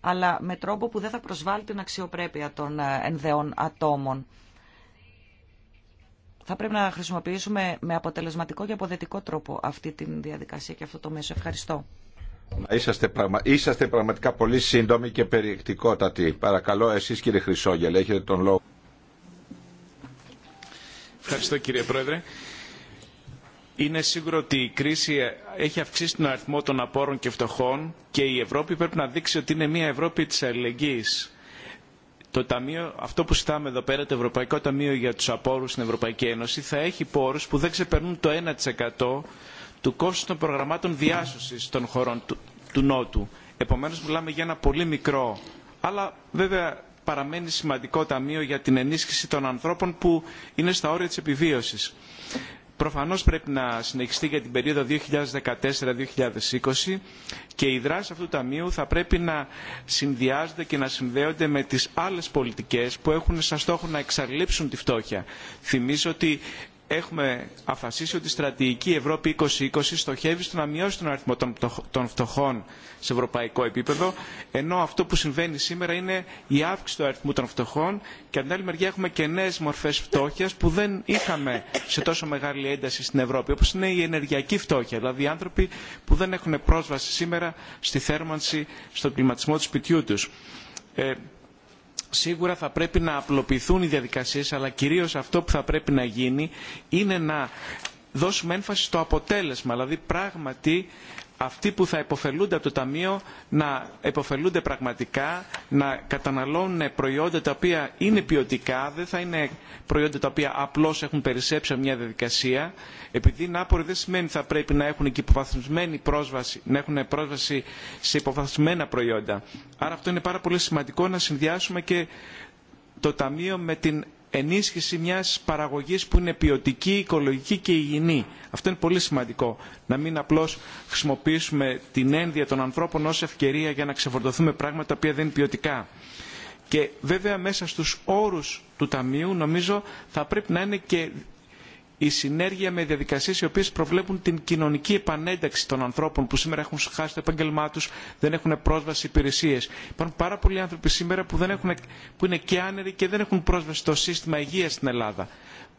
αλλά με τρόπο που δεν θα προσβάλλει την αξιοπρέπεια των ενδεών ατόμων θα πρέπει να χρησιμοποιήσουμε με αποτελεσματικό και αποδετικό τρόπο αυτή τη διαδικασία και αυτό το μέσο. Ευχαριστώ. Είσαστε, πραγμα... πραγματικά πολύ σύντομοι και περιεκτικότατοι. Παρακαλώ εσείς κύριε Χρυσόγελε, έχετε τον λόγο. Ευχαριστώ κύριε Πρόεδρε. Είναι σίγουρο ότι η κρίση έχει αυξήσει τον αριθμό των απόρων και φτωχών και η Ευρώπη πρέπει να δείξει ότι είναι μια Ευρώπη της αλληλεγγύης το ταμείο, αυτό που συζητάμε εδώ πέρα, το Ευρωπαϊκό Ταμείο για τους Απόρους στην Ευρωπαϊκή Ένωση, θα έχει πόρους που δεν ξεπερνούν το 1% του κόστου των προγραμμάτων διάσωσης των χωρών του, του Νότου. Επομένως μιλάμε για ένα πολύ μικρό, αλλά βέβαια παραμένει σημαντικό ταμείο για την ενίσχυση των ανθρώπων που είναι στα όρια της επιβίωσης προφανώς πρέπει να συνεχιστεί για την περίοδο 2014-2020 και οι δράσεις αυτού του Ταμείου θα πρέπει να συνδυάζονται και να συνδέονται με τις άλλες πολιτικές που έχουν σαν στόχο να εξαλείψουν τη φτώχεια. Θυμίζω ότι έχουμε αφασίσει ότι η στρατηγική Ευρώπη 2020 στοχεύει στο να μειώσει τον αριθμό των φτωχών σε ευρωπαϊκό επίπεδο, ενώ αυτό που συμβαίνει σήμερα είναι η αύξηση του αριθμού των φτωχών και από την άλλη μεριά έχουμε και νέες μορφές φτώχεια που δεν είχαμε σε τόσο μεγάλη ένταση στην Ευρώπη, όπως είναι η ενεργειακή φτώχεια, δηλαδή οι άνθρωποι που δεν έχουν πρόσβαση σήμερα στη θέρμανση, στον κλιματισμό του σπιτιού του. Ε, σίγουρα θα πρέπει να απλοποιηθούν οι διαδικασίες αλλά κυρίως αυτό που θα πρέπει να γίνει είναι να δώσουμε έμφαση στο αποτέλεσμα δηλαδή πράγματι αυτοί που θα υποφελούνται από το Ταμείο να υποφελούνται πραγματικά, να καταναλώνουν προϊόντα τα οποία είναι ποιοτικά, δεν θα είναι προϊόντα τα οποία απλώς έχουν περισσέψει μια διαδικασία, επειδή Νάποροι δεν σημαίνει θα πρέπει να έχουν και υποβαθμισμένη πρόσβαση, να έχουν πρόσβαση σε υποβαθμισμένα προϊόντα. Άρα αυτό είναι πάρα πολύ σημαντικό να συνδυάσουμε και το Ταμείο με την ενίσχυση μιας παραγωγής που είναι ποιοτική, οικολογική και υγιεινή. Αυτό είναι πολύ σημαντικό. Να μην απλώς χρησιμοποιήσουμε την ένδια των ανθρώπων ως ευκαιρία για να ξεφορτωθούμε πράγματα τα οποία δεν είναι ποιοτικά. Και βέβαια μέσα στους όρους του Ταμείου νομίζω θα πρέπει να είναι και η συνέργεια με διαδικασίε οι οποίε προβλέπουν την κοινωνική επανένταξη των ανθρώπων που σήμερα έχουν χάσει το επάγγελμά του, δεν έχουν πρόσβαση σε υπηρεσίε. Υπάρχουν πάρα πολλοί άνθρωποι σήμερα που, δεν έχουν, που είναι και άνεροι και δεν έχουν πρόσβαση στο σύστημα υγεία στην Ελλάδα.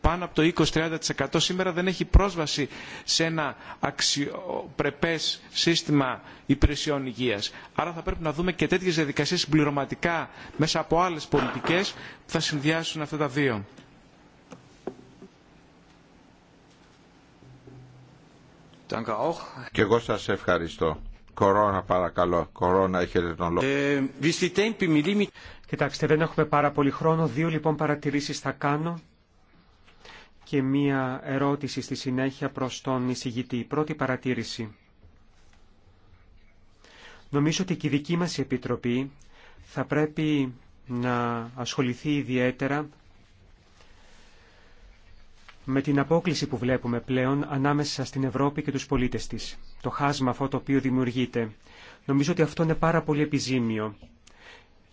Πάνω από το 20-30% σήμερα δεν έχει πρόσβαση σε ένα αξιοπρεπέ σύστημα υπηρεσιών υγεία. Άρα θα πρέπει να δούμε και τέτοιε διαδικασίε συμπληρωματικά μέσα από άλλε πολιτικέ που θα συνδυάσουν αυτά τα δύο. Και εγώ σας ευχαριστώ. Κορώνα παρακαλώ. Κορώνα έχετε τον λόγο. Ε, Κοιτάξτε δεν έχουμε πάρα πολύ χρόνο. Δύο λοιπόν παρατηρήσεις θα κάνω και μία ερώτηση στη συνέχεια προς τον εισηγητή. Πρώτη παρατήρηση. Νομίζω ότι και η δική μας Επιτροπή θα πρέπει να ασχοληθεί ιδιαίτερα με την απόκληση που βλέπουμε πλέον ανάμεσα στην Ευρώπη και τους πολίτες της. Το χάσμα αυτό το οποίο δημιουργείται. Νομίζω ότι αυτό είναι πάρα πολύ επιζήμιο.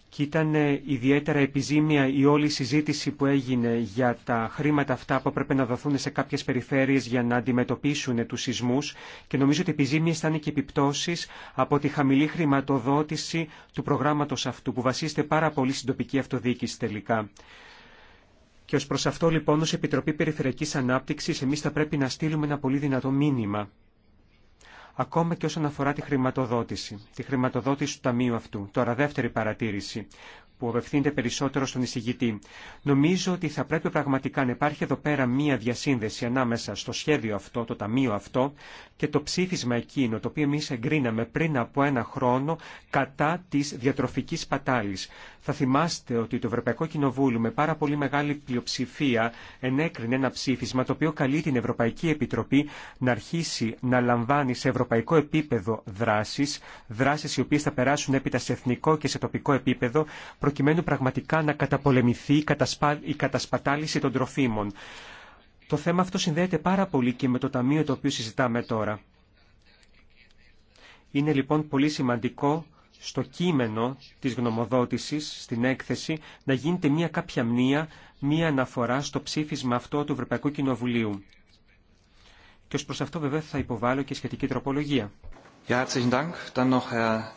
Και ήταν ε, ιδιαίτερα επιζήμια η όλη συζήτηση που έγινε για τα χρήματα αυτά που έπρεπε να δοθούν σε κάποιες περιφέρειες για να αντιμετωπίσουν τους σεισμούς και νομίζω ότι επιζήμια ήταν και επιπτώσεις από τη χαμηλή χρηματοδότηση του προγράμματος αυτού που βασίζεται πάρα πολύ στην τοπική αυτοδιοίκηση τελικά. Και ως προς αυτό λοιπόν ω Επιτροπή περιφερειακή Ανάπτυξης εμείς θα πρέπει να στείλουμε ένα πολύ δυνατό μήνυμα. Ακόμα και όσον αφορά τη χρηματοδότηση, τη χρηματοδότηση του Ταμείου αυτού. Τώρα δεύτερη παρατήρηση που απευθύνεται περισσότερο στον εισηγητή. Νομίζω ότι θα πρέπει πραγματικά να υπάρχει εδώ πέρα μία διασύνδεση ανάμεσα στο σχέδιο αυτό, το ταμείο αυτό και το ψήφισμα εκείνο το οποίο εμεί εγκρίναμε πριν από ένα χρόνο κατά τη διατροφική πατάλη. Θα θυμάστε ότι το Ευρωπαϊκό Κοινοβούλιο με πάρα πολύ μεγάλη πλειοψηφία ενέκρινε ένα ψήφισμα το οποίο καλεί την Ευρωπαϊκή Επιτροπή να αρχίσει να λαμβάνει σε ευρωπαϊκό επίπεδο δράσει, δράσει οι οποίε θα περάσουν έπειτα σε εθνικό και σε τοπικό επίπεδο προκειμένου πραγματικά να καταπολεμηθεί η κατασπατάληση των τροφίμων. Το θέμα αυτό συνδέεται πάρα πολύ και με το ταμείο το οποίο συζητάμε τώρα. Είναι λοιπόν πολύ σημαντικό στο κείμενο της γνωμοδότησης, στην έκθεση, να γίνεται μια κάποια μνήα, μια αναφορά στο ψήφισμα αυτό του Ευρωπαϊκού Κοινοβουλίου. Και ως προς αυτό βέβαια θα υποβάλω και σχετική τροπολογία.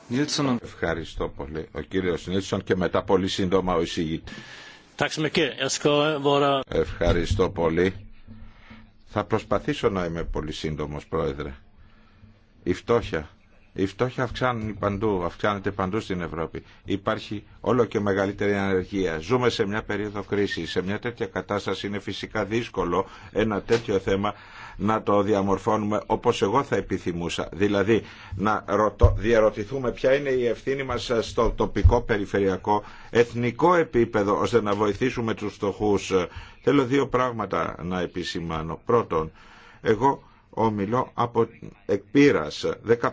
Ευχαριστώ πολύ. Ο Νίλσον και μετά πολύ σύντομα ο εισηγητής. Ευχαριστώ πολύ. Θα προσπαθήσω να είμαι πολύ σύντομος, Πρόεδρε. Η φτώχεια. Η φτώχεια αυξάνει παντού, αυξάνεται παντού στην Ευρώπη. Υπάρχει όλο και μεγαλύτερη ανεργία. Ζούμε σε μια περίοδο κρίση. Σε μια τέτοια κατάσταση είναι φυσικά δύσκολο ένα τέτοιο θέμα να το διαμορφώνουμε όπως εγώ θα επιθυμούσα. Δηλαδή να ρωτώ, διαρωτηθούμε ποια είναι η ευθύνη μας στο τοπικό, περιφερειακό, εθνικό επίπεδο ώστε να βοηθήσουμε τους φτωχούς. Θέλω δύο πράγματα να επισημάνω. Πρώτον, εγώ ομιλώ από εκπείρας.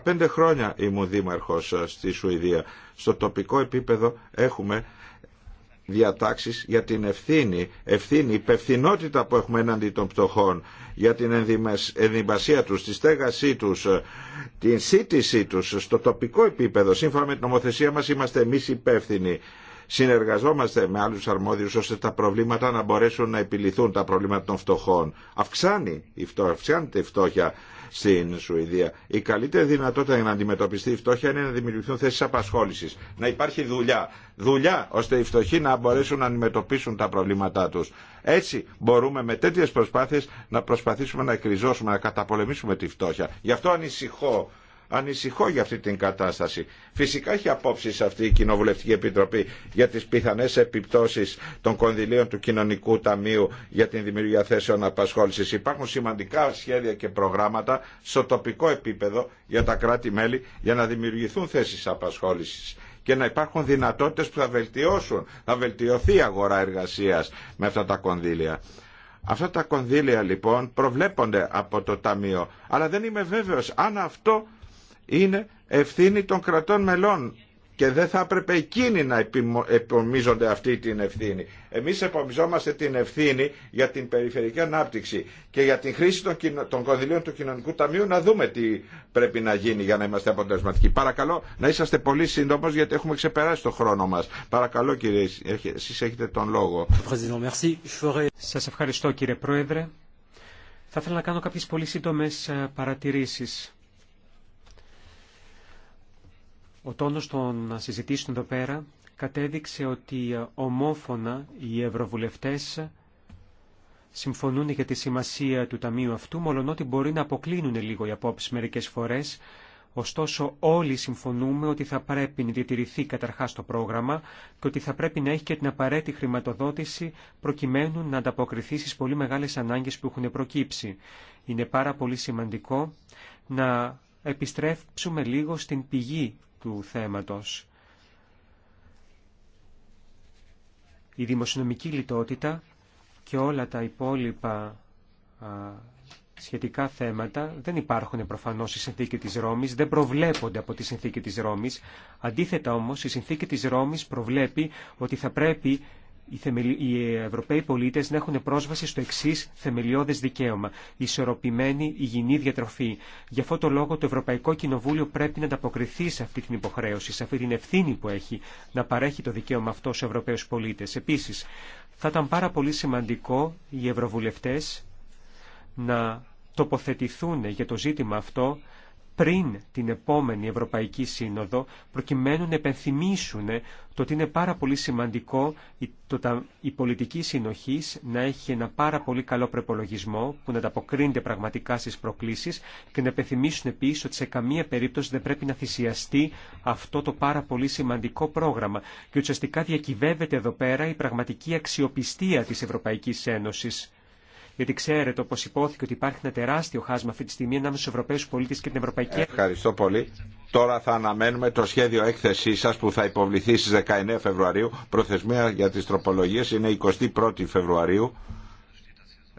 15 χρόνια ήμουν δήμαρχος στη Σουηδία. Στο τοπικό επίπεδο έχουμε διατάξεις για την ευθύνη, ευθύνη, υπευθυνότητα που έχουμε έναντι των πτωχών, για την ενδυμασία τους, τη στέγασή τους, ε, την σύντησή τους στο τοπικό επίπεδο. Σύμφωνα με την νομοθεσία μας είμαστε εμείς υπεύθυνοι. Συνεργαζόμαστε με άλλους αρμόδιους ώστε τα προβλήματα να μπορέσουν να επιληθούν τα προβλήματα των φτωχών. Αυξάνει αυξάνεται η φτώχεια στην Σουηδία. Η καλύτερη δυνατότητα για να αντιμετωπιστεί η φτώχεια είναι να δημιουργηθούν θέσει απασχόληση. Να υπάρχει δουλειά. Δουλειά ώστε οι φτωχοί να μπορέσουν να αντιμετωπίσουν τα προβλήματά του. Έτσι μπορούμε με τέτοιε προσπάθειε να προσπαθήσουμε να εκριζώσουμε, να καταπολεμήσουμε τη φτώχεια. Γι' αυτό ανησυχώ Ανησυχώ για αυτή την κατάσταση. Φυσικά έχει απόψει αυτή η Κοινοβουλευτική Επιτροπή για τι πιθανέ επιπτώσει των κονδυλίων του Κοινωνικού Ταμείου για την δημιουργία θέσεων απασχόληση. Υπάρχουν σημαντικά σχέδια και προγράμματα στο τοπικό επίπεδο για τα κράτη-μέλη για να δημιουργηθούν θέσει απασχόληση και να υπάρχουν δυνατότητες που θα βελτιώσουν, θα βελτιωθεί η αγορά εργασίας με αυτά τα κονδύλια. Αυτά τα κονδύλια λοιπόν προβλέπονται από το Ταμείο, αλλά δεν είμαι βέβαιος αν αυτό είναι ευθύνη των κρατών μελών και δεν θα έπρεπε εκείνοι να επομίζονται αυτή την ευθύνη. Εμείς επομιζόμαστε την ευθύνη για την περιφερειακή ανάπτυξη και για την χρήση των, κονδυλίων του Κοινωνικού Ταμείου να δούμε τι πρέπει να γίνει για να είμαστε αποτελεσματικοί. Παρακαλώ να είσαστε πολύ σύντομος γιατί έχουμε ξεπεράσει το χρόνο μας. Παρακαλώ κύριε, εσείς έχετε τον λόγο. Σας ευχαριστώ κύριε Πρόεδρε. Θα ήθελα να κάνω κάποιες πολύ σύντομες ε, παρατηρήσεις. Ο τόνος των συζητήσεων εδώ πέρα κατέδειξε ότι ομόφωνα οι ευρωβουλευτές συμφωνούν για τη σημασία του ταμείου αυτού, μολονότι μπορεί να αποκλίνουν λίγο οι απόψεις μερικές φορές, Ωστόσο όλοι συμφωνούμε ότι θα πρέπει να διατηρηθεί καταρχάς το πρόγραμμα και ότι θα πρέπει να έχει και την απαραίτητη χρηματοδότηση προκειμένου να ανταποκριθεί στις πολύ μεγάλες ανάγκες που έχουν προκύψει. Είναι πάρα πολύ σημαντικό να επιστρέψουμε λίγο στην πηγή του θέματος. Η δημοσιονομική λιτότητα και όλα τα υπόλοιπα σχετικά θέματα δεν υπάρχουν προφανώς στη συνθήκη της Ρώμης, δεν προβλέπονται από τη συνθήκη της Ρώμης. Αντίθετα όμως η συνθήκη της Ρώμης προβλέπει ότι θα πρέπει οι Ευρωπαίοι πολίτε να έχουν πρόσβαση στο εξή θεμελιώδε δικαίωμα, ισορροπημένη υγιεινή διατροφή. Γι' αυτό το λόγο το Ευρωπαϊκό Κοινοβούλιο πρέπει να ανταποκριθεί σε αυτή την υποχρέωση, σε αυτή την ευθύνη που έχει να παρέχει το δικαίωμα αυτό στου Ευρωπαίου πολίτε. Επίση, θα ήταν πάρα πολύ σημαντικό οι Ευρωβουλευτέ να τοποθετηθούν για το ζήτημα αυτό πριν την επόμενη Ευρωπαϊκή Σύνοδο, προκειμένου να επενθυμίσουν το ότι είναι πάρα πολύ σημαντικό η πολιτική συνοχή να έχει ένα πάρα πολύ καλό προπολογισμό που να ανταποκρίνεται πραγματικά στι προκλήσει και να επενθυμίσουν επίση ότι σε καμία περίπτωση δεν πρέπει να θυσιαστεί αυτό το πάρα πολύ σημαντικό πρόγραμμα. Και ουσιαστικά διακυβεύεται εδώ πέρα η πραγματική αξιοπιστία τη Ευρωπαϊκή Ένωση γιατί ξέρετε, όπω υπόθηκε, ότι υπάρχει ένα τεράστιο χάσμα αυτή τη στιγμή ανάμεσα στου Ευρωπαίου πολίτε και την Ευρωπαϊκή Ένωση. Ευχαριστώ πολύ. Τώρα θα αναμένουμε το σχέδιο έκθεσή σα που θα υποβληθεί στι 19 Φεβρουαρίου. Προθεσμία για τι τροπολογίε είναι 21 Φεβρουαρίου.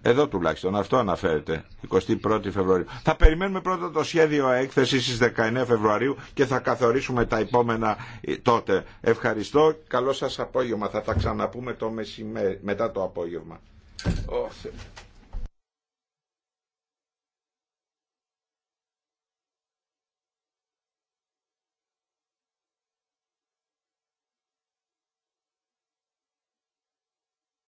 Εδώ τουλάχιστον, αυτό αναφέρεται, 21 Φεβρουαρίου. Θα περιμένουμε πρώτα το σχέδιο έκθεση στι 19 Φεβρουαρίου και θα καθορίσουμε τα επόμενα τότε. Ευχαριστώ, καλό σα απόγευμα, θα τα ξαναπούμε το μεσημέρι, μετά το απόγευμα.